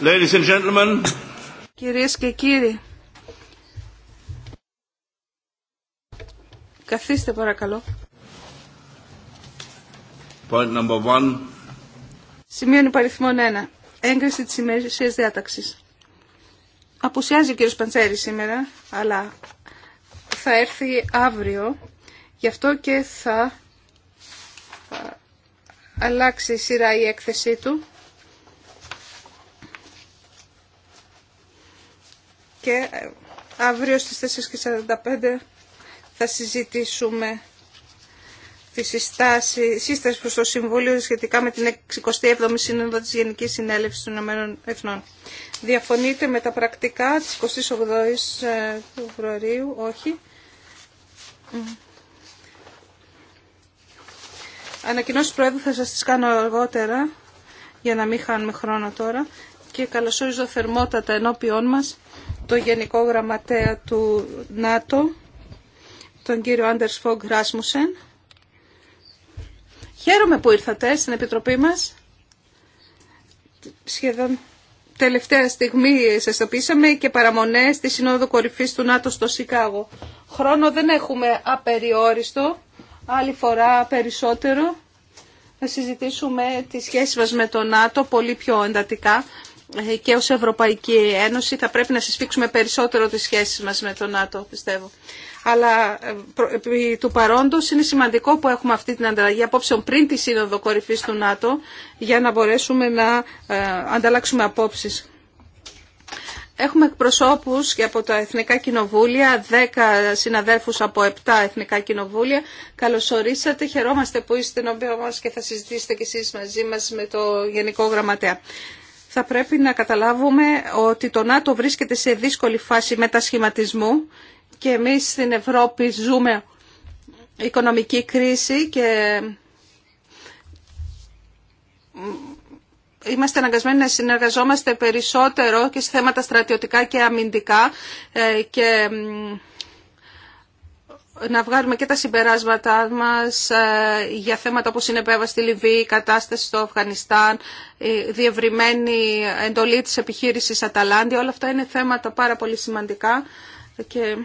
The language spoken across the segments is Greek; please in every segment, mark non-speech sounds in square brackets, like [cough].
Ladies and gentlemen. Κυρίες και κύριοι, καθίστε παρακαλώ. Point number one. Σημείο υπαριθμών 1. Έγκριση της ημερησίας διάταξης. Αποουσιάζει ο κύριος Παντσέρη σήμερα, αλλά θα έρθει αύριο. Γι' αυτό και θα αλλάξει η σειρά η έκθεσή του. και ε, αύριο στις 4.45 θα συζητήσουμε τη συστάση, σύσταση προς το Συμβούλιο σχετικά με την 67η Σύνοδο της Γενικής Συνέλευσης των Ηνωμένων Εθνών. Διαφωνείτε με τα πρακτικά της 28ης ε, Φεβρουαρίου, όχι. Ανακοινώσεις Πρόεδρου θα σας τις κάνω αργότερα, για να μην χάνουμε χρόνο τώρα. Και καλωσόριζω θερμότατα ενώπιόν μας το Γενικό Γραμματέα του ΝΑΤΟ, τον κύριο Άντερς Φόγκ Ράσμουσεν. Χαίρομαι που ήρθατε στην Επιτροπή μας. Σχεδόν τελευταία στιγμή σας το και παραμονές της Συνόδου Κορυφής του ΝΑΤΟ στο Σικάγο. Χρόνο δεν έχουμε απεριόριστο, άλλη φορά περισσότερο. Να συζητήσουμε τη σχέση μας με το ΝΑΤΟ πολύ πιο εντατικά ε, και ως Ευρωπαϊκή Ένωση θα πρέπει να συσφίξουμε περισσότερο τις σχέσεις μας με το ΝΑΤΟ, πιστεύω. Αλλά ε, του παρόντος είναι σημαντικό που έχουμε αυτή την ανταλλαγή απόψεων πριν τη Σύνοδο Κορυφής του ΝΑΤΟ για να μπορέσουμε να ε, ανταλλάξουμε απόψεις. Έχουμε εκπροσώπους και από τα Εθνικά Κοινοβούλια, 10 συναδέρφους από 7 Εθνικά Κοινοβούλια. καλωσορίσατε, χαιρόμαστε που είστε νομπέρο μας και θα συζητήσετε κι εσείς μαζί μας με το Γενικό Γραμματέα θα πρέπει να καταλάβουμε ότι το ΝΑΤΟ βρίσκεται σε δύσκολη φάση μετασχηματισμού και εμείς στην Ευρώπη ζούμε οικονομική κρίση και είμαστε αναγκασμένοι να συνεργαζόμαστε περισσότερο και σε θέματα στρατιωτικά και αμυντικά ε, και να βγάλουμε και τα συμπεράσματά μας ε, για θέματα όπως είναι επέβαση στη Λιβύη, η κατάσταση στο Αφγανιστάν, η διευρυμένη εντολή της επιχείρησης Αταλάντη. Όλα αυτά είναι θέματα πάρα πολύ σημαντικά και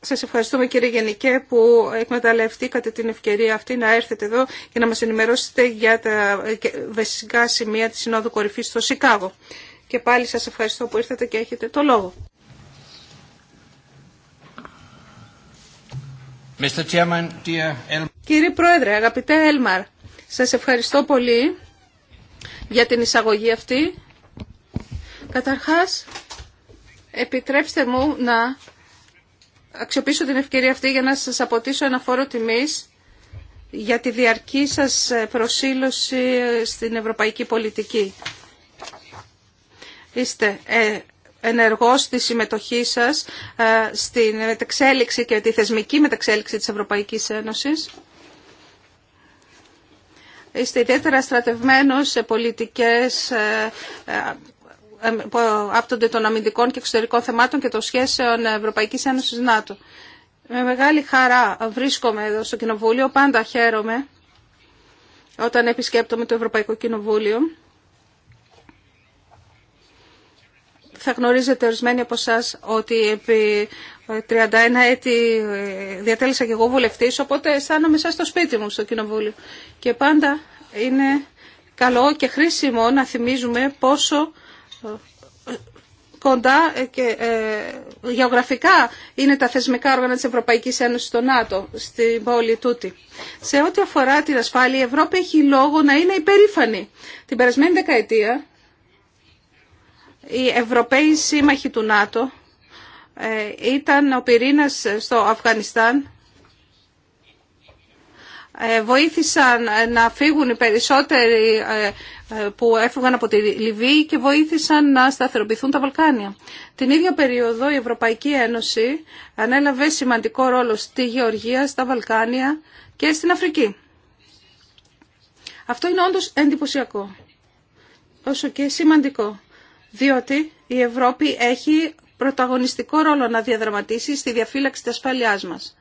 σας ευχαριστούμε κύριε Γενικέ που εκμεταλλευτήκατε την ευκαιρία αυτή να έρθετε εδώ και να μας ενημερώσετε για τα βασικά σημεία της Συνόδου Κορυφής στο Σικάγο. Και πάλι σας ευχαριστώ που ήρθατε και έχετε το λόγο. Κύριε Πρόεδρε, αγαπητέ Έλμαρ, σας ευχαριστώ πολύ για την εισαγωγή αυτή. Καταρχάς, επιτρέψτε μου να αξιοποιήσω την ευκαιρία αυτή για να σας αποτίσω ένα φόρο τιμής για τη διαρκή σας προσήλωση στην ευρωπαϊκή πολιτική. Είστε ε, ενεργώς στη συμμετοχή σας ε, στην μεταξέλιξη και τη θεσμική μεταξέλιξη της Ευρωπαϊκής Ένωσης. Είστε ιδιαίτερα στρατευμένος σε πολιτικές ε, ε, που άπτονται των αμυντικών και εξωτερικών θεμάτων και των σχέσεων Ευρωπαϊκής Ένωσης ΝΑΤΟ. Με μεγάλη χαρά βρίσκομαι εδώ στο Κοινοβούλιο, πάντα χαίρομαι όταν επισκέπτομαι το Ευρωπαϊκό Κοινοβούλιο. θα γνωρίζετε ορισμένοι από εσά ότι επί 31 ε, έτη ε, διατέλεσα και εγώ βουλευτής, οπότε αισθάνομαι σαν στο σπίτι μου στο Κοινοβούλιο. Και πάντα είναι καλό και χρήσιμο να θυμίζουμε πόσο ε, κοντά και γεωγραφικά είναι τα θεσμικά όργανα της Ευρωπαϊκής Ένωσης στο ΝΑΤΟ, στην πόλη τούτη. Σε ό,τι αφορά την ασφάλεια, η Ευρώπη έχει λόγο να είναι υπερήφανη. Την περασμένη δεκαετία οι Ευρωπαίοι σύμμαχοι του ΝΑΤΟ ε, ήταν ο πυρήνας στο Αφγανιστάν ε, βοήθησαν ε, να φύγουν οι περισσότεροι που έφυγαν από τη Λιβύη και βοήθησαν να σταθεροποιηθούν τα Βαλκάνια. Την ίδια περίοδο η Ευρωπαϊκή Ένωση ανέλαβε σημαντικό ρόλο στη Γεωργία, στα Βαλκάνια και στην Αφρική. Αυτό είναι όντως εντυπωσιακό, όσο και σημαντικό διότι η Ευρώπη έχει πρωταγωνιστικό ρόλο να διαδραματίσει στη διαφύλαξη της ασφαλειάς μας.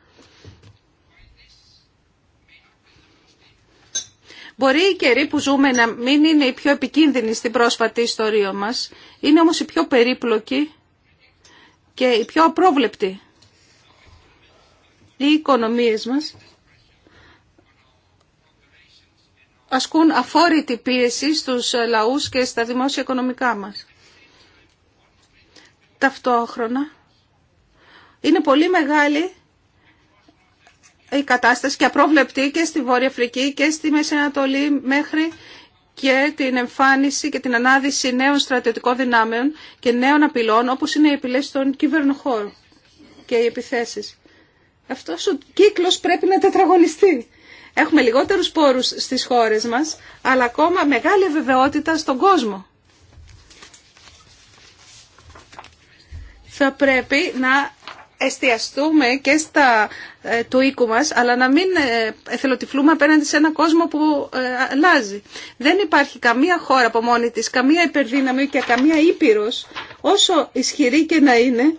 Μπορεί η καιρή που ζούμε να μην είναι η πιο επικίνδυνη στην πρόσφατη ιστορία μας, είναι όμως η πιο περίπλοκη και η πιο απρόβλεπτη. Οι οικονομίες μας ασκούν αφόρητη πίεση στους λαούς και στα δημόσια οικονομικά μας ταυτόχρονα είναι πολύ μεγάλη η κατάσταση και απρόβλεπτη και στη Βόρεια Αφρική και στη Μέση Ανατολή μέχρι και την εμφάνιση και την ανάδυση νέων στρατιωτικών δυνάμεων και νέων απειλών όπως είναι οι επιλές στον κυβερνοχώρο και οι επιθέσεις. Αυτός ο κύκλος πρέπει να τετραγωνιστεί. Έχουμε λιγότερους πόρους στις χώρες μας, αλλά ακόμα μεγάλη βεβαιότητα στον κόσμο. θα πρέπει να εστιαστούμε και στα ε, του οίκου μας, αλλά να μην ε, εθελοτυφλούμε απέναντι σε ένα κόσμο που ε, αλλάζει. Δεν υπάρχει καμία χώρα από μόνη της, καμία υπερδύναμη και καμία ήπειρος, όσο ισχυρή και να είναι,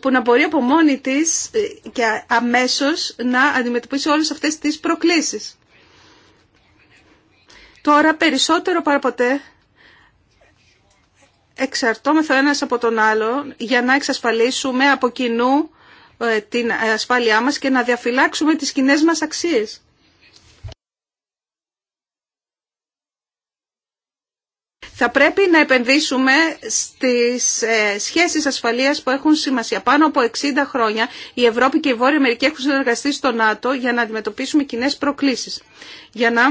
που να μπορεί από μόνη της ε, και αμέσως να αντιμετωπίσει όλες αυτές τις προκλήσεις. Τώρα περισσότερο παραποτέ εξαρτώμεθα ένας από τον άλλο για να εξασφαλίσουμε από κοινού ε, την ασφάλειά μας και να διαφυλάξουμε τις κοινέ μας αξίες. Θα πρέπει να επενδύσουμε στις ε, σχέσεις ασφαλείας που έχουν σημασία. Πάνω από 60 χρόνια η Ευρώπη και η Βόρεια Αμερική έχουν συνεργαστεί στο ΝΑΤΟ για να αντιμετωπίσουμε κοινέ προκλήσεις. Για να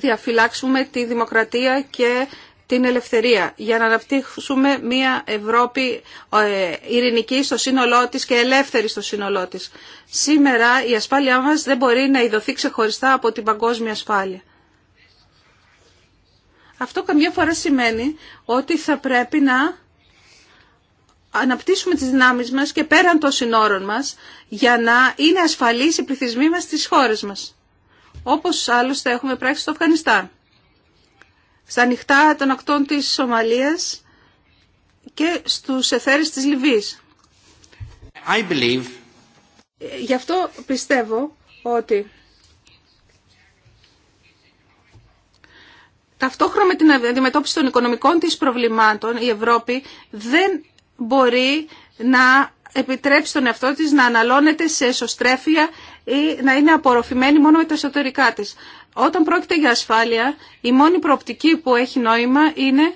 διαφυλάξουμε τη δημοκρατία και την ελευθερία για να αναπτύξουμε μια Ευρώπη ε, ειρηνική στο σύνολό της και ελεύθερη στο σύνολό της. Σήμερα η ασφάλειά μας δεν μπορεί να ειδωθεί ξεχωριστά από την παγκόσμια ασφάλεια. Αυτό καμιά φορά σημαίνει ότι θα πρέπει να αναπτύσσουμε τις δυνάμεις μας και πέραν των συνόρων μας για να είναι ασφαλείς οι πληθυσμοί μας στις χώρες μας. Όπως άλλωστε έχουμε πράξει στο Αφγανιστάν στα νυχτά των ακτών της Σομαλίας και στους εθέρες της Λιβύης. I Γι' αυτό πιστεύω ότι ταυτόχρονα με την αντιμετώπιση των οικονομικών της προβλημάτων η Ευρώπη δεν μπορεί να επιτρέψει τον εαυτό της να αναλώνεται σε εσωστρέφεια ή να είναι απορροφημένη μόνο με τα εσωτερικά της. Όταν πρόκειται για ασφάλεια, η μόνη προοπτική που έχει νόημα είναι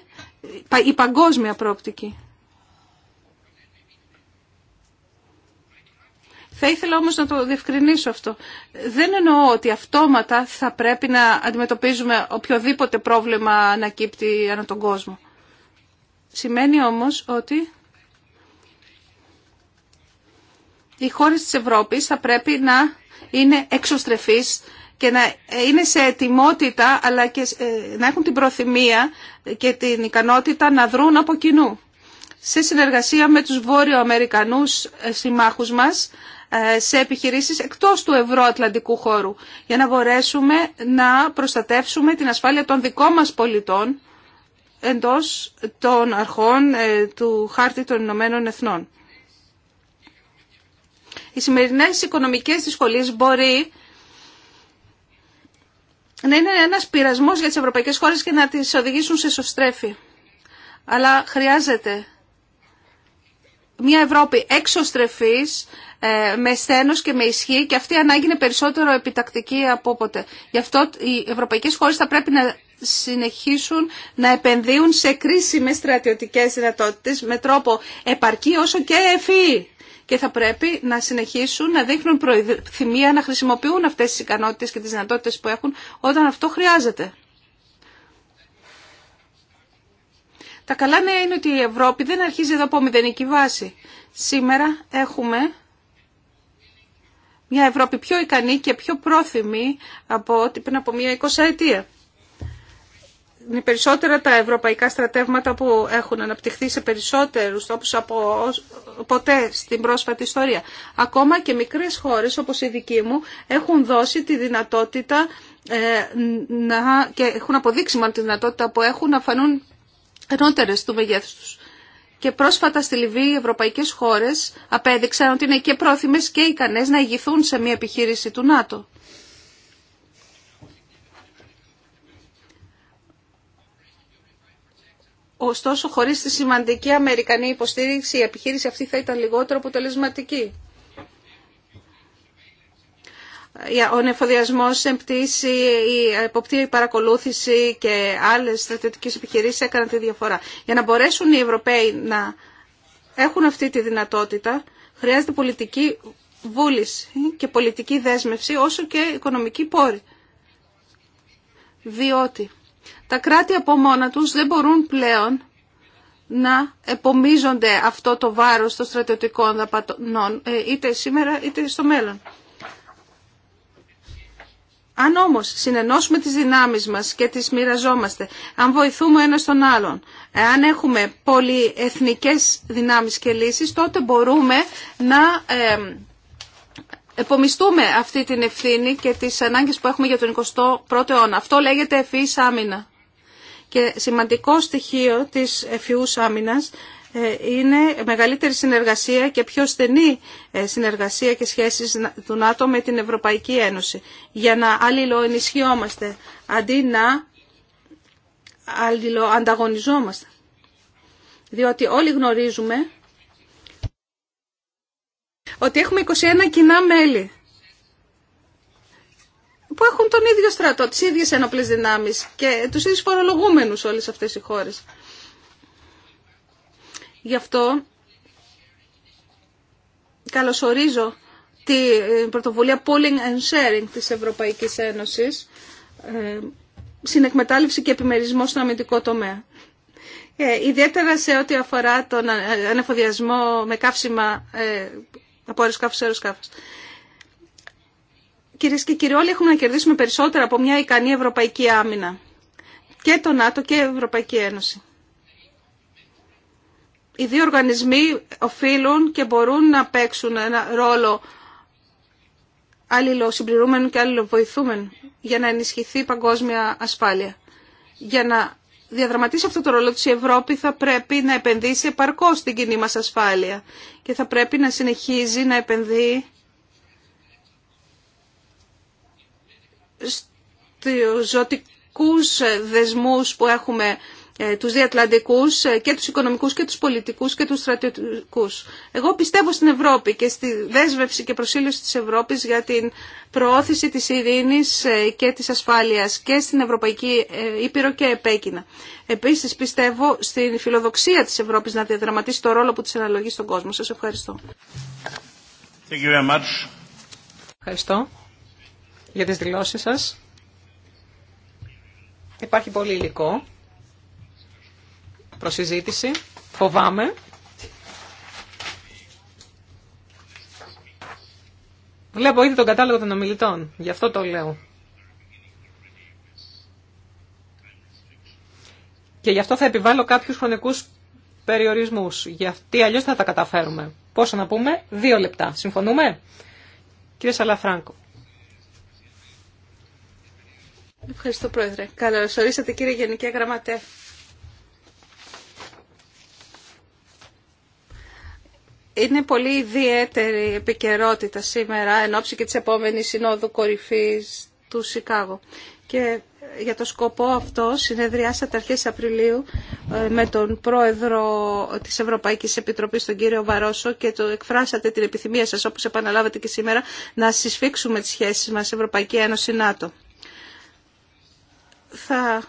η παγκόσμια προοπτική. Θα ήθελα όμως να το διευκρινίσω αυτό. Δεν εννοώ ότι αυτόματα θα πρέπει να αντιμετωπίζουμε οποιοδήποτε πρόβλημα ανακύπτει ανά τον κόσμο. Σημαίνει όμως ότι οι χώρες της Ευρώπης θα πρέπει να είναι εξωστρεφείς και να είναι σε ετοιμότητα αλλά και ε, να έχουν την προθυμία και την ικανότητα να δρουν από κοινού. Σε συνεργασία με τους Βόρειο-Αμερικανούς ε, συμμάχους μας ε, σε επιχειρήσεις εκτός του ευρωατλαντικού χώρου για να μπορέσουμε να προστατεύσουμε την ασφάλεια των δικών μας πολιτών εντός των αρχών του Χάρτη των Ηνωμένων Εθνών οι σημερινές οικονομικές δυσκολίε μπορεί να είναι ένας πειρασμός για τις ευρωπαϊκές χώρες και να τις οδηγήσουν σε σωστρέφη. Αλλά χρειάζεται μια Ευρώπη έξω στρεφής, ε, με στένος και με ισχύ και αυτή η ανάγκη είναι περισσότερο επιτακτική από ποτέ. Γι' αυτό οι ευρωπαϊκές χώρες θα πρέπει να συνεχίσουν να επενδύουν σε κρίσιμες στρατιωτικές δυνατότητες με τρόπο επαρκή όσο και ευφυή και θα πρέπει να συνεχίσουν να δείχνουν προθυμία να χρησιμοποιούν αυτές τις ικανότητες και τις δυνατότητες που έχουν όταν αυτό χρειάζεται. Τα καλά νέα είναι ότι η Ευρώπη δεν αρχίζει εδώ από μηδενική βάση. Σήμερα έχουμε μια Ευρώπη πιο ικανή και πιο πρόθυμη από ό,τι πριν από μια εικοσαετία είναι περισσότερα τα ευρωπαϊκά στρατεύματα που έχουν αναπτυχθεί σε περισσότερους τόπους από ποτέ στην πρόσφατη ιστορία. Ακόμα και μικρές χώρες όπως η δική μου έχουν δώσει τη δυνατότητα ε, να, και έχουν αποδείξει μόνο τη δυνατότητα που έχουν να φανούν ενώτερες του μεγέθους τους. Και πρόσφατα στη Λιβύη οι ευρωπαϊκές χώρες απέδειξαν ότι είναι και πρόθυμες και ικανές να ηγηθούν σε μια επιχείρηση του ΝΑΤΟ. Ωστόσο, χωρίς τη σημαντική αμερικανή υποστήριξη, η επιχείρηση αυτή θα ήταν λιγότερο αποτελεσματική. Ο νεφοδιασμός η πτήση, η εποπτεία, η παρακολούθηση και άλλες στρατιωτικές επιχειρήσεις έκαναν τη διαφορά. Για να μπορέσουν οι Ευρωπαίοι να έχουν αυτή τη δυνατότητα, χρειάζεται πολιτική βούληση και πολιτική δέσμευση, όσο και οικονομική πόρη. Διότι τα κράτη από μόνα τους δεν μπορούν πλέον να επομίζονται αυτό το βάρος των στρατιωτικών δαπανών ε, είτε σήμερα είτε στο μέλλον. Αν όμως συνενώσουμε τις δυνάμεις μας και τις μοιραζόμαστε, αν βοηθούμε ένα τον άλλον, αν έχουμε πολυεθνικές δυνάμεις και λύσεις, τότε μπορούμε να επομιστούμε αυτή την ευθύνη και τις ανάγκες που έχουμε για τον 21ο αιώνα. Αυτό λέγεται ευφυής άμυνα. Και σημαντικό στοιχείο της εφιούς άμυνας ε, είναι μεγαλύτερη συνεργασία και πιο στενή ε, συνεργασία και σχέσεις του ΝΑΤΟ με την Ευρωπαϊκή Ένωση για να αλληλοενισχυόμαστε αντί να αλληλοανταγωνιζόμαστε. Διότι όλοι γνωρίζουμε ότι έχουμε 21 κοινά μέλη που έχουν τον ίδιο στρατό, τις ίδιες ενόπλες δυνάμεις και τους ίδιους φορολογούμενους όλες αυτές οι χώρες. Γι' αυτό καλωσορίζω την ε, πρωτοβουλία Pooling and Sharing της Ευρωπαϊκής Ένωσης, ε, συνεκμετάλλευση και επιμερισμό στον αμυντικό τομέα. Ε, ιδιαίτερα σε ό,τι αφορά τον ανεφοδιασμό με καύσιμα ε, από αεροσκάφους σε αεροσκάφους. Κυρίε και κύριοι, όλοι έχουμε να κερδίσουμε περισσότερα από μια ικανή ευρωπαϊκή άμυνα. Και το ΝΑΤΟ και η Ευρωπαϊκή Ένωση. Οι δύο οργανισμοί οφείλουν και μπορούν να παίξουν ένα ρόλο αλληλοσυμπληρούμενο και αλληλοβοηθούμενο για να ενισχυθεί η παγκόσμια ασφάλεια. Για να διαδραματίσει αυτό το ρόλο της η Ευρώπη θα πρέπει να επενδύσει επαρκώς στην κοινή μας ασφάλεια και θα πρέπει να συνεχίζει να επενδύει στους ζωτικούς δεσμούς που έχουμε ε, τους διατλαντικούς ε, και τους οικονομικούς και τους πολιτικούς και τους στρατιωτικούς. Εγώ πιστεύω στην Ευρώπη και στη δέσμευση και προσήλωση της Ευρώπης για την προώθηση της ειρήνης ε, και της ασφάλειας και στην Ευρωπαϊκή Ήπειρο και επέκεινα. Επίσης πιστεύω στην φιλοδοξία της Ευρώπης να διαδραματίσει το ρόλο που της αναλογεί στον κόσμο. Σας ευχαριστώ. Ευχαριστώ για τις δηλώσεις σας. Υπάρχει πολύ υλικό προσυζήτηση. Φοβάμαι. Βλέπω ήδη τον κατάλογο των ομιλητών. Γι' αυτό το λέω. Και γι' αυτό θα επιβάλλω κάποιους χρονικούς περιορισμούς. Γιατί αλλιώς θα τα καταφέρουμε. Πόσο να πούμε, δύο λεπτά. Συμφωνούμε. Κύριε Σαλαφράνκο. Ευχαριστώ, Πρόεδρε. Καλώς ορίσατε, κύριε Γενική Γραμματέα. Είναι πολύ ιδιαίτερη επικαιρότητα σήμερα εν ώψη και της επόμενης Συνόδου Κορυφής του Σικάγο. Και για το σκοπό αυτό συνεδριάσατε αρχές Απριλίου ε, με τον πρόεδρο της Ευρωπαϊκής Επιτροπής, τον κύριο Βαρόσο και το εκφράσατε την επιθυμία σας, όπως επαναλάβατε και σήμερα, να συσφίξουμε τις σχέσεις μας Ευρωπαϊκή Ένωση-ΝΑΤΟ θα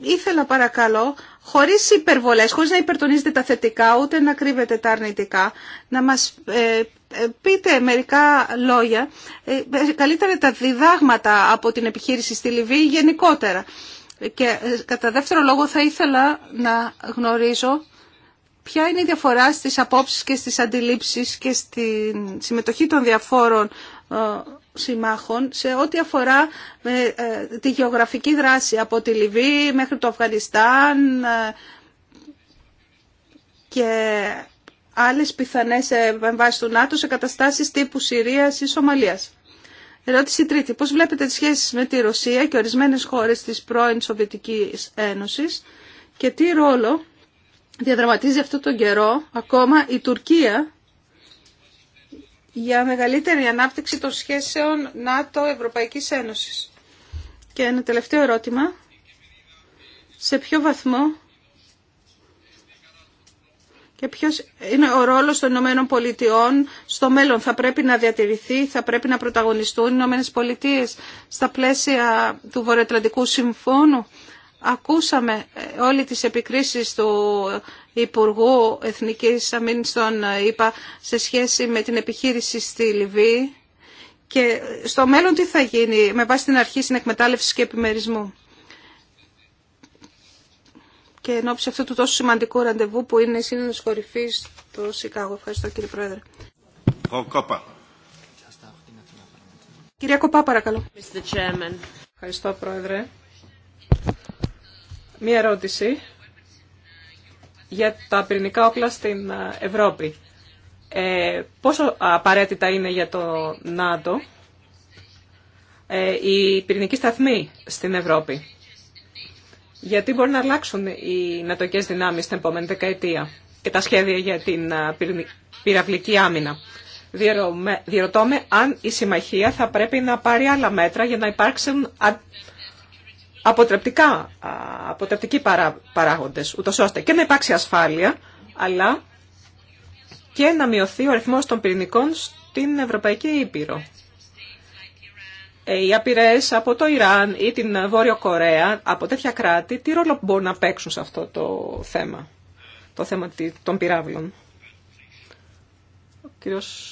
ήθελα παρακαλώ, χωρίς υπερβολές, χωρίς να υπερτονίζετε τα θετικά, ούτε να κρύβετε τα αρνητικά, να μας ε, ε, πείτε μερικά λόγια, ε, καλύτερα τα διδάγματα από την επιχείρηση στη Λιβύη γενικότερα. Και κατά δεύτερο λόγο θα ήθελα να γνωρίζω ποια είναι η διαφορά στις απόψεις και στις αντιλήψεις και στη συμμετοχή των διαφόρων συμμάχων σε ό,τι αφορά ε, ε, τη γεωγραφική δράση από τη Λιβύη μέχρι το Αφγανιστάν ε, και άλλες πιθανές εμβάσεις του ΝΑΤΟ σε καταστάσεις τύπου Συρίας ή Σομαλίας. Ερώτηση τρίτη. Πώς βλέπετε τις σχέσεις με τη Ρωσία και ορισμένες χώρες της πρώην Σοβιετικής Ένωσης και τι ρόλο διαδραματίζει αυτό τον καιρό ακόμα η Τουρκία για μεγαλύτερη ανάπτυξη των σχέσεων ΝΑΤΟ-Ευρωπαϊκής Ένωσης. Και ένα τελευταίο ερώτημα. Σε ποιο βαθμό και ποιος είναι ο ρόλος των Ηνωμένων Πολιτειών στο μέλλον. Θα πρέπει να διατηρηθεί, θα πρέπει να πρωταγωνιστούν οι Ηνωμένες Πολιτείες στα πλαίσια του Βορειοατλαντικού Συμφώνου Ακούσαμε ε, όλη τις επικρίσεις του Υπουργού Εθνικής Αμήνης των ε, ίπα σε σχέση με την επιχείρηση στη Λιβύη και στο μέλλον τι θα γίνει με βάση την αρχή συνεκμετάλλευσης και επιμερισμού. Και εν ώψη αυτού του τόσο σημαντικού ραντεβού που είναι η σύνδεση κορυφή στο Σικάγο. Ευχαριστώ κύριε Πρόεδρε. Κυρία Κοπά παρακαλώ. Ευχαριστώ Πρόεδρε. Μία ερώτηση για τα πυρηνικά όπλα στην ε, Ευρώπη. Ε, πόσο απαραίτητα είναι για το ΝΑΤΟ ε, η πυρηνική σταθμή στην Ευρώπη. Γιατί μπορεί να αλλάξουν οι νατοϊκές δυνάμεις την επόμενη δεκαετία και τα σχέδια για την ε, πυραυλική άμυνα. Διερωτώ με αν η Συμμαχία θα πρέπει να πάρει άλλα μέτρα για να υπάρξουν αποτρεπτικά, αποτρεπτικοί παρά, παράγοντες, ούτως ώστε και να υπάρξει ασφάλεια, αλλά και να μειωθεί ο αριθμός των πυρηνικών στην Ευρωπαϊκή Ήπειρο. Ε, οι απειρέ από το Ιράν ή την Βόρειο Κορέα, από τέτοια κράτη, τι ρόλο μπορούν να παίξουν σε αυτό το θέμα, το θέμα των πυράβλων. Ο κύριος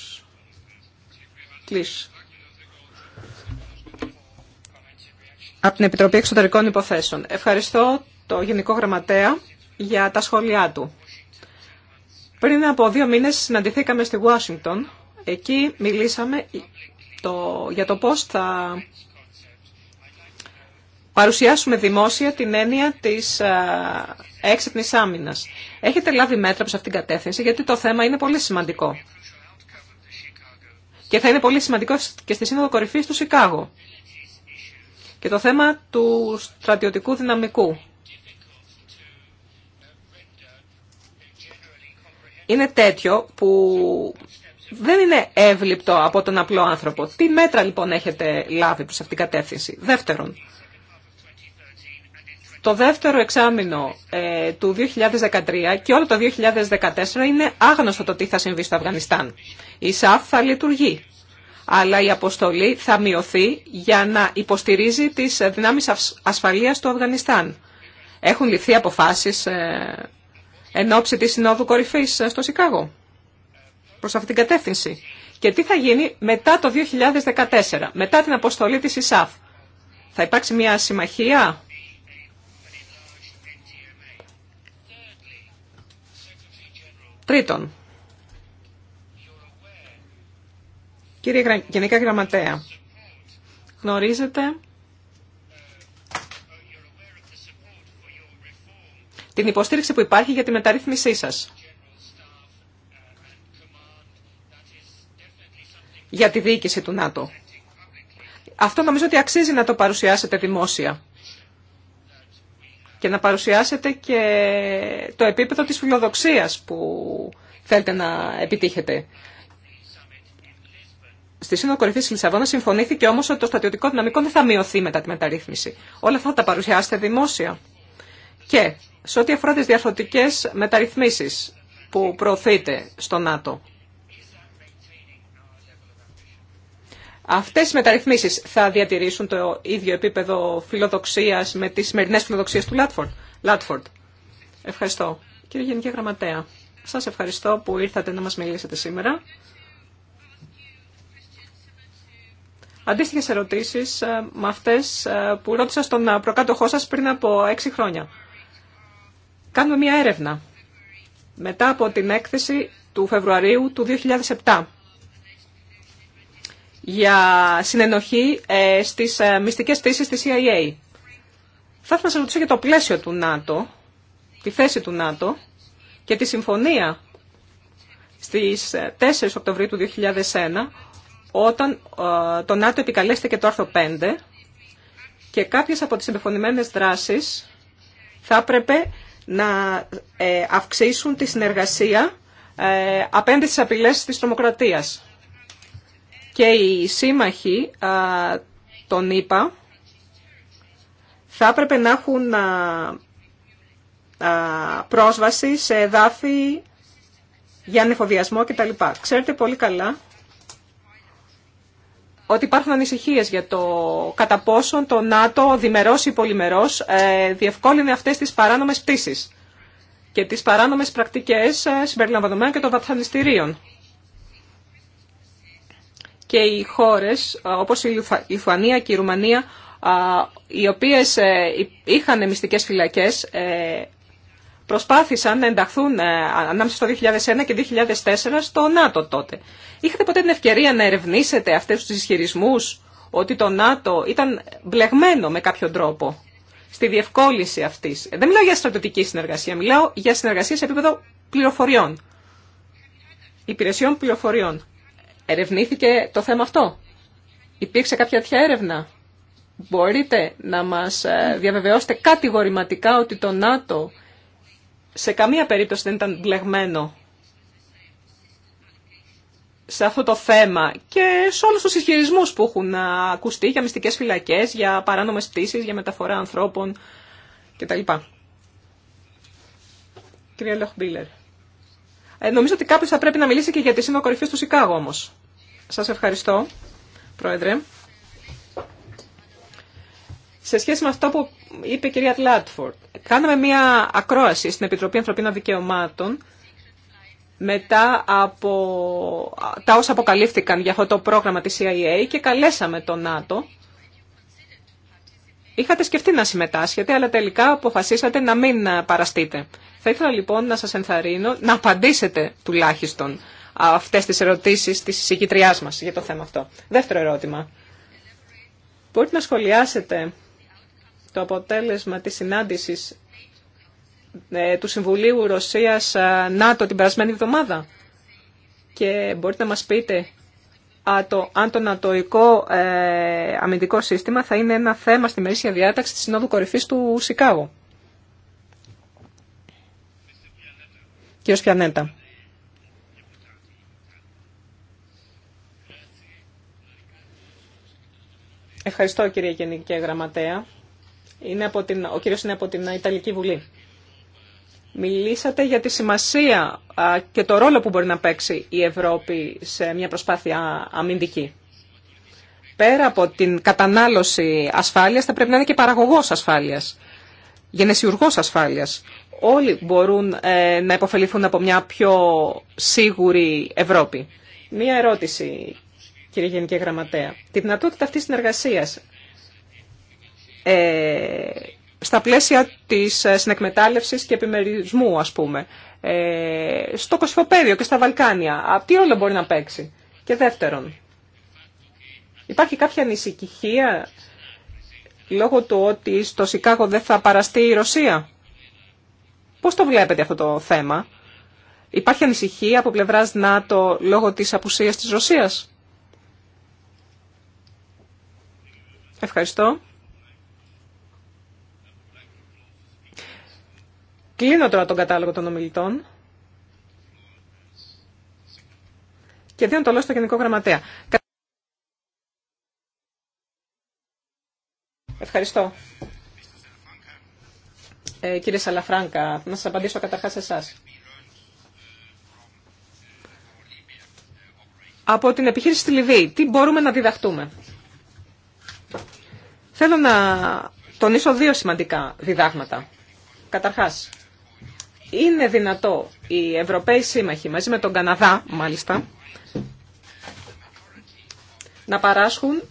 από την Επιτροπή Εξωτερικών Υποθέσεων. Ευχαριστώ το Γενικό Γραμματέα για τα σχόλιά του. Πριν από δύο μήνες συναντηθήκαμε στη Ουάσιγκτον. Εκεί μιλήσαμε το, για το πώς θα παρουσιάσουμε δημόσια την έννοια της α, έξυπνης άμυνας. Έχετε λάβει μέτρα προς αυτήν την κατεύθυνση, γιατί το θέμα είναι πολύ σημαντικό. Και θα είναι πολύ σημαντικό και στη Σύνοδο Κορυφής του Σικάγο. Και το θέμα του στρατιωτικού δυναμικού. Είναι τέτοιο που δεν είναι εύληπτο από τον απλό άνθρωπο. Τι μέτρα λοιπόν έχετε λάβει προς αυτήν την κατεύθυνση. Δεύτερον, το δεύτερο εξάμεινο ε, του 2013 και όλο το 2014 είναι άγνωστο το τι θα συμβεί στο Αφγανιστάν. Η ΣΑΦ θα λειτουργεί αλλά η αποστολή θα μειωθεί για να υποστηρίζει τις δυνάμεις ασφαλείας του Αφγανιστάν. Έχουν ληφθεί αποφάσεις ε, εν ώψη της Συνόδου Κορυφής ε, στο Σικάγο προς αυτή την κατεύθυνση. Και τι θα γίνει μετά το 2014, μετά την αποστολή της ΙΣΑΦ. Θα υπάρξει μια συμμαχία. Τρίτον, Κύριε Γενικά Γραμματέα, γνωρίζετε την υποστήριξη που υπάρχει για τη μεταρρύθμισή σας. για τη διοίκηση του ΝΑΤΟ. Αυτό νομίζω ότι αξίζει να το παρουσιάσετε δημόσια και να παρουσιάσετε και το επίπεδο της φιλοδοξίας που θέλετε να επιτύχετε στη Σύνοδο Κορυφή τη Λισαβόνα συμφωνήθηκε όμω ότι το στατιωτικό δυναμικό δεν θα μειωθεί μετά τη μεταρρύθμιση. Όλα αυτά θα τα παρουσιάσετε δημόσια. Και σε ό,τι αφορά τι διαρθρωτικέ μεταρρυθμίσει που προωθείτε στο ΝΑΤΟ. Αυτές οι μεταρρυθμίσεις θα διατηρήσουν το ίδιο επίπεδο φιλοδοξίας με τις σημερινές φιλοδοξίες του Λάτφορντ. Ευχαριστώ. Κύριε Γενική Γραμματέα, σας ευχαριστώ που ήρθατε να μας μιλήσετε σήμερα. Αντίστοιχε ερωτήσει ε, με αυτέ ε, που ρώτησα στον ε, προκάτοχό σα πριν από έξι χρόνια. Κάνουμε μία έρευνα μετά από την έκθεση του Φεβρουαρίου του 2007 για συνενοχή στις μυστικές στήσεις της CIA. Θα ήθελα να σας ρωτήσω για το πλαίσιο του ΝΑΤΟ, τη θέση του ΝΑΤΟ και τη συμφωνία στις 4 Οκτωβρίου του 2001 όταν ε, το ΝΑΤΟ επικαλέστηκε και το άρθρο 5 και κάποιες από τις επιφωνημένες δράσεις θα έπρεπε να ε, αυξήσουν τη συνεργασία ε, απέναντι στις απειλές της τρομοκρατίας. Και οι σύμμαχοι τον ΗΠΑ θα έπρεπε να έχουν πρόσβαση σε εδάφη για ανεφοδιασμό κτλ. Ξέρετε πολύ καλά ότι υπάρχουν ανησυχίε για το κατά πόσον το ΝΑΤΟ διμερός ή πολυμερός ε, διευκόλυνε αυτές τις παράνομε πτήσεις και τις παράνομες πρακτικές ε, συμπεριλαμβανομένων και των βαθανιστήριων. Και οι χώρες ε, όπως η Λιθουανία και η Ρουμανία ε, οι οποίες είχαν μυστικές φυλακές προσπάθησαν να ενταχθούν ε, ανάμεσα στο 2001 και 2004 στο ΝΑΤΟ τότε. Είχατε ποτέ την ευκαιρία να ερευνήσετε αυτές τους ισχυρισμούς ότι το ΝΑΤΟ ήταν μπλεγμένο με κάποιο τρόπο στη διευκόλυνση αυτής. Ε, δεν μιλάω για στρατιωτική συνεργασία, μιλάω για συνεργασία σε επίπεδο πληροφοριών, υπηρεσιών πληροφοριών. Ερευνήθηκε το θέμα αυτό. Υπήρξε κάποια τέτοια έρευνα. Μπορείτε να μας ε, διαβεβαιώσετε κατηγορηματικά ότι το ΝΑΤΟ σε καμία περίπτωση δεν ήταν μπλεγμένο σε αυτό το θέμα και σε όλους τους ισχυρισμούς που έχουν ακουστεί για μυστικές φυλακές, για παράνομες πτήσεις, για μεταφορά ανθρώπων κτλ. Κυρία Λοχμπίλερ. Ε, νομίζω ότι κάποιος θα πρέπει να μιλήσει και για τη Σύνοδο Κορυφής του Σικάγου όμως. Σας ευχαριστώ, Πρόεδρε σε σχέση με αυτό που είπε η κυρία Λάτφορντ, κάναμε μία ακρόαση στην Επιτροπή Ανθρωπίνων Δικαιωμάτων μετά από τα όσα αποκαλύφθηκαν για αυτό το πρόγραμμα της CIA και καλέσαμε τον ΝΑΤΟ. Είχατε σκεφτεί να συμμετάσχετε, αλλά τελικά αποφασίσατε να μην παραστείτε. Θα ήθελα λοιπόν να σας ενθαρρύνω να απαντήσετε τουλάχιστον αυτές τις ερωτήσεις της συγκητριάς μας για το θέμα αυτό. Δεύτερο ερώτημα. Μπορείτε να σχολιάσετε το αποτέλεσμα της συνάντησης ε, του Συμβουλίου Ρωσίας-ΝΑΤΟ ε, την περασμένη εβδομάδα. Και μπορείτε να μας πείτε αν το νατοϊκό ε, αμυντικό σύστημα θα είναι ένα θέμα στη μερίσια διάταξη της Συνόδου Κορυφής του Σικάγο. Κύριος Πιανέτα. Ευχαριστώ κύριε Γενική Γραμματέα είναι από την, ο κύριος είναι από την Ιταλική Βουλή. Μιλήσατε για τη σημασία και το ρόλο που μπορεί να παίξει η Ευρώπη σε μια προσπάθεια αμυντική. Πέρα από την κατανάλωση ασφάλειας, θα πρέπει να είναι και παραγωγός ασφάλειας, γενεσιουργός ασφάλειας. Όλοι μπορούν ε, να υποφεληθούν από μια πιο σίγουρη Ευρώπη. Μία ερώτηση, κύριε Γενική Γραμματέα. Τη δυνατότητα αυτής της συνεργασίας ε, στα πλαίσια της ε, συνεκμετάλλευσης και επιμερισμού, ας πούμε, ε, στο Κωσυφοπέδιο και στα Βαλκάνια. Α, τι όλο μπορεί να παίξει. Και δεύτερον, υπάρχει κάποια ανησυχία λόγω του ότι στο Σικάγο δεν θα παραστεί η Ρωσία. Πώς το βλέπετε αυτό το θέμα. Υπάρχει ανησυχία από πλευράς ΝΑΤΟ λόγω της απουσίας της Ρωσίας. Ευχαριστώ. Κλείνω τώρα τον κατάλογο των ομιλητών. Και δίνω το λόγο στο Γενικό Γραμματέα. Ευχαριστώ. Ε, κύριε Σαλαφράγκα, να σας απαντήσω καταρχάς σε εσάς. Από την επιχείρηση στη Λιβύη, τι μπορούμε να διδαχτούμε. Θέλω να τονίσω δύο σημαντικά διδάγματα. Καταρχάς, είναι δυνατό οι Ευρωπαίοι σύμμαχοι μαζί με τον Καναδά μάλιστα να παράσχουν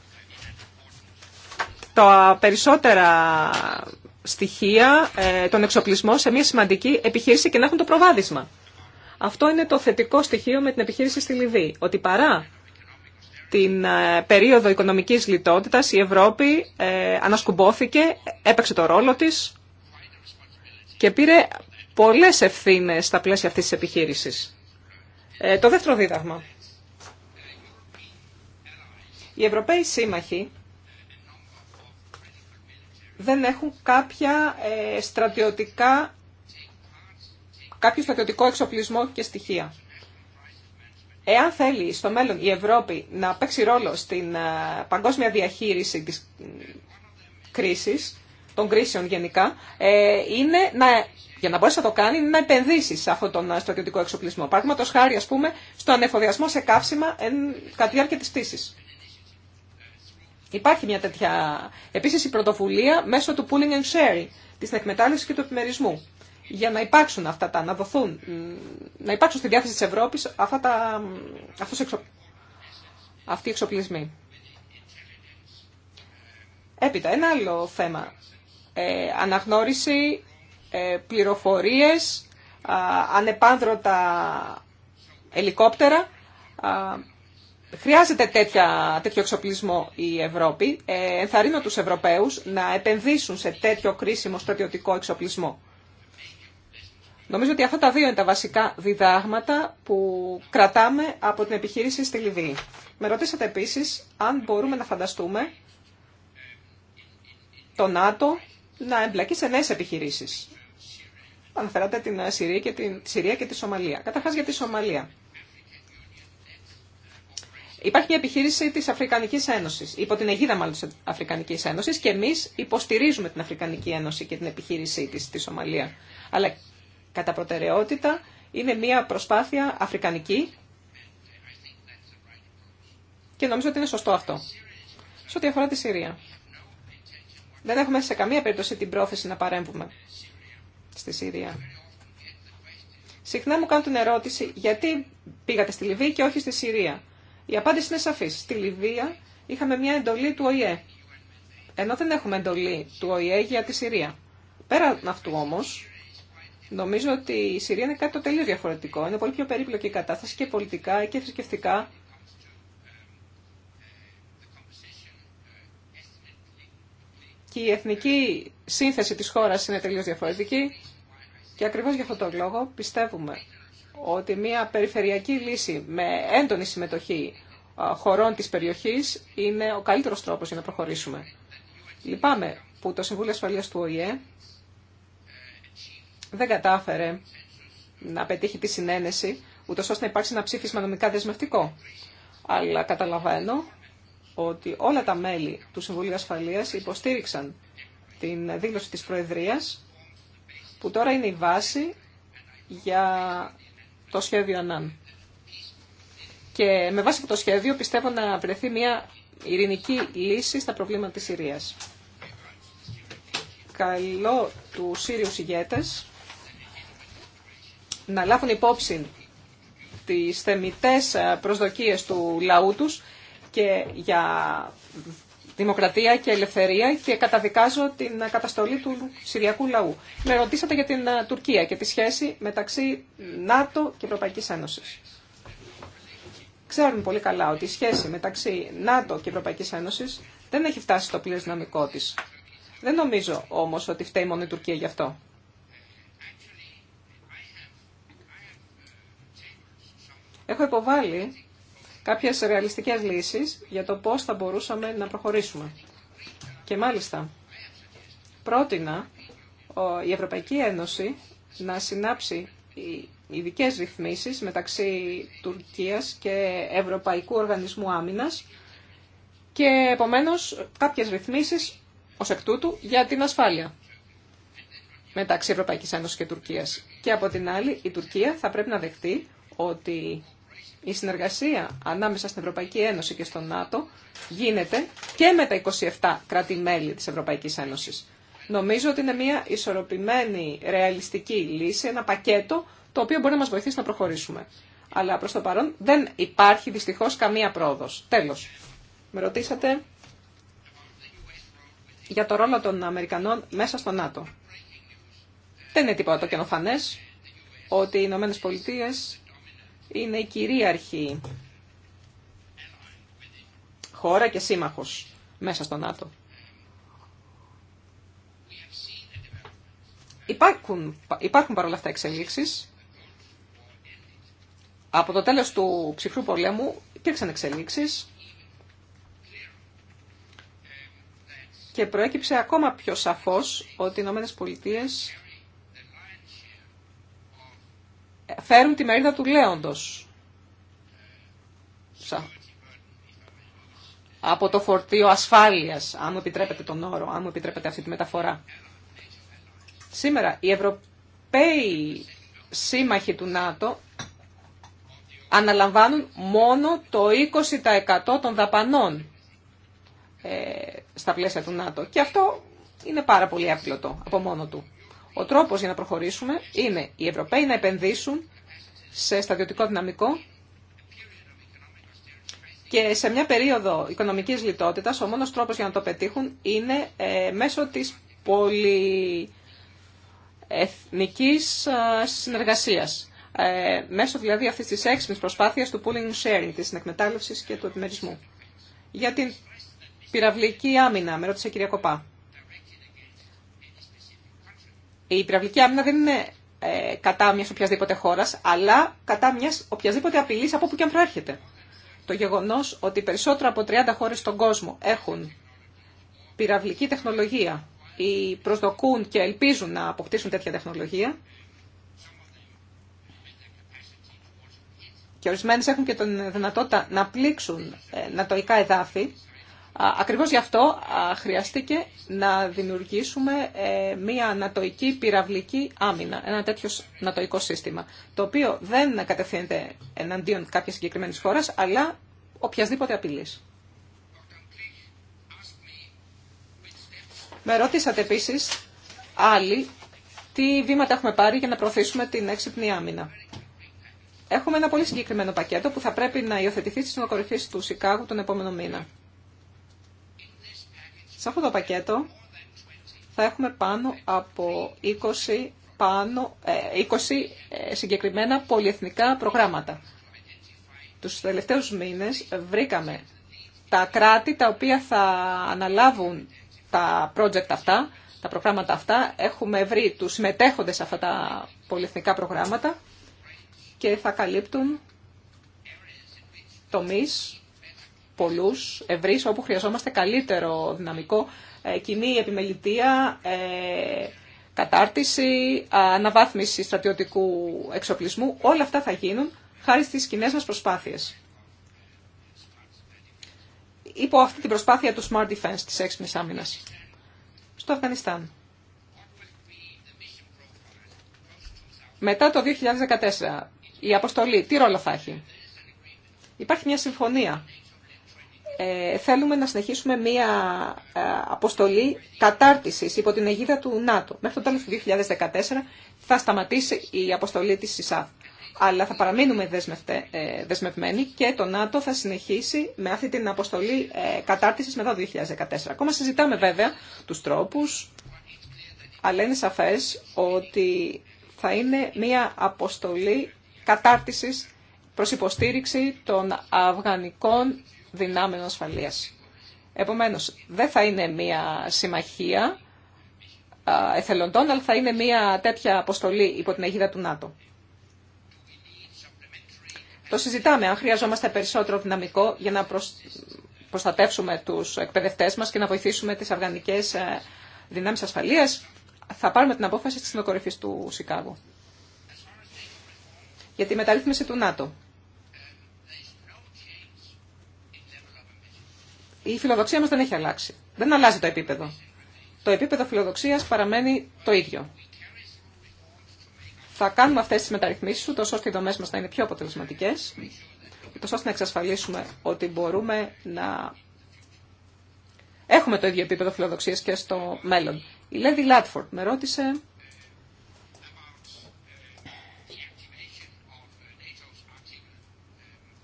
τα περισσότερα στοιχεία, ε, τον εξοπλισμό σε μια σημαντική επιχείρηση και να έχουν το προβάδισμα. Αυτό είναι το θετικό στοιχείο με την επιχείρηση στη Λιβύη, ότι παρά την ε, περίοδο οικονομικής λιτότητας η Ευρώπη ε, ανασκουμπόθηκε, έπαιξε το ρόλο της και πήρε Πολλέ ευθύνε στα πλαίσια αυτής τη επιχείρησης. Ε, το δεύτερο δίδαγμα. Οι Ευρωπαίοι σύμμαχοι δεν έχουν κάποια ε, στρατιωτικά, κάποιο στρατιωτικό εξοπλισμό και στοιχεία. Εάν θέλει στο μέλλον η Ευρώπη να παίξει ρόλο στην ε, παγκόσμια διαχείριση της κρίσης, των κρίσεων γενικά, είναι να για να μπορέσει να το κάνει είναι να επενδύσει σε αυτόν τον στρατιωτικό εξοπλισμό. Παραδείγματο χάρη, α πούμε, στο ανεφοδιασμό σε καύσιμα εν, κατά τη διάρκεια τη πτήση. Υπάρχει μια τέτοια. Επίση η πρωτοβουλία μέσω του pooling and sharing, τη εκμετάλλευση και του επιμερισμού. Για να υπάρξουν αυτά τα, να δοθούν, να υπάρξουν στη διάθεση τη Ευρώπη αυτοί οι εξοπλισμοί. Έπειτα, ένα άλλο θέμα. Ε, αναγνώριση ε, πληροφορίες, ανεπάνδρωτα ελικόπτερα. Χρειάζεται τέτοια, τέτοιο εξοπλισμό η Ευρώπη. Ε, ενθαρρύνω τους Ευρωπαίους να επενδύσουν σε τέτοιο κρίσιμο στρατιωτικό εξοπλισμό. Νομίζω ότι αυτά τα δύο είναι τα βασικά διδάγματα που κρατάμε από την επιχείρηση στη Λιβύη. Με ρωτήσατε επίσης αν μπορούμε να φανταστούμε το ΝΑΤΟ να εμπλακεί σε νέες επιχειρήσεις αναφέρατε την ε, Συρία και, την, τη Συρία και τη Σομαλία. Καταρχάς για τη Σομαλία. Υπάρχει μια επιχείρηση της Αφρικανικής Ένωσης, υπό την αιγίδα μάλλον της Αφρικανικής Ένωσης και εμεί υποστηρίζουμε την Αφρικανική Ένωση και την επιχείρησή τη στη Σομαλία. Αλλά κατά προτεραιότητα είναι μια προσπάθεια αφρικανική και νομίζω ότι είναι σωστό αυτό. Σε ό,τι αφορά τη Συρία. Δεν έχουμε σε καμία περίπτωση την πρόθεση να παρέμβουμε στη Συρία. Συχνά μου κάνουν την ερώτηση γιατί πήγατε στη Λιβύη και όχι στη Συρία. Η απάντηση είναι σαφής. Στη Λιβύη είχαμε μια εντολή του ΟΗΕ. Ενώ δεν έχουμε εντολή του ΟΗΕ για τη Συρία. Πέραν αυτού όμως, νομίζω ότι η Συρία είναι κάτι το τελείω διαφορετικό. Είναι πολύ πιο περίπλοκη η κατάσταση και πολιτικά και θρησκευτικά και η εθνική σύνθεση της χώρας είναι τελείως διαφορετική και ακριβώς για αυτόν τον λόγο πιστεύουμε ότι μια περιφερειακή λύση με έντονη συμμετοχή χωρών της περιοχής είναι ο καλύτερος τρόπος για να προχωρήσουμε. Λυπάμαι που το Συμβούλιο Ασφαλείας του ΟΗΕ δεν κατάφερε να πετύχει τη συνένεση, ούτως ώστε να υπάρξει ένα ψήφισμα νομικά δεσμευτικό. Αλλά καταλαβαίνω ότι όλα τα μέλη του Συμβουλίου Ασφαλείας υποστήριξαν την δήλωση της Προεδρίας, που τώρα είναι η βάση για το σχέδιο ΑΝΑΝ. Και με βάση αυτό το σχέδιο πιστεύω να βρεθεί μια ειρηνική λύση στα προβλήματα της Συρίας. Καλό του Σύριους ηγέτες να λάβουν υπόψη τις θεμητές προσδοκίες του λαού τους και για δημοκρατία και ελευθερία και καταδικάζω την καταστολή του Συριακού λαού. Με ρωτήσατε για την ε, Τουρκία και τη σχέση μεταξύ ΝΑΤΟ και Ευρωπαϊκής Ένωσης. Ξέρουμε πολύ καλά ότι η σχέση μεταξύ ΝΑΤΟ και Ευρωπαϊκής Ένωση δεν έχει φτάσει στο πλήρες δυναμικό της. Δεν νομίζω όμως ότι φταίει μόνο η Τουρκία γι' αυτό. Έχω υποβάλει κάποιες ρεαλιστικές λύσεις για το πώς θα μπορούσαμε να προχωρήσουμε. Και μάλιστα, πρότεινα η Ευρωπαϊκή Ένωση να συνάψει ειδικέ ρυθμίσεις μεταξύ Τουρκίας και Ευρωπαϊκού Οργανισμού Άμυνας και επομένως κάποιες ρυθμίσεις ως εκ τούτου για την ασφάλεια μεταξύ Ευρωπαϊκής Ένωσης και Τουρκίας. Και από την άλλη η Τουρκία θα πρέπει να δεχτεί ότι η συνεργασία ανάμεσα στην Ευρωπαϊκή Ένωση και στο ΝΑΤΟ γίνεται και με τα 27 κράτη-μέλη της Ευρωπαϊκής Ένωσης. Νομίζω ότι είναι μια ισορροπημένη, ρεαλιστική λύση, ένα πακέτο το οποίο μπορεί να μας βοηθήσει να προχωρήσουμε. Αλλά προς το παρόν δεν υπάρχει δυστυχώς καμία πρόοδος. Τέλος, με ρωτήσατε για το ρόλο των Αμερικανών μέσα στο ΝΑΤΟ. Δεν είναι τίποτα το καινοφανές ότι οι Ηνωμένε είναι η κυρίαρχη χώρα και σύμμαχος μέσα στο ΝΑΤΟ. Υπάρχουν, υπάρχουν παρόλα αυτά εξελίξεις. Από το τέλος του ψυχρού πολέμου υπήρξαν εξελίξεις και προέκυψε ακόμα πιο σαφώς ότι οι Ηνωμένες Πολιτείες φέρουν τη μερίδα του λέοντος. Από το φορτίο ασφάλειας, αν μου επιτρέπετε τον όρο, αν μου επιτρέπετε αυτή τη μεταφορά. Σήμερα οι Ευρωπαίοι σύμμαχοι του ΝΑΤΟ αναλαμβάνουν μόνο το 20% των δαπανών ε, στα πλαίσια του ΝΑΤΟ. Και αυτό είναι πάρα πολύ το από μόνο του. Ο τρόπος για να προχωρήσουμε είναι οι Ευρωπαίοι να επενδύσουν σε σταδιωτικό δυναμικό και σε μια περίοδο οικονομικής λιτότητας ο μόνος τρόπος για να το πετύχουν είναι ε, μέσω της πολυεθνικής ε, συνεργασίας. Ε, μέσω δηλαδή αυτής της έξυπνης προσπάθειας του pooling and sharing, της συνεκμετάλλευσης και του επιμερισμού. Για την πυραυλική άμυνα, με ρώτησε η κυρία Κοπά. Η πυραυλική άμυνα δεν είναι ε, κατά μια οποιασδήποτε χώρα, αλλά κατά μια οποιασδήποτε απειλής από όπου και αν προέρχεται. Το γεγονός ότι περισσότερο από 30 χώρες στον κόσμο έχουν πυραυλική τεχνολογία ή προσδοκούν και ελπίζουν να αποκτήσουν τέτοια τεχνολογία και ορισμένες έχουν και την δυνατότητα να πλήξουν ε, νατοϊκά εδάφη, Ακριβώς γι' αυτό χρειάστηκε να δημιουργήσουμε ε, μία ανατοϊκή πυραυλική άμυνα, ένα τέτοιο ανατοϊκό σύστημα, το οποίο δεν κατευθύνεται εναντίον κάποιας συγκεκριμένης χώρας, αλλά οποιασδήποτε απειλής. Με ρώτησατε επίσης άλλοι τι βήματα έχουμε πάρει για να προωθήσουμε την έξυπνη άμυνα. Έχουμε ένα πολύ συγκεκριμένο πακέτο που θα πρέπει να υιοθετηθεί στις κορυφή του Σικάγου τον επόμενο μήνα. Σε αυτό το πακέτο θα έχουμε πάνω από 20, πάνω, 20 ε, ε, συγκεκριμένα πολυεθνικά προγράμματα. Τους τελευταίους μήνες βρήκαμε τα κράτη τα οποία θα αναλάβουν τα project αυτά, τα προγράμματα αυτά. Έχουμε βρει τους συμμετέχοντες σε αυτά τα πολυεθνικά προγράμματα και θα καλύπτουν τομείς πολλούς, ευρύς, όπου χρειαζόμαστε καλύτερο δυναμικό, ε, κοινή επιμελητία, ε, κατάρτιση, αναβάθμιση στρατιωτικού εξοπλισμού. Όλα αυτά θα γίνουν χάρη στις κοινέ μας προσπάθειες. Υπό αυτή την προσπάθεια του Smart Defense, της έξυπνης άμυνας, στο Αφγανιστάν. Μετά το 2014, η αποστολή τι ρόλο θα έχει. Υπάρχει μια συμφωνία θέλουμε να συνεχίσουμε μία ε, αποστολή κατάρτισης υπό την αιγίδα του ΝΑΤΟ. Μέχρι το τέλος του 2014 θα σταματήσει η αποστολή της ΣΥΣΑΦ. Αλλά θα παραμείνουμε ε, δεσμευμένοι και το ΝΑΤΟ θα συνεχίσει με αυτή την αποστολή ε, κατάρτισης μετά το 2014. Ακόμα συζητάμε βέβαια τους τρόπους, αλλά είναι σαφές ότι θα είναι μία αποστολή κατάρτισης προς υποστήριξη των αφγανικών δυνάμεων ασφαλείας. Επομένως, δεν θα είναι μια συμμαχία εθελοντών, αλλά θα είναι μια τέτοια αποστολή υπό την αιγίδα του ΝΑΤΟ. Το συζητάμε αν χρειαζόμαστε περισσότερο δυναμικό για να προστατεύσουμε τους εκπαιδευτές μας και να βοηθήσουμε τις αυγανικές ε, δυνάμεις ασφαλείας. Θα πάρουμε την απόφαση της συνοκορυφή του Σικάγου. Για τη μεταρρύθμιση του ΝΑΤΟ. η φιλοδοξία μας δεν έχει αλλάξει. Δεν αλλάζει το επίπεδο. Το επίπεδο φιλοδοξίας παραμένει το ίδιο. Θα κάνουμε αυτές τις μεταρρυθμίσεις, τόσο ώστε οι δομές μας να είναι πιο αποτελεσματικές, τόσο ώστε να εξασφαλίσουμε ότι μπορούμε να έχουμε το ίδιο επίπεδο φιλοδοξίας και στο μέλλον. Η Λέδη Λάτφορντ με ρώτησε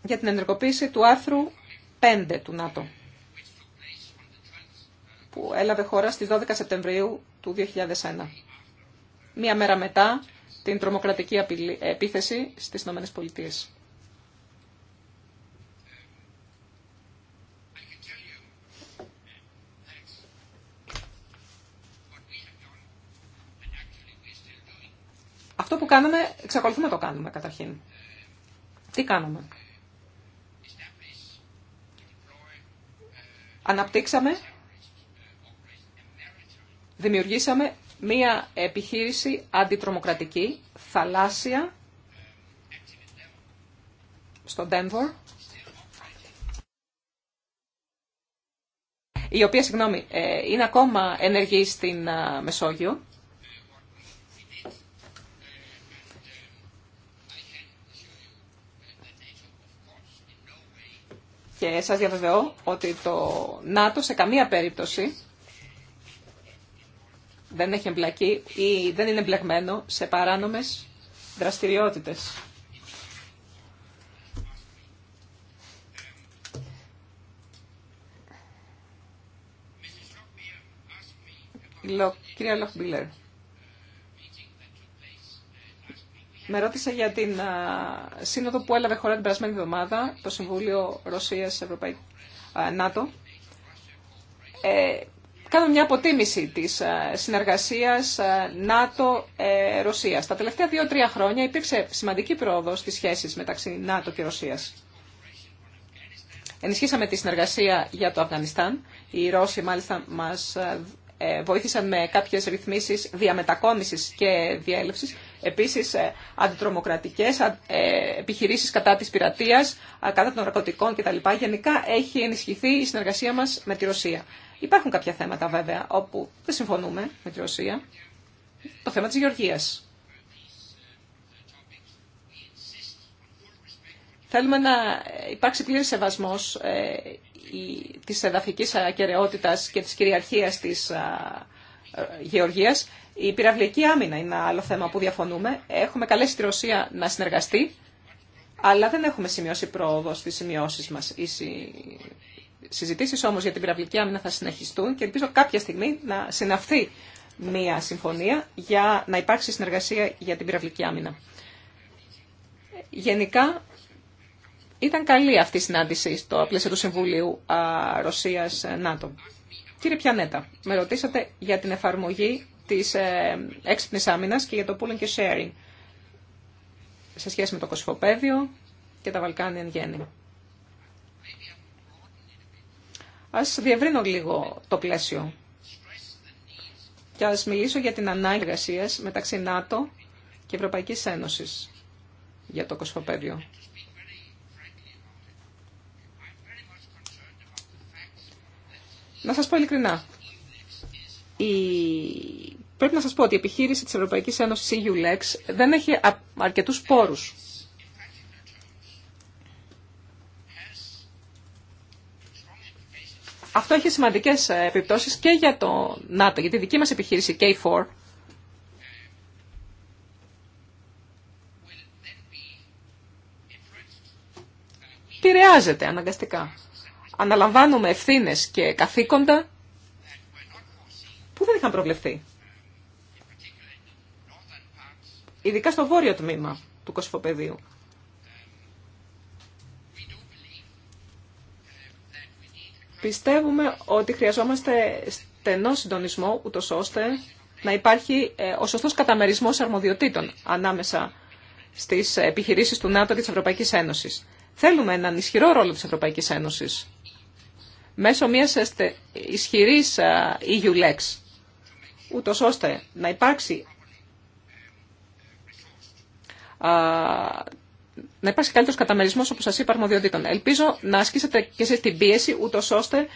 για την ενεργοποίηση του άρθρου 5 του ΝΑΤΟ που έλαβε χώρα στις 12 Σεπτεμβρίου του 2001. Μία μέρα μετά την τρομοκρατική επίθεση στις Ηνωμένες Πολιτείες. Αυτό που κάναμε, εξακολουθούμε να το κάνουμε καταρχήν. Τι κάνουμε; Αναπτύξαμε δημιουργήσαμε μία επιχείρηση αντιτρομοκρατική, θαλάσσια, στο Denver, η οποία, συγγνώμη, ε, είναι ακόμα ενεργή στην Μεσόγειο. Και σας διαβεβαιώ ότι το ΝΑΤΟ σε καμία περίπτωση δεν έχει εμπλακεί ή δεν είναι εμπλεγμένο σε παράνομες δραστηριότητες. Κυρία Λοχμπίλερ, με ρώτησε για την σύνοδο που έλαβε χώρα την περασμένη εβδομάδα, το Συμβούλιο Ρωσίας-ΝΑΤΟ. Ε, Κάνω μια αποτίμηση της ε, συνεργασίας ε, ΝΑΤΟ-Ρωσίας. Ε, Τα τελευταία δύο-τρία χρόνια υπήρξε σημαντική πρόοδο στις σχέσεις μεταξύ ΝΑΤΟ και Ρωσίας. Ενισχύσαμε τη συνεργασία για το Αφγανιστάν. Οι Ρώσοι μάλιστα μας βοήθησαν με κάποιες ρυθμίσεις διαμετακόμισης και διέλευσης. Επίσης, αντιτρομοκρατικές επιχειρήσεις κατά της πειρατείας, κατά των ναρκωτικών κτλ. Γενικά έχει ενισχυθεί η συνεργασία μας με τη Ρωσία. Υπάρχουν κάποια θέματα βέβαια όπου δεν συμφωνούμε με τη Ρωσία. Το θέμα της Γεωργίας. Θέλουμε να υπάρξει πλήρης σεβασμός ε, η, της εδαφικής ακεραιότητας και της κυριαρχίας της ε, γεωργία. Η πυραυλική άμυνα είναι άλλο θέμα που διαφωνούμε. Έχουμε καλέσει τη Ρωσία να συνεργαστεί, αλλά δεν έχουμε σημειώσει πρόοδο στις σημειώσεις μας ή συζητήσεις όμως για την πυραυλική άμυνα θα συνεχιστούν και ελπίζω κάποια στιγμή να συναυθεί μια συμφωνία για να υπάρξει συνεργασία για την πυραυλική άμυνα. Γενικά ήταν καλή αυτή η συνάντηση στο πλαίσιο του Συμβουλίου Ρωσίας-ΝΑΤΟ. Ε, Κύριε Πιανέτα, με ρωτήσατε για την εφαρμογή της ε, έξυπνης άμυνας και για το pooling και sharing σε σχέση με το κοσφοπέδιο και τα Βαλκάνια εν γέννη. Ας διευρύνω λίγο το πλαίσιο και ας μιλήσω για την ανάγκη εργασία μεταξύ ΝΑΤΟ και Ευρωπαϊκής Ένωσης για το κοσμοπέδιο. Να σας πω ειλικρινά. Η... Πρέπει να σας πω ότι η επιχείρηση της Ευρωπαϊκής Ένωσης EULEX δεν έχει αρκετούς πόρους Αυτό έχει σημαντικές ε, επιπτώσεις και για το ΝΑΤΟ, γιατί η δική μας επιχείρηση K4 πηρεάζεται αναγκαστικά. Αναλαμβάνουμε ευθύνε και καθήκοντα που δεν είχαν προβλεφθεί. Ειδικά στο βόρειο τμήμα του κοσφοπεδίου. Πιστεύουμε ότι χρειαζόμαστε στενό συντονισμό, ούτω ώστε να υπάρχει ε, ο σωστός καταμερισμός αρμοδιοτήτων ανάμεσα στις επιχειρήσεις του ΝΑΤΟ και της Ευρωπαϊκής Ένωσης. Θέλουμε έναν ισχυρό ρόλο της Ευρωπαϊκής Ένωσης μέσω μιας ισχυρής EU-LEX, ώστε να υπάρξει να υπάρξει καλύτερο καταμερισμό, όπω σα είπα, αρμοδιοτήτων. Ελπίζω να ασκήσετε και εσεί την πίεση, ούτω ώστε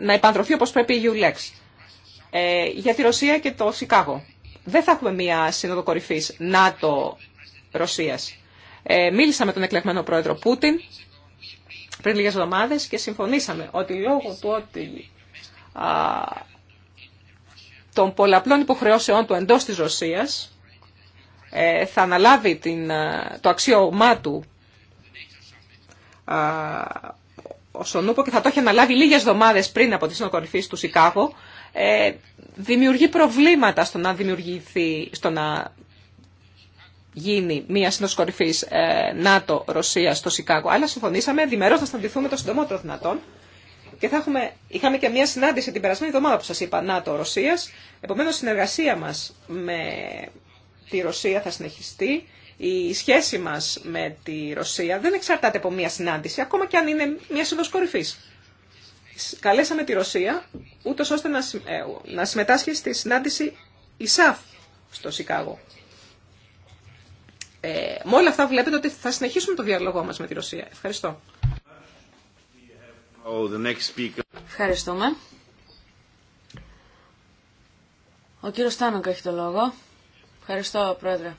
να επανδροθεί όπω πρέπει η EULEX. Ε, για τη Ρωσία και το Σικάγο. Δεν θα έχουμε μία σύνοδο κορυφή ΝΑΤΟ-Ρωσία. Ε, μίλησα με τον εκλεγμένο πρόεδρο Πούτιν πριν λίγε εβδομάδε και συμφωνήσαμε ότι λόγω του ότι των πολλαπλών υποχρεώσεών του εντό τη Ρωσία, ε, θα αναλάβει την, ε, το αξίωμά του ο Σονούπο και θα το έχει αναλάβει λίγες εβδομάδες πριν από τη συνοκορυφή του Σικάγο, ε, δημιουργεί προβλήματα στο να δημιουργηθεί, στο να γίνει μια συνοσκορυφή ΝΑΤΟ-Ρωσία στο Σικάγο. Αλλά συμφωνήσαμε διμερώ να συναντηθούμε το συντομότερο δυνατόν. Και θα έχουμε, είχαμε και μια συνάντηση την περασμένη εβδομάδα που σα είπα ΝΑΤΟ-Ρωσία. Επομένω, η συνεργασία μα με τη Ρωσία θα συνεχιστεί. Η σχέση μας με τη Ρωσία δεν εξαρτάται από μία συνάντηση, ακόμα και αν είναι μία σύμβαση κορυφή. Καλέσαμε τη Ρωσία ούτω ώστε να, ε, να συμμετάσχει στη συνάντηση ΙΣΑΦ στο Σικάγο. Ε, με όλα αυτά βλέπετε ότι θα συνεχίσουμε το διάλογό μας με τη Ρωσία. Ευχαριστώ. Oh, Ευχαριστούμε. Ο κύριος Τάνοκ έχει το λόγο. Ευχαριστώ, Πρόεδρε.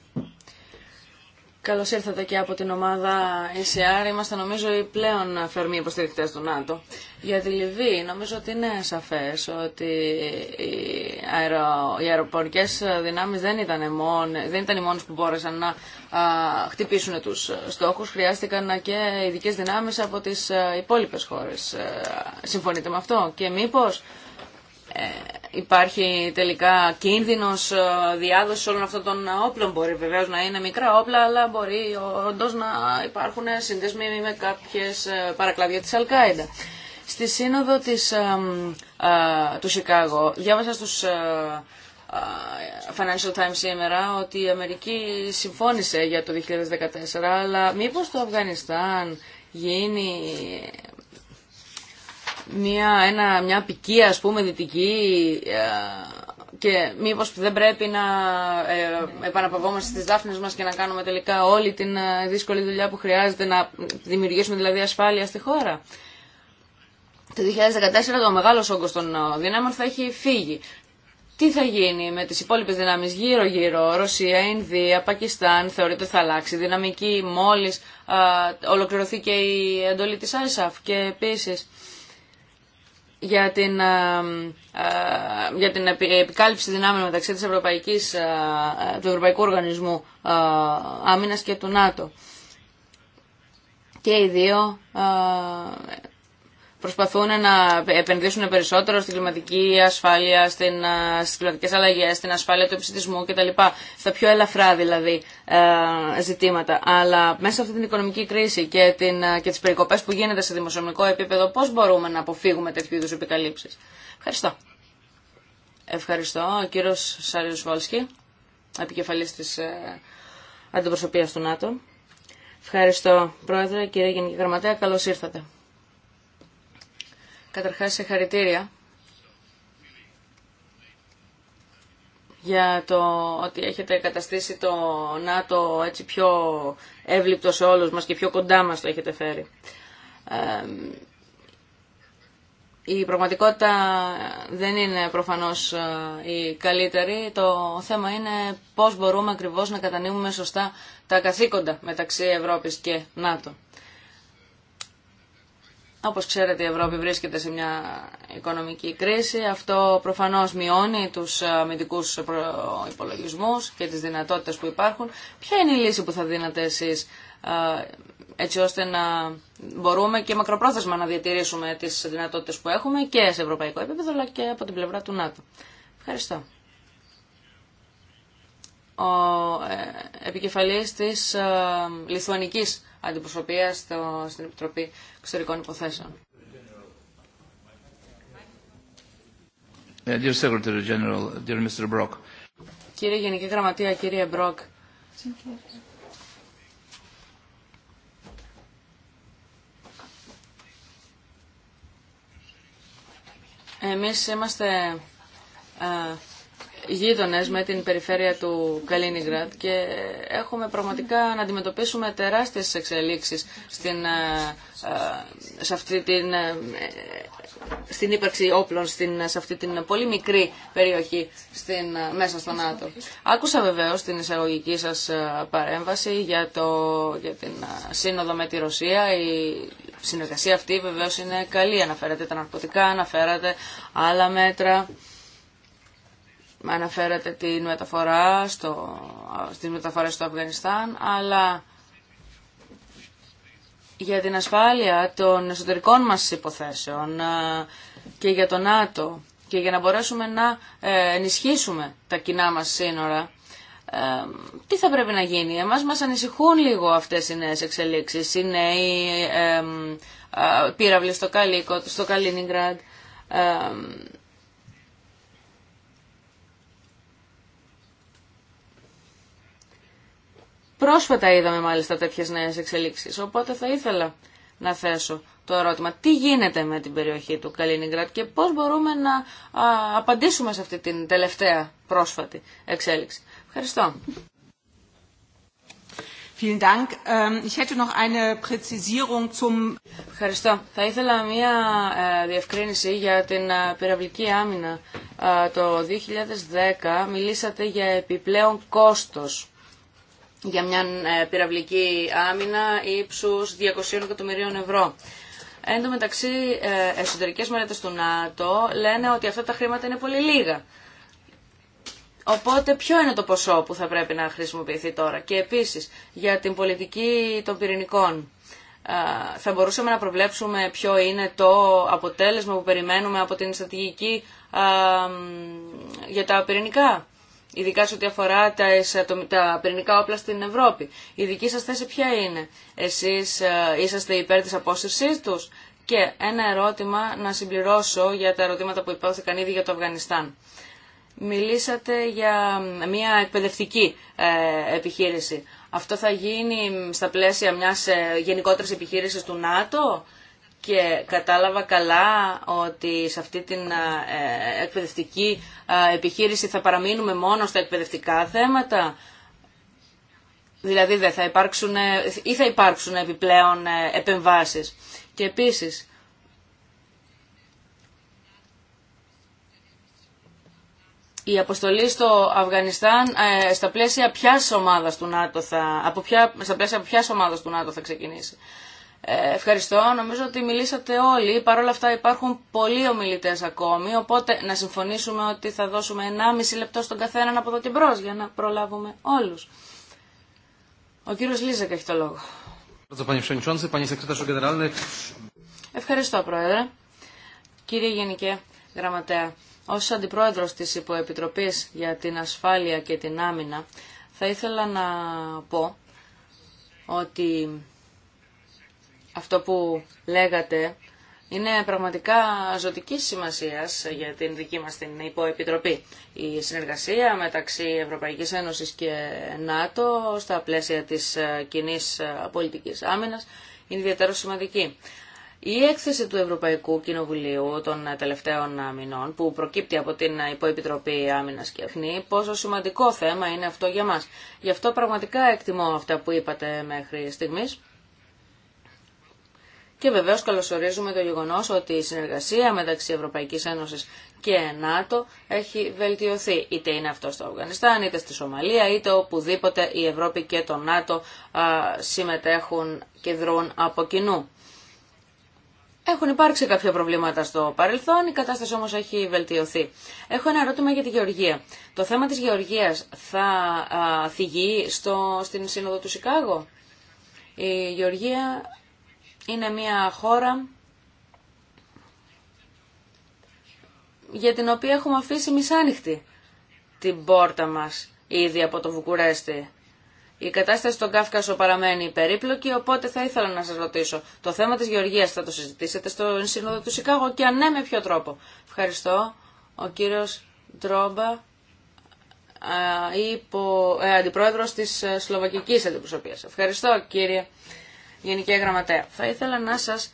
Καλώ ήρθατε και από την ομάδα ECR. Είμαστε νομίζω οι πλέον φερμοί υποστηρικτέ του ΝΑΤΟ. Για τη Λιβύη, νομίζω ότι είναι σαφέ ότι οι, αερο, οι αεροπορικέ δυνάμει δεν, ήταν δεν οι μόνε που μπόρεσαν να α, χτυπήσουν του στόχου. Χρειάστηκαν και ειδικέ δυνάμει από τι υπόλοιπε χώρε. Ε, συμφωνείτε με αυτό, και μήπω ε, υπάρχει τελικά κίνδυνος ε, διάδοσης όλων αυτών των όπλων. Μπορεί βεβαίως να είναι μικρά όπλα, αλλά μπορεί όντω να υπάρχουν συνδεσμοί με κάποιες ε, παρακλάδια της Αλκάιντα. Στη σύνοδο της, του Σικάγο διάβασα στους Financial Times σήμερα ότι η Αμερική συμφώνησε για το 2014, αλλά μήπως το Αφγανιστάν γίνει μια, ένα, μια ας πούμε δυτική ε, και μήπως δεν πρέπει να ε, επαναπαυόμαστε στις δάφνες μας και να κάνουμε τελικά όλη την ε, δύσκολη δουλειά που χρειάζεται να δημιουργήσουμε δηλαδή ασφάλεια στη χώρα. Το 2014 το μεγάλο όγκο των ε, δυνάμεων θα έχει φύγει. Τι θα γίνει με τις υπόλοιπες δυνάμεις γύρω-γύρω, Ρωσία, Ινδία, Πακιστάν, θεωρείται θα αλλάξει δυναμική μόλις α, ολοκληρωθεί και η εντολή της ISAF και επίσης για την, ε, ε, για την επικάλυψη δυνάμεων μεταξύ της Ευρωπαϊκής, ε, του Ευρωπαϊκού Οργανισμού Άμυνας και του ΝΑΤΟ. Και οι δύο προσπαθούν να επενδύσουν περισσότερο στην κλιματική ασφάλεια, στι στις κλιματικές αλλαγές, στην ασφάλεια του επιστημισμού κτλ. Στα πιο ελαφρά δηλαδή ε, ζητήματα. Αλλά μέσα σε αυτή την οικονομική κρίση και, την, και τις περικοπές που γίνεται σε δημοσιονομικό επίπεδο, πώς μπορούμε να αποφύγουμε τέτοιου είδους επικαλύψεις. Ευχαριστώ. Ευχαριστώ. Ο κύριος Σάριος Βόλσκι, επικεφαλής της ε, αντιπροσωπείας του ΝΑΤΟ. Ευχαριστώ, Πρόεδρε, κύριε Γενική Γραμματέα. καλώ ήρθατε. Καταρχάς, σε χαρητήρια για το ότι έχετε καταστήσει το ΝΑΤΟ έτσι πιο εύληπτο σε όλους μας και πιο κοντά μας το έχετε φέρει. Η πραγματικότητα δεν είναι προφανώς ε, η καλύτερη. Το θέμα είναι πώς μπορούμε ακριβώς να κατανοούμε σωστά τα καθήκοντα μεταξύ Ευρώπης και ΝΑΤΟ. Όπως ξέρετε η Ευρώπη βρίσκεται σε μια οικονομική κρίση. Αυτό προφανώς μειώνει τους αμυντικούς υπολογισμούς και τις δυνατότητες που υπάρχουν. Ποια είναι η λύση που θα δίνατε εσείς ε, έτσι ώστε να μπορούμε και μακροπρόθεσμα να διατηρήσουμε τις δυνατότητες που έχουμε και σε ευρωπαϊκό επίπεδο αλλά και από την πλευρά του ΝΑΤΟ. Ευχαριστώ. Ο ε, επικεφαλής της ε, Λιθουανικής αντιπροσωπεία στο, στην Επιτροπή Εξωτερικών Υποθέσεων. Dear Secretary General, dear Mr. Brock. Κύριε Γενική Γραμματεία, κύριε Μπροκ. Εμείς είμαστε ε, γείτονες με την περιφέρεια του Καλίνιγκρατ και έχουμε πραγματικά να αντιμετωπίσουμε τεράστιες εξελίξεις στην, ε, ε, σε αυτή την, ε, στην ύπαρξη όπλων στην, σε αυτή την πολύ μικρή περιοχή στην, μέσα στο ΝΑΤΟ. Άκουσα βεβαίως την εισαγωγική σας παρέμβαση για, το, για την σύνοδο με τη Ρωσία. Η συνεργασία αυτή βεβαίως είναι καλή. Αναφέρατε τα ναρκωτικά, αναφέρατε άλλα μέτρα αναφέρατε την μεταφορά στο, στις μεταφορές στο Αφγανιστάν, αλλά για την ασφάλεια των εσωτερικών μας υποθέσεων ε, και για το ΝΑΤΟ και για να μπορέσουμε να ε, ενισχύσουμε τα κοινά μας σύνορα, ε, τι θα πρέπει να γίνει. Εμάς μας ανησυχούν λίγο αυτές οι νέες εξελίξεις, οι νέοι πύραυλοι στο, στο Καλίνιγκραντ, Πρόσφατα είδαμε μάλιστα τέτοιες νέες εξελίξεις, οπότε θα ήθελα να θέσω το ερώτημα τι γίνεται με την περιοχή του Καλίνιγκρατ και πώς μπορούμε να απαντήσουμε σε αυτή την τελευταία πρόσφατη εξέλιξη. Ευχαριστώ. Ähm, Ευχαριστώ. Θα ήθελα μία ε, διευκρίνηση για την ε, πυραυλική άμυνα. Ε, το 2010 μιλήσατε για επιπλέον κόστος για μια ε, πυραυλική άμυνα ύψους 200 εκατομμυρίων ευρώ. Εν τω μεταξύ, ε, εσωτερικές μελέτες του ΝΑΤΟ λένε ότι αυτά τα χρήματα είναι πολύ λίγα. Οπότε ποιο είναι το ποσό που θα πρέπει να χρησιμοποιηθεί τώρα. Και επίσης για την πολιτική των πυρηνικών. Ε, θα μπορούσαμε να προβλέψουμε ποιο είναι το αποτέλεσμα που περιμένουμε από την στρατηγική για τα πυρηνικά ειδικά σε ό,τι αφορά τα, τα πυρηνικά όπλα στην Ευρώπη. Η δική σας θέση ποια είναι. Εσείς ε, είσαστε υπέρ της απόσυρσής τους. Και ένα ερώτημα να συμπληρώσω για τα ερωτήματα που υπόθηκαν ήδη για το Αφγανιστάν. Μιλήσατε για μια εκπαιδευτική ε, επιχείρηση. Αυτό θα γίνει στα πλαίσια μιας ε, γενικότερης επιχείρησης του ΝΑΤΟ και κατάλαβα καλά ότι σε αυτή την ε, εκπαιδευτική ε, επιχείρηση θα παραμείνουμε μόνο στα εκπαιδευτικά θέματα. Δηλαδή δεν θα υπάρξουν ε, ή θα υπάρξουν επιπλέον επεμβάσεις. Και επίσης, η αποστολή στο Αφγανιστάν στα πλαίσια ποιας ομάδας του ΝΑΤΟ θα, από ποια, στα πλαίσια ποιας ομάδας του ΝΑΤΟ θα ξεκινήσει. Ε, ευχαριστώ. Νομίζω ότι μιλήσατε όλοι. Παρ' όλα αυτά υπάρχουν πολλοί ομιλητέ ακόμη, οπότε να συμφωνήσουμε ότι θα δώσουμε 1,5 λεπτό στον καθέναν από εδώ την προς για να προλάβουμε όλου. Ο κύριο Λίζεκ έχει το λόγο. Ευχαριστώ, Πρόεδρε. Κύριε Γενικέ Γραμματέα, ως Αντιπρόεδρος της Υποεπιτροπής για την Ασφάλεια και την Άμυνα, θα ήθελα να πω ότι αυτό που λέγατε είναι πραγματικά ζωτική σημασία για την δική μας την υποεπιτροπή. Η συνεργασία μεταξύ Ευρωπαϊκής Ένωσης και ΝΑΤΟ στα πλαίσια της ε, κοινή ε, πολιτικής άμυνας είναι ιδιαίτερα σημαντική. Η έκθεση του Ευρωπαϊκού Κοινοβουλίου των τελευταίων μηνών που προκύπτει από την Υποεπιτροπή Άμυνα και Εθνή πόσο σημαντικό θέμα είναι αυτό για μας. Γι' αυτό πραγματικά εκτιμώ αυτά που είπατε μέχρι στιγμής και βεβαίω καλωσορίζουμε το γεγονό ότι η συνεργασία μεταξύ Ευρωπαϊκή Ένωση και ΝΑΤΟ έχει βελτιωθεί. Είτε είναι αυτό στο Αφγανιστάν, είτε στη Σομαλία, είτε οπουδήποτε η Ευρώπη και το ΝΑΤΟ συμμετέχουν και δρούν από κοινού. Έχουν υπάρξει κάποια προβλήματα στο παρελθόν, η κατάσταση όμως έχει βελτιωθεί. Έχω ένα ερώτημα για τη Γεωργία. Το θέμα της Γεωργίας θα α, θυγεί στο, στην Σύνοδο του Σικάγο. Η Γεωργία είναι μια χώρα για την οποία έχουμε αφήσει μισάνοιχτη την πόρτα μας ήδη από το Βουκουρέστι. Η κατάσταση στον Κάφκασο παραμένει περίπλοκη, οπότε θα ήθελα να σας ρωτήσω. Το θέμα της Γεωργίας θα το συζητήσετε στο Σύνοδο του Σικάγο και αν ναι με ποιο τρόπο. Ευχαριστώ. Ο κύριος Ντρόμπα, ε, αντιπρόεδρος της ε, Σλοβακικής Ευχαριστώ κύριε Γενική Γραμματέα. Θα ήθελα να σας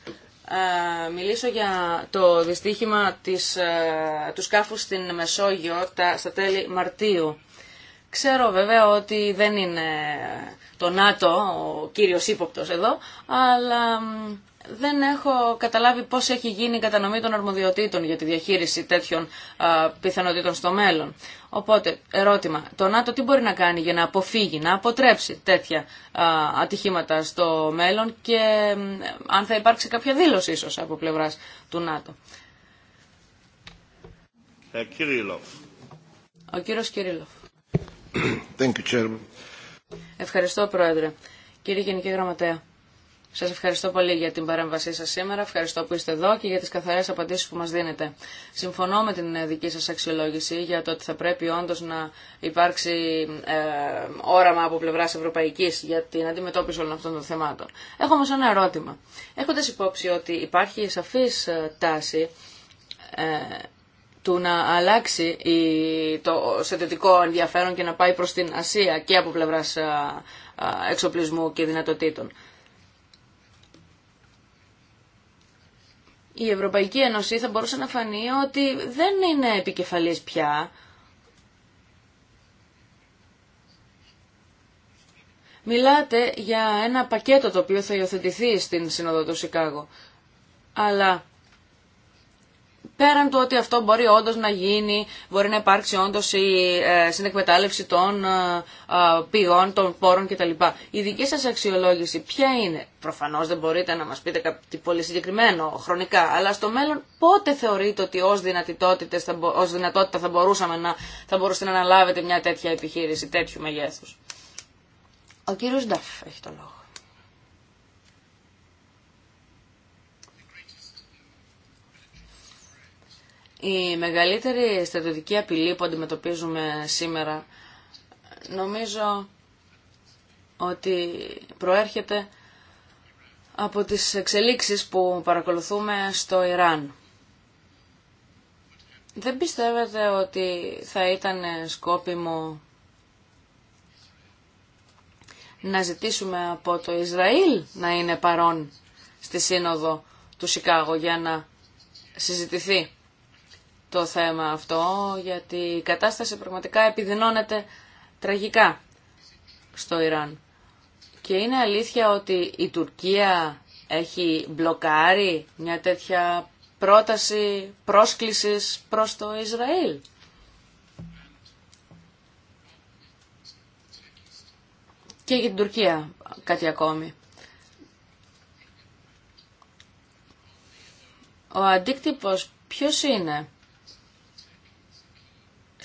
μιλήσω για το δυστύχημα της, του σκάφου στην Μεσόγειο τα, στα τέλη Μαρτίου. Ξέρω βέβαια ότι δεν είναι το ΝΑΤΟ ο κύριος ύποπτος εδώ, αλλά δεν έχω καταλάβει πώς έχει γίνει η κατανομή των αρμοδιοτήτων για τη διαχείριση τέτοιων πιθανότητων στο μέλλον. Οπότε, ερώτημα, το ΝΑΤΟ τι μπορεί να κάνει για να αποφύγει, να αποτρέψει τέτοια ατυχήματα στο μέλλον και αν θα υπάρξει κάποια δήλωση ίσως από πλευράς του ΝΑΤΟ. Ε, Ο κύριος Κυρίλοφ. Ευχαριστώ, Πρόεδρε. Κύριε Γενική Γραμματέα. Σας ευχαριστώ πολύ για την παρέμβασή σας σήμερα, ευχαριστώ που είστε εδώ και για τις καθαρές απαντήσεις που μας δίνετε. Συμφωνώ με την ε, δική σας αξιολόγηση για το ότι θα πρέπει όντως να υπάρξει ε, όραμα από πλευράς ευρωπαϊκής για την αντιμετώπιση όλων αυτών των θεμάτων. Έχω όμως ένα ερώτημα. Έχοντα υπόψη ότι υπάρχει σαφής ε, τάση ε, του να αλλάξει το στρατιωτικό ενδιαφέρον και να πάει προς την Ασία και από πλευράς ε, εξοπλισμού και δυνατοτήτων. η Ευρωπαϊκή Ένωση θα μπορούσε να φανεί ότι δεν είναι επικεφαλής πια. Μιλάτε για ένα πακέτο το οποίο θα υιοθετηθεί στην Σύνοδο του Σικάγο. Αλλά Πέραν του ότι αυτό μπορεί όντω να γίνει, μπορεί να υπάρξει όντω η ε, συνεκμετάλλευση των ε, ε, πηγών, των πόρων κτλ. Η δική σα αξιολόγηση ποια είναι, προφανώ δεν μπορείτε να μα πείτε κάτι πολύ συγκεκριμένο χρονικά, αλλά στο μέλλον πότε θεωρείτε ότι ω δυνατότητα θα, μπορούσαμε να, θα μπορούσατε να αναλάβετε μια τέτοια επιχείρηση τέτοιου μεγέθου. Ο κύριο Νταφ έχει το λόγο. Η μεγαλύτερη στρατιωτική απειλή που αντιμετωπίζουμε σήμερα νομίζω ότι προέρχεται από τις εξελίξεις που παρακολουθούμε στο Ιράν. Δεν πιστεύετε ότι θα ήταν σκόπιμο να ζητήσουμε από το Ισραήλ να είναι παρόν στη σύνοδο του Σικάγο για να συζητηθεί το θέμα αυτό, γιατί η κατάσταση πραγματικά επιδεινώνεται τραγικά στο Ιράν. Και είναι αλήθεια ότι η Τουρκία έχει μπλοκάρει μια τέτοια πρόταση πρόσκλησης προς το Ισραήλ. Και για την Τουρκία κάτι ακόμη. Ο αντίκτυπος ποιος είναι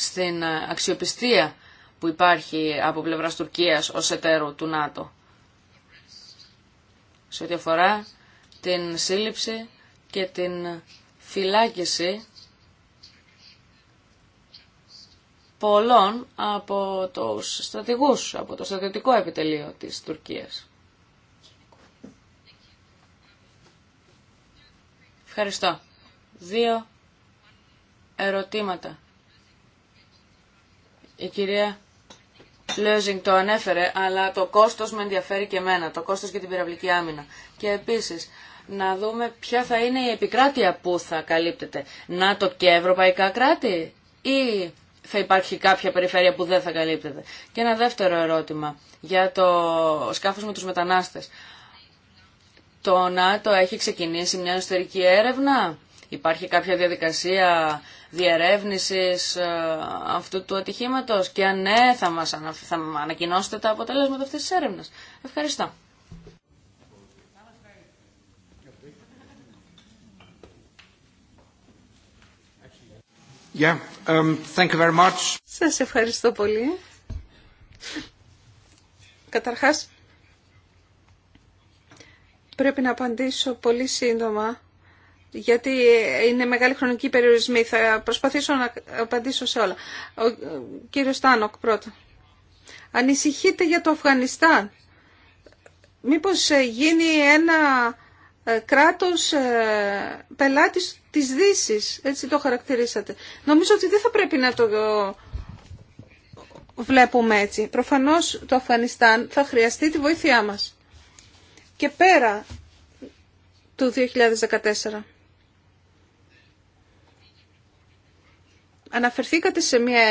στην ε, αξιοπιστία που υπάρχει από πλευράς Τουρκίας ως εταίρου του ΝΑΤΟ σε ό,τι αφορά την σύλληψη και την φυλάκιση πολλών από τους στρατηγούς, από το στρατιωτικό επιτελείο της Τουρκίας. Ευχαριστώ. Δύο ερωτήματα η κυρία Λέζινγκ το ανέφερε, αλλά το κόστος με ενδιαφέρει και εμένα, το κόστος για την πυραυλική άμυνα. Και επίσης, να δούμε ποια θα είναι η επικράτεια που θα καλύπτεται. ΝΑΤΟ και ευρωπαϊκά κράτη ή θα υπάρχει κάποια περιφέρεια που δεν θα καλύπτεται. Και ένα δεύτερο ερώτημα για το σκάφος με τους μετανάστες. Το ΝΑΤΟ έχει ξεκινήσει μια εσωτερική έρευνα Υπάρχει κάποια διαδικασία διερεύνησης ε, αυτού του ατυχήματος και αν ναι θα μας θα ανακοινώσετε τα αποτελέσματα αυτής της έρευνας. Ευχαριστώ. Yeah, um, thank you very much. Σας ευχαριστώ πολύ. Καταρχάς, πρέπει να απαντήσω πολύ σύντομα γιατί είναι μεγάλη χρονική περιορισμή. Θα προσπαθήσω να απαντήσω σε όλα. Ο κύριος Τάνοκ πρώτα. Ανησυχείτε για το Αφγανιστάν. Μήπως ε, γίνει ένα ε, κράτος ε, πελάτης της δύση, έτσι το χαρακτηρίσατε. Νομίζω ότι δεν θα πρέπει να το βλέπουμε έτσι. Προφανώς το Αφγανιστάν θα χρειαστεί τη βοήθειά μας. Και πέρα του 2014. Αναφερθήκατε σε μια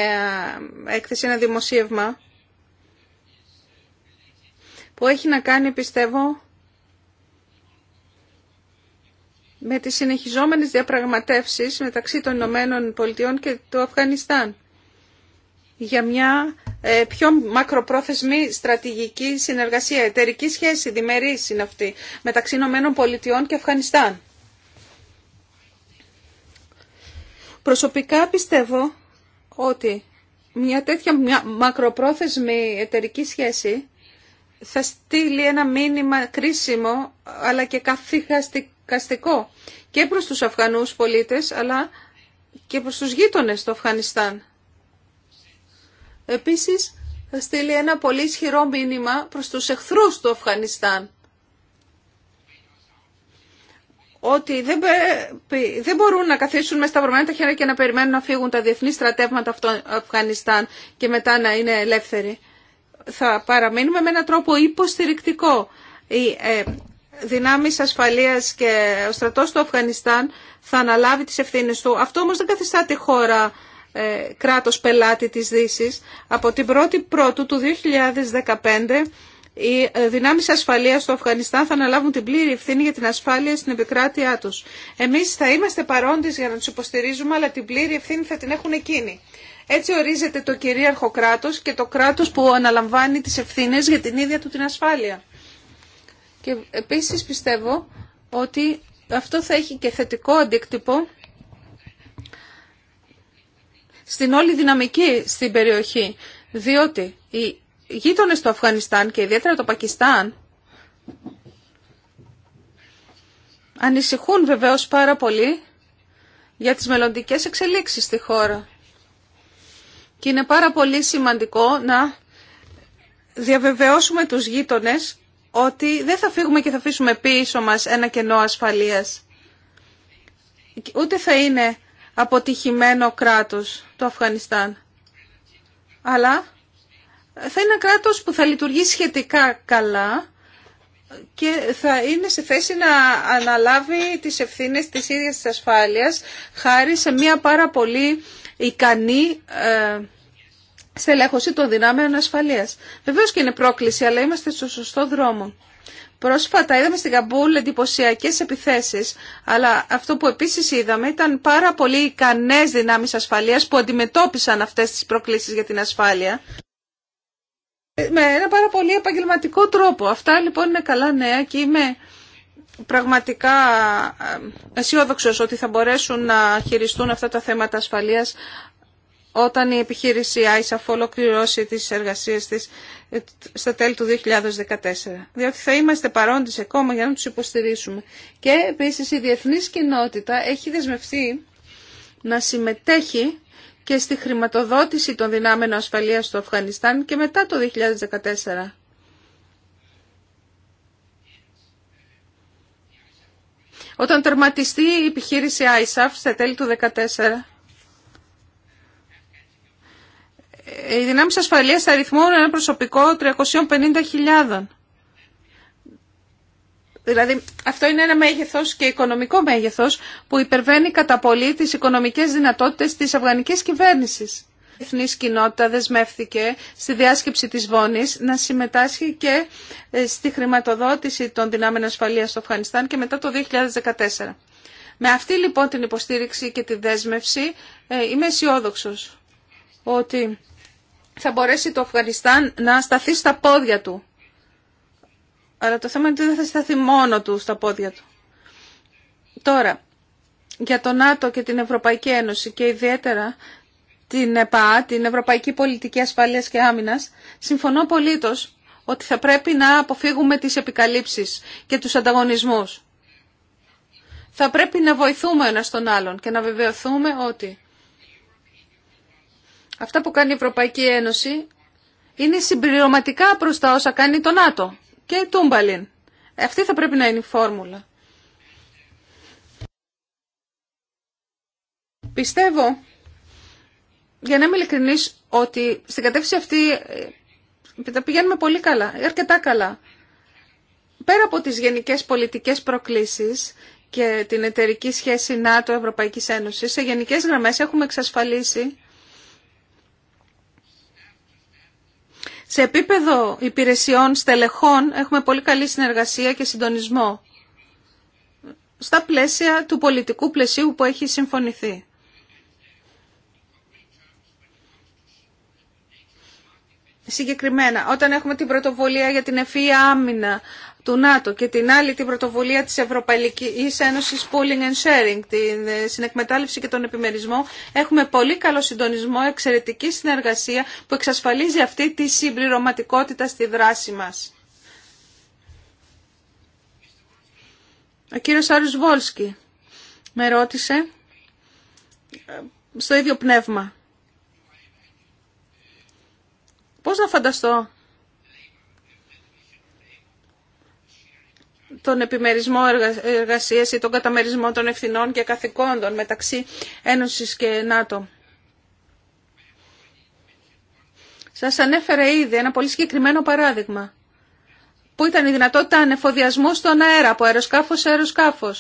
έκθεση, ένα δημοσίευμα που έχει να κάνει, πιστεύω, με τις συνεχιζόμενες διαπραγματεύσεις μεταξύ των Ηνωμένων Πολιτειών και του Αφγανιστάν για μια ε, πιο μακροπρόθεσμη στρατηγική συνεργασία, εταιρική σχέση, διμερής είναι αυτή, μεταξύ Ηνωμένων Πολιτειών και Αφγανιστάν. Προσωπικά πιστεύω ότι μια τέτοια μια μακροπρόθεσμη εταιρική σχέση θα στείλει ένα μήνυμα κρίσιμο αλλά και καθηγαστικό και προς τους Αφγανούς πολίτες αλλά και προς τους γείτονες του Αφγανιστάν. Επίσης θα στείλει ένα πολύ ισχυρό μήνυμα προς τους εχθρούς του Αφγανιστάν ότι δεν, δεν μπορούν να καθίσουν με σταυρωμένα τα χέρια και να περιμένουν να φύγουν τα διεθνή στρατεύματα από το Αφγανιστάν και μετά να είναι ελεύθεροι. Θα παραμείνουμε με έναν τρόπο υποστηρικτικό. Οι ε, δυνάμεις ασφαλείας και ο στρατός του Αφγανιστάν θα αναλάβει τις ευθύνες του. Αυτό όμως δεν καθιστά τη χώρα ε, κράτος πελάτη της Δύσης. Από την 1η Πρώτου του 2015 οι ε, δυνάμεις ασφαλείας του Αφγανιστάν θα αναλάβουν την πλήρη ευθύνη για την ασφάλεια στην επικράτειά τους. Εμείς θα είμαστε παρόντες για να τους υποστηρίζουμε, αλλά την πλήρη ευθύνη θα την έχουν εκείνοι. Έτσι ορίζεται το κυρίαρχο κράτος και το κράτος που αναλαμβάνει τις ευθύνες για την ίδια του την ασφάλεια. Και επίσης πιστεύω ότι αυτό θα έχει και θετικό αντίκτυπο στην όλη δυναμική στην περιοχή, διότι η γείτονε του Αφγανιστάν και ιδιαίτερα το Πακιστάν ανησυχούν βεβαίως πάρα πολύ για τις μελλοντικέ εξελίξεις στη χώρα. Και είναι πάρα πολύ σημαντικό να διαβεβαιώσουμε τους γείτονες ότι δεν θα φύγουμε και θα αφήσουμε πίσω μας ένα κενό ασφαλείας. Ούτε θα είναι αποτυχημένο κράτος το Αφγανιστάν. Αλλά θα είναι ένα κράτος που θα λειτουργεί σχετικά καλά και θα είναι σε θέση να αναλάβει τις ευθύνες της ίδιας της ασφάλειας χάρη σε μια πάρα πολύ ικανή ε, στελέχωση των δυνάμεων ασφαλείας. Βεβαίως και είναι πρόκληση, αλλά είμαστε στο σωστό δρόμο. Πρόσφατα είδαμε στην Καμπούλ εντυπωσιακέ επιθέσει, αλλά αυτό που επίση είδαμε ήταν πάρα πολύ ικανέ δυνάμει ασφαλείας που αντιμετώπισαν αυτέ τι προκλήσει για την ασφάλεια. Ε, με ένα πάρα πολύ επαγγελματικό τρόπο. Αυτά λοιπόν είναι καλά νέα και είμαι πραγματικά ε, αισιόδοξο ότι θα μπορέσουν να χειριστούν αυτά τα θέματα ασφαλείας όταν η επιχείρηση ISAF ολοκληρώσει τις εργασίες της ε, στα τέλη του 2014. Διότι θα είμαστε παρόντες ακόμα για να τους υποστηρίσουμε. Και επίσης η διεθνής κοινότητα έχει δεσμευτεί να συμμετέχει και στη χρηματοδότηση των δυνάμεων ασφαλείας στο Αφγανιστάν και μετά το 2014. Όταν τερματιστεί η επιχείρηση ISAF στα τέλη του 2014, ε, οι δυνάμεις ασφαλείας θα αριθμούν ένα προσωπικό 350.000. Δηλαδή αυτό είναι ένα μέγεθος και οικονομικό μέγεθος που υπερβαίνει κατά πολύ τις οικονομικές δυνατότητες της αφγανικής κυβέρνησης. Η Εθνική κοινότητα δεσμεύθηκε στη διάσκεψη της Βόνης να συμμετάσχει και ε, στη χρηματοδότηση των δυνάμεων ασφαλείας στο Αφγανιστάν και μετά το 2014. Με αυτή λοιπόν την υποστήριξη και τη δέσμευση ε, είμαι αισιόδοξο ότι θα μπορέσει το Αφγανιστάν να σταθεί στα πόδια του αλλά το θέμα είναι ότι δεν θα σταθεί μόνο του στα πόδια του. Τώρα, για το ΝΑΤΟ και την Ευρωπαϊκή Ένωση και ιδιαίτερα την ΕΠΑ, την Ευρωπαϊκή Πολιτική Ασφάλειας και Άμυνας, συμφωνώ πολύτως ότι θα πρέπει να αποφύγουμε τις επικαλύψεις και τους ανταγωνισμούς. Θα πρέπει να βοηθούμε ένα τον άλλον και να βεβαιωθούμε ότι αυτά που κάνει η Ευρωπαϊκή Ένωση είναι συμπληρωματικά προς τα όσα κάνει το ΝΑΤΟ και τούμπαλιν. Ε, αυτή θα πρέπει να είναι η φόρμουλα. Πιστεύω, για να είμαι ειλικρινής, ότι στην κατεύθυνση αυτή ε, τα πηγαίνουμε πολύ καλά, ε, αρκετά καλά. Πέρα από τις γενικές πολιτικές προκλήσεις και την εταιρική σχέση ΝΑΤΟ-Ευρωπαϊκής Ένωσης, σε γενικές γραμμές έχουμε εξασφαλίσει Σε επίπεδο υπηρεσιών στελεχών έχουμε πολύ καλή συνεργασία και συντονισμό στα πλαίσια του πολιτικού πλαισίου που έχει συμφωνηθεί. Συγκεκριμένα, όταν έχουμε την πρωτοβουλία για την ευφυή άμυνα, του ΝΑΤΟ και την άλλη την πρωτοβουλία της Ευρωπαϊκής Ένωσης Pooling and Sharing, την ε, συνεκμετάλλευση και τον επιμερισμό, έχουμε πολύ καλό συντονισμό, εξαιρετική συνεργασία που εξασφαλίζει αυτή τη συμπληρωματικότητα στη δράση μας. Ο κύριος Άρους Βόλσκι με ρώτησε ε, στο ίδιο πνεύμα. Πώς να φανταστώ τον επιμερισμό εργασίας ή τον καταμερισμό των ευθυνών και καθηκόντων μεταξύ Ένωσης και ΝΑΤΟ. Σας ανέφερα ήδη ένα πολύ συγκεκριμένο παράδειγμα που ήταν η δυνατότητα ανεφοδιασμού στον αέρα από αεροσκαφο σε αεροσκάφο.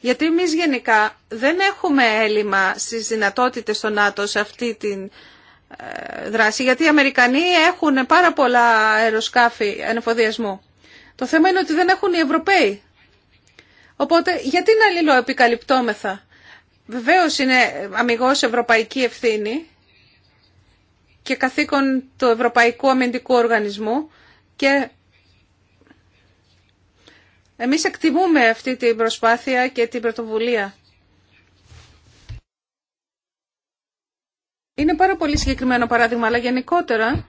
Γιατί εμεί γενικά δεν έχουμε έλλειμμα στι δυνατοτητε των ΝΑΤΟ σε αυτή τη ε, δράση, γιατί οι Αμερικανοί έχουν πάρα πολλά αεροσκάφη ανεφοδιασμού. Το θέμα είναι ότι δεν έχουν οι Ευρωπαίοι. Οπότε γιατί να επικαλυπτόμεθα. Βεβαίως είναι αμυγός ευρωπαϊκή ευθύνη και καθήκον του Ευρωπαϊκού Αμυντικού Οργανισμού και εμείς εκτιμούμε αυτή την προσπάθεια και την πρωτοβουλία. Είναι πάρα πολύ συγκεκριμένο παράδειγμα, αλλά γενικότερα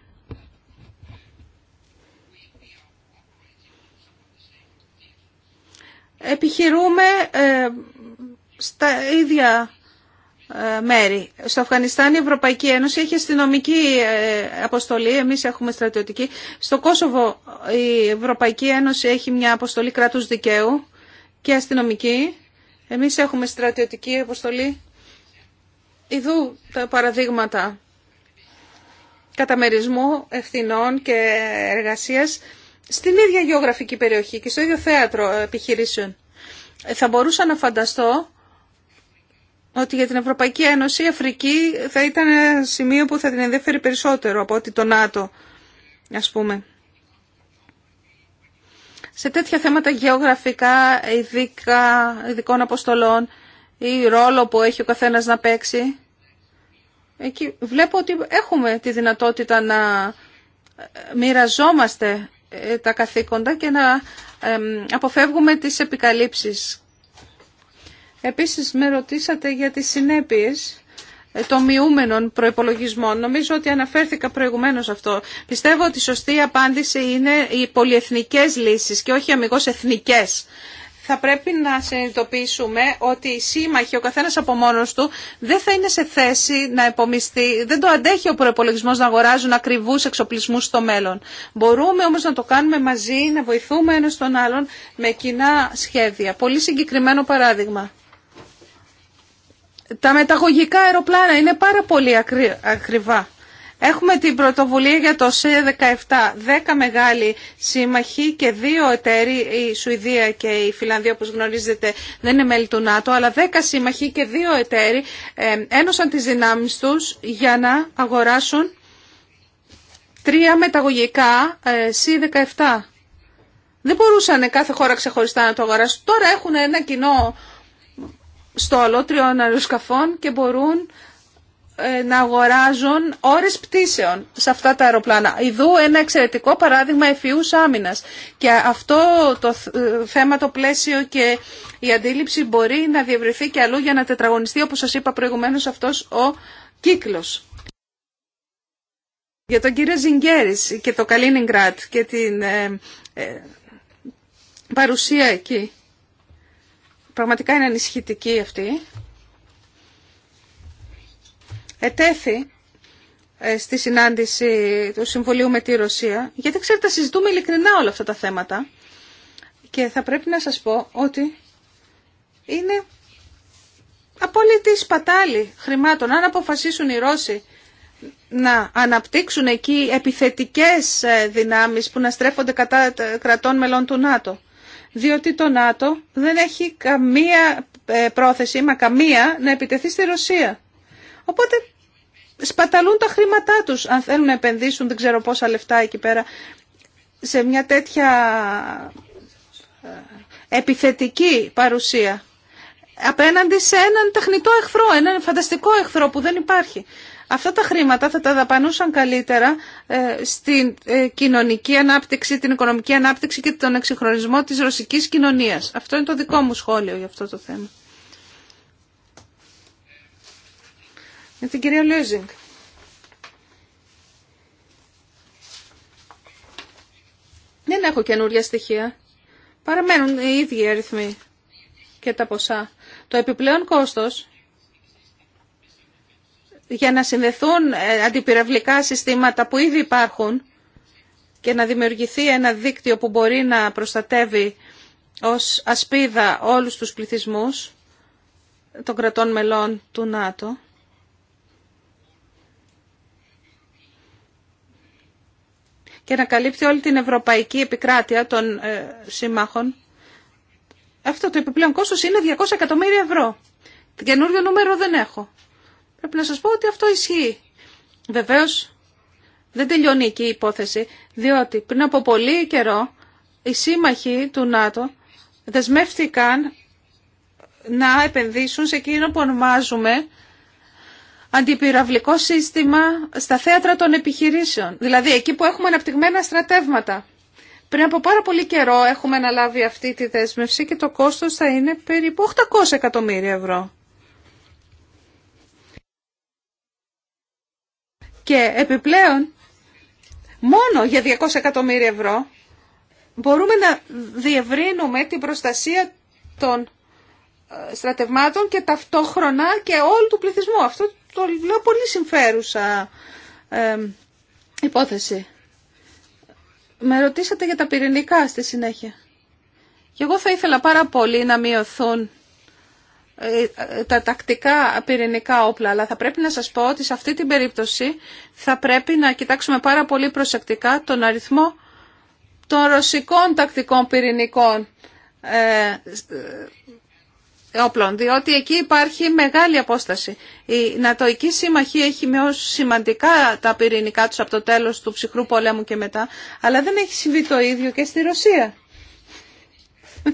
επιχειρούμε ε, στα ίδια ε, μέρη. Στο Αφγανιστάν η Ευρωπαϊκή Ένωση έχει αστυνομική ε, αποστολή, εμείς έχουμε στρατιωτική. Στο Κόσοβο η Ευρωπαϊκή Ένωση έχει μια αποστολή κράτους δικαίου και αστυνομική. Εμείς έχουμε στρατιωτική αποστολή. Ιδού τα παραδείγματα καταμερισμού ευθυνών και εργασίας στην ίδια γεωγραφική περιοχή και στο ίδιο θέατρο επιχειρήσεων. Θα μπορούσα να φανταστώ ότι για την Ευρωπαϊκή Ένωση η Αφρική θα ήταν ένα σημείο που θα την ενδιαφέρει περισσότερο από ότι το ΝΑΤΟ, ας πούμε. Σε τέτοια θέματα γεωγραφικά, ειδικά, ειδικών αποστολών ή ρόλο που έχει ο καθένας να παίξει, εκεί βλέπω ότι έχουμε τη δυνατότητα να μοιραζόμαστε ε, τα καθήκοντα και να αποφεύγουμε τις επικαλύψεις. Επίσης με ρωτήσατε για τις συνέπειες ε, των μειούμενων προϋπολογισμών. Νομίζω ότι αναφέρθηκα προηγουμένως αυτό. Πιστεύω ότι η σωστή απάντηση είναι οι πολυεθνικές λύσεις και όχι αμυγός εθνικές θα πρέπει να συνειδητοποιήσουμε ότι οι σύμμαχοι, ο καθένας από μόνος του, δεν θα είναι σε θέση να επομιστεί, δεν το αντέχει ο προπολογισμό να αγοράζουν ακριβούς εξοπλισμούς στο μέλλον. Μπορούμε όμως να το κάνουμε μαζί, να βοηθούμε ένας τον άλλον με κοινά σχέδια. Πολύ συγκεκριμένο παράδειγμα. Τα μεταγωγικά αεροπλάνα είναι πάρα πολύ ακριβά. Έχουμε την πρωτοβουλία για το C17. Δέκα μεγάλοι σύμμαχοι και δύο εταίροι, η Σουηδία και η Φιλανδία όπως γνωρίζετε δεν είναι μέλη του ΝΑΤΟ, αλλά δέκα σύμμαχοι και δύο εταίροι ε, ένωσαν τις δυνάμεις τους για να αγοράσουν τρία μεταγωγικά ε, C17. Δεν μπορούσαν κάθε χώρα ξεχωριστά να το αγοράσουν. Τώρα έχουν ένα κοινό στόλο τριών αεροσκαφών και μπορούν ε, να αγοράζουν ώρες πτήσεων σε αυτά τα αεροπλάνα. Ιδού ένα εξαιρετικό παράδειγμα εφιούς άμυνας. Και αυτό το ε, θέμα, το πλαίσιο και η αντίληψη μπορεί να διευρυθεί και αλλού για να τετραγωνιστεί, όπως σας είπα προηγουμένως, αυτός ο κύκλος. Για τον κύριο Ζιγκέρης και το Καλίνιγκρατ και την ε, παρουσία εκεί. Πραγματικά είναι ανησυχητική αυτή ετέθη ε, στη συνάντηση του Συμβουλίου με τη Ρωσία, γιατί ξέρετε συζητούμε ειλικρινά όλα αυτά τα θέματα και θα πρέπει να σας πω ότι είναι απόλυτη σπατάλη χρημάτων. Αν αποφασίσουν οι Ρώσοι να αναπτύξουν εκεί επιθετικές ε, δυνάμεις που να στρέφονται κατά κρατών μελών του ΝΑΤΟ. Διότι το ΝΑΤΟ δεν έχει καμία ε, πρόθεση, μα καμία, να επιτεθεί στη Ρωσία. Οπότε σπαταλούν τα χρήματά τους αν θέλουν να επενδύσουν δεν ξέρω πόσα λεφτά εκεί πέρα σε μια τέτοια ε, επιθετική παρουσία απέναντι σε έναν τεχνητό εχθρό, έναν φανταστικό εχθρό που δεν υπάρχει. Αυτά τα χρήματα θα τα δαπανούσαν καλύτερα ε, στην ε, κοινωνική ανάπτυξη, την οικονομική ανάπτυξη και τον εξυγχρονισμό της ρωσικής κοινωνίας. Αυτό είναι το δικό μου σχόλιο για αυτό το θέμα. με την κυρία Δεν έχω καινούργια στοιχεία. Παραμένουν οι ίδιοι αριθμοί και τα ποσά. Το επιπλέον κόστος για να συνδεθούν ε, αντιπυραυλικά συστήματα που ήδη υπάρχουν και να δημιουργηθεί ένα δίκτυο που μπορεί να προστατεύει ως ασπίδα όλους τους πληθυσμούς των κρατών μελών του ΝΑΤΟ και να καλύπτει όλη την ευρωπαϊκή επικράτεια των ε, συμμάχων. Αυτό το επιπλέον κόστος είναι 200 εκατομμύρια ευρώ. Καινούριο νούμερο δεν έχω. Πρέπει να σας πω ότι αυτό ισχύει. Βεβαίως δεν τελειώνει εκεί η υπόθεση, διότι πριν από πολύ καιρό οι σύμμαχοι του ΝΑΤΟ δεσμεύτηκαν να επενδύσουν σε εκείνο που ονομάζουμε αντιπυραυλικό σύστημα στα θέατρα των επιχειρήσεων, δηλαδή εκεί που έχουμε αναπτυγμένα στρατεύματα. Πριν από πάρα πολύ καιρό έχουμε αναλάβει αυτή τη δέσμευση και το κόστος θα είναι περίπου 800 εκατομμύρια ευρώ. Και επιπλέον, μόνο για 200 εκατομμύρια ευρώ μπορούμε να διευρύνουμε την προστασία των ε, στρατευμάτων και ταυτόχρονα και όλου του πληθυσμού. Αυτό το λέω πολύ συμφέρουσα υπόθεση. Με ρωτήσατε για τα πυρηνικά στη συνέχεια. Και εγώ θα ήθελα πάρα πολύ να μειωθούν ε, ε, τα τακτικά πυρηνικά όπλα, αλλά θα πρέπει να σας πω ότι σε αυτή την περίπτωση θα πρέπει να κοιτάξουμε πάρα πολύ προσεκτικά τον αριθμό των ρωσικών τακτικών πυρηνικών ε, όπλων, διότι εκεί υπάρχει μεγάλη απόσταση. Η Νατοϊκή Σύμμαχη έχει μειώσει σημαντικά τα πυρηνικά τους από το τέλος του ψυχρού πολέμου και μετά, αλλά δεν έχει συμβεί το ίδιο και στη Ρωσία. [laughs]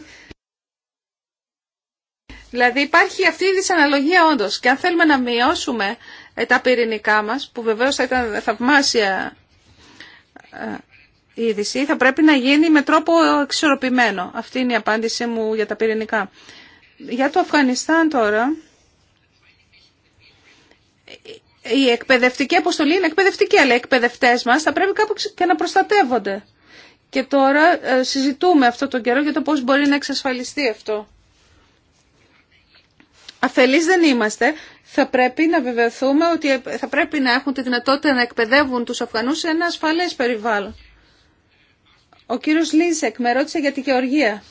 δηλαδή υπάρχει αυτή η δυσαναλογία όντως και αν θέλουμε να μειώσουμε ε, τα πυρηνικά μας, που βεβαίως θα ήταν θαυμάσια ε, είδηση, θα πρέπει να γίνει με τρόπο εξορροπημένο Αυτή είναι η απάντησή μου για τα πυρηνικά. Για το Αφγανιστάν τώρα, η εκπαιδευτική αποστολή είναι εκπαιδευτική, αλλά οι εκπαιδευτέ μα θα πρέπει κάπου και να προστατεύονται. Και τώρα ε, συζητούμε αυτό τον καιρό για το πώς μπορεί να εξασφαλιστεί αυτό. Αφελεί δεν είμαστε. Θα πρέπει να βεβαιωθούμε ότι ε, θα πρέπει να έχουν τη δυνατότητα να εκπαιδεύουν τους Αφγανού σε ένα ασφαλέ περιβάλλον. Ο κύριος Λίνσεκ με ρώτησε για τη Γεωργία.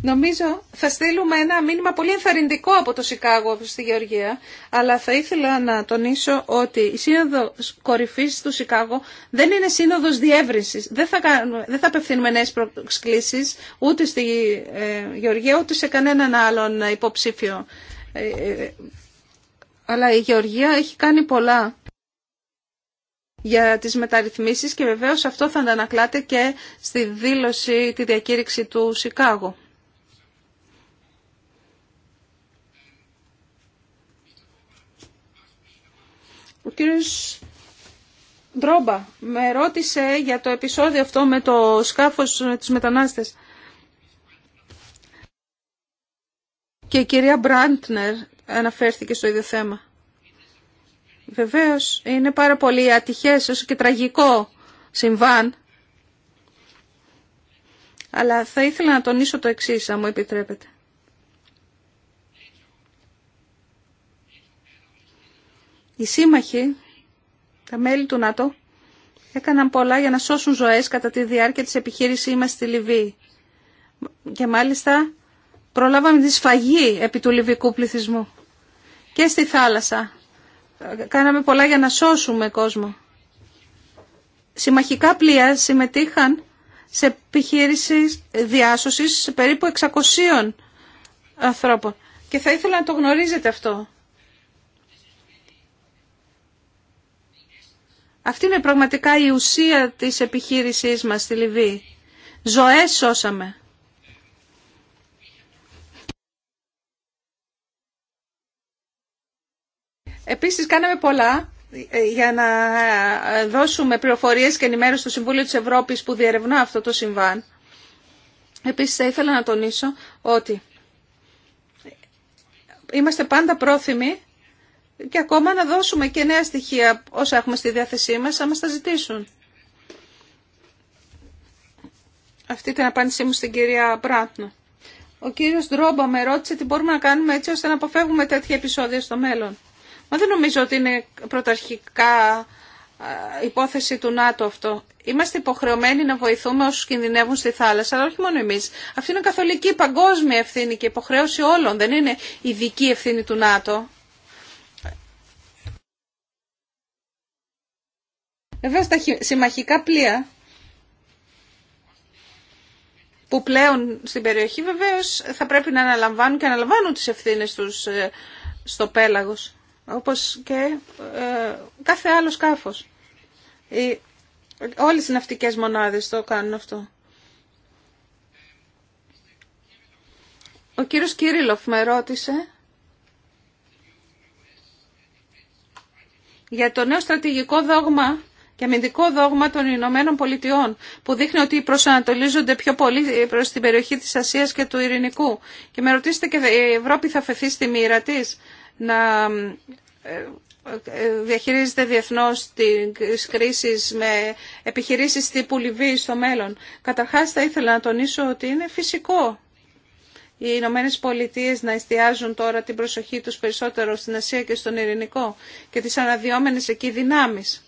Νομίζω θα στείλουμε ένα μήνυμα πολύ ενθαρρυντικό από το Σικάγο στη Γεωργία, αλλά θα ήθελα να τονίσω ότι η σύνοδο κορυφή του Σικάγο δεν είναι σύνοδο διεύρυνση. Δεν θα, δεν θα απευθύνουμε νέε προσκλήσεις ούτε στη ε, Γεωργία ούτε σε κανέναν άλλον υποψήφιο. Ε, ε, αλλά η Γεωργία έχει κάνει πολλά για τις μεταρρυθμίσεις και βεβαίως αυτό θα αντανακλάται και στη δήλωση, τη διακήρυξη του Σικάγου. Ο κύριος Ντρόμπα με ρώτησε για το επεισόδιο αυτό με το σκάφος με τους μετανάστες. Και η κυρία Μπραντνερ αναφέρθηκε στο ίδιο θέμα. Βεβαίως, είναι πάρα πολύ ατυχές, όσο και τραγικό συμβάν. Αλλά θα ήθελα να τονίσω το εξής, αν μου επιτρέπετε. Οι σύμμαχοι, τα μέλη του ΝΑΤΟ, έκαναν πολλά για να σώσουν ζωές κατά τη διάρκεια της επιχείρησή μας στη Λιβύη. Και μάλιστα προλάβαμε τη σφαγή επί του λιβυκού πληθυσμού. Και στη θάλασσα. Κάναμε πολλά για να σώσουμε κόσμο. Συμμαχικά πλοία συμμετείχαν σε επιχείρηση διάσωσης περίπου 600 ανθρώπων. Και θα ήθελα να το γνωρίζετε αυτό. Αυτή είναι πραγματικά η ουσία της επιχείρησής μας στη Λιβύη. Ζωές σώσαμε. Επίσης κάναμε πολλά ε, για να ε, δώσουμε πληροφορίες και ενημέρωση στο Συμβούλιο της Ευρώπης που διερευνά αυτό το συμβάν. Επίσης θα ήθελα να τονίσω ότι είμαστε πάντα πρόθυμοι και ακόμα να δώσουμε και νέα στοιχεία όσα έχουμε στη διάθεσή μας, άμα μας τα ζητήσουν. Αυτή ήταν η απάντησή μου στην κυρία Μπράτνο. Ο κύριος Ντρόμπα με ρώτησε τι μπορούμε να κάνουμε έτσι ώστε να αποφεύγουμε τέτοια επεισόδια στο μέλλον. Μα δεν νομίζω ότι είναι πρωταρχικά υπόθεση του ΝΑΤΟ αυτό. Είμαστε υποχρεωμένοι να βοηθούμε όσους κινδυνεύουν στη θάλασσα, αλλά όχι μόνο εμείς. Αυτή είναι καθολική παγκόσμια ευθύνη και υποχρέωση όλων, δεν είναι ειδική ευθύνη του ΝΑΤΟ. Βεβαίως τα συμμαχικά πλοία που πλέον στην περιοχή βεβαίως θα πρέπει να αναλαμβάνουν και αναλαμβάνουν τις ευθύνες τους ε, στο πέλαγος όπως και ε, κάθε άλλο σκάφος. Οι, όλες οι ναυτικές μονάδες το κάνουν αυτό. Ο κύριος Κύριλοφ με ρώτησε για το νέο στρατηγικό δόγμα και αμυντικό δόγμα των Ηνωμένων Πολιτειών που δείχνει ότι προσανατολίζονται πιο πολύ προς την περιοχή της Ασίας και του Ειρηνικού. Και με ρωτήσετε και η Ευρώπη θα φεθεί στη μοίρα της να ε, ε, διαχειρίζεται διεθνώς τις κρίσεις με επιχειρήσεις τύπου Λιβύη στο μέλλον. Καταρχάς θα ήθελα να τονίσω ότι είναι φυσικό οι Ηνωμένε Πολιτείε να εστιάζουν τώρα την προσοχή τους περισσότερο στην Ασία και στον Ειρηνικό και τις αναδυόμενες εκεί δυνάμεις.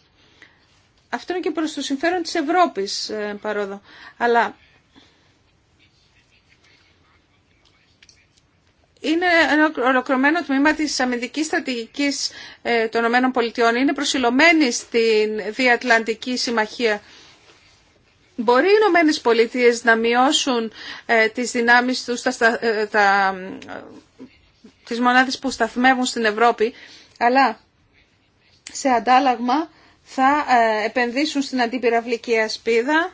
Αυτό είναι και προς το συμφέρον της Ευρώπης ε, παρόδο. Αλλά είναι ένα ολοκληρωμένο τμήμα της αμυντικής στρατηγικής ε, των ΗΠΑ. Είναι προσιλωμένη στην Διατλαντική Συμμαχία. Μπορεί οι Ηνωμένε να μειώσουν ε, τις δυνάμεις τους, τα, τα, τις που σταθμεύουν στην Ευρώπη, αλλά σε αντάλλαγμα θα ε, επενδύσουν στην αντιπυραυλική ασπίδα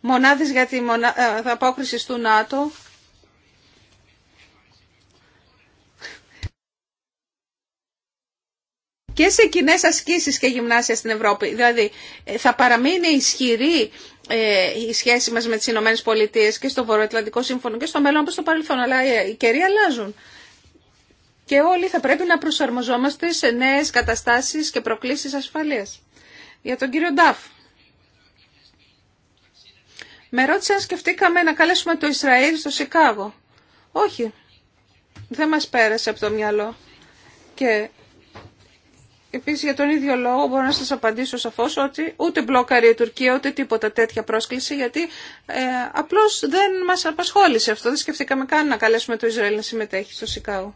μονάδες για την ε, απόκριση του ΝΑΤΟ και σε κοινέ ασκήσεις και γυμνάσια στην Ευρώπη. Δηλαδή ε, θα παραμείνει ισχυρή η σχέση μας με τις Ηνωμένες Πολιτείες και στο Βορειοατλαντικό Σύμφωνο και στο μέλλον όπως στο παρελθόν, αλλά οι καιροί αλλάζουν και όλοι θα πρέπει να προσαρμοζόμαστε σε νέες καταστάσεις και προκλήσεις ασφαλείας. Για τον κύριο Νταφ. Με ρώτησε αν σκεφτήκαμε να καλέσουμε το Ισραήλ στο Σικάγο. Όχι. Δεν μας πέρασε από το μυαλό. Και επίσης για τον ίδιο λόγο μπορώ να σας απαντήσω σαφώς ότι ούτε μπλόκαρε η Τουρκία ούτε τίποτα τέτοια πρόσκληση γιατί ε, απλώς δεν μας απασχόλησε αυτό. Δεν σκεφτήκαμε καν να καλέσουμε το Ισραήλ να συμμετέχει στο Σικάγο.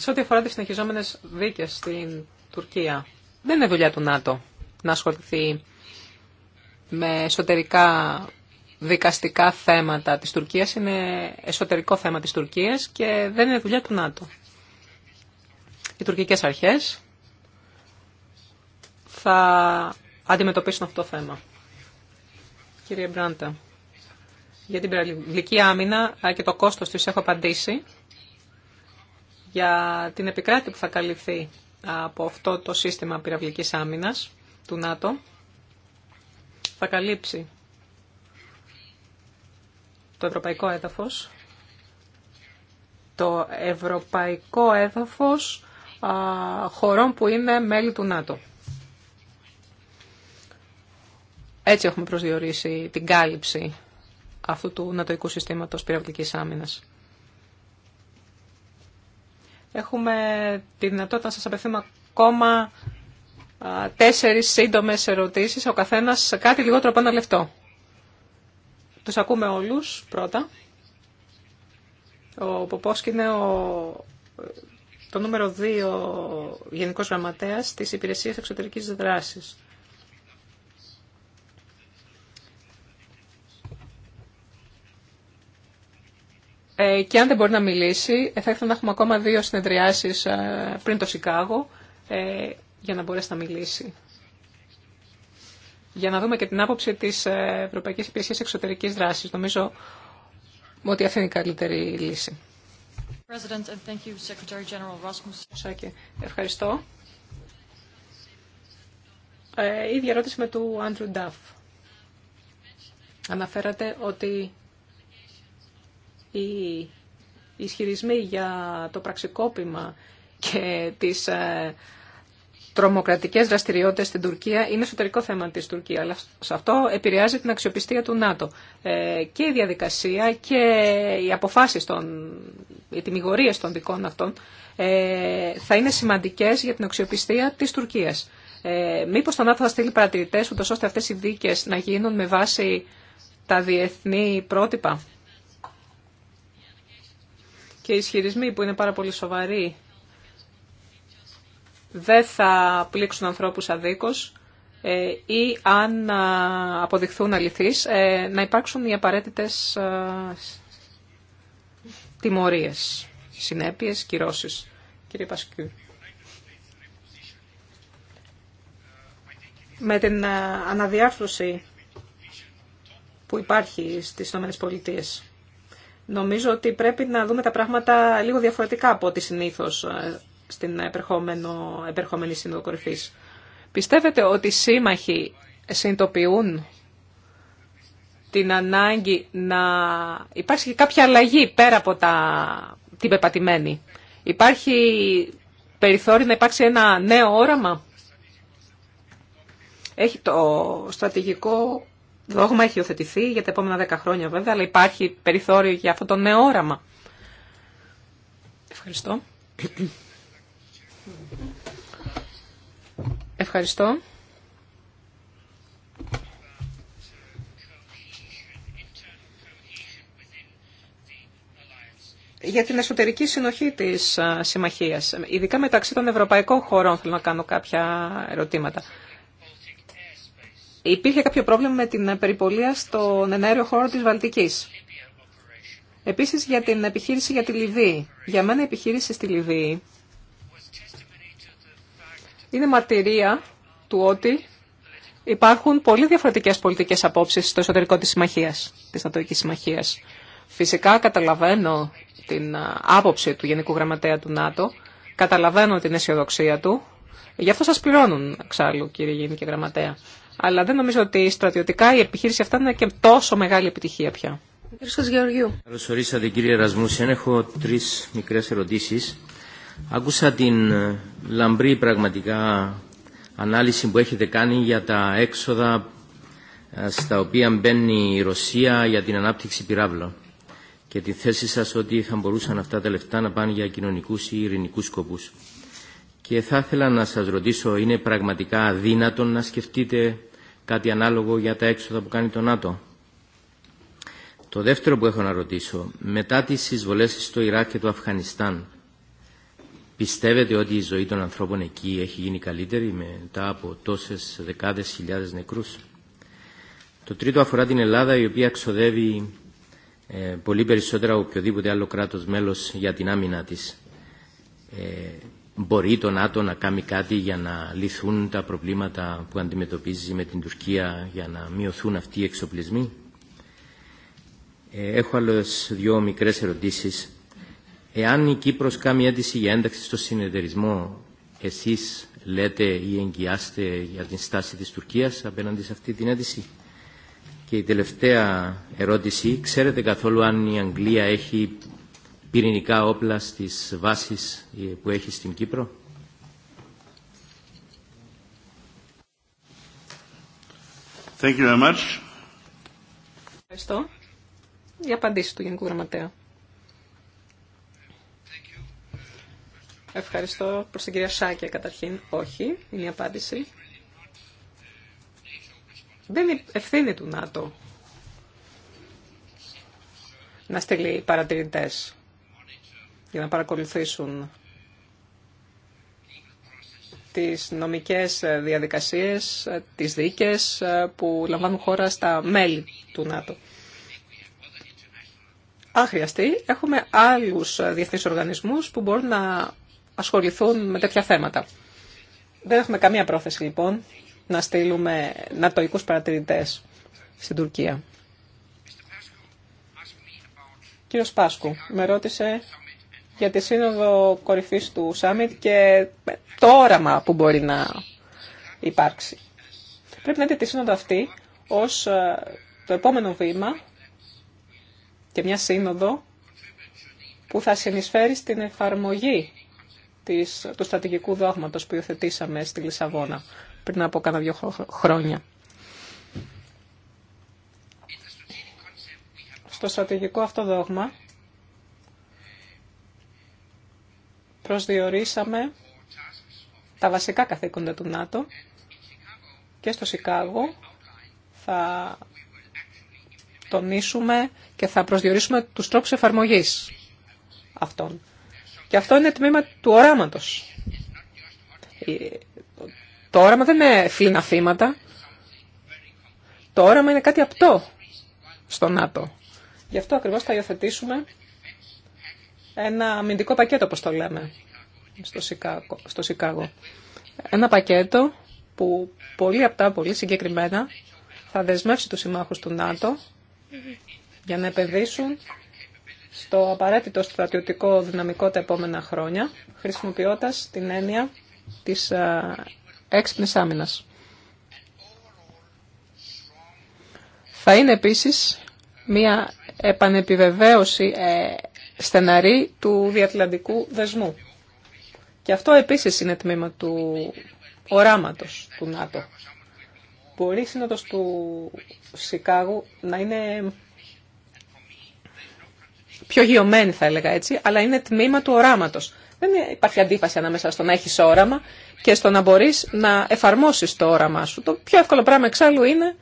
Σε ό,τι αφορά τις συνεχιζόμενες δίκες στην Τουρκία, δεν είναι δουλειά του ΝΑΤΟ να ασχοληθεί με εσωτερικά δικαστικά θέματα της Τουρκίας. Είναι εσωτερικό θέμα της Τουρκίας και δεν είναι δουλειά του ΝΑΤΟ. Οι τουρκικές αρχές θα αντιμετωπίσουν αυτό το θέμα. Κύριε Μπράντα, για την περιαγγελική άμυνα και το κόστος της έχω απαντήσει για την επικράτη που θα καλυφθεί από αυτό το σύστημα πυραυλικής άμυνας του ΝΑΤΟ. Θα καλύψει το ευρωπαϊκό έδαφος, το ευρωπαϊκό έδαφος χωρών που είναι μέλη του ΝΑΤΟ. Έτσι έχουμε προσδιορίσει την κάλυψη αυτού του νατοικού συστήματος πυραυλικής άμυνας. Έχουμε τη δυνατότητα να σας απευθύνουμε ακόμα τέσσερις σύντομες ερωτήσεις, ο καθένας σε κάτι λιγότερο από ένα λεπτό. Τους ακούμε όλους πρώτα. Ο Ποπόσκι είναι ο, το νούμερο 2 γενικός γραμματέας της Υπηρεσίας Εξωτερικής Δράσης. Ε, και αν δεν μπορεί να μιλήσει, ε, θα ήθελα να έχουμε ακόμα δύο συνεδριάσεις ε, πριν το Σικάγο για να μπορέσει να μιλήσει. Για να δούμε και την άποψη της Ευρωπαϊκή Υπηρεσία Εξωτερικής Δράσης. Νομίζω ότι αυτή είναι η καλύτερη λύση. Ευχαριστώ. Ε, ίδια ερώτηση με του Άντρου Νταφ. Αναφέρατε ότι οι ισχυρισμοί για το πραξικόπημα και τις ε, τρομοκρατικές δραστηριότητες στην Τουρκία είναι εσωτερικό θέμα της Τουρκία, αλλά σε αυτό επηρεάζει την αξιοπιστία του ΝΑΤΟ. Ε, και η διαδικασία και οι αποφάσεις των, οι τιμιγορίες των δικών αυτών ε, θα είναι σημαντικές για την αξιοπιστία της Τουρκίας. Ε, μήπως το ΝΑΤΟ θα στείλει παρατηρητές ούτως ώστε αυτές οι δίκες να γίνουν με βάση τα διεθνή πρότυπα και οι ισχυρισμοί που είναι πάρα πολύ σοβαροί δεν θα πλήξουν ανθρώπους αδίκως ε, ή αν αποδειχθούν αληθείς ε, να υπάρξουν οι απαραίτητες τιμωρίες, συνέπειες, κυρώσεις. Κύριε Πασκιού. Με την αναδιάρθρωση που υπάρχει στις ΗΠΑ Νομίζω ότι πρέπει να δούμε τα πράγματα λίγο διαφορετικά από ό,τι συνήθως ε, στην επερχόμενη Σύνοδο κορυφή. Πιστεύετε ότι οι σύμμαχοι συνειδητοποιούν την ανάγκη να υπάρχει κάποια αλλαγή πέρα από τα... την πεπατημένη. Υπάρχει περιθώριο να υπάρξει ένα νέο όραμα. Έχει το στρατηγικό δόγμα έχει υιοθετηθεί για τα επόμενα δέκα χρόνια βέβαια, αλλά υπάρχει περιθώριο για αυτό το νέο όραμα. Ευχαριστώ. Ευχαριστώ. για την εσωτερική συνοχή της συμμαχίας, ειδικά μεταξύ των ευρωπαϊκών χωρών θέλω να κάνω κάποια ερωτήματα υπήρχε κάποιο πρόβλημα με την περιπολία στον ενέργειο χώρο της Βαλτικής. Επίσης για την επιχείρηση για τη Λιβύη. Για μένα η επιχείρηση στη Λιβύη είναι μαρτυρία του ότι υπάρχουν πολύ διαφορετικές πολιτικές απόψεις στο εσωτερικό της συμμαχίας, της Νατοικής Συμμαχίας. Φυσικά καταλαβαίνω την άποψη του Γενικού Γραμματέα του ΝΑΤΟ, καταλαβαίνω την αισιοδοξία του, γι' αυτό σας πληρώνουν εξάλλου κύριε Γενική Γραμματέα. Αλλά δεν νομίζω ότι στρατιωτικά η επιχείρηση αυτά είναι και τόσο μεγάλη επιτυχία πια. Κύριε Γεωργίου. Καλώς ορίσατε κύριε Ρασμούσεν. Έχω τρεις μικρές ερωτήσεις. Άκουσα την ε, λαμπρή πραγματικά ανάλυση που έχετε κάνει για τα έξοδα ε, στα οποία μπαίνει η Ρωσία για την ανάπτυξη πυράβλων και τη θέση σας ότι θα μπορούσαν αυτά τα λεφτά να πάνε για κοινωνικούς ή ειρηνικούς σκοπούς και θα ήθελα να σας ρωτήσω, είναι πραγματικά αδύνατον να σκεφτείτε κάτι ανάλογο για τα έξοδα που κάνει το ΝΑΤΟ. Το δεύτερο που έχω να ρωτήσω, μετά τις εισβολές στο Ιράκ και το Αφγανιστάν, πιστεύετε ότι η ζωή των ανθρώπων εκεί έχει γίνει καλύτερη μετά από τόσες δεκάδες χιλιάδες νεκρούς. Το τρίτο αφορά την Ελλάδα, η οποία ξοδεύει ε, πολύ περισσότερα από οποιοδήποτε άλλο κράτος μέλος για την άμυνα της. Ε, μπορεί το ΝΑΤΟ να κάνει κάτι για να λυθούν τα προβλήματα που αντιμετωπίζει με την Τουρκία για να μειωθούν αυτοί οι εξοπλισμοί. Ε, έχω άλλε δύο μικρές ερωτήσεις. Εάν η Κύπρος κάνει αίτηση για ένταξη στο συνεταιρισμό, εσείς λέτε ή εγγυάστε για την στάση της Τουρκίας απέναντι σε αυτή την αίτηση. Και η τελευταία ερώτηση, ξέρετε καθόλου αν η Αγγλία έχει πυρηνικά όπλα στις βάσεις που έχει στην Κύπρο. Ευχαριστώ. Για απαντήσεις του Γενικού Γραμματέα. Ευχαριστώ προς την κυρία Σάκια καταρχήν. Όχι, είναι η απάντηση. Δεν είναι ευθύνη του ΝΑΤΟ να στείλει παρατηρητές για να παρακολουθήσουν τις νομικές διαδικασίες, τις δίκες που λαμβάνουν χώρα στα μέλη του ΝΑΤΟ. Αν χρειαστεί, έχουμε άλλους διεθνείς οργανισμούς που μπορούν να ασχοληθούν με τέτοια θέματα. Δεν έχουμε καμία πρόθεση, λοιπόν, να στείλουμε νατοικούς παρατηρητές στην Τουρκία. Κύριος Πάσκου, με ρώτησε για τη σύνοδο κορυφής του Σάμιτ και το όραμα που μπορεί να υπάρξει. Πρέπει να δείτε τη σύνοδο αυτή ως ε, το επόμενο βήμα και μια σύνοδο που θα συνεισφέρει στην εφαρμογή της, του στρατηγικού δόγματος που υιοθετήσαμε στη Λισαβόνα πριν από κάνα δύο χρόνια. Στο στρατηγικό αυτό δόγμα προσδιορίσαμε τα βασικά καθήκοντα του ΝΑΤΟ και στο Σικάγο θα τονίσουμε και θα προσδιορίσουμε τους τρόπους εφαρμογής αυτών. Και αυτό είναι τμήμα του οράματος. Το όραμα δεν είναι φλήνα φήματα. Το όραμα είναι κάτι απτό στο ΝΑΤΟ. Γι' αυτό ακριβώς θα υιοθετήσουμε ένα αμυντικό πακέτο, όπως το λέμε, στο Σικάγο. Ένα πακέτο που πολύ απτά, πολύ συγκεκριμένα, θα δεσμεύσει τους συμμάχους του ΝΑΤΟ για να επενδύσουν στο απαραίτητο στρατιωτικό δυναμικό τα επόμενα χρόνια, χρησιμοποιώντας την έννοια της έξυπνης άμυνας. Θα είναι επίσης μια επανεπιβεβαίωση ε, στεναρή του διατλαντικού δεσμού. Και αυτό επίσης είναι τμήμα του οράματος του ΝΑΤΟ. Μπορεί η του Σικάγου να είναι πιο γιωμένη θα έλεγα έτσι, αλλά είναι τμήμα του οράματος. Δεν υπάρχει αντίφαση ανάμεσα στο να έχεις όραμα και στο να μπορείς να εφαρμόσεις το όραμά σου. Το πιο εύκολο πράγμα εξάλλου είναι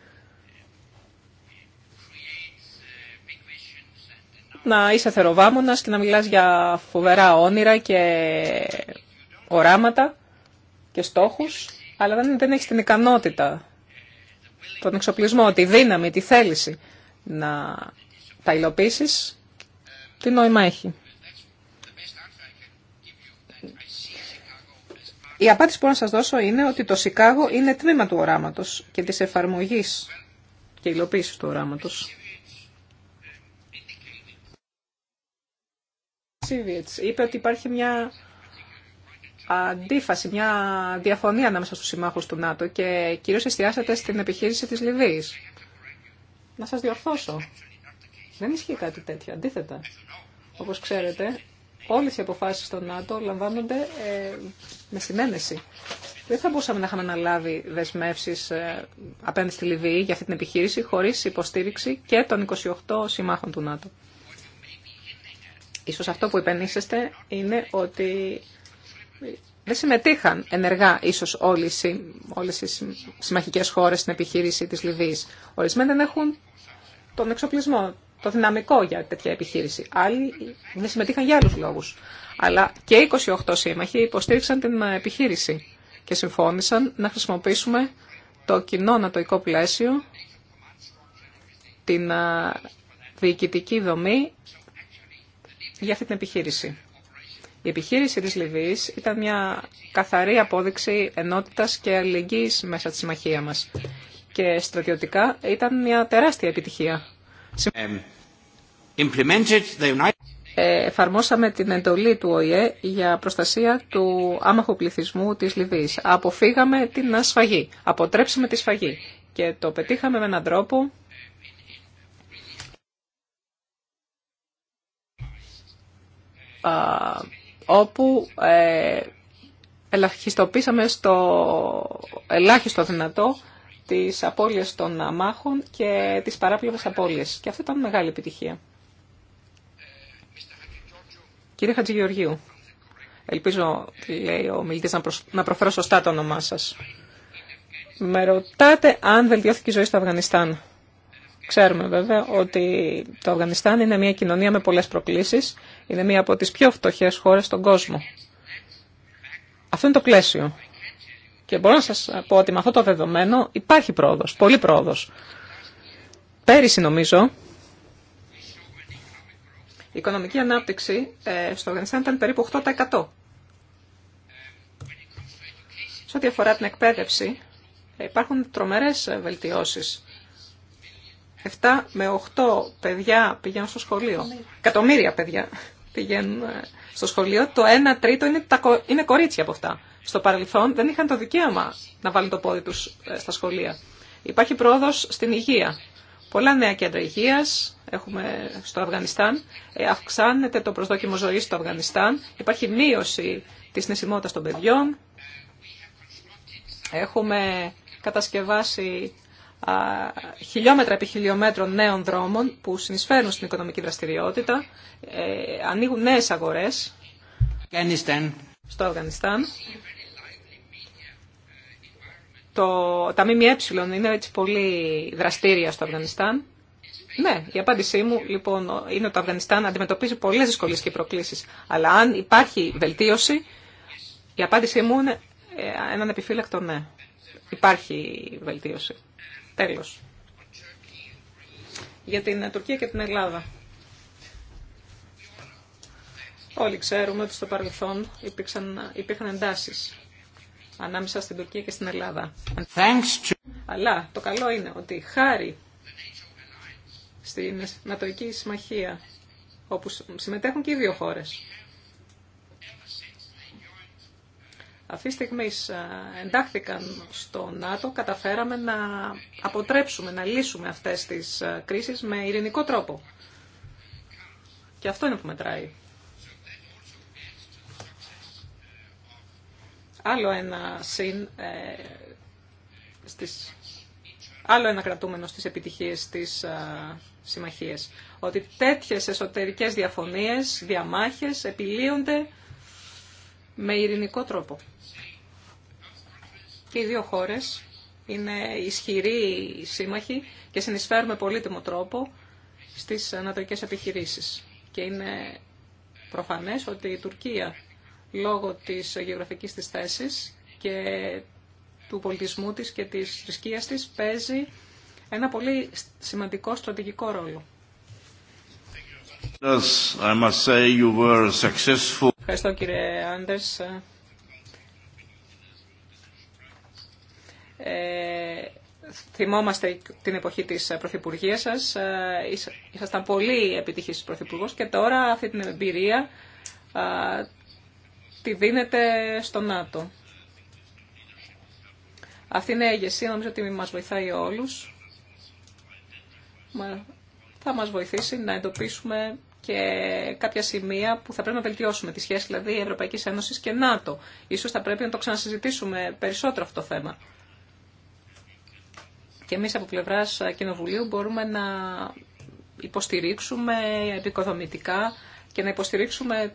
να είσαι θεροβάμωνας και να μιλάς για φοβερά όνειρα και οράματα και στόχους, αλλά δεν, δεν έχεις την ικανότητα, τον εξοπλισμό, τη δύναμη, τη θέληση να τα υλοποιήσεις, τι νόημα έχει. Η απάντηση που μπορώ να σας δώσω είναι ότι το Σικάγο είναι τμήμα του οράματος και της εφαρμογής και υλοποίησης του οράματος. είπε ότι υπάρχει μια αντίφαση, μια διαφωνία ανάμεσα στους συμμάχους του ΝΑΤΟ και κυρίως εστιάσατε στην επιχείρηση της Λιβύης. Να σας διορθώσω. Δεν ισχύει κάτι τέτοιο. Αντίθετα, όπως ξέρετε, όλες οι αποφάσεις στο ΝΑΤΟ λαμβάνονται ε, με συνένεση. Δεν θα μπορούσαμε να είχαμε αναλάβει δεσμεύσει ε, απέναντι στη Λιβύη για αυτή την επιχείρηση χωρίς υποστήριξη και των 28 συμμάχων του ΝΑΤΟ. Ίσως αυτό που υπενήσεστε είναι ότι δεν συμμετείχαν ενεργά ίσως όλες οι, όλες οι συμμαχικές χώρες στην επιχείρηση της Λιβύης. Ορισμένοι δεν έχουν τον εξοπλισμό, το δυναμικό για τέτοια επιχείρηση. Άλλοι δεν συμμετείχαν για άλλους λόγους. Αλλά και 28 σύμμαχοι υποστήριξαν την επιχείρηση και συμφώνησαν να χρησιμοποιήσουμε το κοινό νατοϊκό πλαίσιο, την διοικητική δομή για αυτή την επιχείρηση. Η επιχείρηση της Λιβύης ήταν μια καθαρή απόδειξη ενότητας και αλληλεγγύης μέσα στη συμμαχία μας. Και στρατιωτικά ήταν μια τεράστια επιτυχία. Ε, εφαρμόσαμε την εντολή του ΟΗΕ για προστασία του άμαχου πληθυσμού της Λιβύης. Αποφύγαμε την ασφαγή, αποτρέψαμε τη σφαγή και το πετύχαμε με έναν τρόπο όπου ε, ελαχιστοποίησαμε στο ελάχιστο δυνατό τις απώλειες των αμάχων και τις παράπλευρες απώλειες. Και αυτό ήταν μεγάλη επιτυχία. Κύριε Χατζηγεωργίου, ελπίζω, λέει ο μιλητής, να προφέρω σωστά το όνομά σας. Με ρωτάτε αν βελτιώθηκε η ζωή στο Αφγανιστάν. Ξέρουμε βέβαια ότι το Αφγανιστάν είναι μια κοινωνία με πολλές προκλήσεις, είναι μια από τις πιο φτωχές χώρες στον κόσμο. Αυτό είναι το πλαίσιο. Και μπορώ να σας πω ότι με αυτό το δεδομένο υπάρχει πρόοδος, πολύ πρόοδος. Πέρυσι νομίζω, η οικονομική ανάπτυξη ε, στο Αφγανιστάν ήταν περίπου 8%. Σε ό,τι αφορά την εκπαίδευση, ε, υπάρχουν τρομερές βελτιώσεις 7 με 8 παιδιά πηγαίνουν στο σχολείο. Εκατομμύρια παιδιά πηγαίνουν ε, στο σχολείο. Το 1 τρίτο είναι, τα, είναι κορίτσια από αυτά. Στο παρελθόν δεν είχαν το δικαίωμα να βάλουν το πόδι τους ε, στα σχολεία. Υπάρχει πρόοδο στην υγεία. Πολλά νέα κέντρα υγεία έχουμε στο Αφγανιστάν. Ε, αυξάνεται το προσδόκιμο ζωή στο Αφγανιστάν. Υπάρχει μείωση τη νησιμότητα των παιδιών. Έχουμε κατασκευάσει χιλιόμετρα επί χιλιόμετρων νέων δρόμων που συνεισφέρουν στην οικονομική δραστηριότητα, ε, ανοίγουν νέες αγορές στο Αφγανιστάν. Το, τα ΜΜΕ είναι έτσι πολύ δραστήρια στο Αφγανιστάν. Ναι, η απάντησή μου λοιπόν είναι ότι το Αφγανιστάν αντιμετωπίζει πολλές δυσκολίες και προκλήσεις. Αλλά αν υπάρχει βελτίωση, η απάντησή μου είναι ε, έναν επιφύλακτο ναι. Υπάρχει βελτίωση. Τέλος. Για την Τουρκία και την Ελλάδα. Όλοι ξέρουμε ότι στο παρελθόν υπήρξαν, υπήρχαν εντάσεις ανάμεσα στην Τουρκία και στην Ελλάδα. Αλλά το καλό είναι ότι χάρη στην Νατοική Συμμαχία, όπου συμμετέχουν και οι δύο χώρες, Αυτή τη στιγμή ε, εντάχθηκαν στο ΝΑΤΟ, καταφέραμε να αποτρέψουμε, να λύσουμε αυτές τις ε, κρίσεις με ειρηνικό τρόπο. Και αυτό είναι που μετράει. Άλλο ένα, συν, ε, στις, άλλο ένα κρατούμενο στις επιτυχίες της ε, Ότι τέτοιες εσωτερικές διαφωνίες, διαμάχες επιλύονται με ειρηνικό τρόπο. Και οι δύο χώρες είναι ισχυροί σύμμαχοι και συνεισφέρουν με πολύτιμο τρόπο στις ανατολικές επιχειρήσεις. Και είναι προφανές ότι η Τουρκία, λόγω της γεωγραφικής της θέσης και του πολιτισμού της και της θρησκείας της, παίζει ένα πολύ σημαντικό στρατηγικό ρόλο. Ευχαριστώ κύριε Άντερς. Ε, θυμόμαστε την εποχή της Πρωθυπουργία σας. Ε, ήσασταν πολύ επιτυχής Πρωθυπουργός και τώρα αυτή την εμπειρία ε, τη δίνετε στο ΝΑΤΟ. Αυτή είναι η ηγεσία, νομίζω ότι μας βοηθάει όλους. Μα θα μας βοηθήσει να εντοπίσουμε και κάποια σημεία που θα πρέπει να βελτιώσουμε τη σχέση δηλαδή Ευρωπαϊκής Ένωσης και ΝΑΤΟ. Ίσως θα πρέπει να το ξανασυζητήσουμε περισσότερο αυτό το θέμα. Και εμείς από πλευράς Κοινοβουλίου μπορούμε να υποστηρίξουμε επικοδομητικά και να υποστηρίξουμε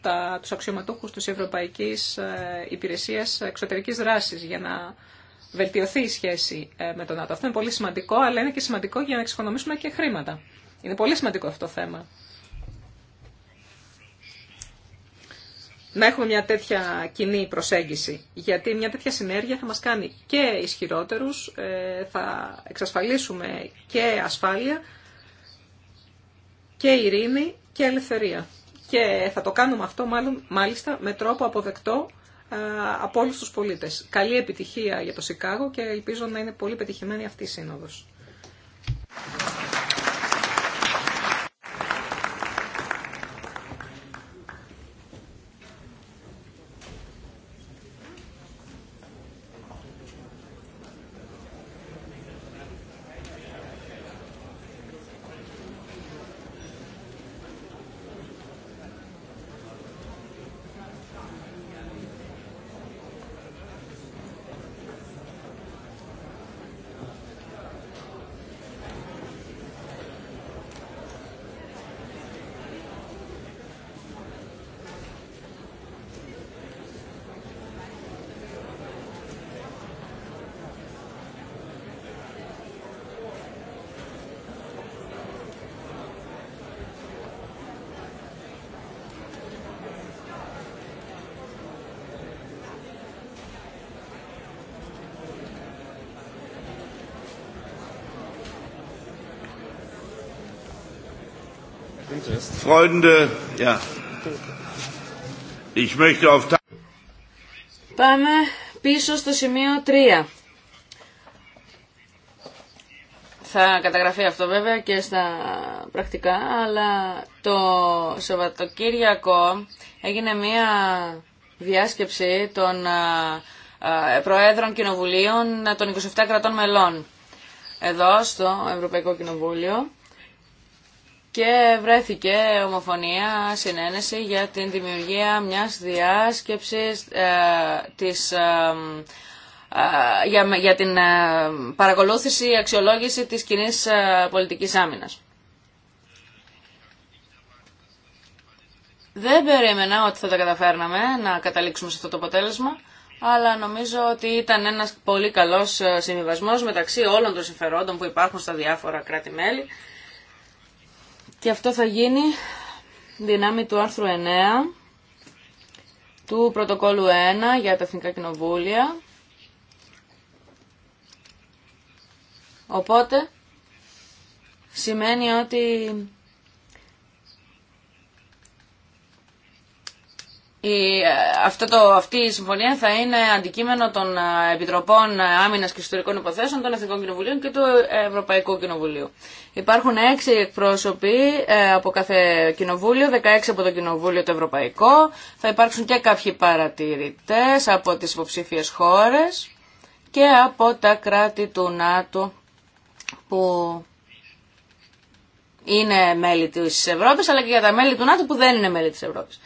τα, τους αξιωματούχους της Ευρωπαϊκής ε, Υπηρεσίας Εξωτερικής Δράσης για να βελτιωθεί η σχέση ε, με τον ΝΑΤΟ. Αυτό είναι πολύ σημαντικό, αλλά είναι και σημαντικό για να εξοικονομήσουμε και χρήματα. Είναι πολύ σημαντικό αυτό το θέμα. Να έχουμε μια τέτοια κοινή προσέγγιση, γιατί μια τέτοια συνέργεια θα μας κάνει και ισχυρότερους, ε, θα εξασφαλίσουμε και ασφάλεια, και ειρήνη και ελευθερία. Και θα το κάνουμε αυτό μάλλον, μάλιστα με τρόπο αποδεκτό ε, από όλους τους πολίτες. Καλή επιτυχία για το Σικάγο και ελπίζω να είναι πολύ πετυχημένη αυτή η σύνοδος. Πάμε πίσω στο σημείο 3. Θα καταγραφεί αυτό βέβαια και στα πρακτικά, αλλά το Σαββατοκύριακο έγινε μία διάσκεψη των Προέδρων Κοινοβουλίων των 27 κρατών μελών εδώ στο Ευρωπαϊκό Κοινοβούλιο και βρέθηκε ομοφωνία, συνένεση για την δημιουργία μιας διάσκεψης ε, της, ε, ε, για, για την ε, παρακολούθηση, αξιολόγηση της κοινή πολιτικής άμυνας. Δεν περίμενα ότι θα τα καταφέρναμε να καταλήξουμε σε αυτό το αποτέλεσμα, αλλά νομίζω ότι ήταν ένας πολύ καλός συμβιβασμός μεταξύ όλων των συμφερόντων που υπάρχουν στα διάφορα κράτη-μέλη και αυτό θα γίνει δυνάμει του άρθρου 9 του πρωτοκόλου 1 για τα Εθνικά Κοινοβούλια. Οπότε σημαίνει ότι η, ε, αυτό το, αυτή η συμφωνία θα είναι αντικείμενο των ε, Επιτροπών ε, Άμυνα και Ιστορικών Υποθέσεων, των Εθνικών Κοινοβουλίων και του Ευρωπαϊκού Κοινοβουλίου. Υπάρχουν έξι εκπρόσωποι από κάθε κοινοβούλιο, 16 από το Κοινοβούλιο το Ευρωπαϊκό. Θα υπάρξουν και κάποιοι παρατηρητέ από τι υποψήφιε χώρε και από τα κράτη του ΝΑΤΟ που είναι μέλη της Ευρώπης, αλλά και για τα μέλη του ΝΑΤΟ που δεν είναι μέλη της Ευρώπης.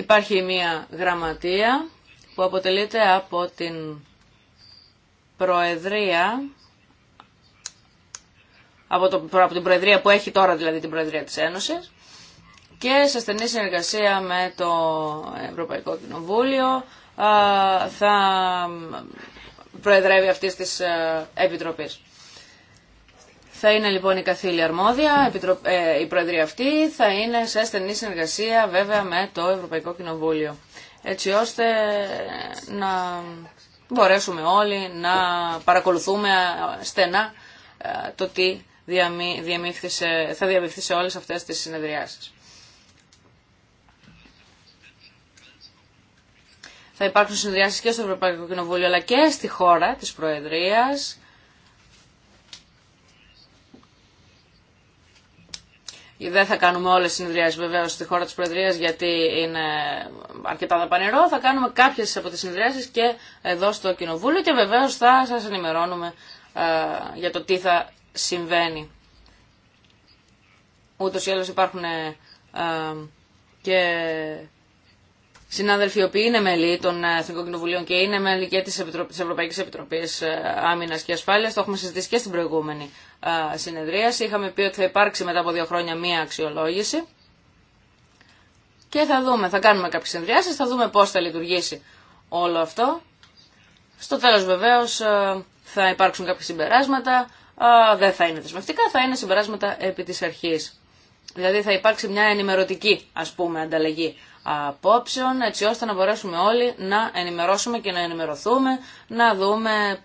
Υπάρχει μια γραμματεία που αποτελείται από την Προεδρία από, το, από την Προεδρία που έχει τώρα δηλαδή την Προεδρία της Ένωσης και σε στενή συνεργασία με το Ευρωπαϊκό Κοινοβούλιο θα προεδρεύει αυτής της ε, Επιτροπής. Θα είναι λοιπόν η καθήλια αρμόδια, ε, η Προεδρία αυτή θα είναι σε στενή συνεργασία βέβαια με το Ευρωπαϊκό Κοινοβούλιο. Έτσι ώστε να μπορέσουμε όλοι να παρακολουθούμε ε, στενά ε, το τι θα διαμειχθεί σε όλες αυτές τις συνεδριάσεις. Θα υπάρξουν συνεδριάσεις και στο Ευρωπαϊκό Κοινοβούλιο αλλά και στη χώρα της Προεδρίας Δεν θα κάνουμε όλε τι συνεδριάσει βεβαίω στη χώρα τη Προεδρία γιατί είναι αρκετά δαπανηρό. Θα κάνουμε κάποιες από τι συνεδριάσει και εδώ στο Κοινοβούλιο και βεβαίω θα σα ενημερώνουμε ε, για το τι θα συμβαίνει. Ούτω ή άλλω υπάρχουν ε, ε, και συνάδελφοι οι οποίοι είναι μέλη των Εθνικών Κοινοβουλίων και είναι μέλη και τη Ευρωπαϊκή Επιτροπή Άμυνα και ασφάλεια Το έχουμε συζητήσει και στην προηγούμενη συνεδρίαση. Είχαμε πει ότι θα υπάρξει μετά από δύο χρόνια μία αξιολόγηση και θα δούμε, θα κάνουμε κάποιες συνεδριάσεις, θα δούμε πώς θα λειτουργήσει όλο αυτό. Στο τέλος βεβαίως θα υπάρξουν κάποια συμπεράσματα, δεν θα είναι δεσμευτικά, θα είναι συμπεράσματα επί της αρχής. Δηλαδή θα υπάρξει μια ενημερωτική ας πούμε ανταλλαγή απόψεων έτσι ώστε να μπορέσουμε όλοι να ενημερώσουμε και να ενημερωθούμε, να δούμε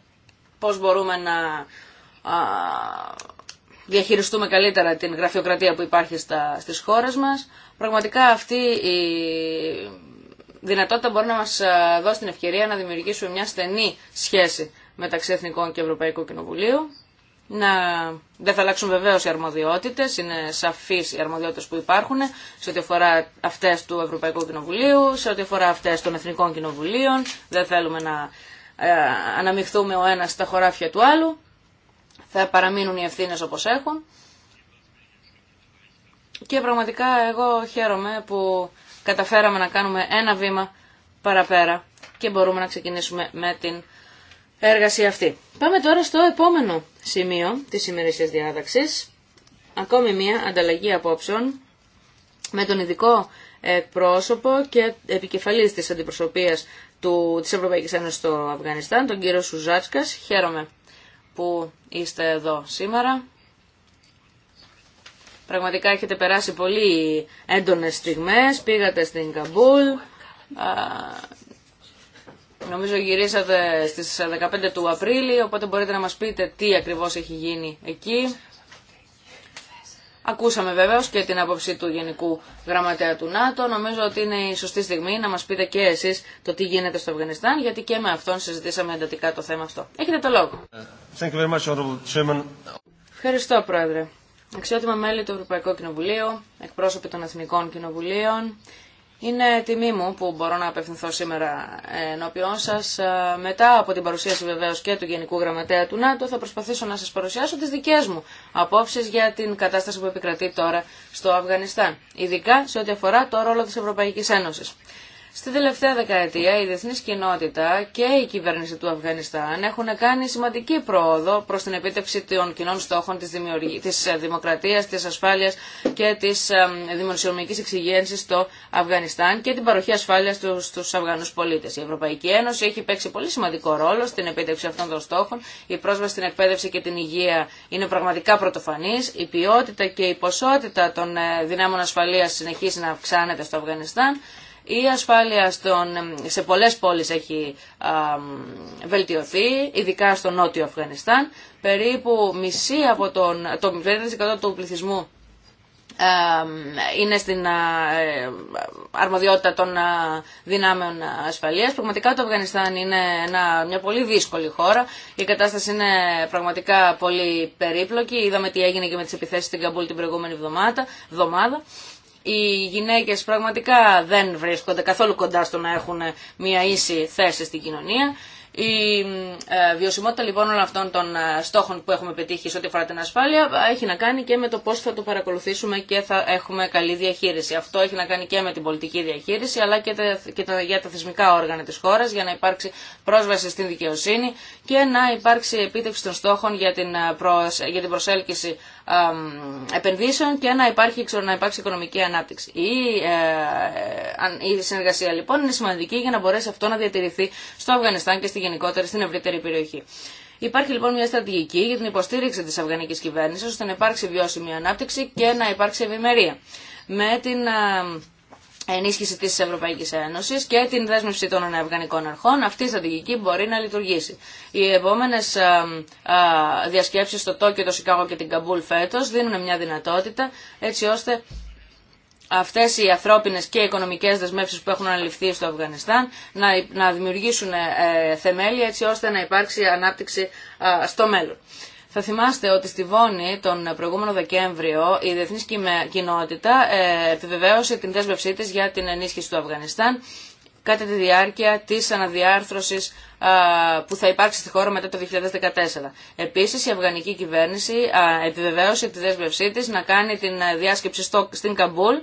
πώς μπορούμε να διαχειριστούμε καλύτερα την γραφειοκρατία που υπάρχει στα, στις χώρες μας. Πραγματικά αυτή η δυνατότητα μπορεί να μας δώσει την ευκαιρία να δημιουργήσουμε μια στενή σχέση μεταξύ Εθνικών και Ευρωπαϊκού Κοινοβουλίου. Να... Δεν θα αλλάξουν βεβαίως οι αρμοδιότητες, είναι σαφείς οι αρμοδιότητες που υπάρχουν σε ό,τι αφορά αυτές του Ευρωπαϊκού Κοινοβουλίου, σε ό,τι αφορά αυτές των Εθνικών Κοινοβουλίων. Δεν θέλουμε να ε, αναμειχθούμε ο ένας στα χωράφια του άλλου θα παραμείνουν οι ευθύνε όπως έχουν. Και πραγματικά εγώ χαίρομαι που καταφέραμε να κάνουμε ένα βήμα παραπέρα και μπορούμε να ξεκινήσουμε με την έργαση αυτή. Πάμε τώρα στο επόμενο σημείο της σημερινής διάταξης. Ακόμη μία ανταλλαγή απόψεων με τον ειδικό πρόσωπο και επικεφαλής της αντιπροσωπείας του, της Ευρωπαϊκής Ένωσης στο Αφγανιστάν, τον κύριο Σουζάτσκας. Χαίρομαι που είστε εδώ σήμερα. Πραγματικά έχετε περάσει πολύ έντονες στιγμές, πήγατε στην Καμπούλ, νομίζω γυρίσατε στις 15 του Απρίλη, οπότε μπορείτε να μας πείτε τι ακριβώς έχει γίνει εκεί. Ακούσαμε βεβαίω και την άποψη του Γενικού Γραμματέα του ΝΑΤΟ. Νομίζω ότι είναι η σωστή στιγμή να μα πείτε και εσεί το τι γίνεται στο Αφγανιστάν, γιατί και με αυτόν συζητήσαμε εντατικά το θέμα αυτό. Έχετε το λόγο. Ε, Ευχαριστώ, Πρόεδρε. Αξιότιμα μέλη του Ευρωπαϊκού Κοινοβουλίου, εκπρόσωποι των Εθνικών Κοινοβουλίων, είναι τιμή μου που μπορώ να απευθυνθώ σήμερα ενώπιόν σα, ε, Μετά από την παρουσίαση βεβαίως και του Γενικού Γραμματέα του ΝΑΤΟ θα προσπαθήσω να σας παρουσιάσω τι δικέ μου απόψεις για την κατάσταση που επικρατεί τώρα στο Αφγανιστάν. Ειδικά σε ό,τι αφορά το ρόλο τη Ευρωπαϊκή Ένωση. Στην τελευταία δεκαετία η διεθνής κοινότητα και η κυβέρνηση του Αφγανιστάν έχουν κάνει σημαντική πρόοδο προς την επίτευξη των κοινών στόχων της, της δημοκρατίας, της ασφάλειας και της δημοσιονομικής εξυγένσης στο Αφγανιστάν και την παροχή ασφάλειας στους, στους Αφγανούς πολίτες. Η Ευρωπαϊκή Ένωση έχει παίξει πολύ σημαντικό ρόλο στην επίτευξη αυτών των στόχων. Η πρόσβαση στην εκπαίδευση και την υγεία είναι πραγματικά πρωτοφανή, Η ποιότητα και η ποσότητα των ε, δυνάμων ασφαλείας συνεχίζει να αυξάνεται στο Αφγανιστάν. Η ασφάλεια στον, σε πολλές πόλεις έχει βελτιωθεί, ειδικά στο νότιο Αφγανιστάν. Περίπου μισή από τον, το 50% του πληθυσμού είναι στην ε, αρμοδιότητα των δυνάμεων ασφαλείας. Πραγματικά το Αφγανιστάν είναι μια πολύ δύσκολη χώρα. Η κατάσταση είναι πραγματικά πολύ περίπλοκη. Είδαμε τι έγινε και με τις επιθέσεις στην Καμπούλ την προηγούμενη εβδομάδα οι γυναίκες πραγματικά δεν βρίσκονται καθόλου κοντά στο να έχουν μια ίση θέση στην κοινωνία. Η ε, βιωσιμότητα λοιπόν όλων αυτών των ε, στόχων που έχουμε πετύχει σε ό,τι αφορά την ασφάλεια έχει να κάνει και με το πώς θα το παρακολουθήσουμε και θα έχουμε καλή διαχείριση. Αυτό έχει να κάνει και με την πολιτική διαχείριση αλλά και, τα, για τα θεσμικά όργανα της χώρας για να υπάρξει πρόσβαση στην δικαιοσύνη και να υπάρξει επίτευξη των στόχων για την, ε, για την προσέλκυση επενδύσεων και να υπάρχει, να υπάρξει οικονομική ανάπτυξη. Ε, η, συνεργασία λοιπόν είναι σημαντική για να μπορέσει αυτό να διατηρηθεί στο Αφγανιστάν και στη γενικότερη στην ευρύτερη περιοχή. Υπάρχει λοιπόν μια στρατηγική για την υποστήριξη της Αφγανικής κυβέρνησης ώστε να υπάρξει βιώσιμη ανάπτυξη και να υπάρξει ευημερία. Με την ενίσχυση της Ευρωπαϊκής Ένωσης και την δέσμευση των αφγανικών αρχών, αυτή η στρατηγική μπορεί να λειτουργήσει. Οι επόμενες διασκέψεις στο Τόκιο, το Σικάγο και την Καμπούλ φέτος δίνουν μια δυνατότητα έτσι ώστε αυτές οι ανθρώπινες και οικονομικές δεσμεύσεις που έχουν αναλυφθεί στο Αφγανιστάν να δημιουργήσουν ε, θεμέλια έτσι ώστε να υπάρξει ανάπτυξη στο μέλλον. Θα θυμάστε ότι στη Βόνη τον προηγούμενο Δεκέμβριο η διεθνή κοινότητα ε, επιβεβαίωσε την δέσμευσή της για την ενίσχυση του Αφγανιστάν κατά τη διάρκεια της αναδιάρθρωσης που θα υπάρξει στη χώρα μετά το 2014. Επίσης, η αφγανική κυβέρνηση επιβεβαίωσε τη δέσμευσή της να κάνει την ε, διάσκεψη στο, στην Καμπούλ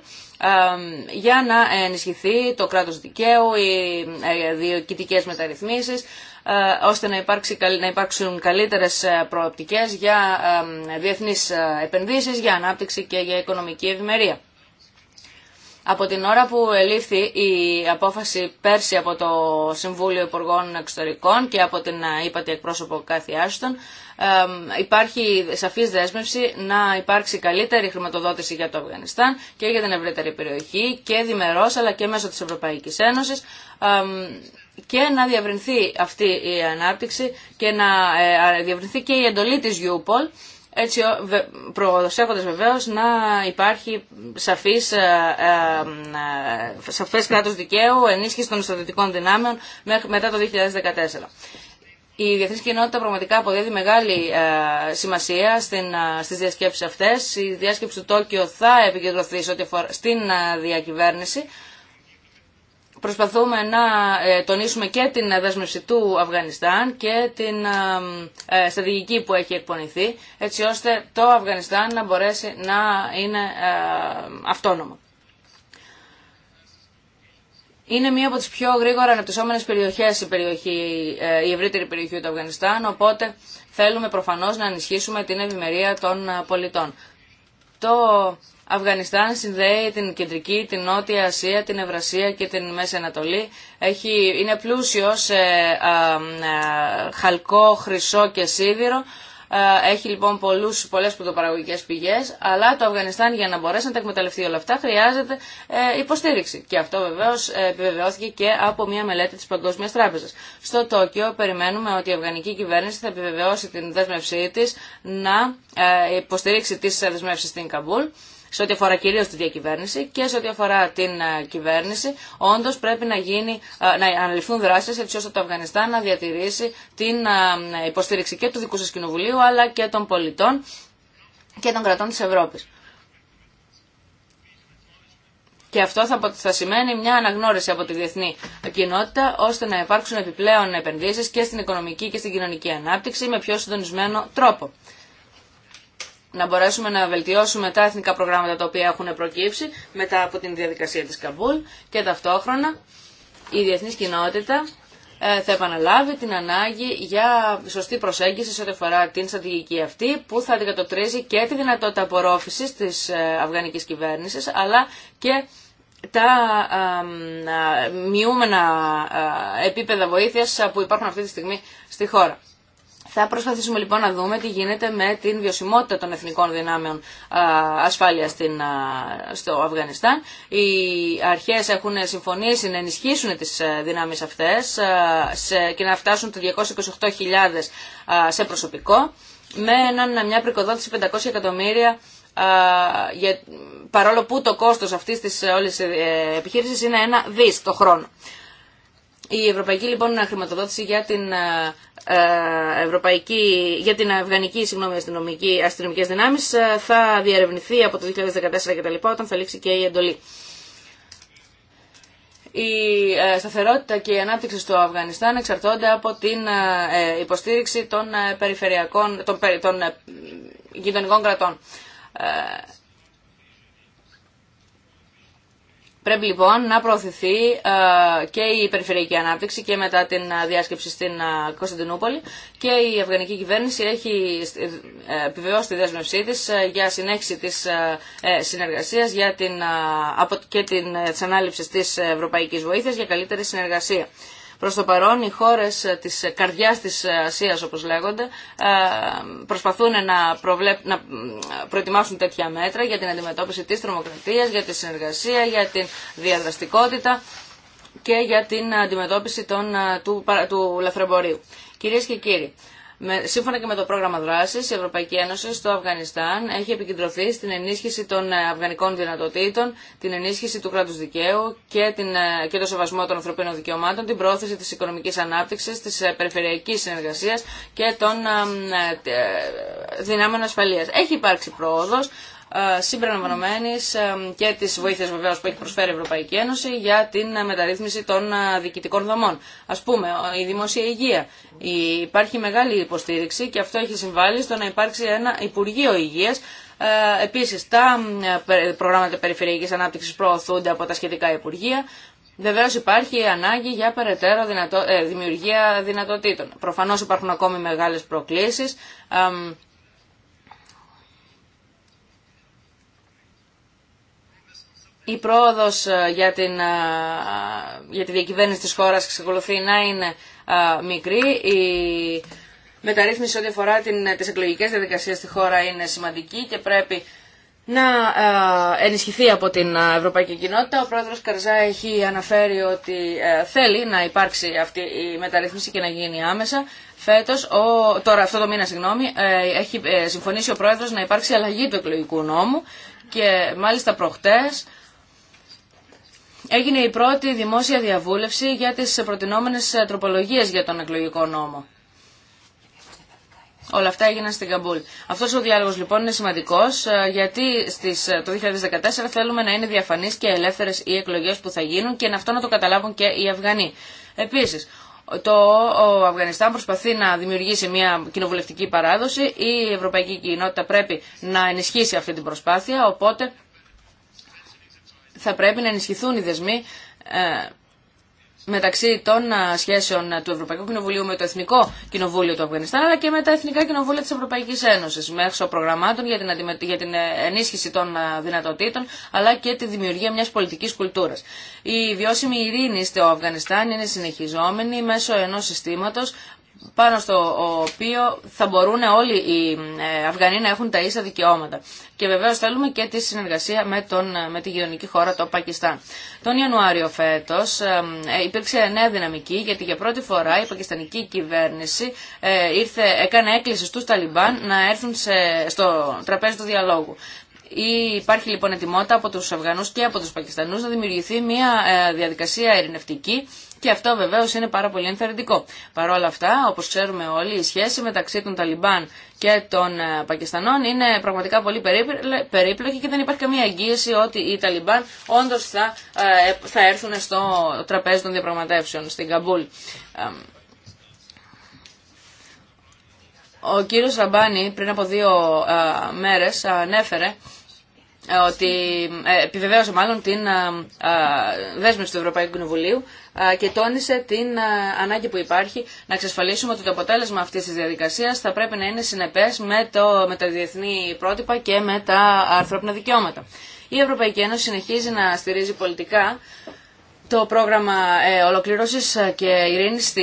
για να ενισχυθεί το κράτος δικαίου, οι ε, διοικητικές μεταρρυθμίσεις, ε, ώστε να, υπάρξει, να υπάρξουν καλύτερες ε, προοπτικές για ε, διεθνείς επενδύσεις, για ανάπτυξη και για οικονομική ευημερία. Από την ώρα που ελήφθη η απόφαση πέρσι από το Συμβούλιο Υπουργών Εξωτερικών και από την ύπατη εκπρόσωπο Κάθι Άστον, υπάρχει σαφής δέσμευση να υπάρξει καλύτερη χρηματοδότηση για το Αφγανιστάν και για την ευρύτερη περιοχή και διμερώς αλλά και μέσω της Ευρωπαϊκής Ένωσης και να διευρυνθεί αυτή η ανάπτυξη και να ε, διευρυνθεί και η εντολή της Γιούπολ έτσι προσέχοντας βεβαίως να υπάρχει σαφής, ε, ε, σαφές κράτος δικαίου, ενίσχυση των στρατιωτικών δυνάμεων μετά το 2014. Η διεθνή κοινότητα πραγματικά αποδίδει μεγάλη σημασία στην, στις διασκέψεις αυτές. Η διάσκεψη του Τόκιο θα επικεντρωθεί στην διακυβέρνηση Προσπαθούμε να ε, τονίσουμε και την δέσμευση του Αφγανιστάν και την ε, ε, στρατηγική που έχει εκπονηθεί, έτσι ώστε το Αφγανιστάν να μπορέσει να είναι αυτόνομο. Είναι μία από τις πιο γρήγορα αναπτυσσόμενες περιοχές η, περιοχή, η ευρύτερη περιοχή του Αφγανιστάν, οπότε θέλουμε προφανώς να ενισχύσουμε την ευημερία των πολιτών. Το Αφγανιστάν συνδέει την Κεντρική, την Νότια Ασία, την Ευρασία και την Μέση Ανατολή. Έχει, είναι πλούσιο σε χαλκό, χρυσό και σίδηρο. Έχει λοιπόν πολλούς, πολλές πρωτοπαραγωγικές πηγές, αλλά το Αφγανιστάν για να μπορέσει να τα εκμεταλλευτεί όλα αυτά χρειάζεται ε, υποστήριξη. Και αυτό βεβαίως ε, επιβεβαιώθηκε και από μια μελέτη της Παγκόσμιας Τράπεζας. Στο Τόκιο περιμένουμε ότι η Αφγανική κυβέρνηση θα επιβεβαιώσει την δέσμευσή της να ε, υποστηρίξει τις δεσμεύσεις στην Καμπούλ σε ό,τι αφορά κυρίω τη διακυβέρνηση και σε ό,τι αφορά την ε, κυβέρνηση, όντω πρέπει να, γίνει, ε, να αναλυφθούν δράσει έτσι ώστε το Αφγανιστάν να διατηρήσει την ε, υποστήριξη και του δικού σα κοινοβουλίου αλλά και των πολιτών και των κρατών τη Ευρώπη. Και αυτό θα, σημαίνει μια αναγνώριση από τη διεθνή κοινότητα, ώστε να υπάρξουν επιπλέον επενδύσεις και στην οικονομική και στην κοινωνική ανάπτυξη με πιο συντονισμένο τρόπο να μπορέσουμε να βελτιώσουμε τα εθνικά προγράμματα τα οποία έχουν προκύψει μετά από την διαδικασία της Καμπούλ και ταυτόχρονα η διεθνής κοινότητα ε, θα επαναλάβει την ανάγκη για σωστή προσέγγιση σε ό,τι αφορά την στρατηγική αυτή που θα αντικατοπτρίζει και τη δυνατότητα απορρόφησης τη ε, αφγανική κυβέρνηση, αλλά και τα μειούμενα επίπεδα βοήθεια που υπάρχουν αυτή τη στιγμή στη χώρα. Θα προσπαθήσουμε λοιπόν να δούμε τι γίνεται με την βιωσιμότητα των εθνικών δυνάμεων ασφάλεια στο Αφγανιστάν. Οι αρχές έχουν συμφωνήσει να ενισχύσουν τις ε, δυνάμεις αυτές και να φτάσουν το 228.000 σε προσωπικό με μια πρικοδότηση 500 εκατομμύρια για, παρόλο που το κόστος αυτής της ε, όλης ε, επιχείρησης είναι ένα δις το χρόνο. Η ευρωπαϊκή λοιπόν χρηματοδότηση για την, ε, ε, ευρωπαϊκή, για την αφγανική συγγνώμη, αστυνομική, αστυνομικές δυνάμεις ε, θα διαρευνηθεί από το 2014 και τα λοιπά όταν θα λήξει και η εντολή. Η σταθερότητα και η ανάπτυξη στο Αφγανιστάν εξαρτώνται από την υποστήριξη των, περιφερειακών, των, των γειτονικών κρατών. Πρέπει λοιπόν να προωθηθεί ε, και η περιφερειακή ανάπτυξη και μετά την ε, διάσκεψη στην ε, Κωνσταντινούπολη και η αυγανική κυβέρνηση έχει επιβεβαιώσει τη δέσμευσή τη για συνέχιση τη συνεργασία και την ανάληψη τη ευρωπαϊκή βοήθεια για καλύτερη συνεργασία. Προς το παρόν οι χώρες της καρδιάς της Ασίας όπως λέγονται ε, προσπαθούν να, προβλέπ, να προετοιμάσουν τέτοια μέτρα για την αντιμετώπιση της τρομοκρατίας, για τη συνεργασία, για την διαδραστικότητα και για την αντιμετώπιση των, ε, του, του λαθρεμπορίου. Κυρίες και κύριοι, σύμφωνα και με το πρόγραμμα δράσης, η Ευρωπαϊκή Ένωση στο Αφγανιστάν έχει επικεντρωθεί στην ενίσχυση των ε, αφγανικών δυνατοτήτων, την ενίσχυση του κράτους δικαίου και, την, ε, και το σεβασμό των ανθρωπίνων δικαιωμάτων, την πρόθεση της οικονομικής ανάπτυξης, τη ε, περιφερειακή συνεργασία και των δυνάμεων ασφαλεία. Έχει υπάρξει πρόόδο. Ε, συμπεριλαμβανομένη ε, και τη βοήθεια βεβαίως που έχει προσφέρει η Ευρωπαϊκή Ένωση για την μεταρρύθμιση των ε, διοικητικών δομών. Α πούμε, η δημόσια υγεία. Υπάρχει μεγάλη υποστήριξη και αυτό έχει συμβάλει στο να υπάρξει ένα Υπουργείο υγεία. Επίση, τα προγράμματα περιφερειακή ανάπτυξη προωθούνται από τα σχετικά Υπουργεία. Βεβαίω υπάρχει ανάγκη για περαιτέρω δυνατο... δημιουργία δυνατοτήτων. Προφανώ υπάρχουν ακόμη μεγάλε προκλήσει. η πρόοδος ε, για, ε, για τη διακυβέρνηση της χώρας εξακολουθεί να είναι ε, μικρή. Η μεταρρύθμιση ό,τι αφορά την, τις εκλογικές διαδικασίες στη χώρα είναι σημαντική και πρέπει να ενισχυθεί από την Ευρωπαϊκή Κοινότητα. Ο πρόεδρος Καρζά έχει αναφέρει ότι θέλει να υπάρξει αυτή η μεταρρύθμιση και να γίνει άμεσα. Φέτος, ο, τώρα αυτό το μήνα, συγγνώμη, έχει συμφωνήσει ο πρόεδρος να υπάρξει αλλαγή του εκλογικού νόμου και μάλιστα προχτές έγινε η πρώτη δημόσια διαβούλευση για τις προτινόμενες τροπολογίες για τον εκλογικό νόμο. Όλα αυτά έγιναν στην Καμπούλ. Αυτό ο διάλογο λοιπόν είναι σημαντικό ε, γιατί στις, ε, το 2014 θέλουμε να είναι διαφανεί και ελεύθερε οι εκλογέ που θα γίνουν και αυτό να το καταλάβουν και οι Αφγανοί. Επίση, το ο Αφγανιστάν προσπαθεί να δημιουργήσει μια κοινοβουλευτική παράδοση. Η ευρωπαϊκή κοινότητα πρέπει να ενισχύσει αυτή την προσπάθεια. Οπότε θα πρέπει να ενισχυθούν οι δεσμοί ε, μεταξύ των ε, σχέσεων του Ευρωπαϊκού Κοινοβουλίου με το Εθνικό Κοινοβούλιο του Αφγανιστάν αλλά και με τα Εθνικά Κοινοβούλια της Ευρωπαϊκής Ένωσης μέσω προγραμμάτων για την, για την ε, ενίσχυση των δυνατοτήτων αλλά και τη δημιουργία μιας πολιτικής κουλτούρας. Η βιώσιμη ειρήνη στο Αφγανιστάν είναι συνεχιζόμενη μέσω ενός συστήματος πάνω στο οποίο θα μπορούν όλοι οι ε, Αφγανοί να έχουν τα ίσα δικαιώματα. Και βεβαίως θέλουμε και τη συνεργασία με, τον, ε, με τη γειτονική χώρα, το Πακιστάν. Τον Ιανουάριο φέτος ε, υπήρξε νέα δυναμική γιατί για πρώτη φορά η πακιστανική κυβέρνηση ήρθε, έκανε έκκληση στους Ταλιμπάν να έρθουν στο τραπέζι του διαλόγου. Υπάρχει λοιπόν ετοιμότητα από τους Αφγανούς και από τους Πακιστανούς να δημιουργηθεί μια διαδικασία ειρηνευτική και αυτό βεβαίω είναι πάρα πολύ ενθαρρυντικό. Παρ' όλα αυτά, όπω ξέρουμε όλοι, η σχέση μεταξύ των Ταλιμπάν και των ε, Πακιστανών είναι πραγματικά πολύ περίπλοκη και δεν υπάρχει καμία εγγύηση ότι οι Ταλιμπάν όντω θα, ε, θα έρθουν στο τραπέζι των διαπραγματεύσεων στην Καμπούλ. Ο κύριος Ραμπάνη πριν από δύο ε, μέρες ανέφερε ε, ότι ε, επιβεβαίωσε μάλλον την ε, δέσμευση του Ευρωπαϊκού Κοινοβουλίου και τόνισε την ανάγκη που υπάρχει να εξασφαλίσουμε ότι το αποτέλεσμα αυτή τη διαδικασία θα πρέπει να είναι συνεπέ με, με τα διεθνή πρότυπα και με τα ανθρώπινα δικαιώματα. Η Ευρωπαϊκή Ένωση συνεχίζει να στηρίζει πολιτικά το πρόγραμμα ολοκλήρωσης και ειρήνης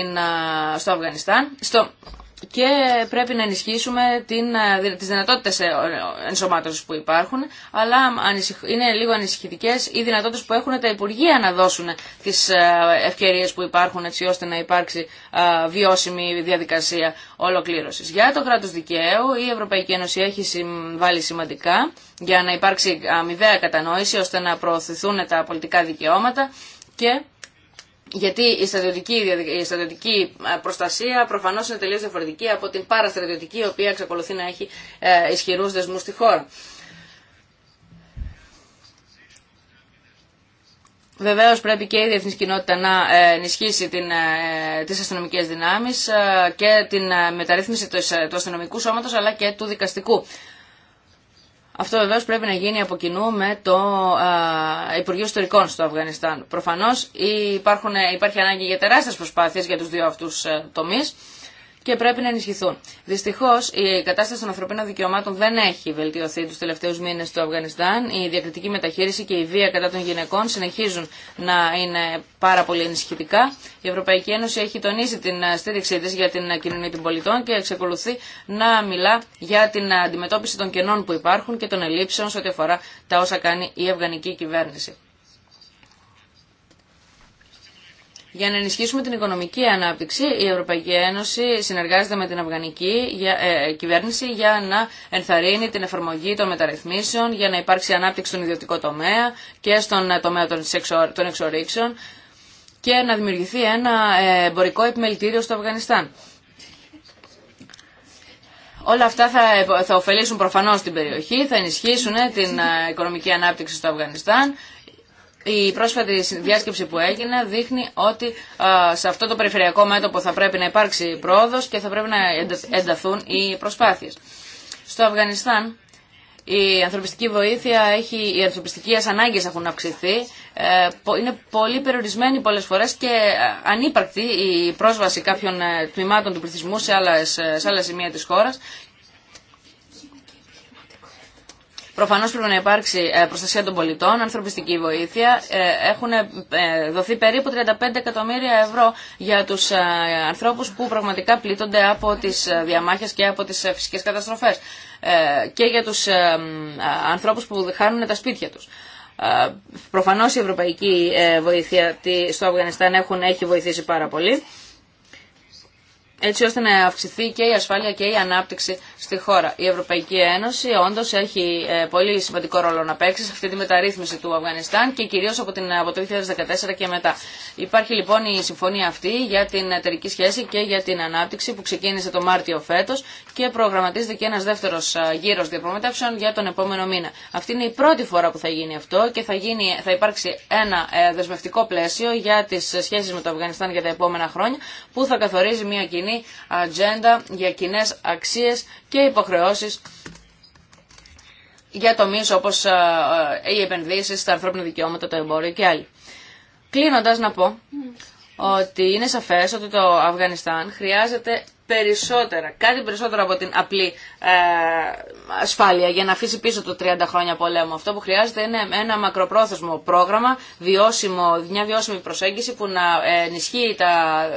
στο Αφγανιστάν, στο και πρέπει να ενισχύσουμε την, ε, τις δυνατότητες ε, ενσωμάτωσης που υπάρχουν, αλλά είναι λίγο ανησυχητικέ οι δυνατότητες που έχουν τα Υπουργεία να δώσουν τις ε, ευκαιρίες που υπάρχουν έτσι ώστε να υπάρξει βιώσιμη διαδικασία ολοκλήρωσης. Για το κράτος δικαίου η Ευρωπαϊκή Ένωση έχει συμβάλει σημαντικά για να υπάρξει αμοιβαία κατανόηση ώστε να προωθηθούν τα πολιτικά δικαιώματα και γιατί η στρατιωτική, η στρατιωτική ε, προστασία προφανώς είναι τελείως διαφορετική από την παραστρατιωτική, η οποία εξακολουθεί να έχει ε, ισχυρούς δεσμούς στη χώρα. Βεβαίω πρέπει και η διεθνή κοινότητα να ε, ενισχύσει την, ε, τις αστυνομικές δυνάμεις και την μεταρρύθμιση του αστυνομικού σώματος αλλά και του δικαστικού αυτό βεβαίω πρέπει να γίνει από κοινού με το Υπουργείο Ιστορικών στο Αφγανιστάν. Προφανώ ε, ε, υπάρχει ανάγκη για τεράστιε προσπάθειε για του δύο αυτού ε, τομεί και πρέπει να ενισχυθούν. Δυστυχώ η κατάσταση των ανθρωπίνων δικαιωμάτων δεν έχει βελτιωθεί του τελευταίου μήνε στο Αφγανιστάν. Η διακριτική μεταχείριση και η βία κατά των γυναικών συνεχίζουν να είναι πάρα πολύ ενισχυτικά. Η Ευρωπαϊκή Ένωση έχει τονίσει την ε, στήριξή τη για την ε, κοινωνία των πολιτών και εξεκολουθεί να μιλά για την ε, αντιμετώπιση των κενών που υπάρχουν και των ελλείψεων σε ό,τι αφορά τα όσα κάνει η αφγανική κυβέρνηση. Για να ενισχύσουμε την οικονομική ανάπτυξη, η Ευρωπαϊκή Ένωση συνεργάζεται με την Αφγανική ε, κυβέρνηση για να ενθαρρύνει την εφαρμογή των μεταρρυθμίσεων, για να υπάρξει ανάπτυξη στον ιδιωτικό τομέα και στον ε, τομέα των εξορίξεων και να δημιουργηθεί ένα ε, εμπορικό επιμελητήριο στο Αφγανιστάν. Όλα αυτά θα, θα ωφελήσουν προφανώς την περιοχή, θα ενισχύσουν την οικονομική ανάπτυξη στο Αφγανιστάν η πρόσφατη διάσκεψη που έγινε δείχνει ότι σε αυτό το περιφερειακό μέτωπο θα πρέπει να υπάρξει πρόοδος και θα πρέπει να ενταθούν οι προσπάθειες. Στο Αφγανιστάν η ανθρωπιστική βοήθεια, έχει, οι ανθρωπιστικές ανάγκες έχουν αυξηθεί. Ε, είναι πολύ περιορισμένη πολλές φορές και ε, ανύπαρκτη η πρόσβαση κάποιων ε, τμήματων του πληθυσμού σε άλλα, σε άλλα σημεία της χώρας Προφανώ πρέπει να υπάρξει ε, προστασία των πολιτών, ανθρωπιστική βοήθεια. Ε, έχουν ε, δοθεί περίπου 35 εκατομμύρια ευρώ για του ανθρώπου που πραγματικά πλήττονται από τι διαμάχε και από τι φυσικέ καταστροφέ. Και για του ανθρώπου που χάνουν τα σπίτια του. Προφανώ η ευρωπαϊκή βοήθεια στο Αφγανιστάν έχει βοηθήσει πάρα πολύ έτσι ώστε να αυξηθεί και η ασφάλεια και η ανάπτυξη στη χώρα. Η Ευρωπαϊκή Ένωση όντω έχει ε, πολύ σημαντικό ρόλο να παίξει σε αυτή τη μεταρρύθμιση του Αφγανιστάν και κυρίω από, από το 2014 και μετά. Υπάρχει λοιπόν η συμφωνία αυτή για την εταιρική σχέση και για την ανάπτυξη που ξεκίνησε το Μάρτιο φέτο και προγραμματίζεται και ένα δεύτερο γύρο διαπραγματεύσεων για τον επόμενο μήνα. Αυτή είναι η πρώτη φορά που θα γίνει αυτό και θα, γίνει, θα υπάρξει ένα ε, δεσμευτικό πλαίσιο για τι σχέσει με το Αφγανιστάν για τα επόμενα χρόνια που θα καθορίζει μια κοινή κοινή ατζέντα για κοινέ αξίες και υποχρεώσεις για τομείς όπως ε, ε, οι επενδύσει τα ανθρώπινα δικαιώματα, το εμπόριο και άλλοι. Κλείνοντας να πω ότι είναι σαφές ότι το Αφγανιστάν χρειάζεται περισσότερα, κάτι περισσότερο από την απλή ε, ασφάλεια για να αφήσει πίσω το 30 χρόνια πολέμου. Αυτό που χρειάζεται είναι ένα μακροπρόθεσμο πρόγραμμα, βιώσιμο, μια βιώσιμη προσέγγιση που να ενισχύει τα,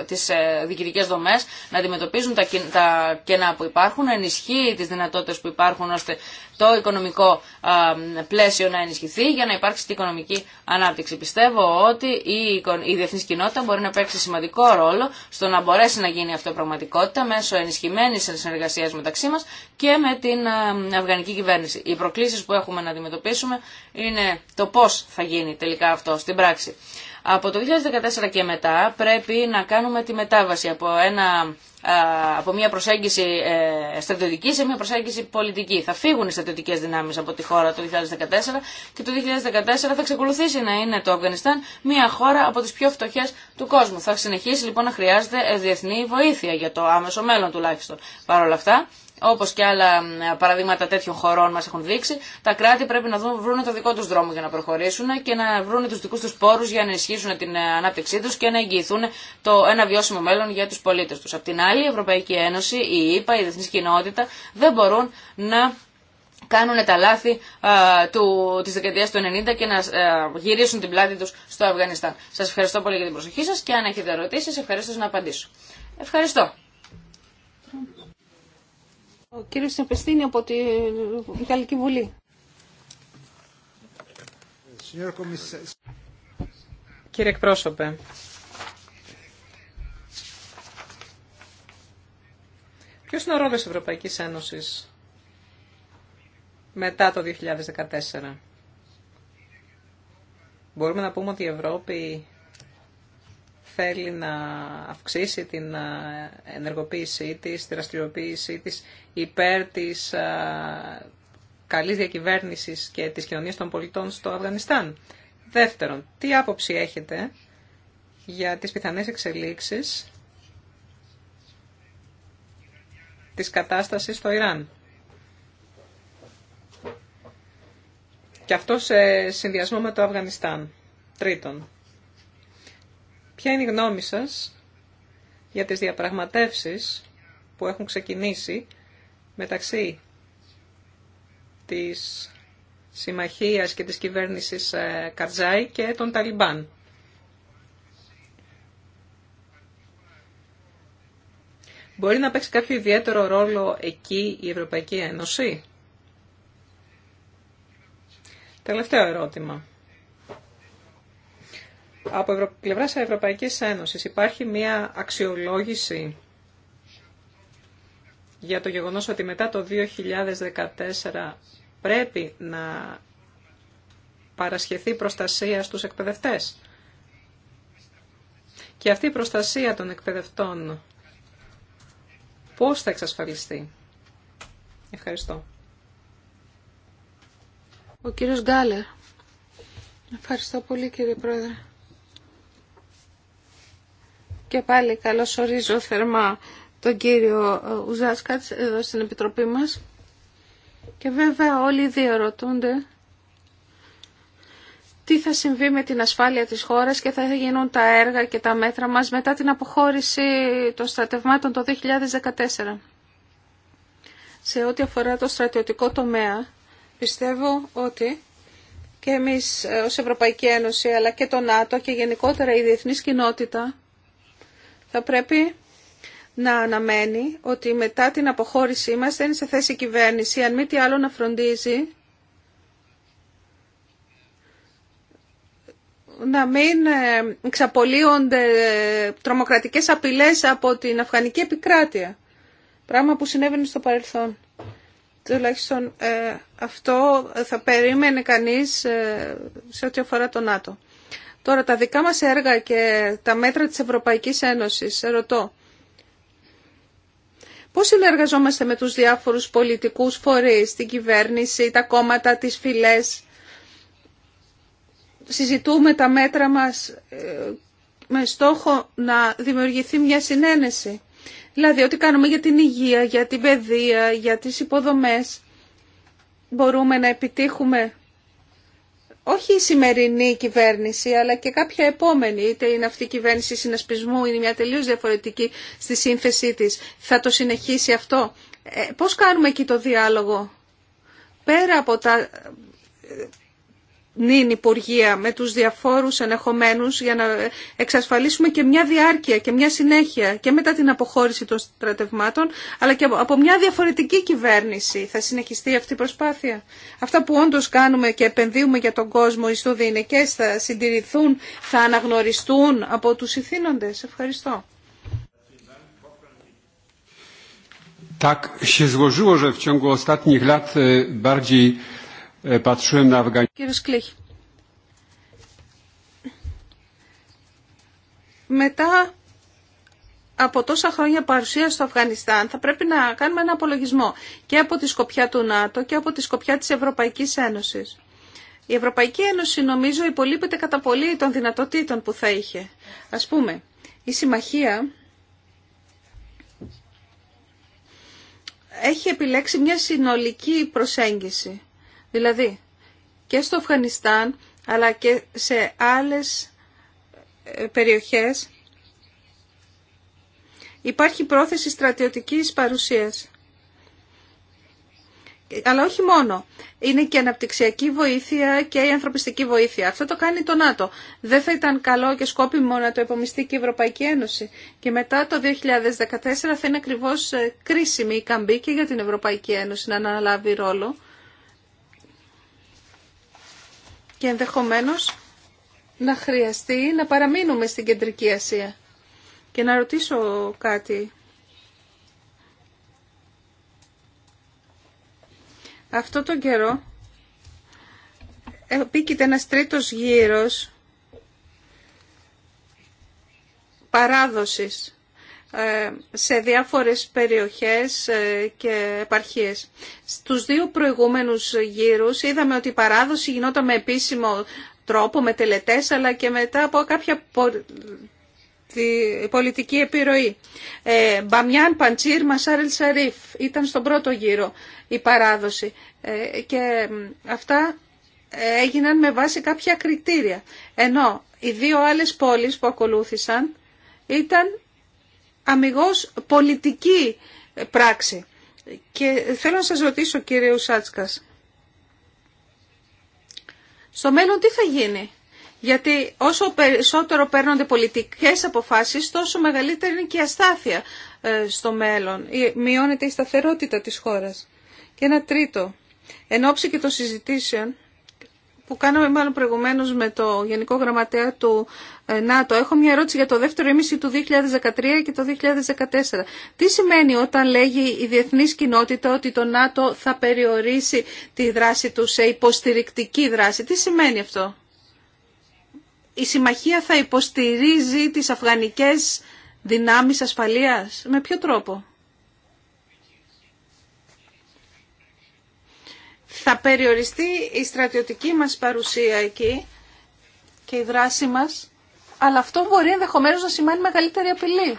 τις ε, διοικητικές δομές, να αντιμετωπίζουν τα, τα κενά που υπάρχουν, να ενισχύει τις δυνατότητες που υπάρχουν ώστε το οικονομικό πλαίσιο να ενισχυθεί για να υπάρξει την οικονομική ανάπτυξη. Πιστεύω ότι η, η διεθνή κοινότητα μπορεί να παίξει σημαντικό ρόλο στο να μπορέσει να γίνει αυτό πραγματικότητα μέσω ενισχυμένη συνεργασία μεταξύ μα και με την αφγανική κυβέρνηση. Οι προκλήσει που έχουμε να αντιμετωπίσουμε είναι το πώ θα γίνει τελικά αυτό στην πράξη. Από το 2014 και μετά πρέπει να κάνουμε τη μετάβαση από, ένα, από μια προσέγγιση ε, στρατιωτική σε μια προσέγγιση πολιτική. Θα φύγουν οι στρατιωτικές δυνάμεις από τη χώρα το 2014 και το 2014 θα εξακολουθήσει να είναι το Αφγανιστάν μια χώρα από τις πιο φτωχές του κόσμου. Θα συνεχίσει λοιπόν να χρειάζεται διεθνή βοήθεια για το άμεσο μέλλον τουλάχιστον. Παρ' όλα αυτά όπως και άλλα παραδείγματα τέτοιων χωρών μας έχουν δείξει, τα κράτη πρέπει να βρουν το δικό τους δρόμο για να προχωρήσουν και να βρουν τους δικούς τους πόρους για να ενισχύσουν την ε, ανάπτυξή τους και να εγγυηθούν το ένα βιώσιμο μέλλον για τους πολίτες τους. Απ' την άλλη, η Ευρωπαϊκή Ένωση, η ΕΠΑ, η διεθνής κοινότητα δεν μπορούν να κάνουν τα λάθη α, του, της δεκαετίας του 90 και να ε, γυρίσουν την πλάτη τους στο Αφγανιστάν. Σας ευχαριστώ πολύ για την προσοχή σας και αν έχετε ερωτήσεις ευχαριστώ να απαντήσω. Ευχαριστώ. Ο κύριος από τη Ιταλική Βουλή. Κύριε εκπρόσωπε, Ποιο είναι ο ρόλο της Ευρωπαϊκής Ένωσης μετά το 2014. Μπορούμε να πούμε ότι η Ευρώπη θέλει να αυξήσει την ε, ενεργοποίησή της, τη δραστηριοποίησή της υπέρ της ε, καλής διακυβέρνησης και της κοινωνίας των πολιτών στο Αφγανιστάν. Δεύτερον, τι άποψη έχετε για τις πιθανές εξελίξεις της κατάστασης στο Ιράν. Και αυτό σε συνδυασμό με το Αφγανιστάν. Τρίτον, Ποια είναι η γνώμη σας για τις διαπραγματεύσεις που έχουν ξεκινήσει μεταξύ της συμμαχίας και της κυβέρνησης ε, Καρτζάη και των Ταλιμπάν. Μπορεί να παίξει κάποιο ιδιαίτερο ρόλο εκεί η Ευρωπαϊκή Ένωση. Τελευταίο ερώτημα. Από ευρω... πλευρά Ευρωπαϊκής Ένωσης υπάρχει μια αξιολόγηση για το γεγονός ότι μετά το 2014 πρέπει να παρασχεθεί προστασία στους εκπαιδευτές. Και αυτή η προστασία των εκπαιδευτών πώς θα εξασφαλιστεί. Ευχαριστώ. Ο κύριος Γκάλερ. Ευχαριστώ πολύ κύριε Πρόεδρε. Και πάλι καλώς ορίζω θερμά τον κύριο ε, Ουζάσκατς εδώ στην Επιτροπή μας. Και βέβαια όλοι οι δύο ρωτούνται τι θα συμβεί με την ασφάλεια της χώρας και θα γίνουν τα έργα και τα μέτρα μας μετά την αποχώρηση των στρατευμάτων το 2014. Σε ό,τι αφορά το στρατιωτικό τομέα, πιστεύω ότι και εμείς ως Ευρωπαϊκή Ένωση αλλά και το ΝΑΤΟ και γενικότερα η διεθνής κοινότητα θα πρέπει να αναμένει ότι μετά την αποχώρησή μας δεν είναι σε θέση κυβέρνηση, αν μη τι άλλο να φροντίζει, να μην ε, εξαπολύονται τρομοκρατικές απειλές από την αφγανική επικράτεια. Πράγμα που συνέβαινε στο παρελθόν. Τουλάχιστον ε, αυτό θα περίμενε κανείς ε, σε ό,τι αφορά το ΝΑΤΟ. Τώρα τα δικά μας έργα και τα μέτρα της Ευρωπαϊκής Ένωσης, ρωτώ. Πώς συνεργαζόμαστε με τους διάφορους πολιτικούς φορείς, την κυβέρνηση, τα κόμματα, τις φυλές. Συζητούμε τα μέτρα μας ε, με στόχο να δημιουργηθεί μια συνένεση. Δηλαδή, ό,τι κάνουμε για την υγεία, για την παιδεία, για τις υποδομές, μπορούμε να επιτύχουμε όχι η σημερινή κυβέρνηση, αλλά και κάποια επόμενη, είτε είναι αυτή η κυβέρνηση συνασπισμού, είναι μια τελείως διαφορετική στη σύνθεσή της, θα το συνεχίσει αυτό. Ε, πώς κάνουμε εκεί το διάλογο, πέρα από τα νυν Υπουργεία με τους διαφόρους ενεχομένους για να εξασφαλίσουμε και μια διάρκεια και μια συνέχεια και μετά την αποχώρηση των στρατευμάτων αλλά και από μια διαφορετική κυβέρνηση θα συνεχιστεί αυτή η προσπάθεια. Αυτά που όντως κάνουμε και επενδύουμε για τον κόσμο οι στοδυνικές θα συντηρηθούν, θα αναγνωριστούν από τους ηθήνοντες. Ευχαριστώ. się złożyło, że w ciągu ostatnich lat e, bardziej patrzyłem ε, na Μετά από τόσα χρόνια παρουσία στο Αφγανιστάν θα πρέπει να κάνουμε ένα απολογισμό και από τη σκοπιά του ΝΑΤΟ και από τη σκοπιά της Ευρωπαϊκής Ένωσης. Η Ευρωπαϊκή Ένωση νομίζω υπολείπεται κατά πολύ των δυνατοτήτων που θα είχε. Ας πούμε, η Συμμαχία έχει επιλέξει μια συνολική προσέγγιση Δηλαδή και στο Αφγανιστάν αλλά και σε άλλες ε, περιοχές υπάρχει πρόθεση στρατιωτικής παρουσίας. Αλλά όχι μόνο. Είναι και αναπτυξιακή βοήθεια και η ανθρωπιστική βοήθεια. Αυτό το κάνει το ΝΑΤΟ. Δεν θα ήταν καλό και σκόπιμο να το επομιστεί και η Ευρωπαϊκή Ένωση. Και μετά το 2014 θα είναι ακριβώς ε, κρίσιμη η καμπή και για την Ευρωπαϊκή Ένωση να αναλάβει ρόλο και ενδεχομένως να χρειαστεί να παραμείνουμε στην Κεντρική Ασία. Και να ρωτήσω κάτι. Αυτό τον καιρό επίκειται ένας τρίτος γύρος παράδοσης ε, σε διάφορες περιοχές ε, και επαρχίες. Στους δύο προηγούμενους γύρους είδαμε ότι η παράδοση γινόταν με επίσημο τρόπο, με τελετές, αλλά και μετά από κάποια πολιτική επιρροή. Ε, Μπαμιάν Παντσίρ Μασάρελ Σαρίφ ήταν στον πρώτο γύρο η παράδοση και αυτά έγιναν με βάση κάποια κριτήρια. Ενώ οι δύο άλλες πόλεις που ακολούθησαν ήταν αμυγός πολιτική πράξη. Και θέλω να σας ρωτήσω κύριε Ουσάτσκας, στο μέλλον τι θα γίνει. Γιατί όσο περισσότερο παίρνονται πολιτικές αποφάσεις, τόσο μεγαλύτερη είναι και η αστάθεια ε, στο μέλλον. Μειώνεται η σταθερότητα της χώρας. Και ένα τρίτο, εν ώψη και των συζητήσεων που κάναμε μάλλον προηγουμένως με το Γενικό Γραμματέα του ε, ΝΑΤΟ. Έχω μια ερώτηση για το δεύτερο ήμιση του 2013 και το 2014. Τι σημαίνει όταν λέγει η διεθνής κοινότητα ότι το ΝΑΤΟ θα περιορίσει τη δράση του σε υποστηρικτική δράση. Τι σημαίνει αυτό. Η συμμαχία θα υποστηρίζει τις αφγανικές δυνάμεις ασφαλείας. Με ποιο τρόπο. θα περιοριστεί η στρατιωτική μας παρουσία εκεί και η δράση μας, αλλά αυτό μπορεί ενδεχομένω να σημαίνει μεγαλύτερη απειλή.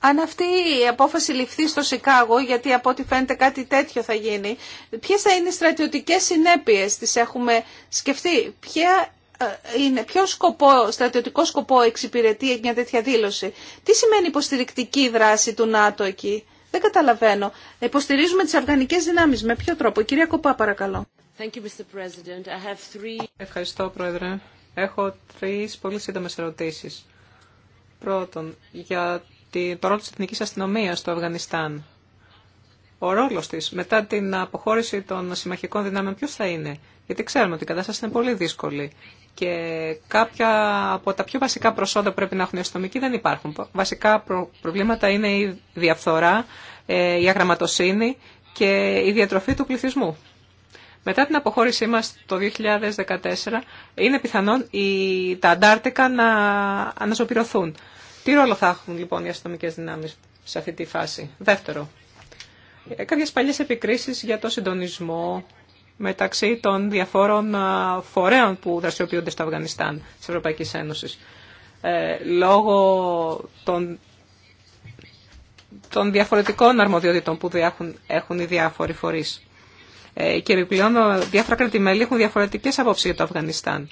Αν αυτή η απόφαση ληφθεί στο Σικάγο, γιατί από ό,τι φαίνεται κάτι τέτοιο θα γίνει, ποιες θα είναι οι στρατιωτικές συνέπειες, τις έχουμε σκεφτεί, ποια ε, είναι, ποιο σκοπό, στρατιωτικό σκοπό εξυπηρετεί μια τέτοια δήλωση. Τι σημαίνει υποστηρικτική δράση του ΝΑΤΟ εκεί. Δεν καταλαβαίνω. Υποστηρίζουμε τι αφγανικέ δυνάμει Με ποιο τρόπο. Η κυρία Κοπά παρακαλώ. Ευχαριστώ Πρόεδρε. Έχω τρει πολύ σύντομε ερωτήσει. Πρώτον, για το ρόλο τη Εθνική Αστυνομία στο Αφγανιστάν. Ο ρόλο τη, μετά την αποχώρηση των συμμαχικών δυνάμεων ποιο θα είναι. Γιατί ξέρουμε ότι η κατάσταση είναι πολύ δύσκολη και κάποια από τα πιο βασικά προσόντα που πρέπει να έχουν οι αστυνομικοί δεν υπάρχουν. Βασικά προβλήματα είναι η διαφθορά, ε, η αγραμματοσύνη και η διατροφή του πληθυσμού. Μετά την αποχώρησή μας το 2014 είναι πιθανόν οι, τα αντάρτικα να αναζωπηρωθούν. Τι ρόλο θα έχουν λοιπόν οι αστυνομικέ δυνάμεις σε αυτή τη φάση. Δεύτερο, ε, κάποιες παλιές επικρίσεις για το συντονισμό μεταξύ των διαφόρων φορέων που δραστηριοποιούνται στο Αφγανιστάν της Ευρωπαϊκής Ένωσης. Ε, λόγω των, διαφορετικών αρμοδιότητων που έχουν, έχουν οι διάφοροι φορείς. Ε, και επιπλέον διάφορα κρατημέλη έχουν διαφορετικές απόψεις για το Αφγανιστάν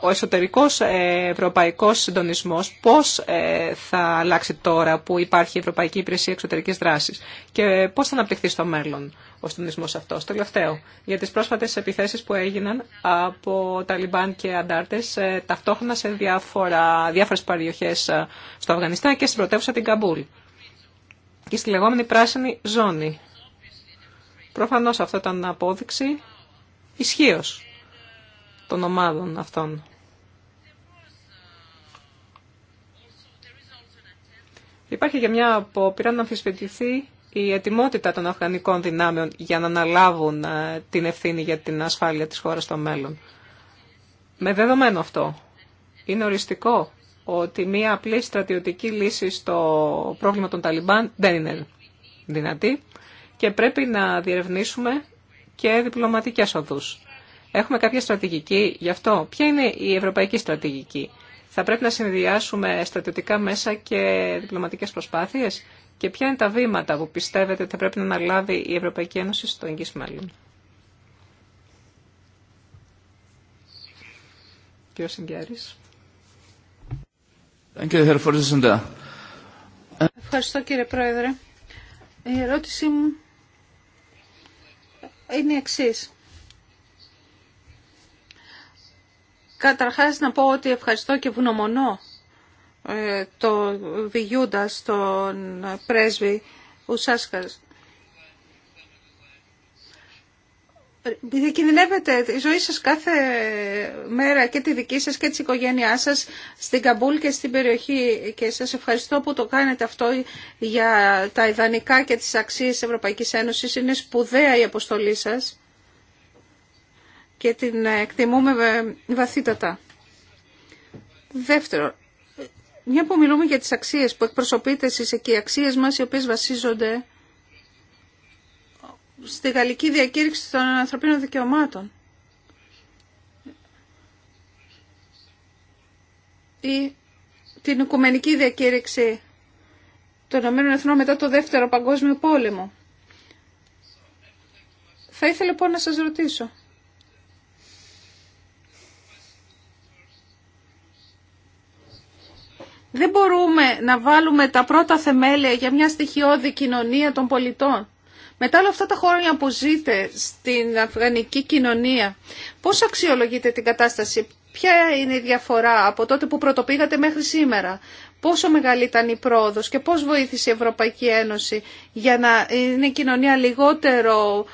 ο εσωτερικός ε, ευρωπαϊκός συντονισμός πώς ε, θα αλλάξει τώρα που υπάρχει η Ευρωπαϊκή Υπηρεσία Εξωτερικής Δράσης και πώς θα αναπτυχθεί στο μέλλον ο συντονισμός αυτός. Τελευταίο, για τις πρόσφατες επιθέσεις που έγιναν από Ταλιμπάν και Αντάρτες ε, ταυτόχρονα σε διάφορα, διάφορες περιοχές στο Αφγανιστάν και στην πρωτεύουσα την Καμπούλ και στη λεγόμενη πράσινη ζώνη. Προφανώς αυτό ήταν απόδειξη ισχύω των ομάδων αυτών. Υπάρχει και μια απόπειρα να αμφισβητηθεί η ετοιμότητα των αφγανικών δυνάμεων για να αναλάβουν ε, την ευθύνη για την ασφάλεια της χώρας στο μέλλον. Με δεδομένο αυτό, είναι οριστικό ότι μια απλή στρατιωτική λύση στο πρόβλημα των Ταλιμπάν δεν είναι δυνατή και πρέπει να διερευνήσουμε και διπλωματικές οδούς. Έχουμε κάποια στρατηγική γι' αυτό. Ποια είναι η ευρωπαϊκή στρατηγική. Θα πρέπει να συνδυάσουμε στρατιωτικά μέσα και διπλωματικές προσπάθειες και ποια είναι τα βήματα που πιστεύετε ότι θα πρέπει να αναλάβει η Ευρωπαϊκή Ένωση στο εγγύς μέλλον. Ευχαριστώ κύριε Πρόεδρε. Η ερώτησή μου είναι η εξής. Καταρχάς να πω ότι ευχαριστώ και βουνομονώ ε, το Βιγιούντα τον πρέσβη Ουσάσκας. Διακινδυνεύετε ε, η ζωή σας κάθε μέρα και τη δική σας και της οικογένειάς σας στην Καμπούλ και στην περιοχή και σας ευχαριστώ που το κάνετε αυτό για τα ιδανικά και τις αξίες της Ευρωπαϊκής Ένωσης. Είναι σπουδαία η αποστολή σας και την εκτιμούμε βαθύτατα. Δεύτερο, μια που μιλούμε για τις αξίες που εκπροσωπείτε εσείς εκεί, οι αξίες μας οι οποίες βασίζονται στη γαλλική διακήρυξη των ανθρωπίνων δικαιωμάτων. Ή την οικουμενική διακήρυξη των Ηνωμένων μετά το Δεύτερο Παγκόσμιο Πόλεμο. Θα ήθελα λοιπόν να σας ρωτήσω. Δεν μπορούμε να βάλουμε τα πρώτα θεμέλια για μια στοιχειώδη κοινωνία των πολιτών. Μετά όλα αυτά τα χρόνια που ζείτε στην αφγανική κοινωνία, πώς αξιολογείτε την κατάσταση, ποια είναι η διαφορά από τότε που πρωτοπήγατε μέχρι σήμερα, πόσο μεγάλη ήταν η πρόοδος και πώς βοήθησε η Ευρωπαϊκή Ένωση για να είναι η κοινωνία λιγότερο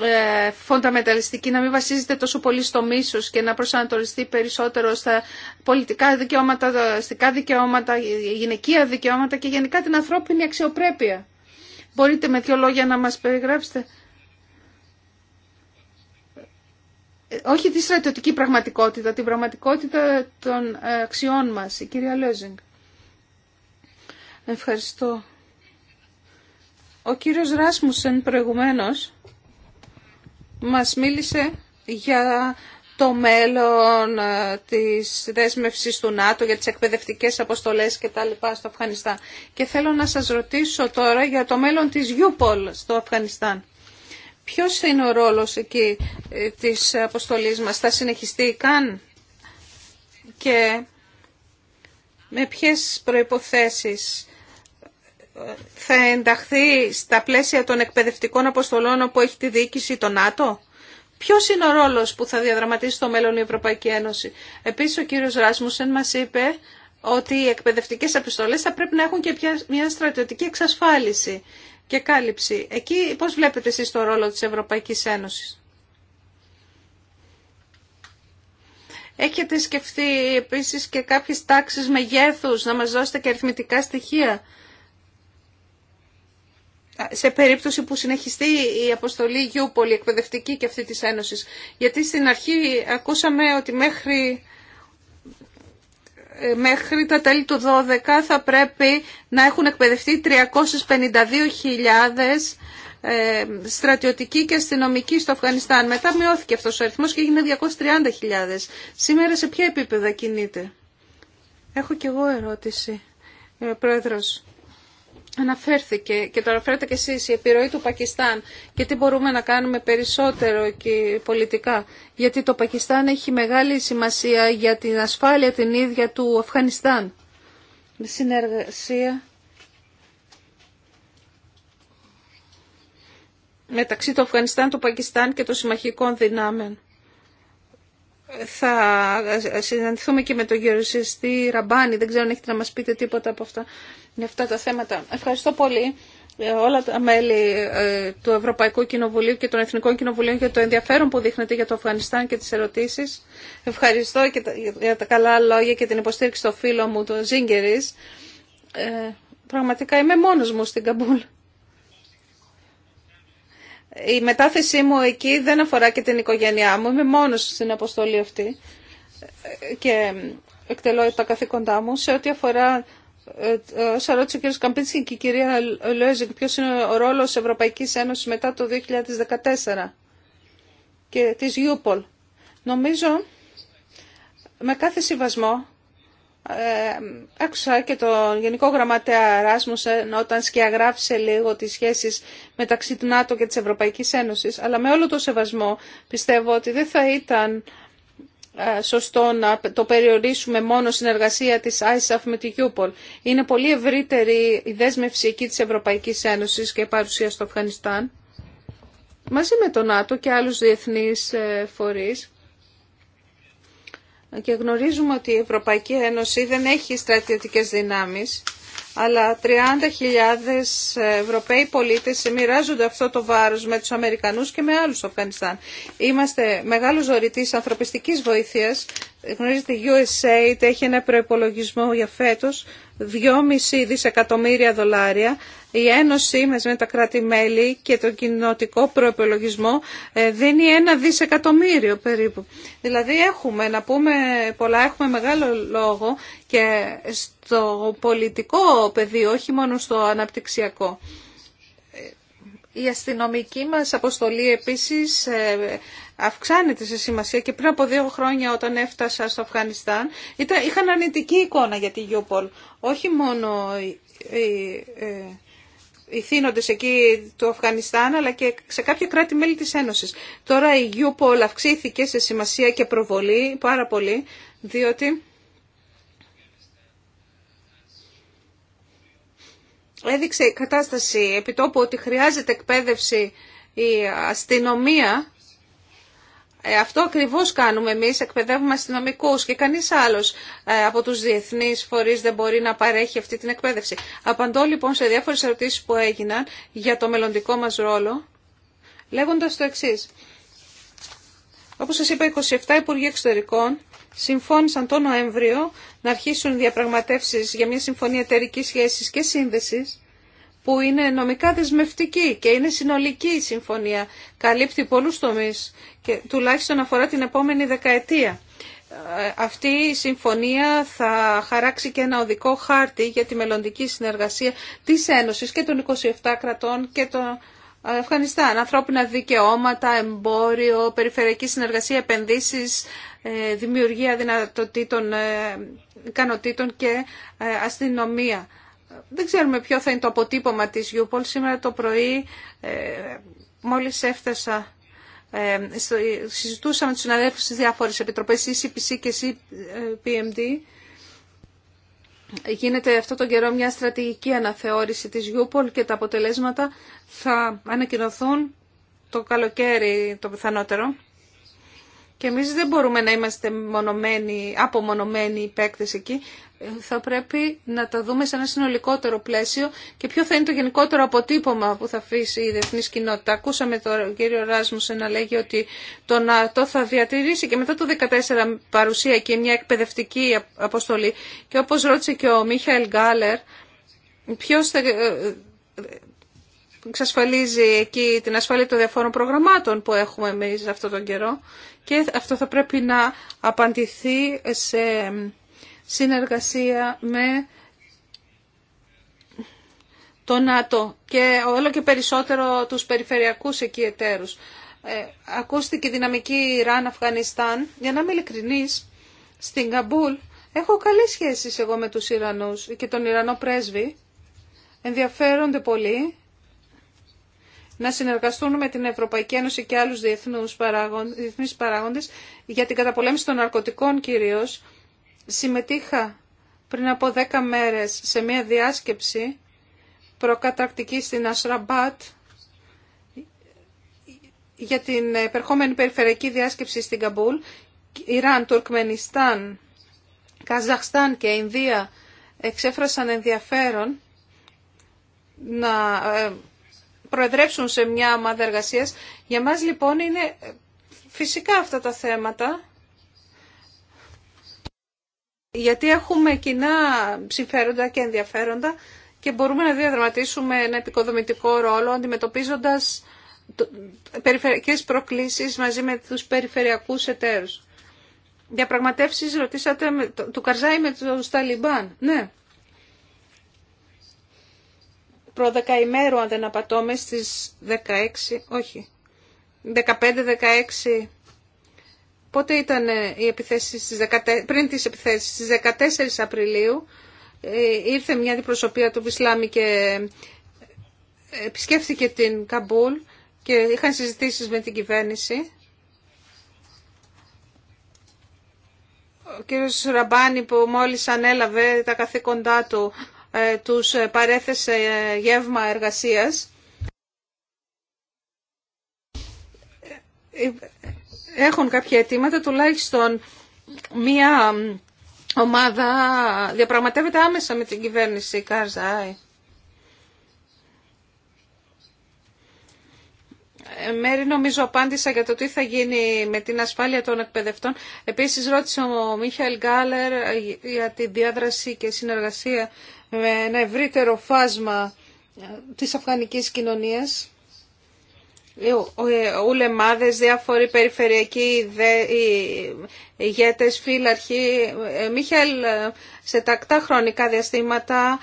ε, φονταμεταλιστική, να μην βασίζεται τόσο πολύ στο μίσος και να προσανατολιστεί περισσότερο στα πολιτικά δικαιώματα, τα αστικά δικαιώματα, γυναικεία δικαιώματα και γενικά την ανθρώπινη αξιοπρέπεια. Μπορείτε με δύο λόγια να μας περιγράψετε. Ε, όχι τη στρατιωτική πραγματικότητα, την πραγματικότητα των ε, αξιών μας, η κυρία Λέζινγκ. Ευχαριστώ. Ο κύριος Ράσμουσεν προηγουμένως μας μίλησε για το μέλλον ε, της δέσμευσης του ΝΑΤΟ για τις εκπαιδευτικές αποστολές και τα λοιπά στο Αφγανιστάν. Και θέλω να σας ρωτήσω τώρα για το μέλλον της Γιούπολ στο Αφγανιστάν. Ποιος είναι ο ρόλος εκεί ε, της αποστολής μας, θα συνεχιστεί καν και με ποιες προϋποθέσεις θα ενταχθεί στα πλαίσια των εκπαιδευτικών αποστολών που έχει τη διοίκηση το ΝΑΤΟ. Ποιο είναι ο ρόλο που θα διαδραματίσει στο μέλλον η Ευρωπαϊκή Ένωση. Επίση, ο κύριο Ράσμουσεν μα είπε ότι οι εκπαιδευτικέ αποστολέ θα πρέπει να έχουν και μια στρατιωτική εξασφάλιση και κάλυψη. Εκεί πώ βλέπετε εσεί το ρόλο τη Ευρωπαϊκή Ένωση. Έχετε σκεφτεί επίσης και κάποιες τάξεις μεγέθους, να μας δώσετε και αριθμητικά στοιχεία σε περίπτωση που συνεχιστεί η αποστολή γιου εκπαιδευτική και αυτή της Ένωσης. Γιατί στην αρχή ακούσαμε ότι μέχρι, ε, μέχρι τα τέλη του 12 θα πρέπει να έχουν εκπαιδευτεί 352.000 ε, στρατιωτική και αστυνομική στο Αφγανιστάν. Μετά μειώθηκε αυτός ο αριθμός και έγινε 230.000. Σήμερα σε ποια επίπεδα κινείται. Έχω κι εγώ ερώτηση, ε, Πρόεδρος. Αναφέρθηκε και το αναφέρετε και εσείς η επιρροή του Πακιστάν και τι μπορούμε να κάνουμε περισσότερο και πολιτικά. Γιατί το Πακιστάν έχει μεγάλη σημασία για την ασφάλεια την ίδια του Αφγανιστάν. Συνεργασία μεταξύ του Αφγανιστάν, του Πακιστάν και των συμμαχικών δυνάμεων. Θα συναντηθούμε και με τον γεωργιστή Ραμπάνη, δεν ξέρω αν έχετε να μας πείτε τίποτα από αυτά για αυτά τα θέματα. Ευχαριστώ πολύ ε, όλα τα μέλη ε, του Ευρωπαϊκού Κοινοβουλίου και των Εθνικών Κοινοβουλίων για το ενδιαφέρον που δείχνετε για το Αφγανιστάν και τις ερωτήσεις. Ευχαριστώ και για τα καλά λόγια και την υποστήριξη στο φίλο μου, τον Ζίγκερης. Ε, πραγματικά είμαι μόνος μου στην Καμπούλ. Η μετάθεσή μου εκεί δεν αφορά και την οικογένειά μου. Είμαι μόνος στην αποστολή αυτή και ε, εκτελώ τα καθήκοντά μου σε ό,τι αφορά ε, ε, όσα ρώτησε ο κ. και η κυρία Λόιζεκ, ποιος είναι ο ρόλος Ευρωπαϊκής Ένωσης μετά το 2014 και της Ιούπολ. Νομίζω, με κάθε συμβασμό, ε, άκουσα και τον Γενικό Γραμματέα Ράσμουσεν όταν σκιαγράφησε λίγο τις σχέσεις μεταξύ του ΝΑΤΟ και της Ευρωπαϊκής Ένωσης αλλά με όλο το σεβασμό πιστεύω ότι δεν θα ήταν ε, σωστό να το περιορίσουμε μόνο στην εργασία της ISAF με τη UPOL. Είναι πολύ ευρύτερη η δέσμευση εκεί της Ευρωπαϊκής Ένωσης και η παρουσία στο Αφγανιστάν μαζί με τον ΝΑΤΟ και άλλους διεθνείς ε, φορείς. Και γνωρίζουμε ότι η Ευρωπαϊκή Ένωση δεν έχει στρατιωτικές δυνάμεις αλλά 30.000 Ευρωπαίοι πολίτες μοιράζονται αυτό το βάρος με τους Αμερικανούς και με άλλους στο Αφγανιστάν. Είμαστε μεγάλους ζωητής ανθρωπιστικής βοήθειας. Γνωρίζετε, η USAID έχει ένα προϋπολογισμό για φέτος 2,5 δισεκατομμύρια δολάρια η Ένωση μαζί με τα κράτη-μέλη και τον κοινοτικό προεπολογισμό ε, δίνει ένα δισεκατομμύριο περίπου. Δηλαδή έχουμε, να πούμε πολλά, έχουμε μεγάλο λόγο και στο πολιτικό πεδίο, όχι μόνο στο αναπτυξιακό. Η αστυνομική μας αποστολή επίσης ε, αυξάνεται σε σημασία και πριν από δύο χρόνια όταν έφτασα στο Αφγανιστάν ήταν, είχαν αρνητική εικόνα για τη Γιούπολ. Όχι μόνο ε, ηθήνοντες εκεί του Αφγανιστάν αλλά και σε κάποια κράτη-μέλη της Ένωσης. Τώρα η Γιούπολ αυξήθηκε σε σημασία και προβολή πάρα πολύ διότι έδειξε η κατάσταση επιτόπου ότι χρειάζεται εκπαίδευση η αστυνομία ε, αυτό ακριβώς κάνουμε εμείς, εκπαιδεύουμε αστυνομικού και κανείς άλλος ε, από τους διεθνείς φορείς δεν μπορεί να παρέχει αυτή την εκπαίδευση. Απαντώ λοιπόν σε διάφορες ερωτήσεις που έγιναν για το μελλοντικό μας ρόλο, λέγοντας το εξής. Όπως σας είπα, 27 Υπουργοί Εξωτερικών συμφώνησαν τον Νοέμβριο να αρχίσουν διαπραγματεύσεις για μια συμφωνία εταιρική σχέσης και σύνδεσης που είναι νομικά δεσμευτική και είναι συνολική η συμφωνία. Καλύπτει πολλούς τομείς και τουλάχιστον αφορά την επόμενη δεκαετία. Ε, αυτή η συμφωνία θα χαράξει και ένα οδικό χάρτη για τη μελλοντική συνεργασία της Ένωσης και των 27 κρατών και των Αφγανιστάν. Ανθρώπινα δικαιώματα, εμπόριο, περιφερειακή συνεργασία, επενδύσεις, ε, δημιουργία δυνατοτήτων, ε, ικανοτήτων και αστυνομία δεν ξέρουμε ποιο θα είναι το αποτύπωμα της Γιούπολ. Σήμερα το πρωί, ε, μόλις έφτασα, ε, με τους συναδέλφους στις διάφορες επιτροπές, CPC και CPMD. Γίνεται αυτό τον καιρό μια στρατηγική αναθεώρηση της Γιούπολ και τα αποτελέσματα θα ανακοινωθούν το καλοκαίρι το πιθανότερο. Και εμείς δεν μπορούμε να είμαστε μονομένοι, απομονωμένοι παίκτε εκεί. Θα πρέπει να τα δούμε σε ένα συνολικότερο πλαίσιο και ποιο θα είναι το γενικότερο αποτύπωμα που θα αφήσει η διεθνή κοινότητα. Ακούσαμε τον κύριο Ράσμουσε να λέγει ότι το ΝΑΤΟ θα διατηρήσει και μετά το 2014 παρουσία και μια εκπαιδευτική αποστολή. Και όπω ρώτησε και ο Μίχαελ Γκάλερ, ποιο θα ε, ε, εξασφαλίζει εκεί την ασφάλεια των διαφόρων προγραμμάτων που έχουμε εμείς αυτόν τον καιρό και αυτό θα πρέπει να απαντηθεί σε συνεργασία με το ΝΑΤΟ και όλο και περισσότερο τους περιφερειακούς εκεί εταίρους. Ε, ακούστηκε η δυναμική Ιράν-Αφγανιστάν. Για να είμαι ειλικρινής, στην Καμπούλ έχω καλές σχέσεις εγώ με τους Ιρανούς και τον Ιρανό πρέσβη. Ενδιαφέρονται πολύ να συνεργαστούν με την Ευρωπαϊκή Ένωση και άλλους διεθνούς παράγον, παράγοντες για την καταπολέμηση των ναρκωτικών κυρίως. Συμμετείχα πριν από δέκα μέρες σε μια διάσκεψη προκαταρκτική στην Ασραμπάτ για την επερχόμενη περιφερειακή διάσκεψη στην Καμπούλ, Ιράν, Τουρκμενιστάν, Καζαχστάν και Ινδία εξέφρασαν ενδιαφέρον να ε, προεδρεύσουν σε μια ομάδα εργασία. Για μα λοιπόν είναι φυσικά αυτά τα θέματα, γιατί έχουμε κοινά συμφέροντα και ενδιαφέροντα και μπορούμε να διαδραματίσουμε ένα επικοδομητικό ρόλο αντιμετωπίζοντας περιφερειακές προκλήσεις μαζί με τους περιφερειακούς εταίρους. Διαπραγματεύσεις ρωτήσατε του Καρζάη με τους Ταλιμπάν. Ναι προδεκαημέρου αν δεν απατώμε στις 16, όχι, 15-16. Πότε ήταν ε, οι επιθέσεις στις 14, πριν τις επιθέσεις, στις 14 Απριλίου ε, ήρθε μια αντιπροσωπεία του Βισλάμι και ε, επισκέφθηκε την Καμπούλ και είχαν συζητήσεις με την κυβέρνηση. Ο κύριος Ραμπάνη που μόλις ανέλαβε τα καθήκοντά του ε, τους ε, παρέθεσε ε, γεύμα εργασίας. Έχουν κάποια αιτήματα, τουλάχιστον μία ομάδα διαπραγματεύεται άμεσα με την κυβέρνηση Καρζάη. Μέρη νομίζω απάντησα για το τι θα γίνει με την ασφάλεια των εκπαιδευτών. Επίσης ρώτησε ο Μίχαλ Γκάλερ για τη διάδραση και συνεργασία με ένα ευρύτερο φάσμα ε, της αφγανικής κοινωνίας. Ε, ε, ουλεμάδες, διάφοροι περιφερειακοί ηγέτες, φύλαρχοι. Μίχελ, σε τακτά χρονικά διαστήματα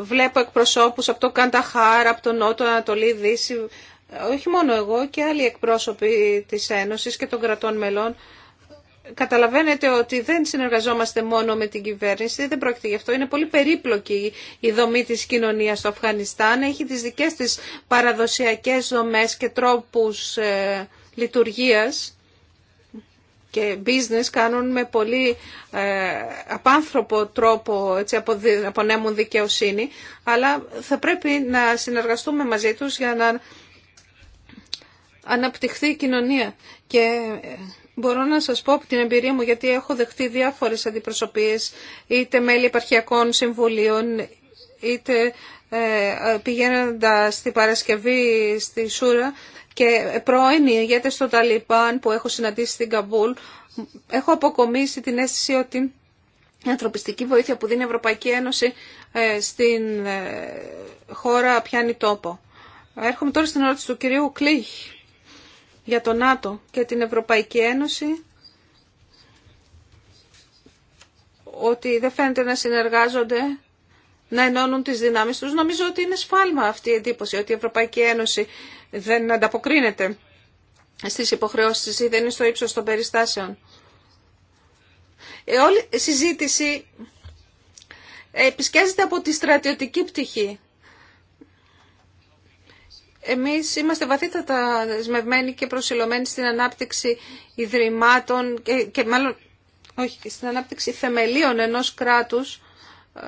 βλέπω εκπροσώπους από το Κανταχάρ, από τον Νότο Ανατολή, Δύση, όχι μόνο εγώ και άλλοι εκπρόσωποι της Ένωσης και των κρατών μελών Καταλαβαίνετε ότι δεν συνεργαζόμαστε μόνο με την κυβέρνηση, δεν πρόκειται γι' αυτό. Είναι πολύ περίπλοκη η δομή της κοινωνίας στο Αφγανιστάν. Έχει τις δικές της παραδοσιακές δομές και τρόπους ε, λειτουργίας και business κάνουν με πολύ ε, απάνθρωπο τρόπο, έτσι, απονέμουν δικαιοσύνη, αλλά θα πρέπει να συνεργαστούμε μαζί τους για να αναπτυχθεί η κοινωνία. Και ε, Μπορώ να σας πω από την εμπειρία μου, γιατί έχω δεχτεί διάφορες αντιπροσωπείες, είτε μέλη επαρχιακών συμβουλίων, είτε ε, πηγαίνοντα στην Παρασκευή στη Σούρα και πρώην ηγέτες των Ταλιπάν που έχω συναντήσει στην Καμπούλ, έχω αποκομίσει την αίσθηση ότι η ανθρωπιστική βοήθεια που δίνει η Ευρωπαϊκή Ένωση ε, στην ε, χώρα πιάνει τόπο. Έρχομαι τώρα στην ερώτηση του κυρίου Κλίχ για το ΝΑΤΟ και την Ευρωπαϊκή Ένωση ότι δεν φαίνεται να συνεργάζονται, να ενώνουν τις δυνάμεις τους. Νομίζω ότι είναι σφάλμα αυτή η εντύπωση, ότι η Ευρωπαϊκή Ένωση δεν ανταποκρίνεται στις υποχρεώσεις η συζήτηση επισκέζεται από τη στρατιωτική πτυχή. Εμείς είμαστε βαθύτατα δεσμευμένοι και προσιλωμένοι στην ανάπτυξη ιδρυμάτων και, και μάλλον όχι, στην ανάπτυξη θεμελίων ενός κράτους ε,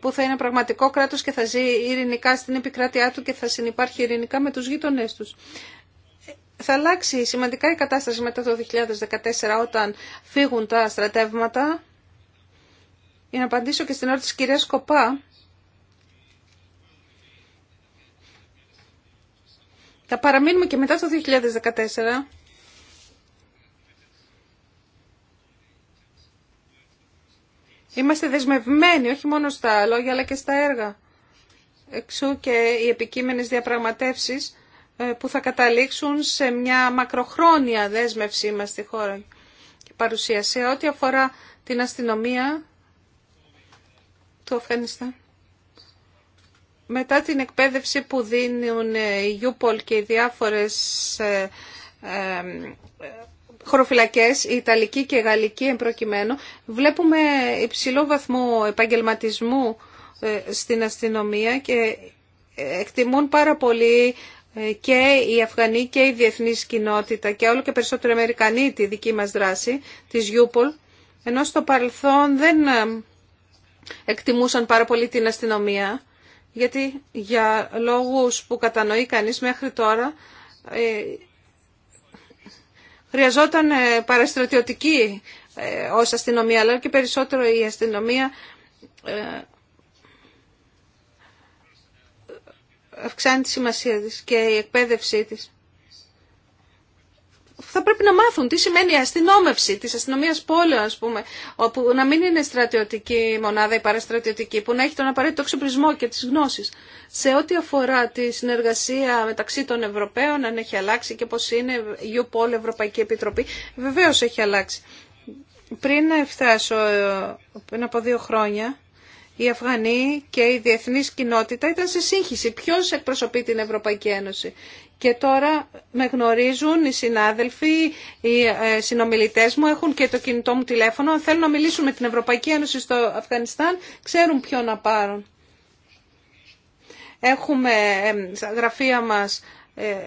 που θα είναι πραγματικό κράτος και θα ζει ειρηνικά στην επικράτειά του και θα συνεπάρχει ειρηνικά με τους γείτονές τους. Θα αλλάξει σημαντικά η κατάσταση μετά το 2014 όταν φύγουν τα στρατεύματα. Για να απαντήσω και στην ώρα της κυρίας Κοπά, Θα παραμείνουμε και μετά το 2014. Είμαστε δεσμευμένοι όχι μόνο στα λόγια αλλά και στα έργα. Εξού και οι επικείμενες διαπραγματεύσεις ε, που θα καταλήξουν σε μια μακροχρόνια δέσμευσή μας στη χώρα και παρουσίασε ό,τι αφορά την αστυνομία του Αφγανιστάν μετά την εκπαίδευση που δίνουν η Ιούπολ και οι διάφορες ε, ε, χωροφυλακές, η Ιταλική και η Γαλλική εμπροκειμένου, βλέπουμε υψηλό βαθμό επαγγελματισμού ε, στην αστυνομία και εκτιμούν πάρα πολύ και η Αφγανοί και η διεθνής κοινότητα και όλο και περισσότερο οι Αμερικανοί τη δική μας δράση, της Ιούπολ, ενώ στο παρελθόν δεν εκτιμούσαν πάρα πολύ την αστυνομία γιατί για λόγους που κατανοεί κανείς μέχρι τώρα ε, χρειαζόταν ε, παραστρατιωτική ε, ως αστυνομία, αλλά και περισσότερο η αστυνομία αυξάνει τη σημασία της και η εκπαίδευσή της θα πρέπει να μάθουν τι σημαίνει η αστυνόμευση της αστυνομίας πόλεων, ας πούμε, όπου να μην είναι στρατιωτική μονάδα ή παραστρατιωτική, που να έχει τον απαραίτητο εξοπλισμό και τις γνώσεις. Σε ό,τι αφορά τη συνεργασία μεταξύ των Ευρωπαίων, αν έχει αλλάξει και πώς είναι η UPOL, Ευρωπαϊκή Επιτροπή, βεβαίως έχει αλλάξει. Πριν φτάσω, πριν από δύο χρόνια, οι Αφγανοί και η διεθνή κοινότητα ήταν σε σύγχυση ποιο εκπροσωπεί την Ευρωπαϊκή Ένωση. Και τώρα με γνωρίζουν οι συνάδελφοι, οι ε, συνομιλητές μου, έχουν και το κινητό μου τηλέφωνο. Θέλουν να μιλήσουν με την Ευρωπαϊκή Ένωση στο Αφγανιστάν, ξέρουν ποιο να πάρουν. Έχουμε στα γραφεία μας ε, ε,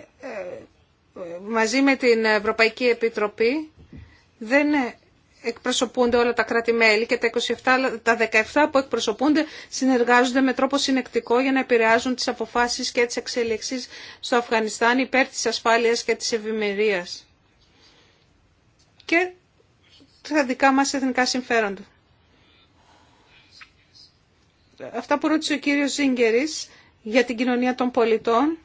μαζί με την Ευρωπαϊκή Επιτροπή. Δεν εκπροσωπούνται όλα τα κράτη-μέλη και τα, 27, τα 17 που εκπροσωπούνται συνεργάζονται με τρόπο συνεκτικό για να επηρεάζουν τις αποφάσεις και τις εξελίξεις στο Αφγανιστάν υπέρ της ασφάλειας και της ευημερία. και τα δικά μας εθνικά συμφέροντα. Αυτά που ρώτησε ο κύριος Ζίγκερης για την κοινωνία των πολιτών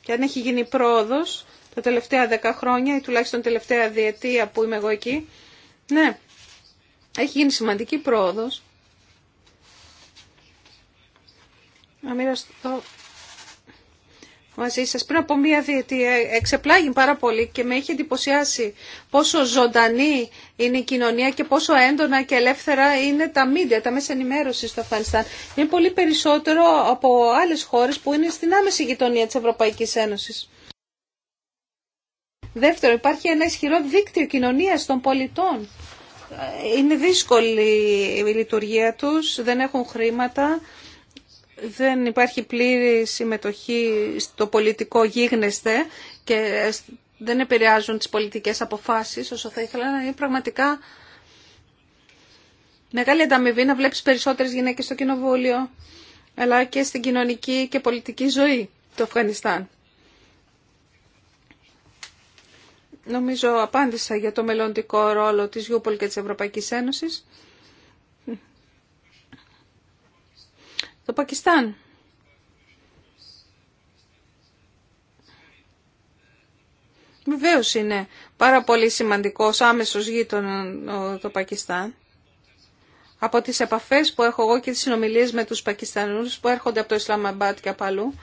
και αν έχει γίνει πρόοδος τα τελευταία δέκα χρόνια ή τουλάχιστον τελευταία διετία που είμαι εγώ εκεί ναι, έχει γίνει σημαντική πρόοδος. Να μοιραστώ μαζί σας. Πριν από μία διετία ε, εξεπλάγει πάρα πολύ και με έχει εντυπωσιάσει πόσο ζωντανή είναι η κοινωνία και πόσο έντονα και ελεύθερα είναι τα μίντια, τα μέσα ενημέρωση στο Αφγανιστάν. Είναι πολύ περισσότερο από άλλες χώρες που είναι στην άμεση γειτονία της Ευρωπαϊκής Ένωσης. Δεύτερο, υπάρχει ένα ισχυρό δίκτυο κοινωνίας των πολιτών. Είναι δύσκολη η λειτουργία τους, δεν έχουν χρήματα, δεν υπάρχει πλήρη συμμετοχή στο πολιτικό γίγνεσθε και δεν επηρεάζουν τις πολιτικές αποφάσεις όσο θα ήθελα να είναι πραγματικά μεγάλη ανταμοιβή να βλέπεις περισσότερες γυναίκες στο κοινοβούλιο αλλά και στην κοινωνική και πολιτική ζωή του Αφγανιστάν. Νομίζω απάντησα για το μελλοντικό ρόλο της Γιούπολ και της Ευρωπαϊκής Ένωσης. Το Πακιστάν. Βεβαίω είναι πάρα πολύ σημαντικός άμεσος γείτονα το Πακιστάν. Από τις επαφές που έχω εγώ και τις συνομιλίες με τους Πακιστανούς που έρχονται από το Ισλαμαμπάτ και από αλλού,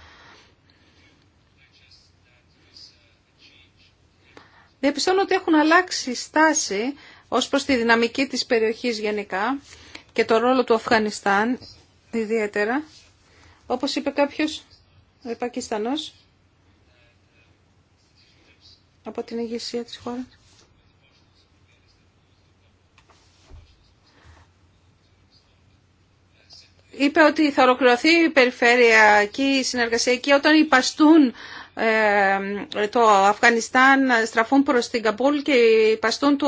διαπιστώνω ότι έχουν αλλάξει στάση ως προς τη δυναμική της περιοχής γενικά και το ρόλο του Αφγανιστάν ιδιαίτερα. Όπως είπε κάποιος, ο Πακιστανός, από την ηγεσία της χώρας. Είπε ότι θα ολοκληρωθεί η περιφέρεια και η συνεργασία εκεί όταν υπαστούν ε, το Αφγανιστάν στραφούν προς την Καμπούλ και παστούν του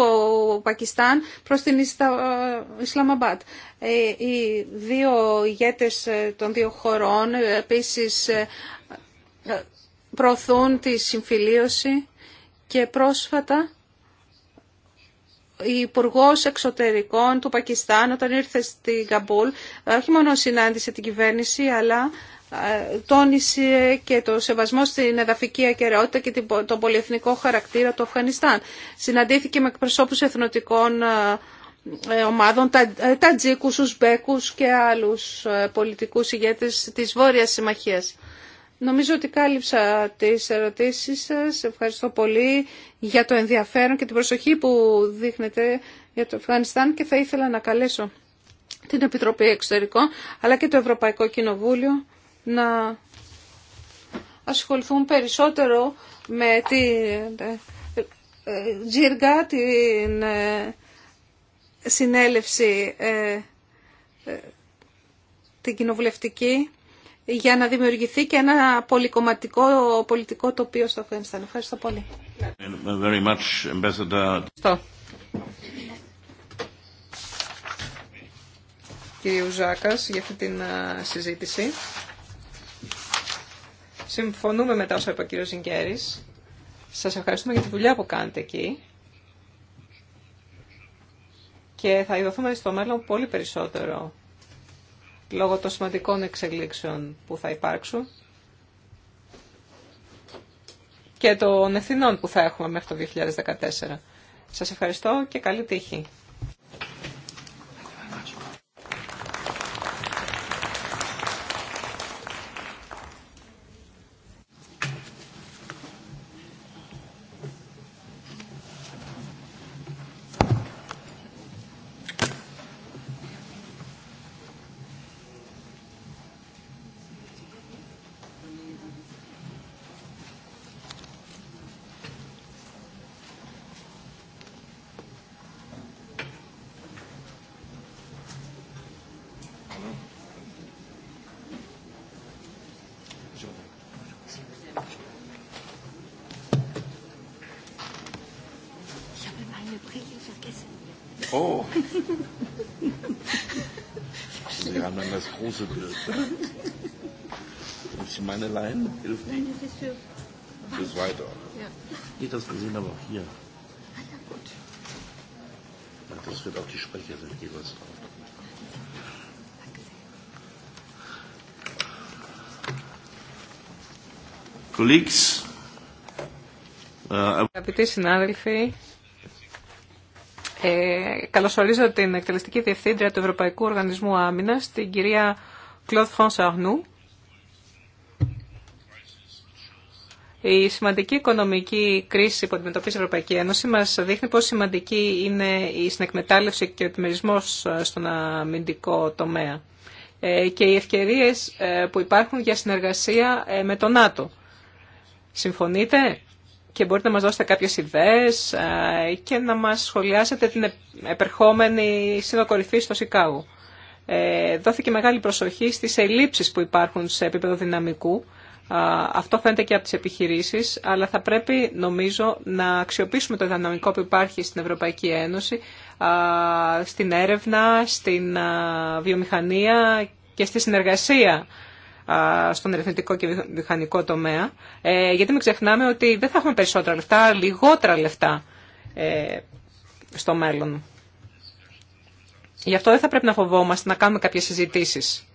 Πακιστάν προς την Ισλαμαμπάτ. Ε, οι δύο ηγέτες ε, των δύο χωρών επίσης προωθούν τη συμφιλίωση και πρόσφατα η Υπουργό Εξωτερικών του Πακιστάν όταν ήρθε στην Καμπούλ όχι μόνο συνάντησε την κυβέρνηση αλλά τόνισε και το σεβασμό στην εδαφική ακαιρεότητα και τον πολυεθνικό χαρακτήρα του Αφγανιστάν. Συναντήθηκε με εκπροσώπους εθνοτικών ε, ομάδων, ε, Τατζίκους, Ουσμπέκους και άλλους ε, πολιτικούς ηγέτες της Βόρειας Συμμαχίας. Νομίζω ότι κάλυψα τις ερωτήσεις σας. Ευχαριστώ πολύ για το ενδιαφέρον και την προσοχή που δείχνετε για το Αφγανιστάν και θα ήθελα να καλέσω την Επιτροπή Εξωτερικών αλλά και το Ευρωπαϊκό Κοινοβούλιο να ασχοληθούν περισσότερο με την ε, ε, τζίργα, την ε, συνέλευση την κοινοβουλευτική για να δημιουργηθεί και ένα πολυκομματικό πολιτικό τοπίο στο Αφγανιστάν. Ευχαριστώ πολύ. Κύριε Ουζάκας για αυτή την συζήτηση. Συμφωνούμε με τα όσα είπε ο κύριος Ζιγκέρης. Σας ευχαριστούμε για τη δουλειά που κάνετε εκεί. Και θα ειδωθούμε στο μέλλον πολύ περισσότερο λόγω των σημαντικών εξελίξεων που θα υπάρξουν και των ευθυνών που θα έχουμε μέχρι το 2014. Σας ευχαριστώ και καλή τύχη. große Kirche. Haben Sie meine Leine? Hilft Nein, das ist für... Fürs weiter. Ja. Geht das gesehen aber auch hier. ja, gut. das wird auch die Sprecher sind jeweils drauf. Kollegs, Colleagues, Αγαπητοί συνάδελφοι, ε, καλωσορίζω την εκτελεστική διευθύντρια του Ευρωπαϊκού Οργανισμού Άμυνας, την κυρία Κλοντ Φων Αγνού. Η σημαντική οικονομική κρίση που αντιμετωπίζει η Ευρωπαϊκή Ένωση Μα δείχνει πόσο σημαντική είναι η συνεκμετάλλευση και ο επιμερισμός ε, στον αμυντικό τομέα ε, και οι ευκαιρίε που υπάρχουν για συνεργασία με το ΝΑΤΟ. Συμφωνείτε? και μπορείτε να μας δώσετε κάποιες ιδέες ε, και να μας σχολιάσετε την επερχόμενη συνοκορυφή κορυφή στο Σικάγο. Ε, δόθηκε μεγάλη προσοχή στις ελλείψεις που υπάρχουν σε επίπεδο δυναμικού. Αυτό φαίνεται και από τις επιχειρήσεις, αλλά θα πρέπει νομίζω να αξιοποιήσουμε το δυναμικό που υπάρχει στην Ευρωπαϊκή Ένωση, στην έρευνα, στην βιομηχανία και στη συνεργασία στον ερευνητικό και μηχανικό τομέα, ε, γιατί μην ξεχνάμε ότι δεν θα έχουμε περισσότερα λεφτά, λιγότερα λεφτά ε, στο μέλλον. Γι' αυτό δεν θα πρέπει να φοβόμαστε να κάνουμε κάποιες συζητήσεις.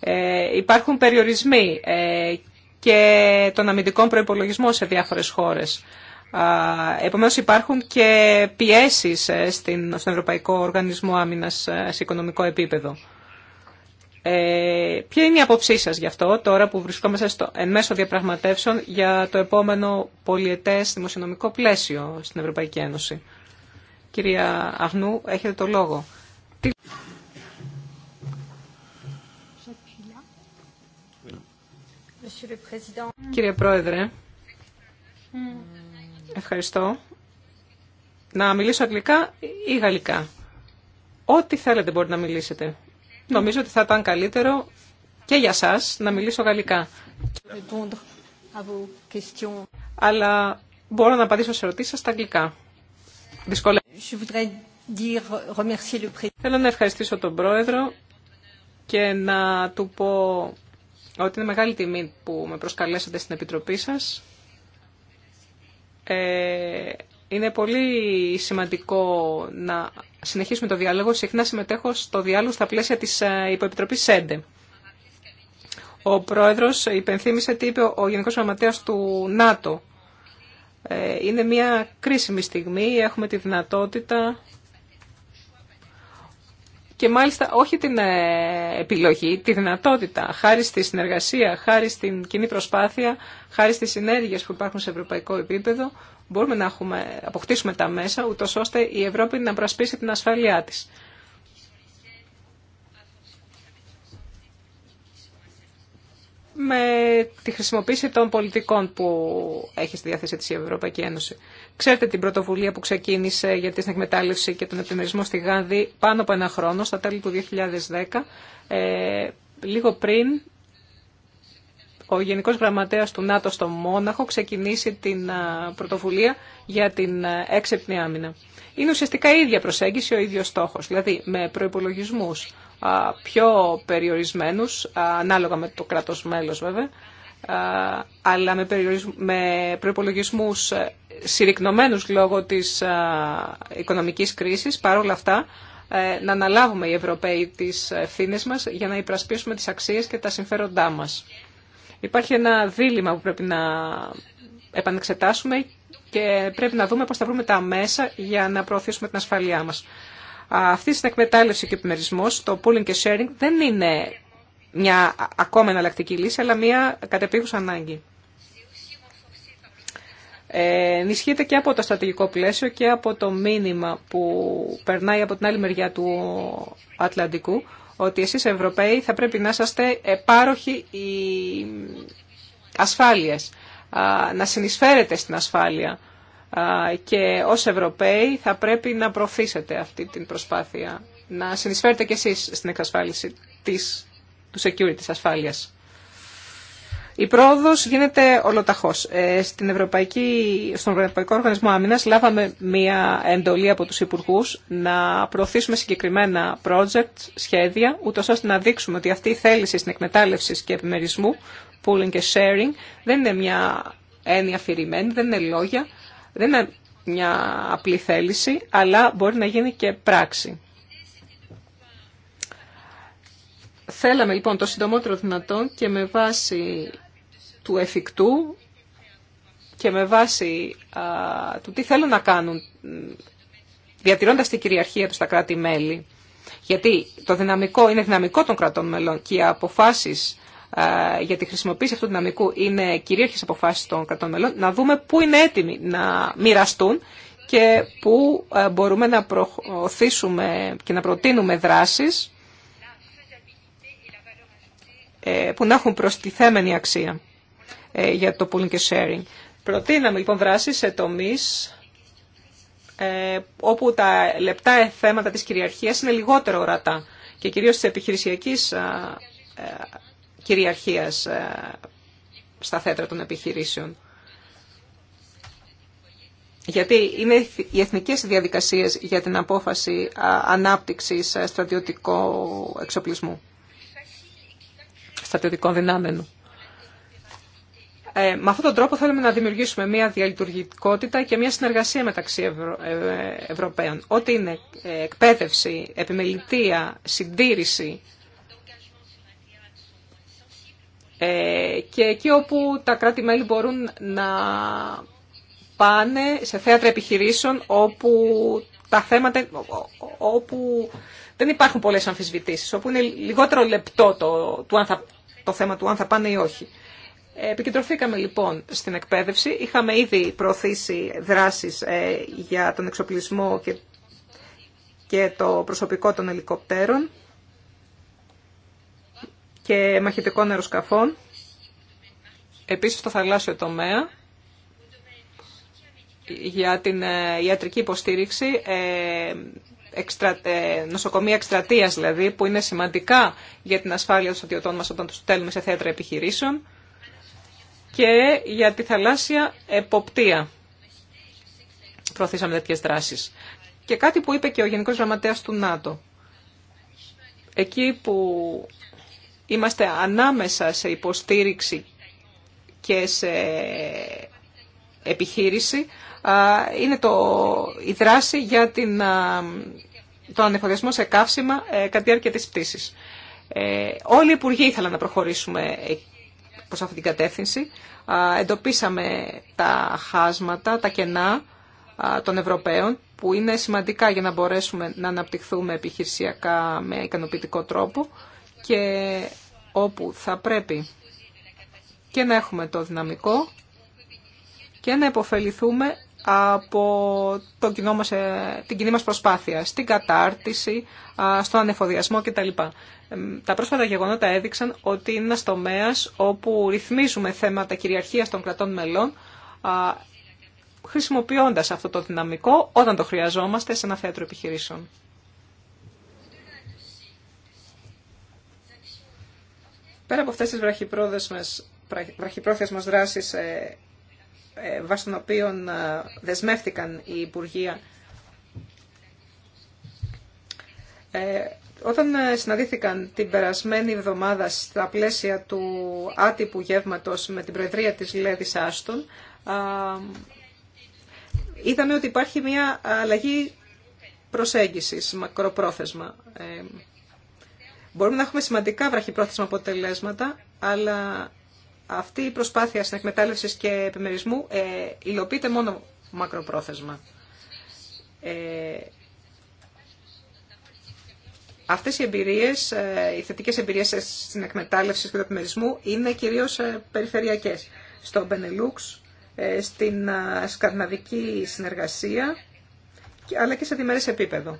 Ε, υπάρχουν περιορισμοί και των αμυντικών προϋπολογισμών σε διάφορες χώρες. Ε, επομένως υπάρχουν και πιέσεις στον Ευρωπαϊκό Οργανισμό Άμυνας σε οικονομικό επίπεδο. Ε, ποια είναι η απόψή σα γι' αυτό τώρα που βρισκόμαστε στο, εν μέσω διαπραγματεύσεων για το επόμενο πολιετέ δημοσιονομικό πλαίσιο στην Ευρωπαϊκή Ένωση. Κυρία Αγνού, έχετε το λόγο. Κύριε Πρόεδρε, ευχαριστώ. Να μιλήσω αγγλικά ή γαλλικά. Ό,τι θέλετε μπορείτε να μιλήσετε νομίζω ότι θα ήταν καλύτερο και για σας να μιλήσω γαλλικά. Αλλά μπορώ να απαντήσω σε ερωτήσεις στα αγγλικά. Θέλω να ευχαριστήσω τον Πρόεδρο και να του πω ότι είναι μεγάλη τιμή που με προσκαλέσατε στην Επιτροπή σας. Ε, είναι πολύ σημαντικό να συνεχίσουμε το διάλογο, συχνά συμμετέχω στο διάλογο στα πλαίσια της ε, υποεπιτροπής ΣΕΝΤΕ. Ο πρόεδρος υπενθύμησε τι είπε ο Γενικός Γραμματέας του ΝΑΤΟ. Ε, είναι μια κρίσιμη στιγμή, έχουμε τη δυνατότητα και μάλιστα όχι την ε, επιλογή, τη δυνατότητα, χάρη στη συνεργασία, χάρη στην κοινή προσπάθεια, χάρη στις συνέργειες που υπάρχουν σε ευρωπαϊκό επίπεδο, μπορούμε να έχουμε, αποκτήσουμε τα μέσα, ούτως ώστε η Ευρώπη να προασπίσει την ασφάλειά της. με τη χρησιμοποίηση των πολιτικών που έχει στη διάθεση της η Ευρωπαϊκή Ένωση. Ξέρετε την πρωτοβουλία που ξεκίνησε για την εκμετάλλευση και τον επιμερισμό στη Γάνδη πάνω από ένα χρόνο, στα τέλη του 2010, ε, λίγο πριν ο Γενικός Γραμματέας του ΝΑΤΟ στο Μόναχο ξεκινήσει την ε, πρωτοβουλία για την ε, έξυπνη άμυνα είναι ουσιαστικά η ίδια προσέγγιση, ο ίδιος στόχος. Δηλαδή με προϋπολογισμούς πιο περιορισμένους, ανάλογα με το κράτος μέλος βέβαια, αλλά με, με προϋπολογισμούς ε, συρρυκνωμένους λόγω της οικονομικής κρίσης, παρόλα αυτά ε, να αναλάβουμε οι Ευρωπαίοι τις ε, ευθύνες μας για να υπρασπίσουμε τις αξίες και τα συμφέροντά μας. Υπάρχει ένα δίλημα που πρέπει να επανεξετάσουμε και πρέπει να δούμε πώς θα βρούμε τα μέσα για να προωθήσουμε την ασφαλειά μας. Αυτή η εκμετάλλευση και επιμερισμό, το pooling και sharing δεν είναι μια ακόμα εναλλακτική λύση, αλλά μια κατεπίγουσα ανάγκη. Ε, ενισχύεται και από το στρατηγικό πλαίσιο και από το μήνυμα που περνάει από την άλλη μεριά του Ατλαντικού, ότι εσείς Ευρωπαίοι θα πρέπει να είσαστε πάροχοι ασφάλειας να συνεισφέρετε στην ασφάλεια και ως Ευρωπαίοι θα πρέπει να προωθήσετε αυτή την προσπάθεια, να συνεισφέρετε κι εσείς στην εξασφάλιση της, του security της ασφάλειας. Η πρόοδο γίνεται ολοταχώ. Ε, στην στον Ευρωπαϊκό Οργανισμό Άμυνα λάβαμε μία εντολή από του υπουργού να προωθήσουμε συγκεκριμένα project, σχέδια, ούτω ώστε να δείξουμε ότι αυτή η θέληση στην εκμετάλλευση και επιμερισμού, pooling και sharing, δεν είναι μια έννοια αφηρημένη, δεν είναι λόγια, δεν είναι μια απλή θέληση, αλλά μπορεί να γίνει και πράξη. Θέλαμε λοιπόν το συντομότερο δυνατόν και με βάση του εφικτού και με βάση του τι θέλουν να κάνουν διατηρώντας την κυριαρχία του στα κράτη-μέλη. Γιατί το δυναμικό είναι δυναμικό των κρατών μελών και οι αποφάσεις για τη χρησιμοποίηση αυτού του δυναμικού είναι κυρίαρχες αποφάσεις των κρατών μελών, να δούμε πού είναι έτοιμοι να μοιραστούν και πού μπορούμε να προωθήσουμε και να προτείνουμε δράσεις ε, που να έχουν προστιθέμενη αξία. Ε, για το pooling και sharing. Προτείναμε λοιπόν δράσεις σε τομείς ε, όπου τα λεπτά θέματα της κυριαρχίας είναι λιγότερο ορατά και κυρίως της επιχειρησιακής ε, κυριαρχίας στα θέτρα των επιχειρήσεων. Γιατί είναι οι εθνικές διαδικασίες για την απόφαση ανάπτυξης στρατιωτικού εξοπλισμού, στρατιωτικών δυνάμενων. Ε, με αυτόν τον τρόπο θέλουμε να δημιουργήσουμε μια διαλειτουργικότητα και μια συνεργασία μεταξύ ε, Ευρωπαίων. Ό,τι είναι ε, εκπαίδευση, επιμελητεία, συντήρηση ε, και εκεί όπου τα κράτη-μέλη μπορούν να πάνε σε θέατρα επιχειρήσεων όπου τα θέματα όπου δεν υπάρχουν πολλές αμφισβητήσεις, όπου είναι λιγότερο λεπτό το, το θέμα του αν θα πάνε ή όχι. Επικεντρωθήκαμε λοιπόν στην εκπαίδευση. Είχαμε ήδη προωθήσει δράσεις ε, για τον εξοπλισμό και, και το προσωπικό των ελικοπτέρων και μαχητικών αεροσκαφών. Επίσης στο θαλάσσιο τομέα για την ε, ιατρική υποστήριξη, ε, νοσοκομεία εξτρατείας, δηλαδή, που είναι σημαντικά για την ασφάλεια των στρατιωτών μας όταν τους στέλνουμε σε θέατρα επιχειρήσεων και για τη θαλάσσια εποπτεία προωθήσαμε τέτοιε δράσει. Και κάτι που είπε και ο Γενικός Γραμματέας του ΝΑΤΟ. Εκεί που είμαστε ανάμεσα σε υποστήριξη και σε επιχείρηση, είναι το, η δράση για την, τον ανεφοδιασμό σε καύσιμα ε, κατά τη διάρκεια της πτήσης. Ε, όλοι οι υπουργοί ήθελαν να προχωρήσουμε εκεί προς αυτή την κατεύθυνση. Εντοπίσαμε τα χάσματα, τα κενά των Ευρωπαίων που είναι σημαντικά για να μπορέσουμε να αναπτυχθούμε επιχειρησιακά με ικανοποιητικό τρόπο και όπου θα πρέπει και να έχουμε το δυναμικό και να υποφεληθούμε από το κοινό μας, ε, την κοινή μας προσπάθεια, στην κατάρτιση, στον ανεφοδιασμό κτλ. Ε, τα πρόσφατα γεγονότα έδειξαν ότι είναι ένας τομέας όπου ρυθμίζουμε θέματα κυριαρχίας των κρατών μελών, χρησιμοποιώντας αυτό το δυναμικό όταν το χρειαζόμαστε σε ένα θέατρο επιχειρήσεων. Πέρα από αυτές τις βραχυπρόθεσμες, βραχυπρόθεσμες δράσεις ε, ε, βάσει των οποίων ε, δεσμεύτηκαν η Υπουργεία. Όταν ε, συναντήθηκαν την περασμένη εβδομάδα στα πλαίσια του άτυπου γεύματος με την Προεδρία της Λέδης Άστον, είδαμε ότι υπάρχει μια αλλαγή προσέγγισης μακροπρόθεσμα. μπορούμε να έχουμε σημαντικά βραχυπρόθεσμα αποτελέσματα, αλλά αυτή η προσπάθεια συνεκμετάλλευσης και επιμερισμού ε, υλοποιείται μόνο μακροπρόθεσμα. Ε, αυτές οι εμπειρίες, ε, οι θετικές εμπειρίες στην εκμετάλλευση και του επιμερισμού είναι κυρίως ε, περιφερειακές. Στο Μπενελούξ, ε, στην ε, σκαρναδική συνεργασία, αλλά και σε διμερές επίπεδο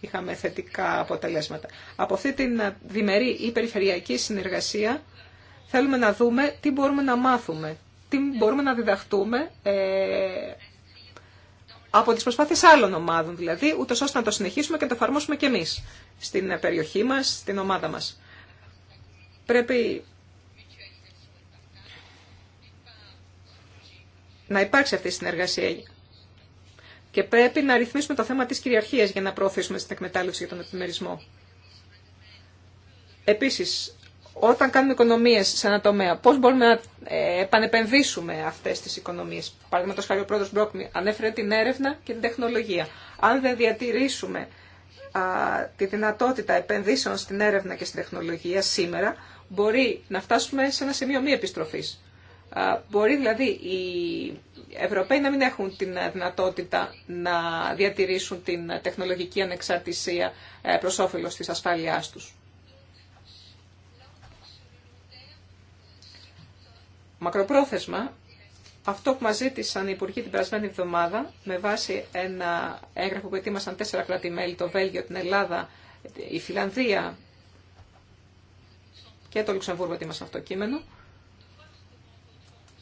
είχαμε θετικά αποτελέσματα. Από αυτή την διμερή ή περιφερειακή συνεργασία Θέλουμε να δούμε τι μπορούμε να μάθουμε, τι μπορούμε να διδαχτούμε ε, από τις προσπάθειες άλλων ομάδων, δηλαδή, ούτως ώστε να το συνεχίσουμε και να το εφαρμόσουμε και εμείς στην περιοχή μας, στην ομάδα μας. Πρέπει να υπάρξει αυτή η συνεργασία και πρέπει να ρυθμίσουμε το θέμα της κυριαρχίας για να προωθήσουμε στην εκμετάλλευση για τον επιμερισμό. Επίσης, όταν κάνουμε οικονομίες σε ένα τομέα, πώς μπορούμε να ε, επανεπενδύσουμε αυτές τις οικονομίες. Παραδείγματος χάρη ο πρόεδρος Μπρόκμι ανέφερε την έρευνα και την τεχνολογία. Αν δεν διατηρήσουμε α, τη δυνατότητα επενδύσεων στην έρευνα και στην τεχνολογία σήμερα, μπορεί να φτάσουμε σε ένα σημείο μη επιστροφής. μπορεί δηλαδή οι Ευρωπαίοι να μην έχουν την δυνατότητα να διατηρήσουν την τεχνολογική ανεξαρτησία ε, προς όφελος της ασφάλειάς τους. Μακροπρόθεσμα, αυτό που μας ζήτησαν οι υπουργοί την περασμένη εβδομάδα, με βάση ένα έγγραφο που ετοίμασαν τέσσερα κράτη-μέλη, το Βέλγιο, την Ελλάδα, η Φιλανδία και το Λουξεμβούργο ετοίμασαν αυτό το κείμενο,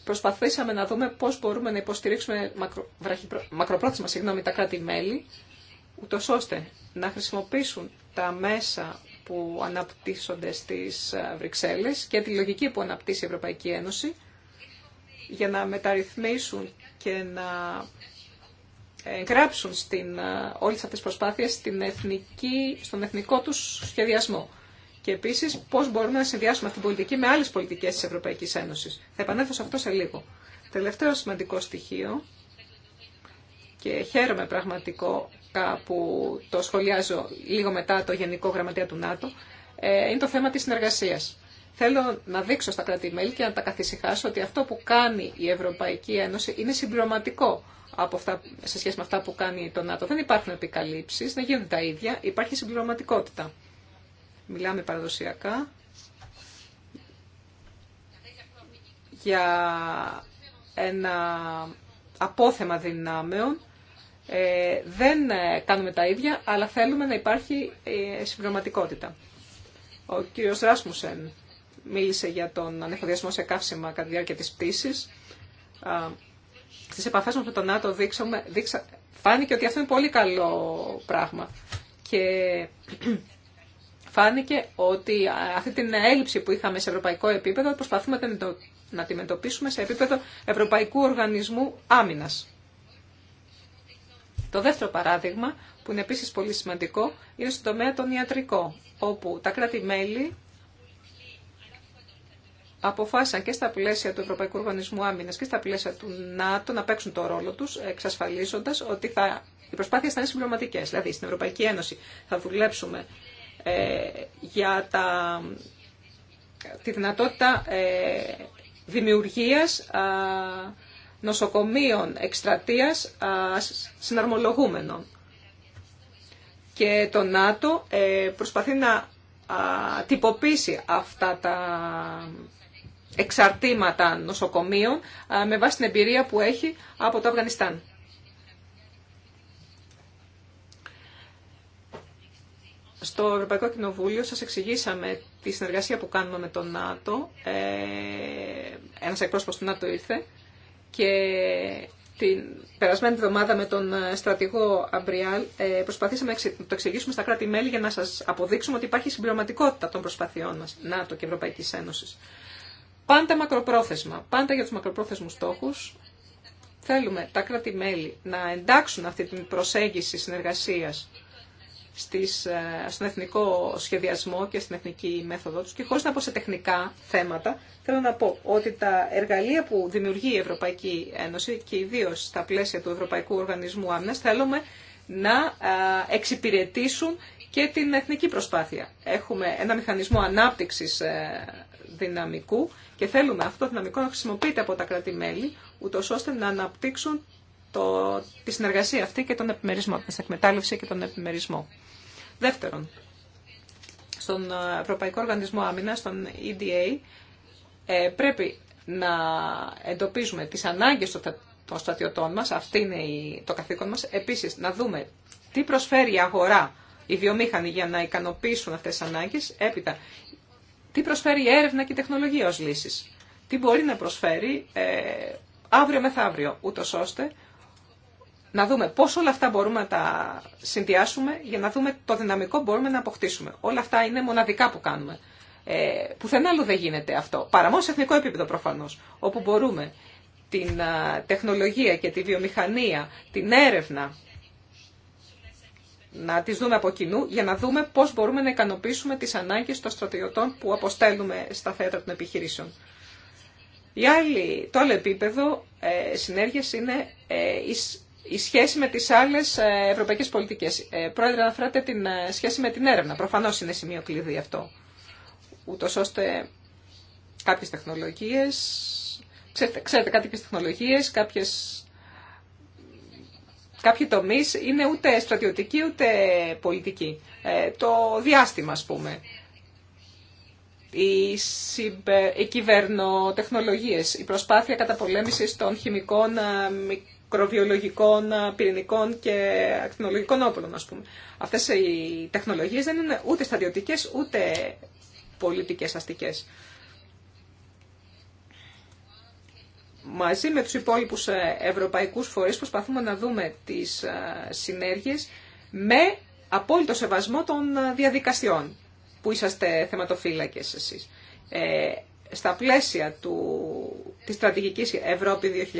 προσπαθήσαμε να δούμε πώς μπορούμε να υποστηρίξουμε μακρο, μακροπρόθεσμα τα κράτη-μέλη, ούτω ώστε να χρησιμοποιήσουν τα μέσα που αναπτύσσονται στις ε, Βρυξέλλες και τη λογική που αναπτύσσει η Ευρωπαϊκή Ένωση, για να μεταρρυθμίσουν και να ε, γράψουν στην, ε, όλες αυτές τις προσπάθειες στην εθνική, στον εθνικό τους σχεδιασμό. Και επίσης πώς μπορούμε να συνδυάσουμε αυτή την πολιτική με άλλες πολιτικές της Ευρωπαϊκής Ένωσης. Θα επανέλθω σε αυτό σε λίγο. Τελευταίο σημαντικό στοιχείο και χαίρομαι πραγματικό που το σχολιάζω λίγο μετά το Γενικό Γραμματέα του ΝΑΤΟ, ε, είναι το θέμα της συνεργασίας. Θέλω να δείξω στα κράτη-μέλη και να τα καθησυχάσω ότι αυτό που κάνει η Ευρωπαϊκή Ένωση είναι συμπληρωματικό από αυτά, σε σχέση με αυτά που κάνει το ΝΑΤΟ. Δεν υπάρχουν επικαλύψει. δεν γίνονται τα ίδια, υπάρχει συμπληρωματικότητα. Μιλάμε παραδοσιακά για ένα απόθεμα δυνάμεων. Ε, δεν ε, κάνουμε τα ίδια, αλλά θέλουμε να υπάρχει ε, συμπληρωματικότητα. Ο κύριος Ράσμουσεν μίλησε για τον ανεφοδιασμό σε καύσιμα κατά τη διάρκεια της πτήσης. Στι επαφές μας με τον ΝΑΤΟ δείξαμε, δείξα, φάνηκε ότι αυτό είναι πολύ καλό πράγμα. Και [clears throat] φάνηκε ότι αυτή την έλλειψη που είχαμε σε ευρωπαϊκό επίπεδο προσπαθούμε να αντιμετωπίσουμε σε επίπεδο Ευρωπαϊκού Οργανισμού Άμυνας. Το δεύτερο παράδειγμα, που είναι επίσης πολύ σημαντικό, είναι στον τομέα των ιατρικών, όπου τα κράτη-μέλη αποφάσισαν και στα πλαίσια του Ευρωπαϊκού Οργανισμού Άμυνα και στα πλαίσια του ΝΑΤΟ να παίξουν το ρόλο τους, εξασφαλίζοντας ότι θα, οι προσπάθειε θα είναι συμπληρωματικέ. Δηλαδή, στην Ευρωπαϊκή Ένωση θα δουλέψουμε ε, για τα, τη δυνατότητα ε, δημιουργίας νοσοκομείων εκστρατεία, συναρμολογούμενων. Και το ΝΑΤΟ ε, προσπαθεί να α, τυποποιήσει αυτά τα εξαρτήματα νοσοκομείων με βάση την εμπειρία που έχει από το Αφγανιστάν. Στο Ευρωπαϊκό Κοινοβούλιο σας εξηγήσαμε τη συνεργασία που κάνουμε με τον ΝΑΤΟ. Ε, ένας εκπρόσωπος του ΝΑΤΟ ήρθε και την περασμένη εβδομάδα με τον ε, στρατηγό Αμπριάλ ε, προσπαθήσαμε να το εξηγήσουμε στα κράτη-μέλη για να σας αποδείξουμε ότι υπάρχει συμπληρωματικότητα των προσπαθειών μας, ΝΑΤΟ και Ευρωπαϊκής Ένωσης. Πάντα μακροπρόθεσμα, πάντα για τους μακροπρόθεσμους στόχους, θέλουμε τα κράτη-μέλη να εντάξουν αυτή την προσέγγιση συνεργασίας στις, ε, στον εθνικό σχεδιασμό και στην εθνική μέθοδό τους και χωρίς να πω σε τεχνικά θέματα, θέλω να πω ότι τα εργαλεία που δημιουργεί η Ευρωπαϊκή Ένωση και ιδίω στα πλαίσια του Ευρωπαϊκού Οργανισμού Άμυνας θέλουμε να ε, εξυπηρετήσουν και την εθνική προσπάθεια. Έχουμε ένα μηχανισμό ανάπτυξης ε, δυναμικού και θέλουμε αυτό το δυναμικό να χρησιμοποιείται από τα κράτη-μέλη, ούτως ώστε να αναπτύξουν το, τη συνεργασία αυτή και τον επιμερισμό, την εκμετάλλευση και τον επιμερισμό. Δεύτερον, στον ε, Ευρωπαϊκό Οργανισμό Άμυνα, στον EDA, ε, πρέπει να εντοπίζουμε τις ανάγκες των στρατιωτών μας, αυτή είναι το καθήκον μας. Επίσης, να δούμε τι προσφέρει η αγορά, η βιομήχανη για να ικανοποιήσουν αυτές τις ανάγκες. Έπειτα, τι προσφέρει η έρευνα και η τεχνολογία ως λύσεις. Τι μπορεί να προσφέρει ε, αύριο μεθαύριο, ούτω ώστε να δούμε πώς όλα αυτά μπορούμε να τα συνδυάσουμε για να δούμε το δυναμικό που μπορούμε να αποκτήσουμε. Όλα αυτά είναι μοναδικά που κάνουμε. Ε, πουθενά άλλο δεν γίνεται αυτό, παρά μόνο σε εθνικό επίπεδο προφανώς, όπου μπορούμε την τεχνολογία και τη βιομηχανία, την έρευνα να τις δούμε από κοινού για να δούμε πώς μπορούμε να ικανοποιήσουμε τις ανάγκες των στρατιωτών που αποστέλνουμε στα θέατρα των επιχειρήσεων. Η το άλλο επίπεδο ε, είναι ε, η, η, σχέση με τις άλλες ε, ευρωπαϊκές πολιτικές. Ε, πρόεδρε, αναφέρατε την ε, σχέση με την έρευνα. Προφανώς είναι σημείο κλειδί αυτό. Ούτως ώστε κάποιες τεχνολογίες, ξέρετε, ξέρετε κάποιες τεχνολογίες, κάποιες κάποιοι τομεί είναι ούτε στρατιωτικοί ούτε πολιτικοί. Ε, το διάστημα, α πούμε. Οι, συμπε... οι κυβερνοτεχνολογίες, η προσπάθεια καταπολέμησης των χημικών, ε, μικροβιολογικών, ε, πυρηνικών και ακτινολογικών όπλων, ας πούμε. Αυτές οι τεχνολογίες δεν είναι ούτε στρατιωτικές ούτε πολιτικές αστικές. μαζί με τους υπόλοιπους ε, ευρωπαϊκούς φορείς προσπαθούμε να δούμε τις ε, συνέργειες με απόλυτο σεβασμό των ε, διαδικασιών που είσαστε θεματοφύλακες εσείς. Ε, στα πλαίσια του, της στρατηγικής Ευρώπη 2020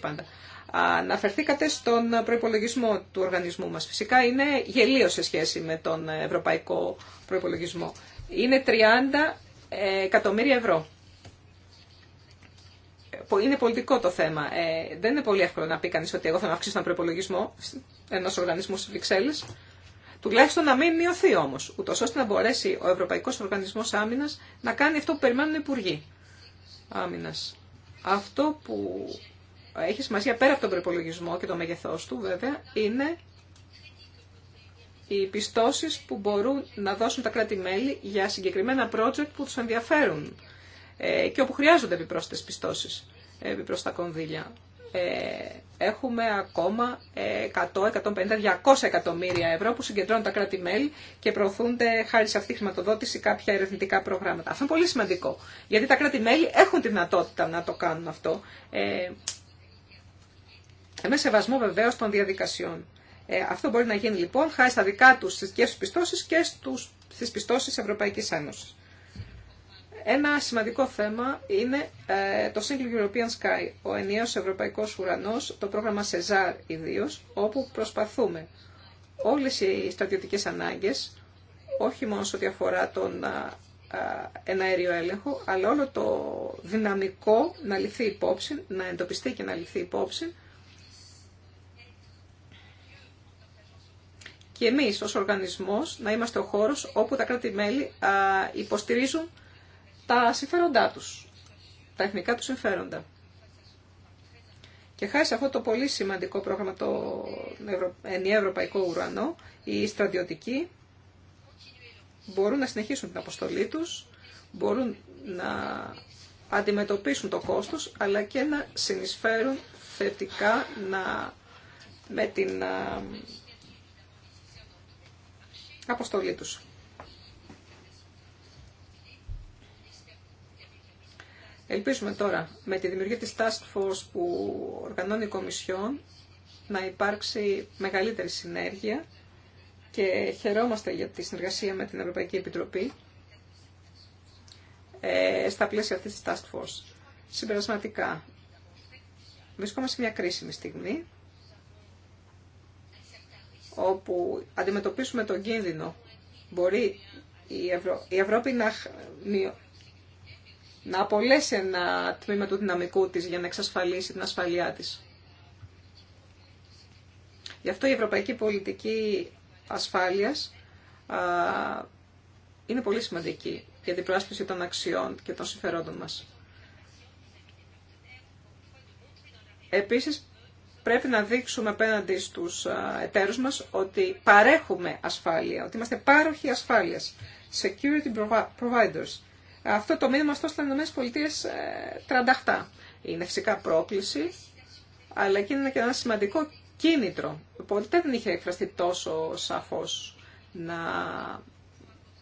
πάντα. Αναφερθήκατε στον προϋπολογισμό του οργανισμού μας. Φυσικά είναι γελίο σε σχέση με τον ευρωπαϊκό προϋπολογισμό. Είναι 30 εκατομμύρια ευρώ είναι πολιτικό το θέμα. Ε, δεν είναι πολύ εύκολο να πει κανεί ότι εγώ θα αυξήσω τον προπολογισμό ενό οργανισμού στι Βρυξέλλε. Τουλάχιστον να μην μειωθεί όμω, ούτω ώστε να μπορέσει ο Ευρωπαϊκό Οργανισμό Άμυνα να κάνει αυτό που περιμένουν οι Υπουργοί Άμυνα. Αυτό που έχει σημασία πέρα από τον προπολογισμό και το μέγεθό του βέβαια είναι οι πιστώσει που μπορούν να δώσουν τα κράτη-μέλη για συγκεκριμένα project που του ενδιαφέρουν ε, και όπου χρειάζονται επιπρόσθετες πιστώσει. Ε, Προ τα κονδύλια. Ε, έχουμε ακόμα 100, 150, 200 εκατομμύρια ευρώ που συγκεντρώνουν τα κράτη-μέλη και προωθούνται χάρη σε αυτή τη χρηματοδότηση κάποια ερευνητικά προγράμματα. Αυτό είναι πολύ σημαντικό, γιατί τα κράτη-μέλη έχουν τη δυνατότητα να το κάνουν αυτό, ε, με σεβασμό βεβαίω των διαδικασιών. Αυτό μπορεί να γίνει λοιπόν χάρη στα δικά του στις δικέ του πιστώσει και στι πιστώσει Ευρωπαϊκή Ένωση. Ένα σημαντικό θέμα είναι ε, το Single European Sky, ο ενιαίος ευρωπαϊκός ουρανός, το πρόγραμμα CESAR ιδίως όπου προσπαθούμε όλες οι στρατιωτικές ανάγκες, όχι μόνο σε ό,τι αφορά τον ένα αέριο έλεγχο, αλλά όλο το δυναμικό να λυθεί υπόψη, να εντοπιστεί και να λυθεί υπόψη. Και εμείς ως οργανισμός να είμαστε ο χώρος όπου τα κράτη-μέλη υποστηρίζουν τα συμφέροντά τους, τα εθνικά τους συμφέροντα. Και χάρη σε αυτό το πολύ σημαντικό πρόγραμμα, το ευρωπαϊκό ουρανό, οι στρατιωτικοί μπορούν να συνεχίσουν την αποστολή τους, μπορούν να αντιμετωπίσουν το κόστος, αλλά και να συνεισφέρουν θετικά με την αποστολή τους. Ελπίζουμε τώρα με τη δημιουργία της Task Force που οργανώνει η Κομισιόν να υπάρξει μεγαλύτερη συνέργεια και χαιρόμαστε για τη συνεργασία με την Ευρωπαϊκή Επιτροπή ε, στα πλαίσια αυτής της Task Force. Συμπερασματικά, βρισκόμαστε σε μια κρίσιμη στιγμή όπου αντιμετωπίσουμε τον κίνδυνο. Μπορεί η, Ευρω... η Ευρώπη να να απολέσει ένα τμήμα του δυναμικού της για να εξασφαλίσει την ασφαλειά της. Γι' αυτό η ευρωπαϊκή πολιτική ασφάλειας είναι πολύ σημαντική για την προάσπιση των αξιών και των συμφερόντων μας. Επίσης, πρέπει να δείξουμε απέναντι στους εταίρους μας ότι παρέχουμε ασφάλεια, ότι είμαστε πάροχοι ασφάλειας, security providers. Αυτό το μήνυμα στο στις πολιτείες 38. Ε, είναι φυσικά πρόκληση, αλλά και είναι και ένα σημαντικό κίνητρο. Ποτέ δεν είχε εκφραστεί τόσο σαφώς να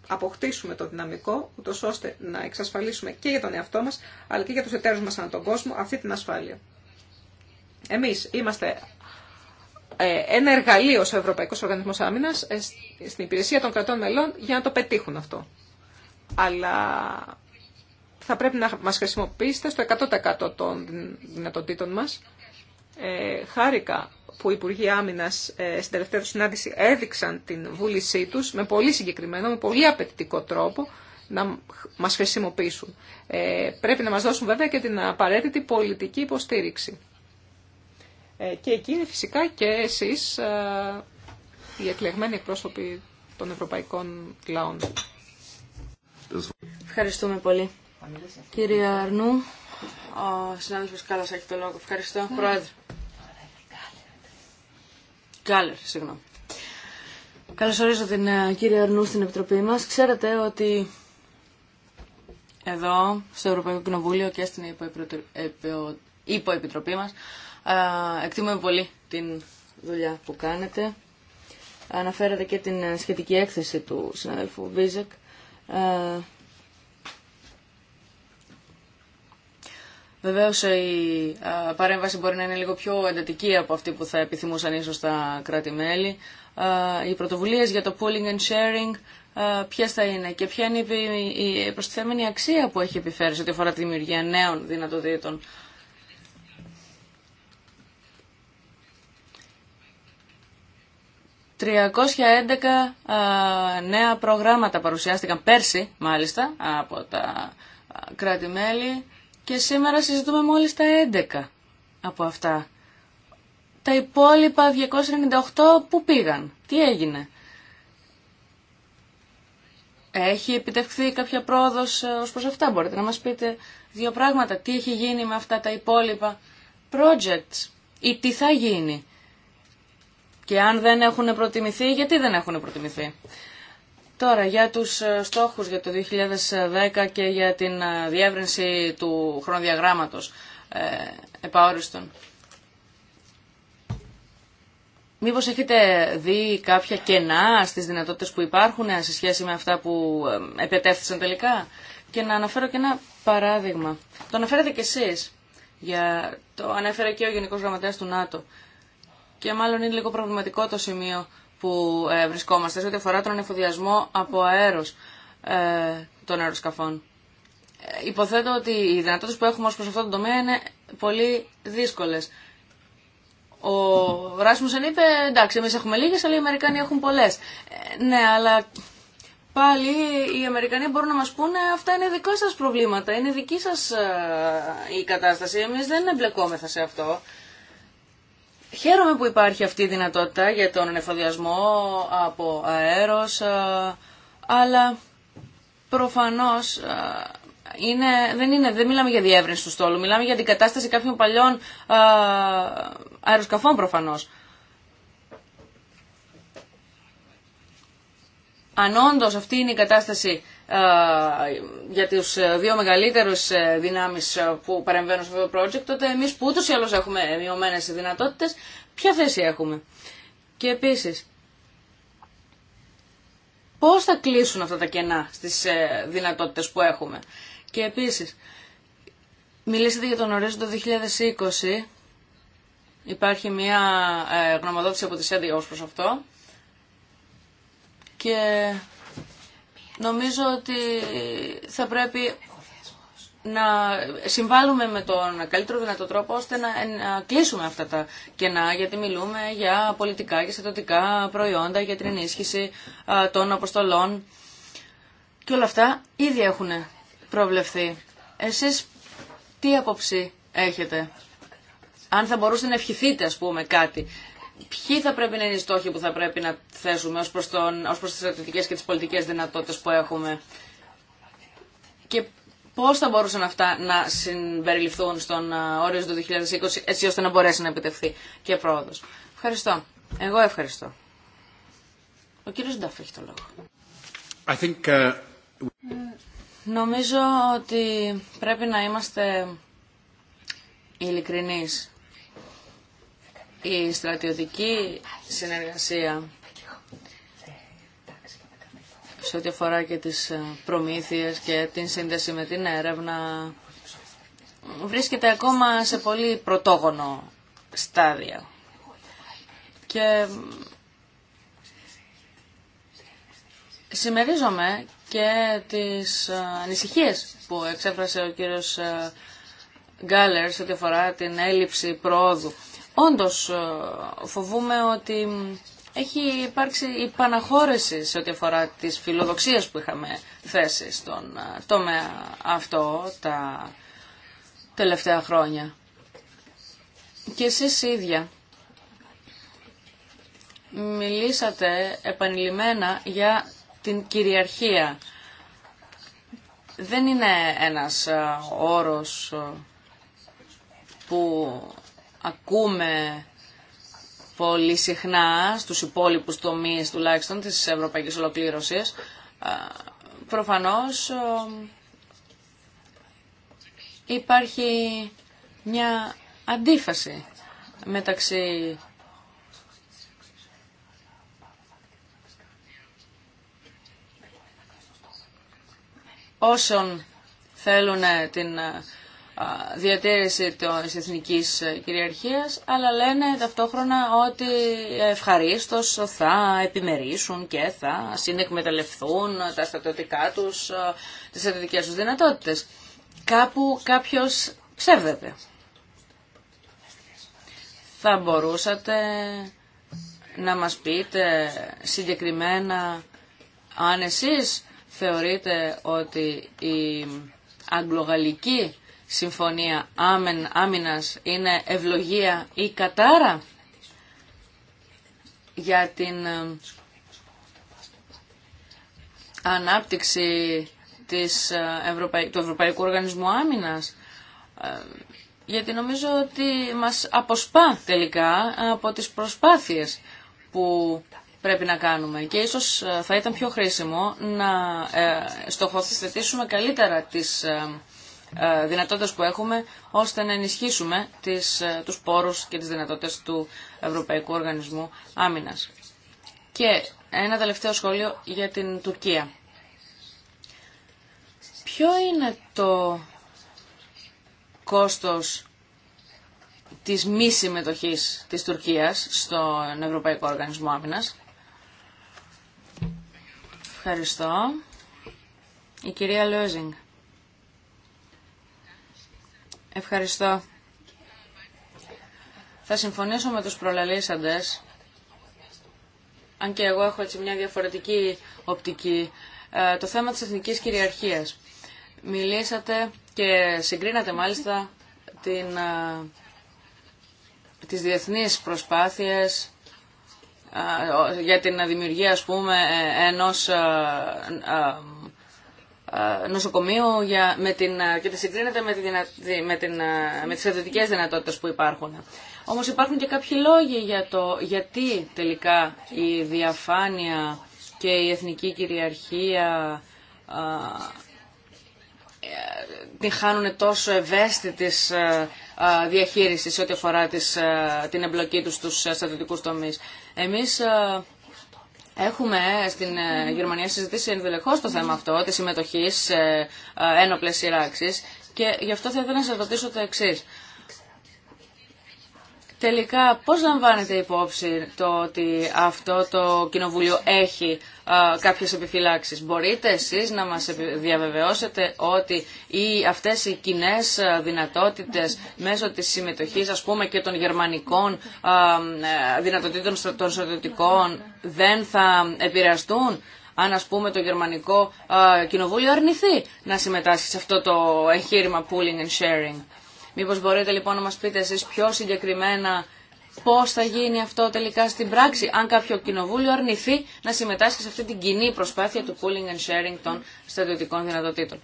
αποκτήσουμε το δυναμικό, ούτως ώστε να εξασφαλίσουμε και για τον εαυτό μας, αλλά και για τους εταίρους μας ανά τον κόσμο αυτή την ασφάλεια. Εμείς είμαστε ε, ένα εργαλείο ο Ευρωπαϊκός Οργανισμός Άμυνας ε, στην υπηρεσία των κρατών μελών για να το πετύχουν αυτό αλλά θα πρέπει να μας χρησιμοποιήσετε στο 100% των δυνατοτήτων μας. Ε, χάρηκα που οι Υπουργοί Άμυνα ε, στην τελευταία συνάντηση έδειξαν την βούλησή τους με πολύ συγκεκριμένο, με πολύ απαιτητικό τρόπο να μας χρησιμοποιήσουν. Ε, πρέπει να μας δώσουν βέβαια και την απαραίτητη πολιτική υποστήριξη. Ε, και είναι φυσικά και εσείς, ε, οι εκλεγμένοι εκπρόσωποι των ευρωπαϊκών λαών. Ευχαριστούμε πολύ. Κύριε Αρνού, ο συνάδελφος Κάλλα έχει το λόγο. Ευχαριστώ, Πρόεδρε. Κάλλερ, συγγνώμη. Καλωσορίζω την ε, κυρία Αρνού στην Επιτροπή μας. Ξέρετε ότι εδώ, στο Ευρωπαϊκό Κοινοβούλιο και στην υποεπιτροπή μας, ε, εκτιμούμε πολύ την δουλειά που κάνετε. Αναφέρατε και την ε, σχετική έκθεση του συναδελφού Βίζεκ. Ε, βεβαίως η ε, παρέμβαση μπορεί να είναι λίγο πιο εντατική από αυτή που θα επιθυμούσαν ίσως τα κράτη-μέλη. Ε, οι πρωτοβουλίες για το pooling and sharing ποιε θα είναι και ποια είναι η προστιθέμενη αξία που έχει επιφέρει σε ό,τι αφορά τη δημιουργία νέων δυνατοτήτων. 311 νέα προγράμματα παρουσιάστηκαν πέρσι μάλιστα από τα κράτη-μέλη και σήμερα συζητούμε μόλις τα 11 από αυτά. Τα υπόλοιπα 298 που πήγαν, τι έγινε. Έχει επιτευχθεί κάποια πρόοδος ε, ως προς αυτά. Μπορείτε να μας πείτε δύο πράγματα. Τι έχει γίνει με αυτά τα υπόλοιπα projects ή τι θα γίνει. Και αν δεν έχουν προτιμηθεί, γιατί δεν έχουν προτιμηθεί. Τώρα, για τους ε, στόχους για το 2010 και για την ε, διεύρυνση του χρονοδιαγράμματος ε, επαόριστον. Μήπως έχετε δει κάποια κενά στις δυνατότητες που υπάρχουν ε, σε σχέση με αυτά που επιτεύθυνσαν τελικά. Και να αναφέρω και ένα παράδειγμα. Το αναφέρατε κι εσείς. Για... Το ανέφερε και ο Γενικός Γραμματέας του ΝΑΤΟ και μάλλον είναι λίγο προβληματικό το σημείο που ε, βρισκόμαστε σε ό,τι αφορά τον εφοδιασμό από αέρος ε, των αεροσκαφών. Ε, υποθέτω ότι οι δυνατότητες που έχουμε ως προς αυτό το τομέα είναι πολύ δύσκολες. Ο Ράσμουσεν είπε, εντάξει, εμείς έχουμε λίγες, αλλά οι Αμερικανοί έχουν πολλές. ναι, αλλά πάλι οι Αμερικανοί μπορούν να μας πούνε, αυτά είναι δικά σας προβλήματα, είναι δική σας η κατάσταση, εμείς δεν εμπλεκόμεθα σε αυτό. Χαίρομαι που υπάρχει αυτή η δυνατότητα για τον εφοδιασμό από αέρος, ε, αλλά προφανώς ε, είναι, δεν, είναι, δεν μιλάμε για διεύρυνση του στόλου, μιλάμε για την κατάσταση κάποιων παλιών ε, αεροσκαφών προφανώς. Αν όντω αυτή είναι η κατάσταση ε, για του ε, δύο μεγαλύτερου ε, δυνάμεις που παρεμβαίνουν σε αυτό το project, τότε εμείς που ούτω ή άλλω έχουμε μειωμένε δυνατότητες, ποια θέση έχουμε. Και επίσης, πώς θα κλείσουν αυτά τα κενά στις δυνατότητες που έχουμε. Και επίσης, μιλήσατε για τον ορίζοντα 2020, υπάρχει μια γνωμοδότηση από τη ΣΕΔΙ ως προς αυτό, και Νομίζω ότι θα πρέπει να συμβάλλουμε με τον καλύτερο δυνατό τρόπο ώστε να, κλείσουμε αυτά τα κενά γιατί μιλούμε για πολιτικά και στατοτικά προϊόντα για την ενίσχυση των αποστολών και όλα αυτά ήδη έχουν προβλεφθεί. Εσείς τι άποψη έχετε αν θα μπορούσατε να ευχηθείτε ας πούμε κάτι ποιοι θα πρέπει να είναι οι στόχοι που θα πρέπει να θέσουμε ως προς, τον, ως προς τις στρατιωτικές και τις πολιτικές δυνατότητες που έχουμε και πώς θα μπορούσαν αυτά να συμπεριληφθούν στον όριο του 2020 έτσι ώστε να μπορέσει να επιτευχθεί και πρόοδος. Ευχαριστώ. Εγώ ευχαριστώ. Ο κύριος Ντάφ έχει το λόγο. I think, uh, Νομίζω ότι πρέπει να είμαστε ειλικρινείς η στρατιωτική συνεργασία σε ό,τι αφορά και τις ε, προμήθειες και την σύνδεση με την έρευνα βρίσκεται ακόμα σε πολύ πρωτόγονο στάδιο. Και συμμερίζομαι και τις ε, ανησυχίες που εξέφρασε ο κύριος ε, Γκάλερ σε ό,τι αφορά την έλλειψη πρόοδου Όντως ε, φοβούμε ότι έχει υπάρξει υπαναχώρεση σε ό,τι αφορά τις φιλοδοξίες που είχαμε θέσει στον ε, τομέα αυτό τα τελευταία χρόνια. Και εσείς ίδια μιλήσατε επανειλημμένα για την κυριαρχία. Δεν είναι ένας ε, όρος που ακούμε πολύ συχνά στους υπόλοιπους τομείς τουλάχιστον της ευρωπαϊκής ολοκλήρωσης, προφανώς υπάρχει μια αντίφαση μεταξύ όσων θέλουν την διατήρηση της εθνικής κυριαρχίας, αλλά λένε ταυτόχρονα ότι ευχαρίστως θα επιμερίσουν και θα συνεκμεταλλευθούν τα στρατιωτικά τους, τις στρατιωτικές τους δυνατότητες. Κάπου κάποιος ψεύδεται. Θα μπορούσατε να μας πείτε συγκεκριμένα αν εσείς θεωρείτε ότι η αγγλογαλλική συμφωνία άμεν, άμυνας είναι ευλογία ή κατάρα για την ε, ανάπτυξη της ε, του Ευρωπαϊκού Οργανισμού Άμυνας ε, γιατί νομίζω ότι μας αποσπά τελικά από τις προσπάθειες που πρέπει να κάνουμε και ίσως θα ήταν πιο χρήσιμο να στοχοθετήσουμε καλύτερα τις ε, δυνατότητες που έχουμε ώστε να ενισχύσουμε τις, ε, τους πόρους και τις δυνατότητες του Ευρωπαϊκού Οργανισμού Άμυνας. Και ένα τελευταίο σχόλιο για την Τουρκία. Ποιο είναι το κόστος της μη συμμετοχής της Τουρκίας στον Ευρωπαϊκό Οργανισμό Άμυνας. Ευχαριστώ. Η κυρία Λόζινγκ. Ευχαριστώ. Θα συμφωνήσω με τους προλαλήσαντες, αν και εγώ έχω έτσι μια διαφορετική οπτική, ε, το θέμα της εθνικής κυριαρχίας. Μιλήσατε και συγκρίνατε μάλιστα την, ε, τις διεθνείς προσπάθειες ε, για την δημιουργία, ας πούμε, ενός ε, νοσοκομείο για, με την, ε, και τη συγκρίνεται με, τη με, την, ε, με τις ιδιωτικές δυνατότητες που υπάρχουν. Όμως υπάρχουν και κάποιοι λόγοι για το γιατί τελικά η διαφάνεια και η εθνική κυριαρχία την χάνουν τόσο ευαίσθητης διαχείρισης ό,τι αφορά την εμπλοκή τους στους στρατιωτικούς τομείς. Εμείς Έχουμε ε, στην ε, Γερμανία συζητήσει ενδελεχώς το θέμα αυτό τη συμμετοχή σε ε, ένοπλες σειράξεις και γι' αυτό θα ήθελα να σα ρωτήσω το εξή. Τελικά, πώς λαμβάνετε υπόψη το ότι αυτό το κοινοβούλιο έχει κάποιες επιφυλάξεις. Μπορείτε εσείς να μας διαβεβαιώσετε ότι οι, αυτές οι κοινέ δυνατότητες μέσω της συμμετοχής, ας πούμε, και των γερμανικών ε, δυνατοτήτων των στρατιωτικών δεν θα επηρεαστούν αν ας πούμε το γερμανικό α, κοινοβούλιο αρνηθεί να συμμετάσχει σε αυτό το εγχείρημα pooling and sharing. Μήπως μπορείτε λοιπόν να μας πείτε εσείς πιο συγκεκριμένα πώς θα γίνει αυτό τελικά στην πράξη, αν κάποιο κοινοβούλιο αρνηθεί να συμμετάσχει σε αυτή την κοινή προσπάθεια του pooling and sharing των στρατιωτικών δυνατοτήτων.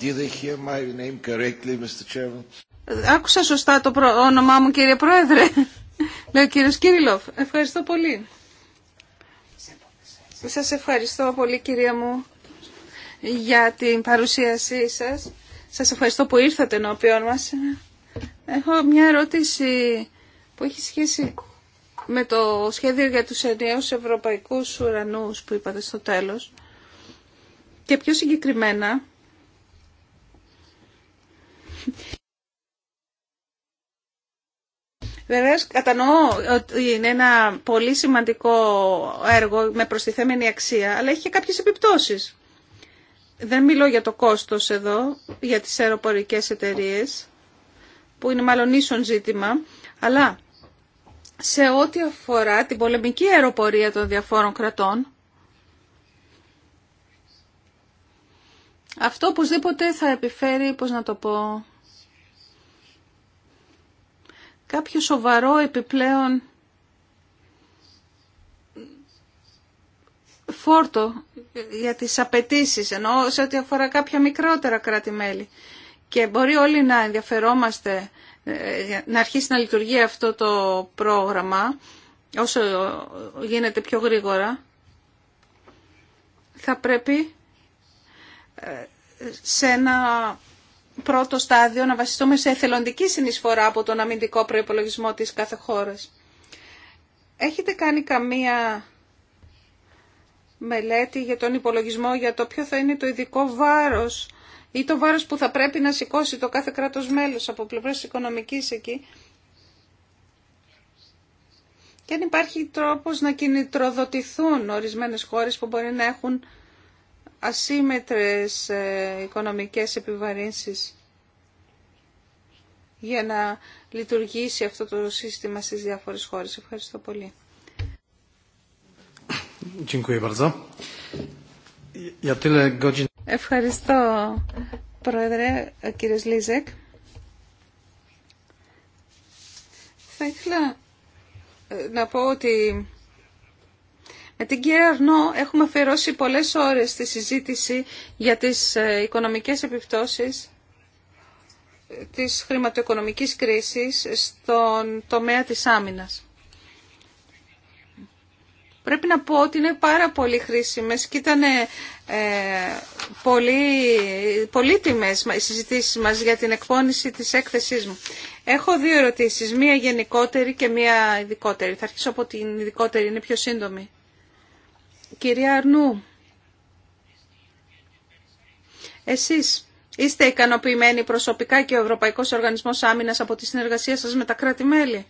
Did I hear my name correctly, Mr. Chairman? Άκουσα σωστά το όνομά μου κύριε Πρόεδρε. Λέω κύριος Κύριλοφ. Ευχαριστώ πολύ. Σας ευχαριστώ πολύ κυρία μου για την παρουσίασή σας. Σας ευχαριστώ που ήρθατε ενώπιον μας. Έχω μια ερώτηση που έχει σχέση με το σχέδιο για τους ενιαίους ευρωπαϊκούς ουρανούς που είπατε στο τέλος και πιο συγκεκριμένα Βεβαίω κατανοώ ότι είναι ένα πολύ σημαντικό έργο με προστιθέμενη αξία, αλλά έχει και κάποιες επιπτώσεις. Δεν μιλώ για το κόστο εδώ, για τις αεροπορικέ εταιρείε, που είναι μάλλον ίσον ζήτημα, αλλά σε ό,τι αφορά την πολεμική αεροπορία των διαφόρων κρατών, αυτό οπωσδήποτε θα επιφέρει, πώς να το πω, κάποιο σοβαρό επιπλέον φόρτο για τις απαιτήσει ενώ σε ό,τι αφορά κάποια μικρότερα κράτη-μέλη. Και μπορεί όλοι να ενδιαφερόμαστε ε, να αρχίσει να λειτουργεί αυτό το πρόγραμμα όσο γίνεται πιο γρήγορα. Θα πρέπει ε, σε ένα πρώτο στάδιο να βασιστούμε σε εθελοντική συνεισφορά από τον αμυντικό προϋπολογισμό της κάθε χώρας. Έχετε κάνει καμία μελέτη για τον υπολογισμό για το ποιο θα είναι το ειδικό βάρος ή το βάρος που θα πρέπει να σηκώσει το κάθε κράτος μέλος από πλευράς οικονομικής εκεί. Και αν υπάρχει τρόπος να κινητροδοτηθούν ορισμένες χώρες που μπορεί να έχουν ασύμετρες ε, οικονομικές επιβαρύνσεις για να λειτουργήσει αυτό το σύστημα στις διάφορες χώρες. Ευχαριστώ πολύ. Ευχαριστώ, Πρόεδρε, κύριε Λίζεκ. Θα ήθελα ε, να πω ότι με την κυρία Αρνό έχουμε αφιερώσει πολλές ώρες στη συζήτηση για τις ε, οικονομικές επιπτώσεις ε, της χρηματοοικονομικής κρίσης στον τομέα της άμυνας. Πρέπει να πω ότι είναι πάρα πολύ χρήσιμες και ήταν ε, ε, πολύ πολύτιμες οι συζητήσεις μας για την εκπόνηση της έκθεσής μου. Έχω δύο ερωτήσεις, μία γενικότερη και μία ειδικότερη. Θα αρχίσω από την ειδικότερη, είναι πιο σύντομη. Κυρία Αρνού, εσείς είστε ικανοποιημένοι προσωπικά και ο Ευρωπαϊκός Οργανισμός Άμυνας από τη συνεργασία σας με τα κράτη-μέλη.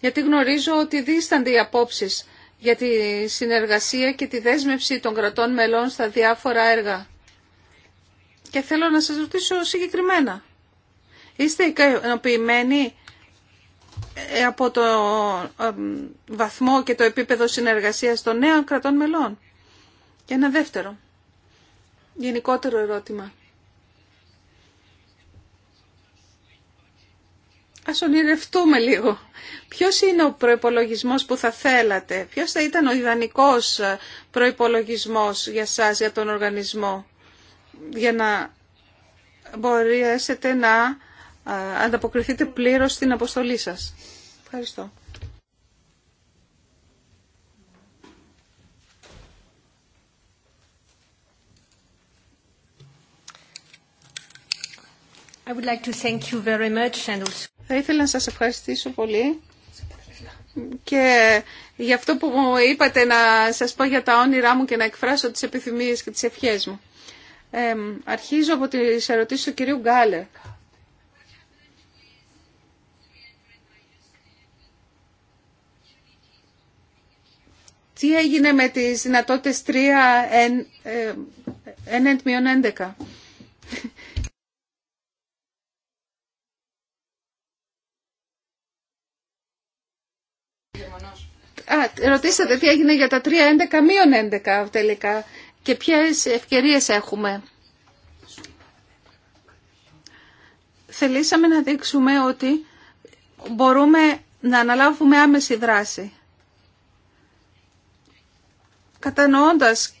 Γιατί γνωρίζω ότι δίστανται οι απόψεις για τη συνεργασία και τη δέσμευση των κρατών μελών στα διάφορα έργα. Και θέλω να σας ρωτήσω συγκεκριμένα. Είστε ικανοποιημένοι ε, από το ε, βαθμό και το επίπεδο συνεργασίας των νέων κρατών μελών. Και ένα δεύτερο, γενικότερο ερώτημα. Ας ονειρευτούμε λίγο. Ποιος είναι ο προϋπολογισμός που θα θέλατε, ποιος θα ήταν ο ιδανικός ε, προϋπολογισμός για σας, για τον οργανισμό, για να μπορέσετε να ανταποκριθείτε πλήρως στην αποστολή σας. Ευχαριστώ. I would like to thank you very much Θα ήθελα να σας ευχαριστήσω πολύ και για αυτό που μου είπατε να σας πω για τα όνειρά μου και να εκφράσω τις επιθυμίες και τις ευχές μου. Ε, αρχίζω από τις ερωτήσεις του κυρίου Γκάλερ. Τι έγινε με τις δυνατότητες 3 εν, 11. Ε, Α, ρωτήσατε τι έγινε για τα 3, 11, 11 τελικά και ποιες ευκαιρίες έχουμε. Θελήσαμε να δείξουμε ότι μπορούμε να αναλάβουμε άμεση δράση κατανοώντας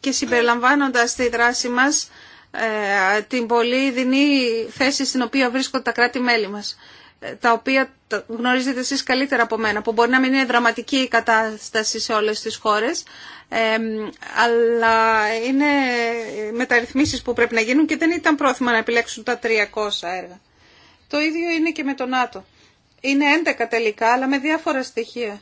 και συμπεριλαμβάνοντας τη δράση μας ε, την πολύ δινή θέση στην οποία βρίσκονται τα κράτη-μέλη μας ε, τα οποία γνωρίζετε εσείς καλύτερα από μένα, που μπορεί να μην είναι δραματική η κατάσταση σε όλες τις χώρες, ε, αλλά είναι μεταρρυθμίσεις που πρέπει να γίνουν και δεν ήταν πρόθυμα να επιλέξουν τα 300 έργα. Το ίδιο είναι και με το ΝΑΤΟ. Είναι 11 τελικά, αλλά με διάφορα στοιχεία.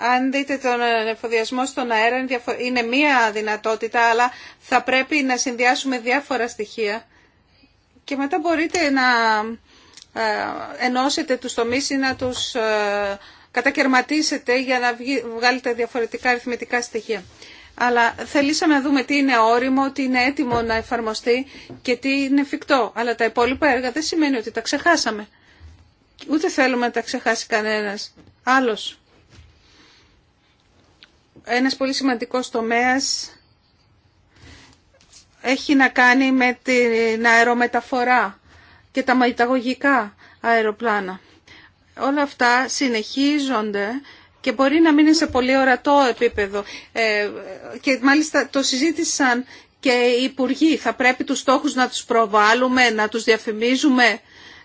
Αν δείτε τον εφοδιασμό στον αέρα είναι μία δυνατότητα, αλλά θα πρέπει να συνδυάσουμε διάφορα στοιχεία. Και μετά μπορείτε να ε, ενώσετε τους τομείς ή να τους ε, κατακαιρματίσετε για να βγάλετε διαφορετικά αριθμητικά στοιχεία. Αλλά θελήσαμε να δούμε τι είναι όριμο, τι είναι έτοιμο να εφαρμοστεί και τι είναι εφικτό. Αλλά τα υπόλοιπα έργα δεν σημαίνει ότι τα ξεχάσαμε. Ούτε θέλουμε να τα ξεχάσει κανένας άλλος. Ένας πολύ σημαντικός τομέας έχει να κάνει με την αερομεταφορά και τα μαϊταγωγικά αεροπλάνα. Όλα αυτά συνεχίζονται και μπορεί να μείνει σε πολύ ορατό επίπεδο. Ε, και μάλιστα το συζήτησαν και οι υπουργοί. Θα πρέπει τους στόχους να τους προβάλλουμε, να τους διαφημίζουμε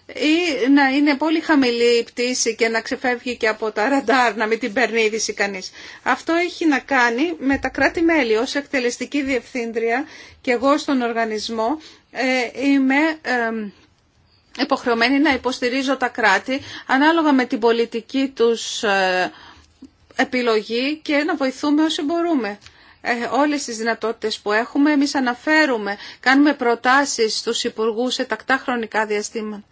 ή να είναι πολύ χαμηλή η πτήση και να ξεφεύγει και από τα ραντάρ, να μην την παίρνει είδηση κανείς. Αυτό έχει να κάνει με τα κράτη-μέλη. Ως εκτελεστική διευθύντρια και εγώ στον οργανισμό ε, είμαι... Ε, υποχρεωμένη να υποστηρίζω τα κράτη ανάλογα με την πολιτική τους ε, επιλογή και να βοηθούμε όσοι μπορούμε. Ε, όλες τις δυνατότητες που έχουμε. Εμείς αναφέρουμε, κάνουμε προτάσεις στους υπουργού σε τακτά χρονικά διαστήματα.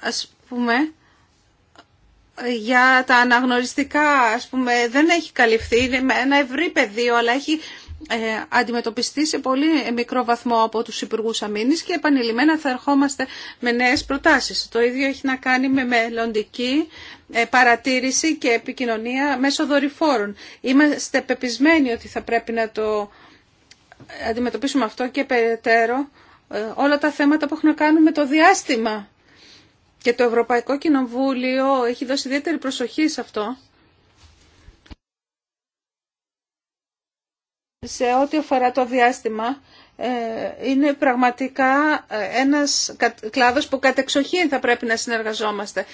Ας πούμε, για τα αναγνωριστικά, ας πούμε, δεν έχει καλυφθεί, είναι ένα ευρύ πεδίο, αλλά έχει ε, αντιμετωπιστεί σε πολύ μικρό βαθμό από τους Υπουργούς Αμήνης και επανειλημμένα θα ερχόμαστε με νέες προτάσεις. Το ίδιο έχει να κάνει με μελλοντική ε, παρατήρηση και επικοινωνία μέσω δορυφόρων. Είμαστε πεπισμένοι ότι θα πρέπει να το ε, αντιμετωπίσουμε αυτό και περαιτέρω όλα τα θέματα που έχουν να κάνουν με το διάστημα. Και το Ευρωπαϊκό Κοινοβούλιο έχει δώσει ιδιαίτερη προσοχή σε αυτό σε ό,τι αφορά το διάστημα, ε, είναι πραγματικά ε, ένας κλάδος που κατεξοχήν θα πρέπει να συνεργαζόμαστε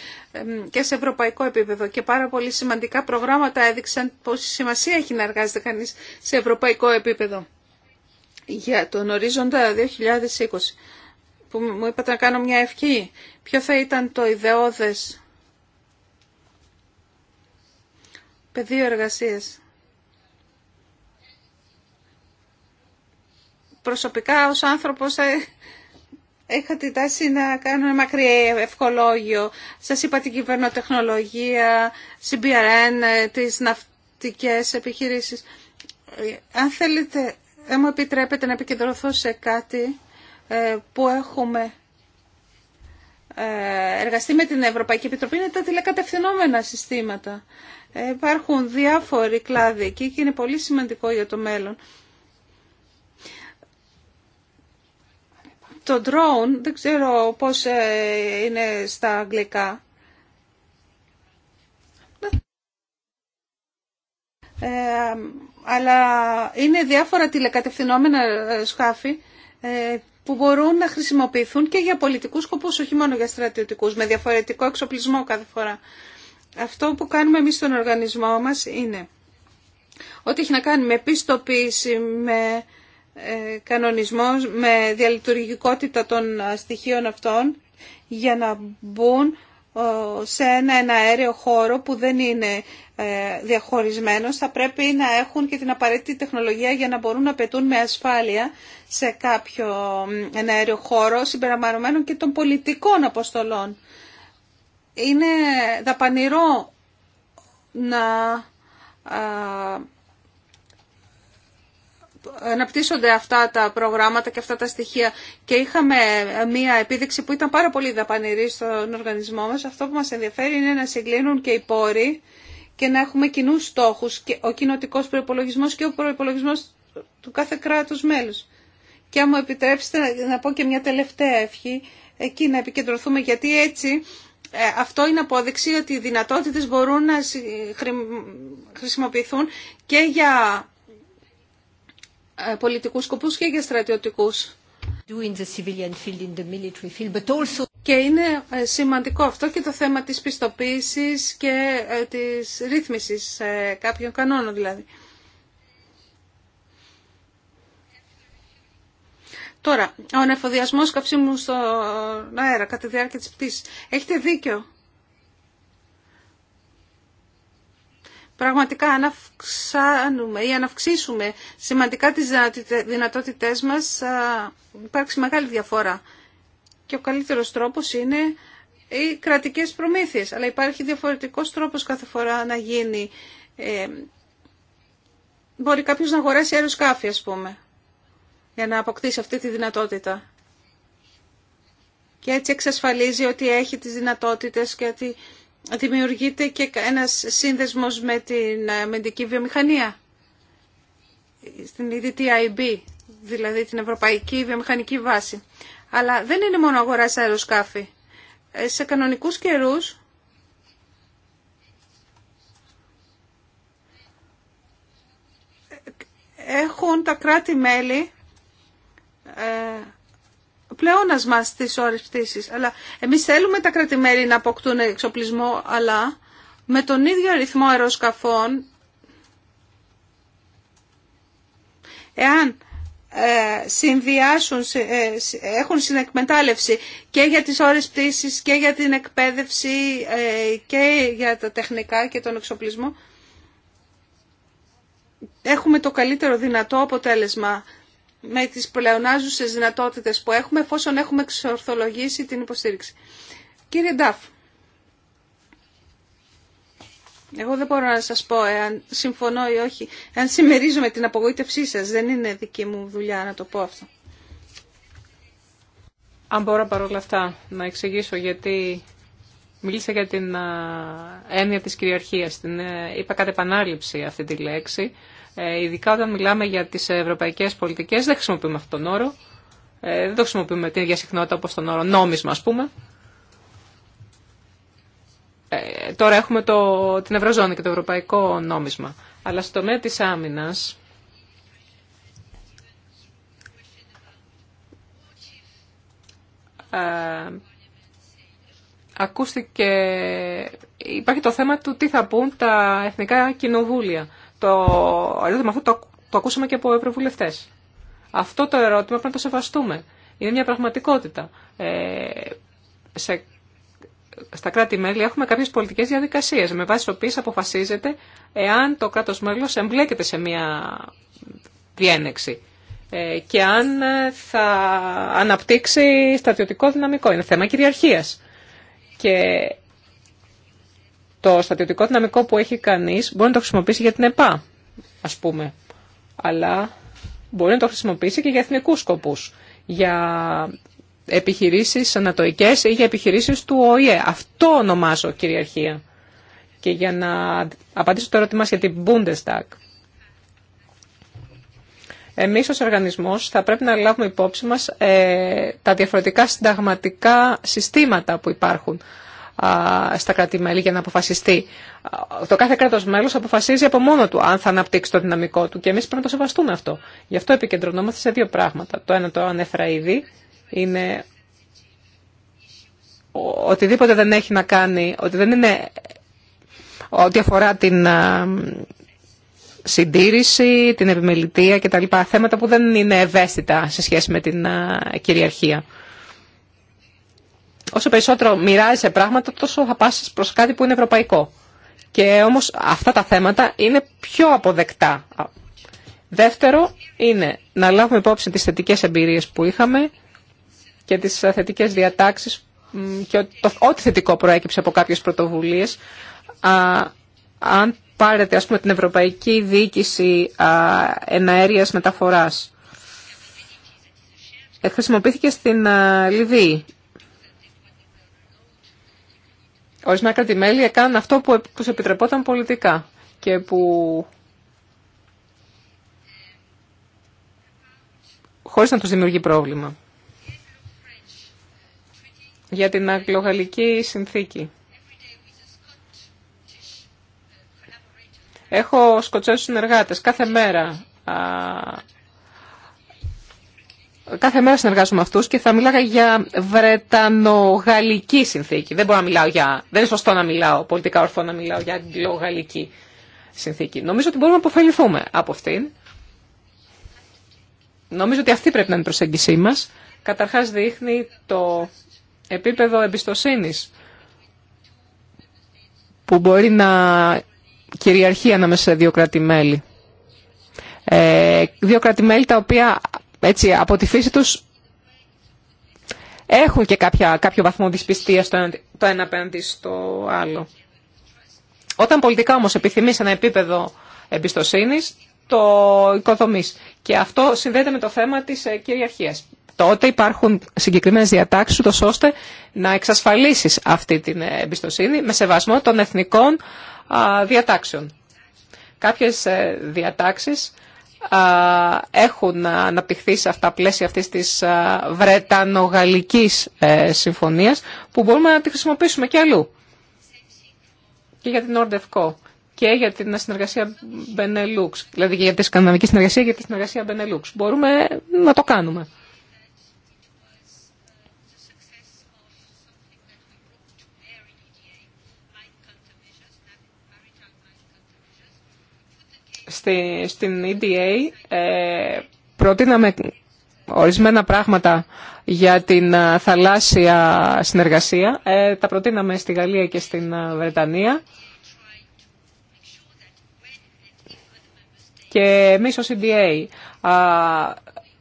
και σε ευρωπαϊκό επίπεδο και πάρα πολύ σημαντικά προγράμματα έδειξαν πόση σημασία έχει να εργάζεται κανείς σε ευρωπαϊκό επίπεδο για τον ορίζοντα 2020 που μου είπατε να κάνω μια ευχή ποιο θα ήταν το ιδεώδες πεδίο εργασίας προσωπικά ως άνθρωπος είχα την τάση να κάνω ένα μακρύ ευκολόγιο. Σας είπα την κυβερνοτεχνολογία, CBRN, ε, τις ναυτικές επιχειρήσεις. Ε, αν θέλετε, αν ε, μου επιτρέπετε να επικεντρωθώ σε κάτι που έχουμε εργαστεί με την Ευρωπαϊκή Επιτροπή, είναι τα τηλεκατευθυνόμενα συστήματα. Υπάρχουν διάφοροι κλάδοι εκεί και είναι πολύ σημαντικό για το μέλλον. Το drone, δεν ξέρω πώς ε, είναι στα αγγλικά. Ε, αλλά είναι διάφορα τηλεκατευθυνόμενα ε, σκάφη που μπορούν να χρησιμοποιηθούν και για πολιτικούς σκοπούς, όχι μόνο για στρατιωτικούς, με διαφορετικό εξοπλισμό κάθε φορά. Αυτό που κάνουμε εμείς στον οργανισμό μας είναι ότι έχει να κάνει με επιστοποίηση, με ε, κανονισμός με διαλειτουργικότητα των ε, στοιχείων αυτών για να μπουν ε, σε ένα αέριο χώρο που δεν είναι διαχωρισμένος θα πρέπει να έχουν και την απαραίτητη τεχνολογία για να μπορούν να πετούν με ασφάλεια σε κάποιο αέριο χώρο και των πολιτικών αποστολών. Είναι δαπανηρό να αναπτύσσονται αυτά τα προγράμματα και αυτά τα στοιχεία και είχαμε μία επίδειξη που ήταν πάρα πολύ δαπανηρή στον οργανισμό μας. Αυτό που μας ενδιαφέρει είναι να συγκλίνουν και οι πόροι και να έχουμε κοινού στόχους, και ο κοινοτικός προπολογισμό και ο προπολογισμό του κάθε κράτους μέλους. Και αν μου επιτρέψετε να πω και μια τελευταία ευχή, εκεί να επικεντρωθούμε, γιατί έτσι ε, αυτό είναι απόδειξη ότι οι δυνατότητες μπορούν να χρησιμοποιηθούν και για ε, πολιτικούς σκοπούς και για στρατιωτικούς. Και είναι ε, σημαντικό αυτό και το θέμα της πιστοποίησης και ε, της ρύθμισης κάποιων κανόνων δηλαδή. Τώρα, ο νεφοδιασμός καυσίμου στον αέρα κατά τη διάρκεια της πτήσης. Έχετε δίκιο πραγματικά αν ή αν αυξήσουμε σημαντικά τις δυνατότητές μας, Υπάρχει υπάρξει μεγάλη διαφορά. Και ο καλύτερος τρόπος είναι οι κρατικές προμήθειες. Αλλά υπάρχει διαφορετικός τρόπος κάθε φορά να γίνει. Ε, μπορεί κάποιος να αγοράσει αεροσκάφη, ας πούμε, για να αποκτήσει αυτή τη δυνατότητα. Και έτσι εξασφαλίζει ότι έχει τις δυνατότητες και ότι δημιουργείται και ένας σύνδεσμος με την αμυντική ε, βιομηχανία, στην EDTIB, δηλαδή την Ευρωπαϊκή Βιομηχανική Βάση. Αλλά δεν είναι μόνο αγορά σε αεροσκάφη. Ε, σε κανονικούς καιρούς ε, έχουν τα κράτη-μέλη πλεόνασμα στι ώρες πτήσης. Αλλά εμείς θέλουμε τα κρατημέρη να αποκτούν εξοπλισμό, αλλά με τον ίδιο αριθμό αεροσκαφών, εάν ε, συνδυάσουν, ε, έχουν συνεκμετάλλευση και για τις ώρες πτήσης και για την εκπαίδευση ε, και για τα τεχνικά και τον εξοπλισμό, έχουμε το καλύτερο δυνατό αποτέλεσμα με τις πλεονάζουσες δυνατότητες που έχουμε εφόσον έχουμε εξορθολογήσει την υποστήριξη. Κύριε Ντάφ, εγώ δεν μπορώ να σας πω εάν συμφωνώ ή όχι. Εάν συμμερίζομαι την απογοήτευσή σας, δεν είναι δική μου δουλειά να το πω αυτό. Αν μπορώ παρόλα αυτά να εξηγήσω γιατί μίλησα για την έννοια της κυριαρχίας, ε, είπα κατ' επανάληψη αυτή τη λέξη, ε, ειδικά όταν μιλάμε για τις ευρωπαϊκές πολιτικές, δεν χρησιμοποιούμε αυτόν τον όρο. Ε, δεν το χρησιμοποιούμε την ίδια συχνότητα όπως τον όρο νόμισμα, ας πούμε. Ε, τώρα έχουμε το, την Ευρωζώνη και το Ευρωπαϊκό Νόμισμα. Αλλά στο τομέα της άμυνας, ε, ακούστηκε, υπάρχει το θέμα του τι θα πούν τα εθνικά κοινοβούλια. Το ερώτημα αυτό το, ακούσαμε και από ευρωβουλευτέ. Αυτό το ερώτημα πρέπει να το σεβαστούμε. Είναι μια πραγματικότητα. Ε, σε, στα κράτη-μέλη έχουμε κάποιε πολιτικέ διαδικασίε με βάση τι οποίε αποφασίζεται εάν το κράτο μέλο εμπλέκεται σε μια διένεξη ε, και αν θα αναπτύξει στρατιωτικό δυναμικό. Είναι θέμα κυριαρχία. Και το στατιωτικό δυναμικό που έχει κανείς μπορεί να το χρησιμοποιήσει για την ΕΠΑ, ας πούμε. Αλλά μπορεί να το χρησιμοποιήσει και για εθνικούς σκοπούς, για επιχειρήσεις ανατοικές ή για επιχειρήσεις του ΟΗΕ. Αυτό ονομάζω κυριαρχία. Και για να απαντήσω το ερώτημα για την Bundestag. Εμείς ως οργανισμός θα πρέπει να λάβουμε υπόψη μας ε, τα διαφορετικά συνταγματικά συστήματα που υπάρχουν στα κράτη-μέλη για να αποφασιστεί. Το κάθε κράτος μέλος αποφασίζει από μόνο του αν θα αναπτύξει το δυναμικό του και εμείς πρέπει να το σεβαστούμε αυτό. Γι' αυτό επικεντρωνόμαστε σε δύο πράγματα. Το ένα το ανέφερα ήδη, είναι οτιδήποτε δεν έχει να κάνει, ότι δεν είναι ό,τι αφορά την συντήρηση, την επιμελητία κτλ. Θέματα που δεν είναι ευαίσθητα σε σχέση με την κυριαρχία όσο περισσότερο μοιράζεσαι πράγματα, τόσο θα πας προς κάτι που είναι ευρωπαϊκό. Και όμως αυτά τα θέματα είναι πιο αποδεκτά. Δεύτερο είναι να λάβουμε υπόψη τις θετικές εμπειρίες που είχαμε και τις θετικές διατάξεις και ό,τι θετικό προέκυψε από κάποιες πρωτοβουλίες. αν πάρετε, ας πούμε, την Ευρωπαϊκή Διοίκηση α, Εναέριας Μεταφοράς, ε, χρησιμοποιήθηκε στην Λιβύη Ορισμένα κράτη-μέλη έκαναν αυτό που τους επιτρεπόταν πολιτικά και που χωρίς να τους δημιουργεί πρόβλημα. Για την αγγλογαλλική συνθήκη. Έχω Σκοτσέους συνεργάτες κάθε μέρα κάθε μέρα συνεργάζομαι με αυτούς και θα μιλάγα για βρετανογαλλική συνθήκη. Δεν μπορώ να μιλάω για, δεν είναι σωστό να μιλάω, πολιτικά ορθό να μιλάω για αγγλογαλλική συνθήκη. Νομίζω ότι μπορούμε να αποφεληθούμε από αυτήν. Νομίζω ότι αυτή πρέπει να είναι η προσέγγισή μας. Καταρχάς δείχνει το επίπεδο εμπιστοσύνη. που μπορεί να κυριαρχεί ανάμεσα σε δύο κράτη-μέλη. Ε, δύο κράτη-μέλη τα οποία έτσι, από τη φύση τους έχουν και κάποια, κάποιο βαθμό δυσπιστίας το ένα, το ένα απέναντι στο άλλο. Όταν πολιτικά όμως επιθυμείς ένα επίπεδο εμπιστοσύνης, το οικοδομείς. Και αυτό συνδέεται με το θέμα της ε, κυριαρχίας. Τότε υπάρχουν συγκεκριμένες διατάξεις, ούτως ώστε να εξασφαλίσεις αυτή την ε, εμπιστοσύνη με σεβασμό των εθνικών διατάξεων. Κάποιες ε, διατάξεις έχουν αναπτυχθεί σε αυτά πλαίσια αυτής της Βρετανογαλλικής ε, συμφωνίας που μπορούμε να τη χρησιμοποιήσουμε και αλλού. Και για την Ορντευκό και για την συνεργασία Benelux, δηλαδή και για τη σκανδιναμική συνεργασία και για τη συνεργασία Benelux. Μπορούμε να το κάνουμε. Στη, στην EDA ε, προτείναμε ορισμένα πράγματα για την ε, θαλάσσια συνεργασία. Ε, τα προτείναμε στη Γαλλία και στην ε, Βρετανία. Και εμείς ως EDA α,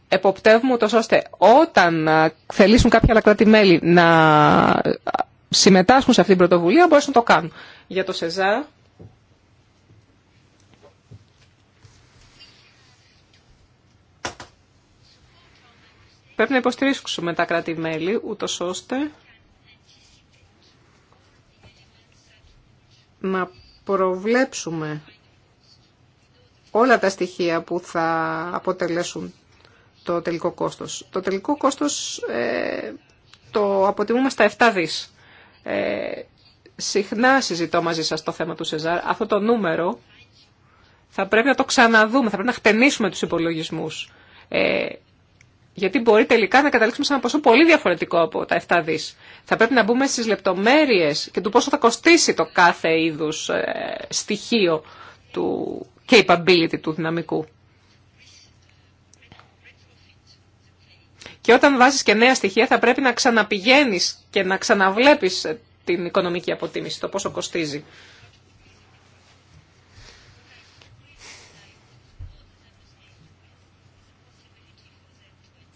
εποπτευουμε ούτως ώστε όταν θελήσουν κάποια κράτη-μέλη να συμμετάσχουν σε αυτή την πρωτοβουλία μπορέσουν να το κάνουν. Για το ΣΕΖΑ Πρέπει να υποστηρίξουμε τα κράτη-μέλη, ούτω ώστε να προβλέψουμε όλα τα στοιχεία που θα αποτελέσουν το τελικό κόστος. Το τελικό κόστος ε, το αποτιμούμε στα 7 δις. Ε, συχνά συζητώ μαζί σας το θέμα του ΣΕΖΑΡ. Αυτό το νούμερο θα πρέπει να το ξαναδούμε, θα πρέπει να χτενίσουμε τους υπολογισμούς. Ε, γιατί μπορεί τελικά να καταλήξουμε σε ένα ποσό πολύ διαφορετικό από τα 7 δί. Θα πρέπει να μπούμε στι λεπτομέρειες και του πόσο θα κοστίσει το κάθε είδους ε, στοιχείο του capability του δυναμικού. Και όταν βάζεις και νέα στοιχεία θα πρέπει να ξαναπηγαίνεις και να ξαναβλέπεις την οικονομική αποτίμηση, το πόσο κοστίζει.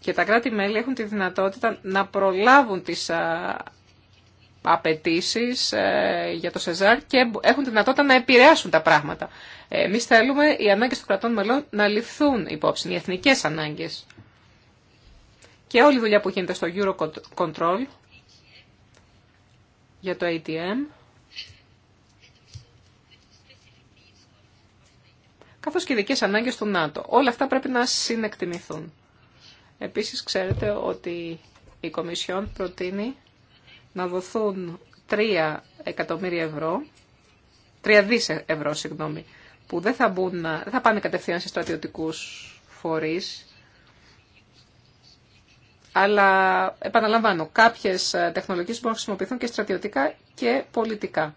και τα κράτη-μέλη έχουν τη δυνατότητα να προλάβουν τις απαιτήσει ε, για το ΣΕΖΑΡ και έχουν τη δυνατότητα να επηρεάσουν τα πράγματα. Εμεί θέλουμε οι ανάγκε των κρατών μελών να ληφθούν υπόψη, οι εθνικέ ανάγκε. Και όλη η δουλειά που γίνεται στο Eurocontrol για το ATM. καθώς και οι ειδικέ ανάγκες του ΝΑΤΟ. Όλα αυτά πρέπει να συνεκτιμηθούν. Επίσης ξέρετε ότι η Κομισιόν προτείνει να δοθούν 3 εκατομμύρια ευρώ, 3 δις ευρώ, συγγνώμη, που δεν θα, μπουν, δεν θα πάνε κατευθείαν σε στρατιωτικούς φορείς, αλλά επαναλαμβάνω, κάποιες τεχνολογίες μπορούν να χρησιμοποιηθούν και στρατιωτικά και πολιτικά.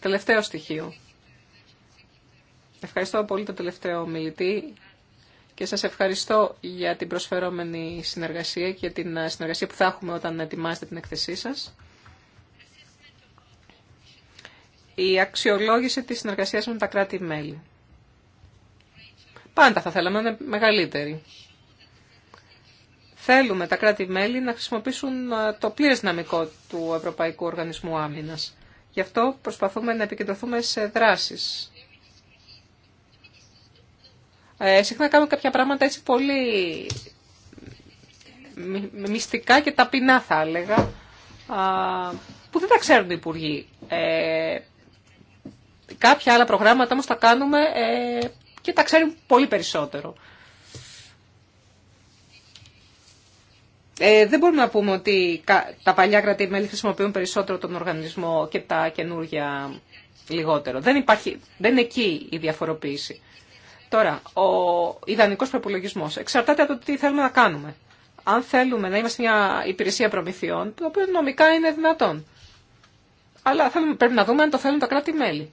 Τελευταίο στοιχείο. Ευχαριστώ πολύ τον τελευταίο μιλητή και σας ευχαριστώ για την προσφερόμενη συνεργασία και την συνεργασία που θα έχουμε όταν ετοιμάζετε την εκθεσή σας. Η αξιολόγηση της συνεργασίας με τα κράτη-μέλη. Πάντα θα θέλαμε να είναι μεγαλύτερη. Θέλουμε τα κράτη-μέλη να χρησιμοποιήσουν ε, το πλήρες δυναμικό του Ευρωπαϊκού Οργανισμού Άμυνας. Γι' αυτό προσπαθούμε να επικεντρωθούμε σε δράσεις ε, συχνά κάνουμε κάποια πράγματα έτσι πολύ μυστικά και ταπεινά θα έλεγα, που δεν τα ξέρουν οι υπουργοί. Ε, κάποια άλλα προγράμματα όμως τα κάνουμε ε, και τα ξέρουν πολύ περισσότερο. Ε, δεν μπορούμε να πούμε ότι τα παλιά χρησιμοποιούν περισσότερο τον οργανισμό και τα καινούργια λιγότερο. Δεν, υπάρχει, δεν είναι εκεί η διαφοροποίηση. Τώρα, ο ιδανικός προπολογισμό εξαρτάται από το τι θέλουμε να κάνουμε. Αν θέλουμε να είμαστε μια υπηρεσία προμηθειών, το οποίο νομικά είναι δυνατόν. Αλλά θέλουμε, πρέπει να δούμε αν το θέλουν τα κράτη-μέλη.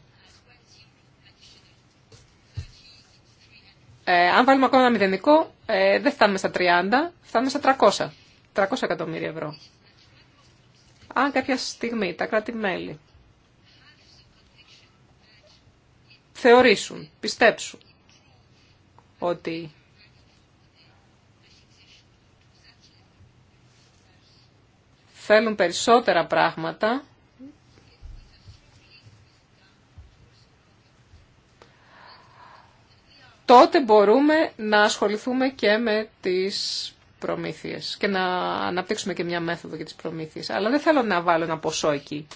Ε, αν βάλουμε ακόμα ένα μηδενικό, ε, δεν φτάνουμε στα 30, φτάνουμε στα 300. 300 εκατομμύρια ευρώ. Αν κάποια στιγμή τα κράτη-μέλη θεωρήσουν, πιστέψουν ότι θέλουν περισσότερα πράγματα τότε μπορούμε να ασχοληθούμε και με τις προμήθειες και να αναπτύξουμε και μια μέθοδο για τις προμήθειες. Αλλά δεν θέλω να βάλω ένα ποσό εκεί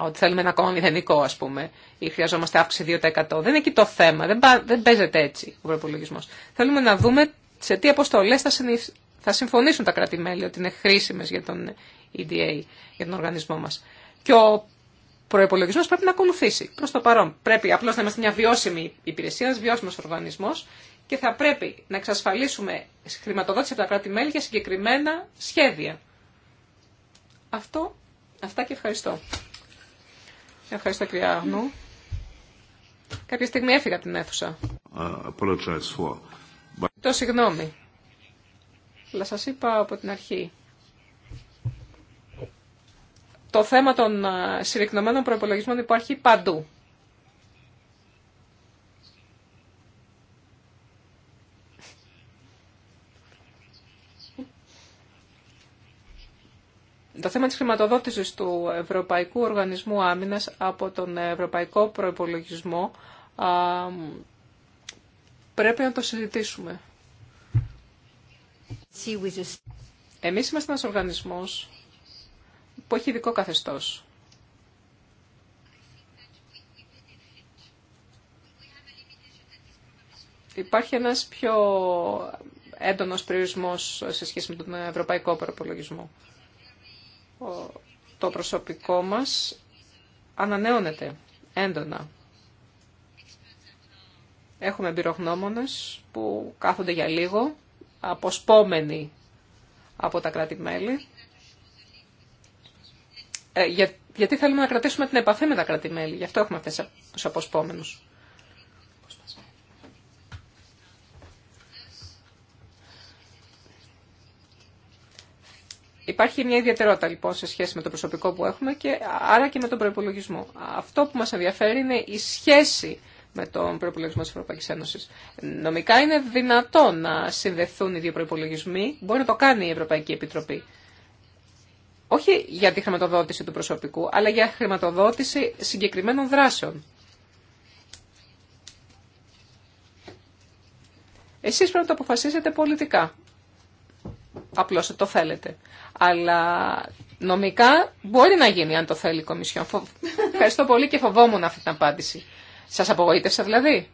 ότι θέλουμε ένα ακόμα μηδενικό, ας πούμε, ή χρειαζόμαστε αύξηση 2%. Δεν είναι εκεί το θέμα, δεν, δεν παίζεται έτσι ο προπολογισμό. Θέλουμε να δούμε σε τι αποστολέ θα, θα συμφωνήσουν τα κράτη-μέλη ότι είναι χρήσιμε για τον EDA, για τον οργανισμό μα. Και ο προπολογισμό πρέπει να ακολουθήσει. Προ το παρόν, πρέπει απλώ να είμαστε μια βιώσιμη υπηρεσία, ένα βιώσιμο οργανισμό και θα πρέπει να εξασφαλίσουμε χρηματοδότηση από τα κράτη-μέλη για συγκεκριμένα σχέδια. Αυτό, αυτά και ευχαριστώ. Ευχαριστώ κυρία Αγνού. Κάποια στιγμή έφυγα από την αίθουσα. Uh, Το συγγνώμη. Αλλά σας είπα από την αρχή. Το θέμα των ε, συρρυκνωμένων προϋπολογισμών υπάρχει παντού. το θέμα της χρηματοδότησης του Ευρωπαϊκού Οργανισμού Άμυνας από τον Ευρωπαϊκό Προϋπολογισμό πρέπει να το συζητήσουμε. Εμείς είμαστε ένας οργανισμός που έχει ειδικό καθεστώς. Υπάρχει ένας πιο έντονος περιορισμός σε σχέση με τον ευρωπαϊκό προπολογισμό το προσωπικό μας ανανεώνεται έντονα. Έχουμε εμπειρογνώμονες που κάθονται για λίγο, αποσπόμενοι από τα κράτη-μέλη. Ε, γιατί θέλουμε να κρατήσουμε την επαφή με τα κράτη-μέλη, γι' αυτό έχουμε αυτές τους αποσπόμενους. Υπάρχει μια ιδιαιτερότητα λοιπόν σε σχέση με το προσωπικό που έχουμε και άρα και με τον προπολογισμό. Αυτό που μα ενδιαφέρει είναι η σχέση με τον προπολογισμό της Ευρωπαϊκή Ένωση. Νομικά είναι δυνατό να συνδεθούν οι δύο προπολογισμοί. Μπορεί να το κάνει η Ευρωπαϊκή Επιτροπή. Όχι για τη χρηματοδότηση του προσωπικού, αλλά για χρηματοδότηση συγκεκριμένων δράσεων. Εσείς πρέπει να το αποφασίσετε πολιτικά απλώς ε, το θέλετε. Αλλά νομικά μπορεί να γίνει αν το θέλει η Κομισιόν. Ευχαριστώ πολύ και φοβόμουν αυτή την απάντηση. Σας απογοήτευσα δηλαδή.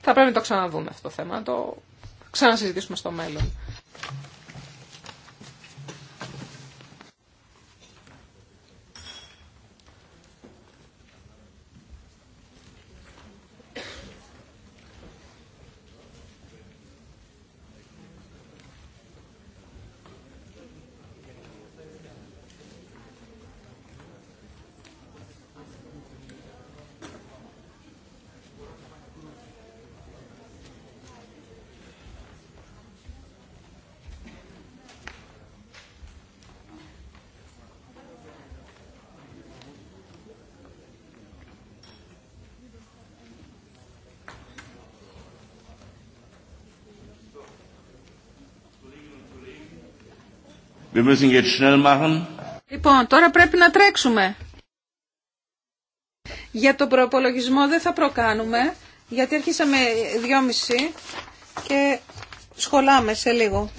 Θα πρέπει να το ξαναδούμε αυτό το θέμα, να το ξανασυζητήσουμε στο μέλλον. Wir müssen jetzt schnell machen. Λοιπόν, τώρα πρέπει να τρέξουμε. Για τον προπολογισμό δεν θα προκάνουμε, γιατί αρχίσαμε δυόμιση και σχολάμε σε λίγο.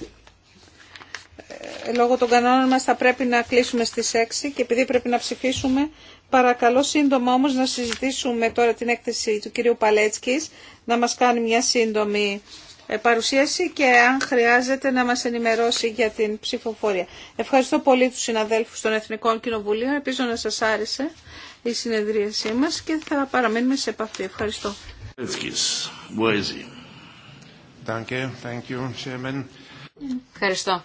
Ε, λόγω των κανόνων μας θα πρέπει να κλείσουμε στις 6 και επειδή πρέπει να ψηφίσουμε, παρακαλώ σύντομα όμως να συζητήσουμε τώρα την έκθεση του κυρίου Παλέτσκης, να μας κάνει μια σύντομη ε, παρουσίαση και αν χρειάζεται να μας ενημερώσει για την ψηφοφορία. Ευχαριστώ πολύ τους συναδέλφους των Εθνικών Κοινοβουλίων. επίζω να σας άρεσε η συνεδρίασή μας και θα παραμείνουμε σε επαφή. Ευχαριστώ. Ευχαριστώ.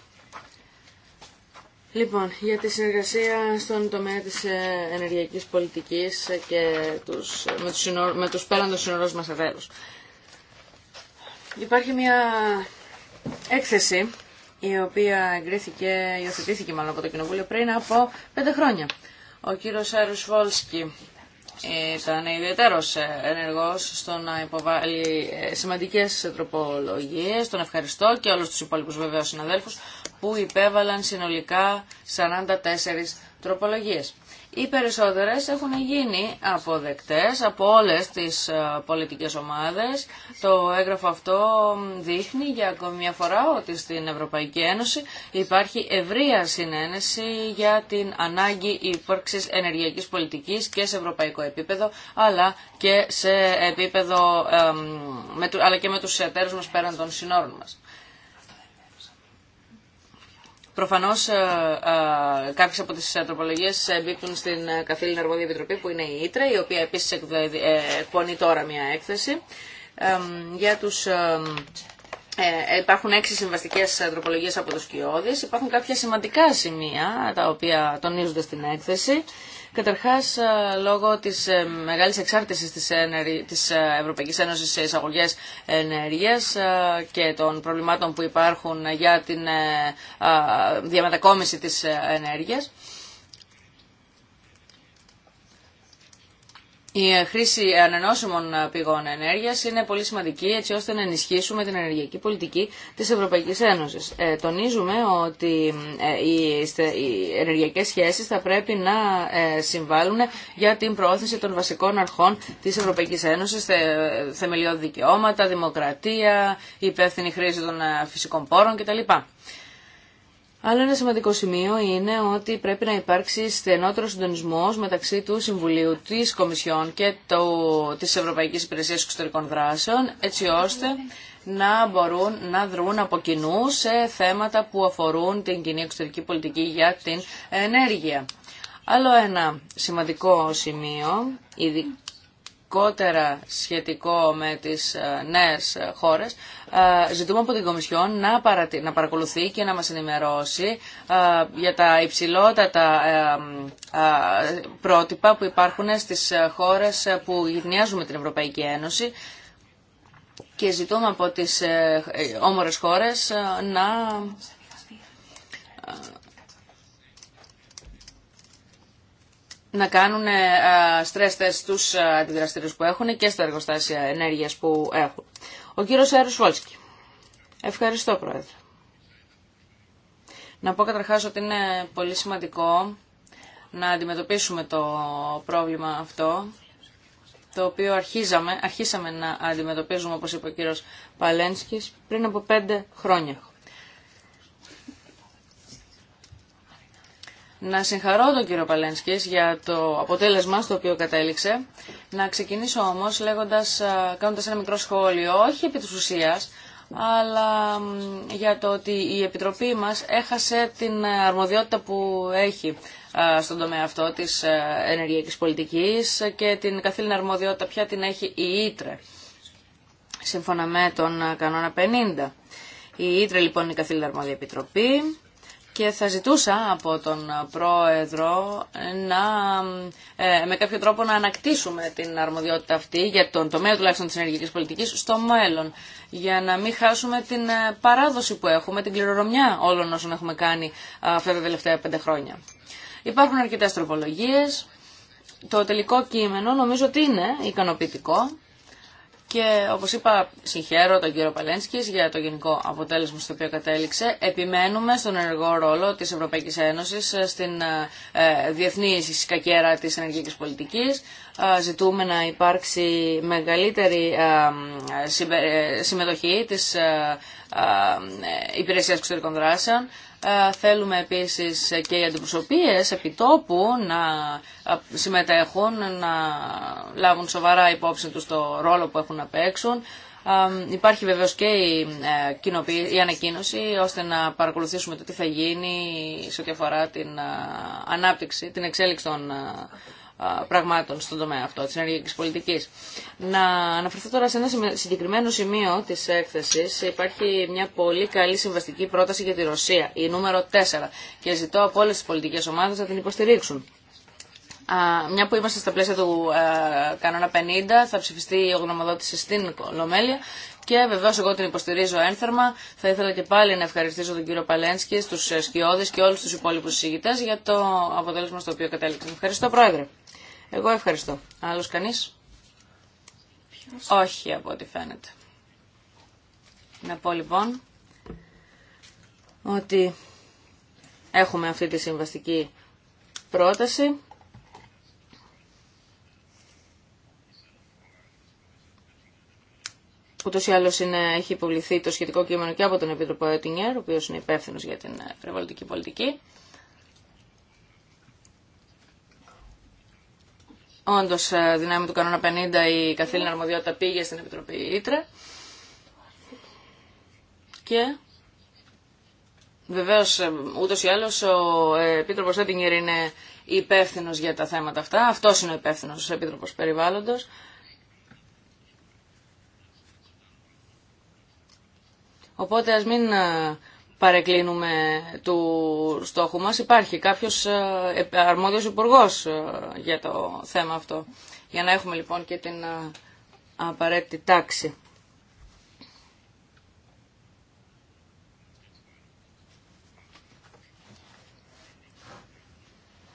Λοιπόν, για τη συνεργασία στον τομέα της ε, ενεργειακής πολιτικής και τους, με, τους, με τους πέραν των σύνορων μας Υπάρχει μια έκθεση η οποία εγκρίθηκε, υιοθετήθηκε μάλλον από το Κοινοβούλιο πριν από πέντε χρόνια. Ο κύριος Άρους Βόλσκι ήταν ιδιαίτερο ενεργός στο να υποβάλει ε, σημαντικές τροπολογίες. Τον ευχαριστώ και όλους τους υπόλοιπου βεβαίω συναδέλφους που υπέβαλαν συνολικά 44 τροπολογίε. Οι περισσότερες έχουν γίνει αποδεκτές από όλες τις ε, πολιτικές ομάδες. Το έγγραφο αυτό δείχνει για ακόμη μια φορά ότι στην Ευρωπαϊκή Ένωση υπάρχει ευρεία συνένεση για την ανάγκη ύπαρξης ενεργειακής πολιτικής και σε ευρωπαϊκό επίπεδο, αλλά και, σε επίπεδο, ε, αλλά και με τους εταίρους μας πέραν των συνόρων μας. Προφανώ, ε, ε, κάποιε από τι τροπολογίε εμπίπτουν στην ε, Καθήλυνα Αρμόδια Επιτροπή που είναι η Ήτρα, η οποία επίση εκπονεί τώρα μια έκθεση για τους... υπάρχουν έξι συμβαστικέ τροπολογίε από του Κιώδη. Υπάρχουν κάποια σημαντικά σημεία τα οποία τονίζονται στην έκθεση. Καταρχάς, λόγω της ε, μεγάλης εξάρτησης της, Ευρωπαϊκή Ένωση ε, Ευρωπαϊκής Ένωσης σε εισαγωγέ ενέργειας και των προβλημάτων που υπάρχουν για την ε, διαμετακόμιση της ενέργειας, Η χρήση ανανεώσιμων πηγών ενέργειας είναι πολύ σημαντική έτσι ώστε να ενισχύσουμε την ενεργειακή πολιτική της Ευρωπαϊκής Ένωσης. Ε, τονίζουμε ότι ε, οι, ενεργειακές σχέσεις θα πρέπει να ε, συμβάλλουν για την προώθηση των βασικών αρχών της Ευρωπαϊκής Ένωσης, θε, θεμελιώδη δικαιώματα, δημοκρατία, υπεύθυνη χρήση των φυσικών πόρων κτλ. Άλλο ένα σημαντικό σημείο είναι ότι πρέπει να υπάρξει στενότερο συντονισμό μεταξύ του Συμβουλίου τη Κομισιόν και τη Ευρωπαϊκή Υπηρεσία Εξωτερικών Δράσεων, έτσι ώστε να μπορούν να δρουν από κοινού σε θέματα που αφορούν την κοινή εξωτερική πολιτική για την ενέργεια. Άλλο ένα σημαντικό σημείο, ειδικότερα σχετικό με τις ε, νέες χώρες, ε, ζητούμε από την Κομισιόν να, να παρακολουθεί και να μας ενημερώσει ε, για τα υψηλότατα πρότυπα που υπάρχουν στις χώρες που γυρνιάζουν την Ευρωπαϊκή Ένωση και ζητούμε από τις όμορες χώρες να να κάνουν στρες test στους που έχουν και στα εργοστάσια ενέργειας που έχουν. Ο κύριος Έρους Βόλσκι. Ευχαριστώ, Πρόεδρε. Να πω καταρχάς ότι είναι πολύ σημαντικό να αντιμετωπίσουμε το πρόβλημα αυτό, το οποίο αρχίζαμε, αρχίσαμε να αντιμετωπίζουμε, όπως είπε ο κύριος Παλένσκης, πριν από πέντε χρόνια. να συγχαρώ τον κύριο Παλένσκη για το αποτέλεσμα στο οποίο κατέληξε. Να ξεκινήσω όμως λέγοντας, κάνοντας ένα μικρό σχόλιο, όχι επί της ουσίας, αλλά για το ότι η Επιτροπή μας έχασε την αρμοδιότητα που έχει στον τομέα αυτό της ενεργειακής πολιτικής και την καθήλυνα αρμοδιότητα πια την έχει η Ήτρε, σύμφωνα με τον κανόνα 50. Η Ήτρε λοιπόν είναι η καθήλυνα αρμόδια επιτροπή και θα ζητούσα από τον Πρόεδρο να ε, με κάποιο τρόπο να ανακτήσουμε την αρμοδιότητα αυτή για τον τομέα τουλάχιστον της ενεργειακής πολιτικής στο μέλλον για να μην χάσουμε την ε, παράδοση που έχουμε, την κληρονομιά όλων όσων έχουμε κάνει ε, αυτά τα τελευταία πέντε χρόνια. Υπάρχουν αρκετές τροπολογίες. Το τελικό κείμενο νομίζω ότι είναι ικανοποιητικό. Και όπως είπα, συγχαίρω τον κύριο Παλένσκης για το γενικό αποτέλεσμα στο οποίο κατέληξε. Επιμένουμε στον ενεργό ρόλο της Ευρωπαϊκής Ένωσης ε, στην ε, ε, διεθνή σκακέρα της ενεργειακής πολιτικής. Ζητούμε να υπάρξει μεγαλύτερη συμμετοχή της Υπηρεσίας Εξωτερικών Δράσεων. Ε, θέλουμε επίσης και οι αντιπροσωπείες επιτόπου να ε, συμμετέχουν, να λάβουν σοβαρά υπόψη τους το ρόλο που έχουν να παίξουν. Ε, υπάρχει βεβαίως και η ανακοίνωση ώστε να παρακολουθήσουμε το τι θα γίνει σε ό,τι αφορά την ανάπτυξη, την εξέλιξη των πραγμάτων στον τομέα αυτό τη ενεργειακή πολιτική. Να αναφερθώ τώρα σε ένα συγκεκριμένο σημείο τη έκθεση. Υπάρχει μια πολύ καλή συμβαστική πρόταση για τη Ρωσία, η νούμερο 4, και ζητώ από όλε τι πολιτικέ ομάδε να την υποστηρίξουν. Μια που είμαστε στα πλαίσια του κανόνα 50, θα ψηφιστεί η ογνωμοδότηση στην Λομέλεια και βεβαίω εγώ την υποστηρίζω ένθερμα. Θα ήθελα και πάλι να ευχαριστήσω τον κύριο Παλένσκι, του ε, Σκιώδη και όλου του υπόλοιπου συζητητέ για το αποτέλεσμα στο οποίο κατέληξαν. Ευχαριστώ, Πρόεδρε. Εγώ ευχαριστώ. Άλλος κανείς? Όχι από ό,τι φαίνεται. Να πω λοιπόν ότι έχουμε αυτή τη συμβαστική πρόταση. Ούτως ή άλλως έχει υποβληθεί το σχετικό κείμενο και από τον Επίτροπο Ετινιέρ, ο οποίος είναι υπεύθυνος για την περιβαλλοντική πολιτική. Όντω, ε, δυνάμει του κανόνα 50 η καθήλυνα αρμοδιότητα πήγε στην Επιτροπή Ήτρε. Και βεβαίω ε, ούτω ή άλλω ο ε, Επίτροπο Έτιγκερ είναι υπεύθυνο για τα θέματα αυτά. Αυτό είναι ο υπεύθυνο ο Επίτροπο Περιβάλλοντο. Οπότε ας μην παρεκκλίνουμε του στόχου μας. Υπάρχει κάποιος ε, αρμόδιος υπουργός ε, για το θέμα αυτό. Για να έχουμε λοιπόν και την ε, απαραίτητη τάξη.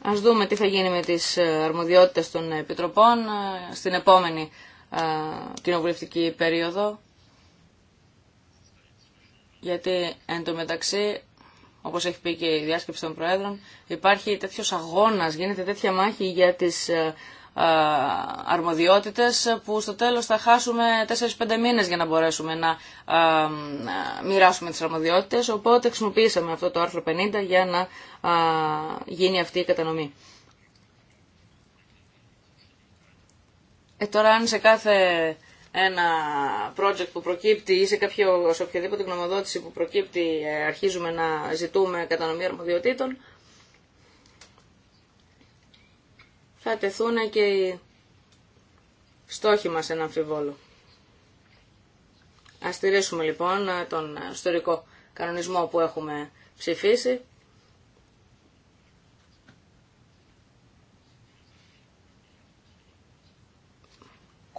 Ας δούμε τι θα γίνει με τις αρμοδιότητες των επιτροπών στην επόμενη κοινοβουλευτική περίοδο γιατί εν τω μεταξύ, όπως έχει πει και η διάσκεψη των Προέδρων, υπάρχει τέτοιος αγώνας, γίνεται τέτοια μάχη για τις ε, ε, αρμοδιότητες που στο τέλος θα χάσουμε 4-5 μήνες για να μπορέσουμε να ε, μοιράσουμε τις αρμοδιότητες, οπότε χρησιμοποίησαμε αυτό το άρθρο 50 για να γίνει αυτή η κατανομή. Ε, τώρα αν σε κάθε ένα project που προκύπτει ή σε, κάποιο, σε οποιαδήποτε γνωμοδότηση που προκύπτει ε, αρχίζουμε να ζητούμε κατανομή αρμοδιοτήτων, θα τεθούν και οι στόχοι μας ένα αμφιβόλο. Ας στηρίσουμε λοιπόν τον ιστορικό κανονισμό που έχουμε ψηφίσει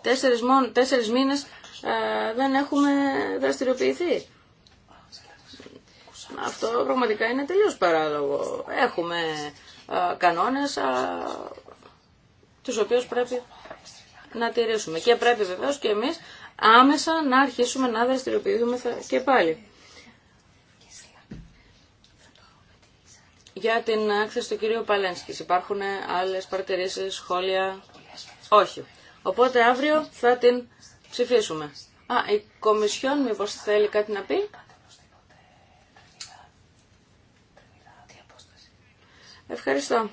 Τέσσερις, μόνο, τέσσερις μήνες ε, δεν έχουμε δραστηριοποιηθεί. Αυτό πραγματικά είναι τελείως παράλογο. Έχουμε ε, κανόνες ε, τους οποίους πρέπει να τηρήσουμε. Και πρέπει βεβαίως και εμείς άμεσα να αρχίσουμε να δραστηριοποιηθούμε και πάλι. Για την άκρη του κυρίου Παλένσκης υπάρχουν άλλες παρατηρήσεις, σχόλια. Όχι. Οπότε αύριο θα την ψηφίσουμε. Α, η Κομισιόν μήπως θέλει κάτι να πει. Ευχαριστώ.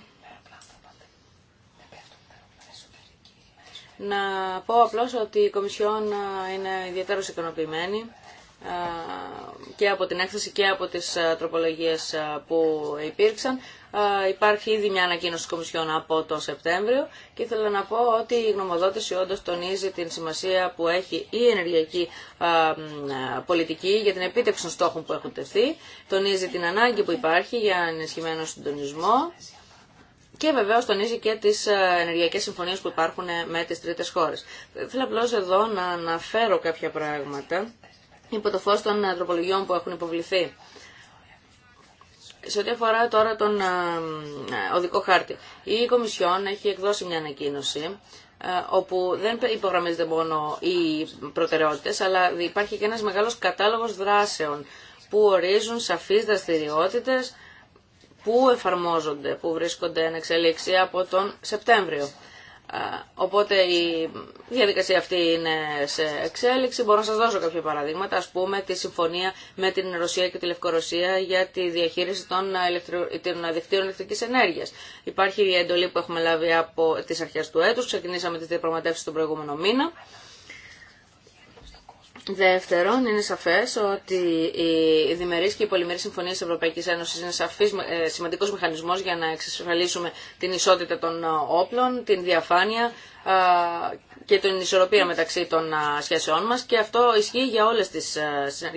Να πω απλώς ότι η Κομισιόν είναι ιδιαίτερως ικανοποιημένη και από την έκθεση και από τις τροπολογίες που υπήρξαν. Υπάρχει ήδη μια ανακοίνωση Κομισιόν από το Σεπτέμβριο και ήθελα να πω ότι η γνωμοδότηση όντω τονίζει την σημασία που έχει η ενεργειακή πολιτική για την επίτευξη των στόχων που έχουν τεθεί, τονίζει την ανάγκη που υπάρχει για ενισχυμένο συντονισμό και βεβαίω τονίζει και τι ενεργειακέ συμφωνίε που υπάρχουν ε, με τι τρίτε χώρε. Θέλω απλώ εδώ να αναφέρω κάποια πράγματα υπό το φω των ε, τροπολογιών που έχουν υποβληθεί σε ό,τι αφορά τώρα τον ε, ε, οδικό χάρτη, η Κομισιόν έχει εκδώσει μια ανακοίνωση ε, όπου δεν υπογραμμίζεται μόνο οι προτεραιότητες, αλλά υπάρχει και ένας μεγάλος κατάλογος δράσεων που ορίζουν σαφείς δραστηριότητες που εφαρμόζονται, που βρίσκονται εν εξελίξη από τον Σεπτέμβριο. Οπότε η διαδικασία αυτή είναι σε εξέλιξη. Μπορώ να σας δώσω κάποια παραδείγματα, ας πούμε τη συμφωνία με την Ρωσία και τη Λευκορωσία για τη διαχείριση των, των δικτύων ηλεκτρικής ενέργειας. Υπάρχει η εντολή που έχουμε λάβει από τις αρχές του έτους, ξεκινήσαμε τις διαπραγματεύσεις τον προηγούμενο μήνα. Δεύτερον, είναι σαφέ ότι η διμερεί και οι πολυμερεί συμφωνίε τη Ευρωπαϊκή Ένωση είναι σαφή ε, σημαντικό μηχανισμό για να εξασφαλίσουμε την ισότητα των ε, όπλων, την διαφάνεια ε, και την ισορροπία μεταξύ των σχέσεών μα και αυτό ισχύει για όλε τι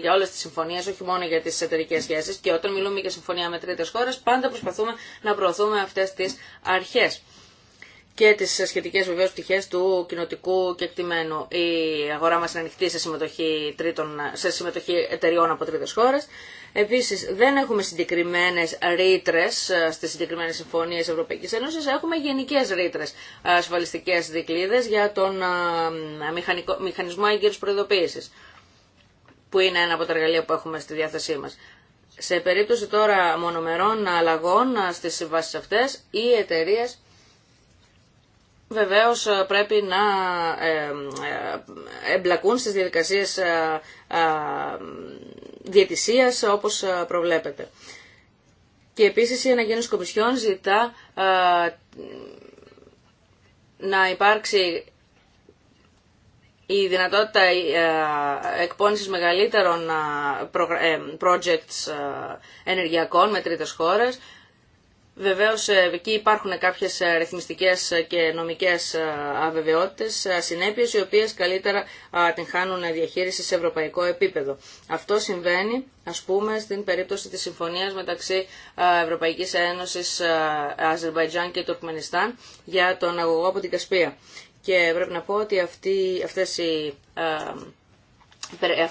για όλες τις συμφωνίε, όχι μόνο για τι εταιρικέ σχέσει. Και όταν μιλούμε για συμφωνία με τρίτε χώρε, πάντα προσπαθούμε να προωθούμε αυτέ τι αρχέ και τις σχετικές βεβαίως πτυχές του κοινοτικού κεκτημένου. Η αγορά μας είναι ανοιχτή σε συμμετοχή, τρίτων, σε συμμετοχή εταιριών από τρίτες χώρες. Επίσης δεν έχουμε συγκεκριμένες ρήτρε ε, στις συγκεκριμένες συμφωνίες Ευρωπαϊκής Ένωσης, έχουμε γενικές ρήτρε ε, ασφαλιστικές δικλείδες για τον ε, μηχανισμό έγκυρους προειδοποίησης που είναι ένα από τα εργαλεία που έχουμε στη διάθεσή μας. Σε περίπτωση τώρα μονομερών αλλαγών στις συμβάσεις αυτές, οι εταιρείες βεβαίως ε, πρέπει να ε, ε, εμπλακούν στις διαδικασίες διαιτησίας όπως προβλέπεται. Και επίσης η Αναγέννηση Κομισιόν ζητά να υπάρξει η δυνατότητα εκπόνησης μεγαλύτερων projects ενεργειακών με τρίτες χώρες Βεβαίω ε, εκεί υπάρχουν κάποιε ε, ρυθμιστικές και νομικέ ε, αβεβαιότητε, συνέπειε, οι οποίε καλύτερα την χάνουν διαχείριση σε ευρωπαϊκό επίπεδο. Αυτό συμβαίνει α πούμε στην περίπτωση τη συμφωνία μεταξύ Ευρωπαϊκή Ένωση, Αζερβαϊτζάν και Τουρκμενιστάν για τον αγωγό από την Κασπία. Και πρέπει να πω ότι οι Αυτέ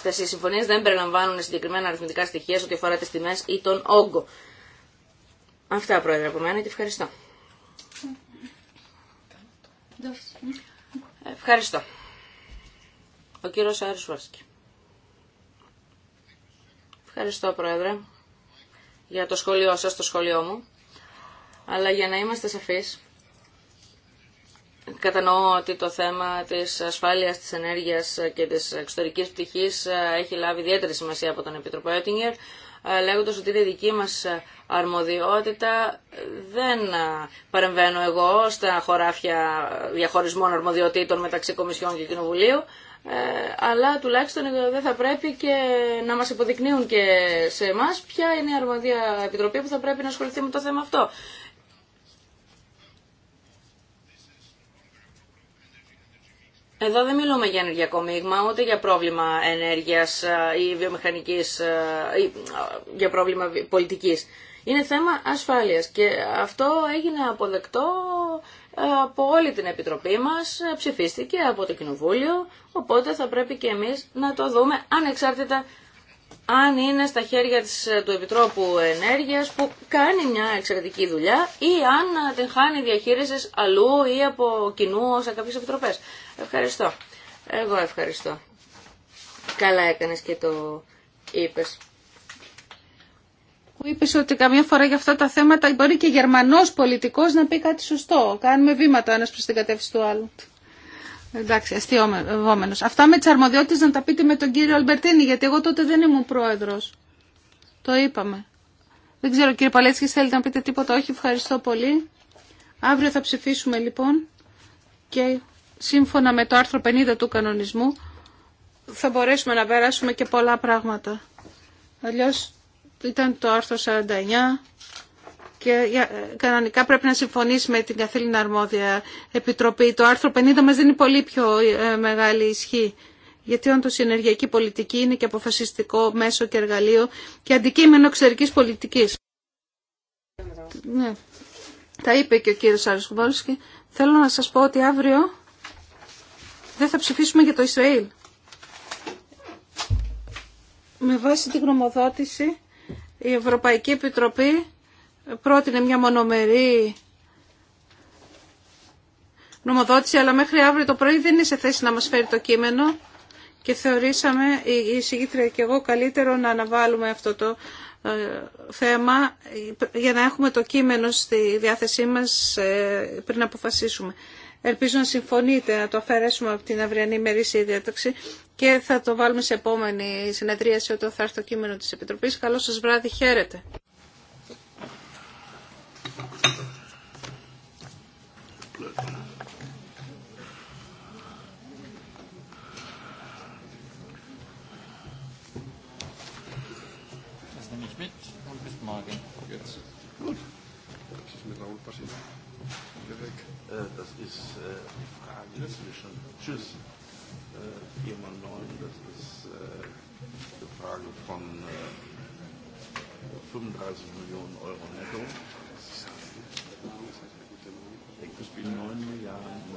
οι συμφωνίε δεν περιλαμβάνουν συγκεκριμένα αριθμητικά στοιχεία σε ό,τι αφορά τις τιμές ή τον όγκο Αυτά, Πρόεδρε, από μένα και ευχαριστώ. Ευχαριστώ. Ο κύριος Άρης Βάσκη. Ευχαριστώ, Πρόεδρε, για το σχολείο σας, το σχολείο μου. Αλλά για να είμαστε σαφείς, Κατανοώ ότι το θέμα της ασφάλειας, της ενέργειας και της εξωτερικής πτυχής έχει λάβει ιδιαίτερη σημασία από τον Επίτροπο Έτιγκερ. Ε, λέγοντας ότι είναι δική μας ε, αρμοδιότητα. Δεν ε, παρεμβαίνω εγώ στα χωράφια διαχωρισμών αρμοδιοτήτων μεταξύ Κομισιών και Κοινοβουλίου, αλλά τουλάχιστον δεν θα πρέπει και να μας υποδεικνύουν και σε εμά ποια είναι η αρμοδία επιτροπή που θα πρέπει να ασχοληθεί με το θέμα αυτό. Εδώ δεν μιλούμε για ενεργειακό μείγμα, ούτε για πρόβλημα ενέργειας ε, ή βιομηχανικής, ε, ή ε, για πρόβλημα πολιτικής. Είναι θέμα ασφάλειας και αυτό έγινε αποδεκτό από όλη την Επιτροπή μας, ψηφίστηκε από το Κοινοβούλιο, οπότε θα πρέπει και εμείς να το δούμε ανεξάρτητα αν είναι στα χέρια της, ε, του Επιτρόπου Ενέργειας που κάνει μια εξαιρετική δουλειά ή αν ε, την χάνει διαχείριση αλλού ή από κοινού σε κάποιες επιτροπές. Ευχαριστώ. Εγώ ευχαριστώ. Καλά έκανες και το είπες. Που είπες ότι καμιά φορά για αυτά τα θέματα μπορεί και γερμανός πολιτικός να πει κάτι σωστό. Κάνουμε βήματα ένας προς την κατεύθυνση του άλλου. Εντάξει, αστείωμενο. Αυτά με τι αρμοδιότητες να τα πείτε με τον κύριο Αλμπερτίνη, γιατί εγώ τότε δεν ήμουν πρόεδρος. Το είπαμε. Δεν ξέρω κύριε Παλέτσικη, θέλετε να πείτε τίποτα. Όχι, ευχαριστώ πολύ. Αύριο θα ψηφίσουμε λοιπόν και σύμφωνα με το άρθρο 50 του κανονισμού θα μπορέσουμε να περάσουμε και πολλά πράγματα. Αλλιώς ήταν το άρθρο 49 και ε, κανονικά πρέπει να συμφωνήσει με την καθήλυνα αρμόδια επιτροπή. Το άρθρο 50 μας δίνει πολύ πιο ε, μεγάλη ισχύ. Γιατί όντω η ενεργειακή πολιτική είναι και αποφασιστικό μέσο και εργαλείο και αντικείμενο εξωτερική πολιτική. Ναι. Τα είπε και ο κύριο και Θέλω να σα πω ότι αύριο δεν θα ψηφίσουμε για το Ισραήλ. Με βάση την γνωμοδότηση η Ευρωπαϊκή Επιτροπή πρότεινε μια μονομερή νομοδότηση, αλλά μέχρι αύριο το πρωί δεν είναι θέση να μας φέρει το κείμενο και θεωρήσαμε η εισηγήτρια και εγώ καλύτερο να αναβάλουμε αυτό το ε, θέμα ε, για να έχουμε το κείμενο στη διάθεσή μας ε, πριν αποφασίσουμε. Ελπίζω να συμφωνείτε να το αφαιρέσουμε από την αυριανή ημερήσια διάταξη και θα το βάλουμε σε επόμενη συνεδρίαση όταν θα έρθει το κείμενο της Επιτροπής. Καλό σας βράδυ, χαίρετε. 35 Millionen Euro netto. Ich bin 9 Milliarden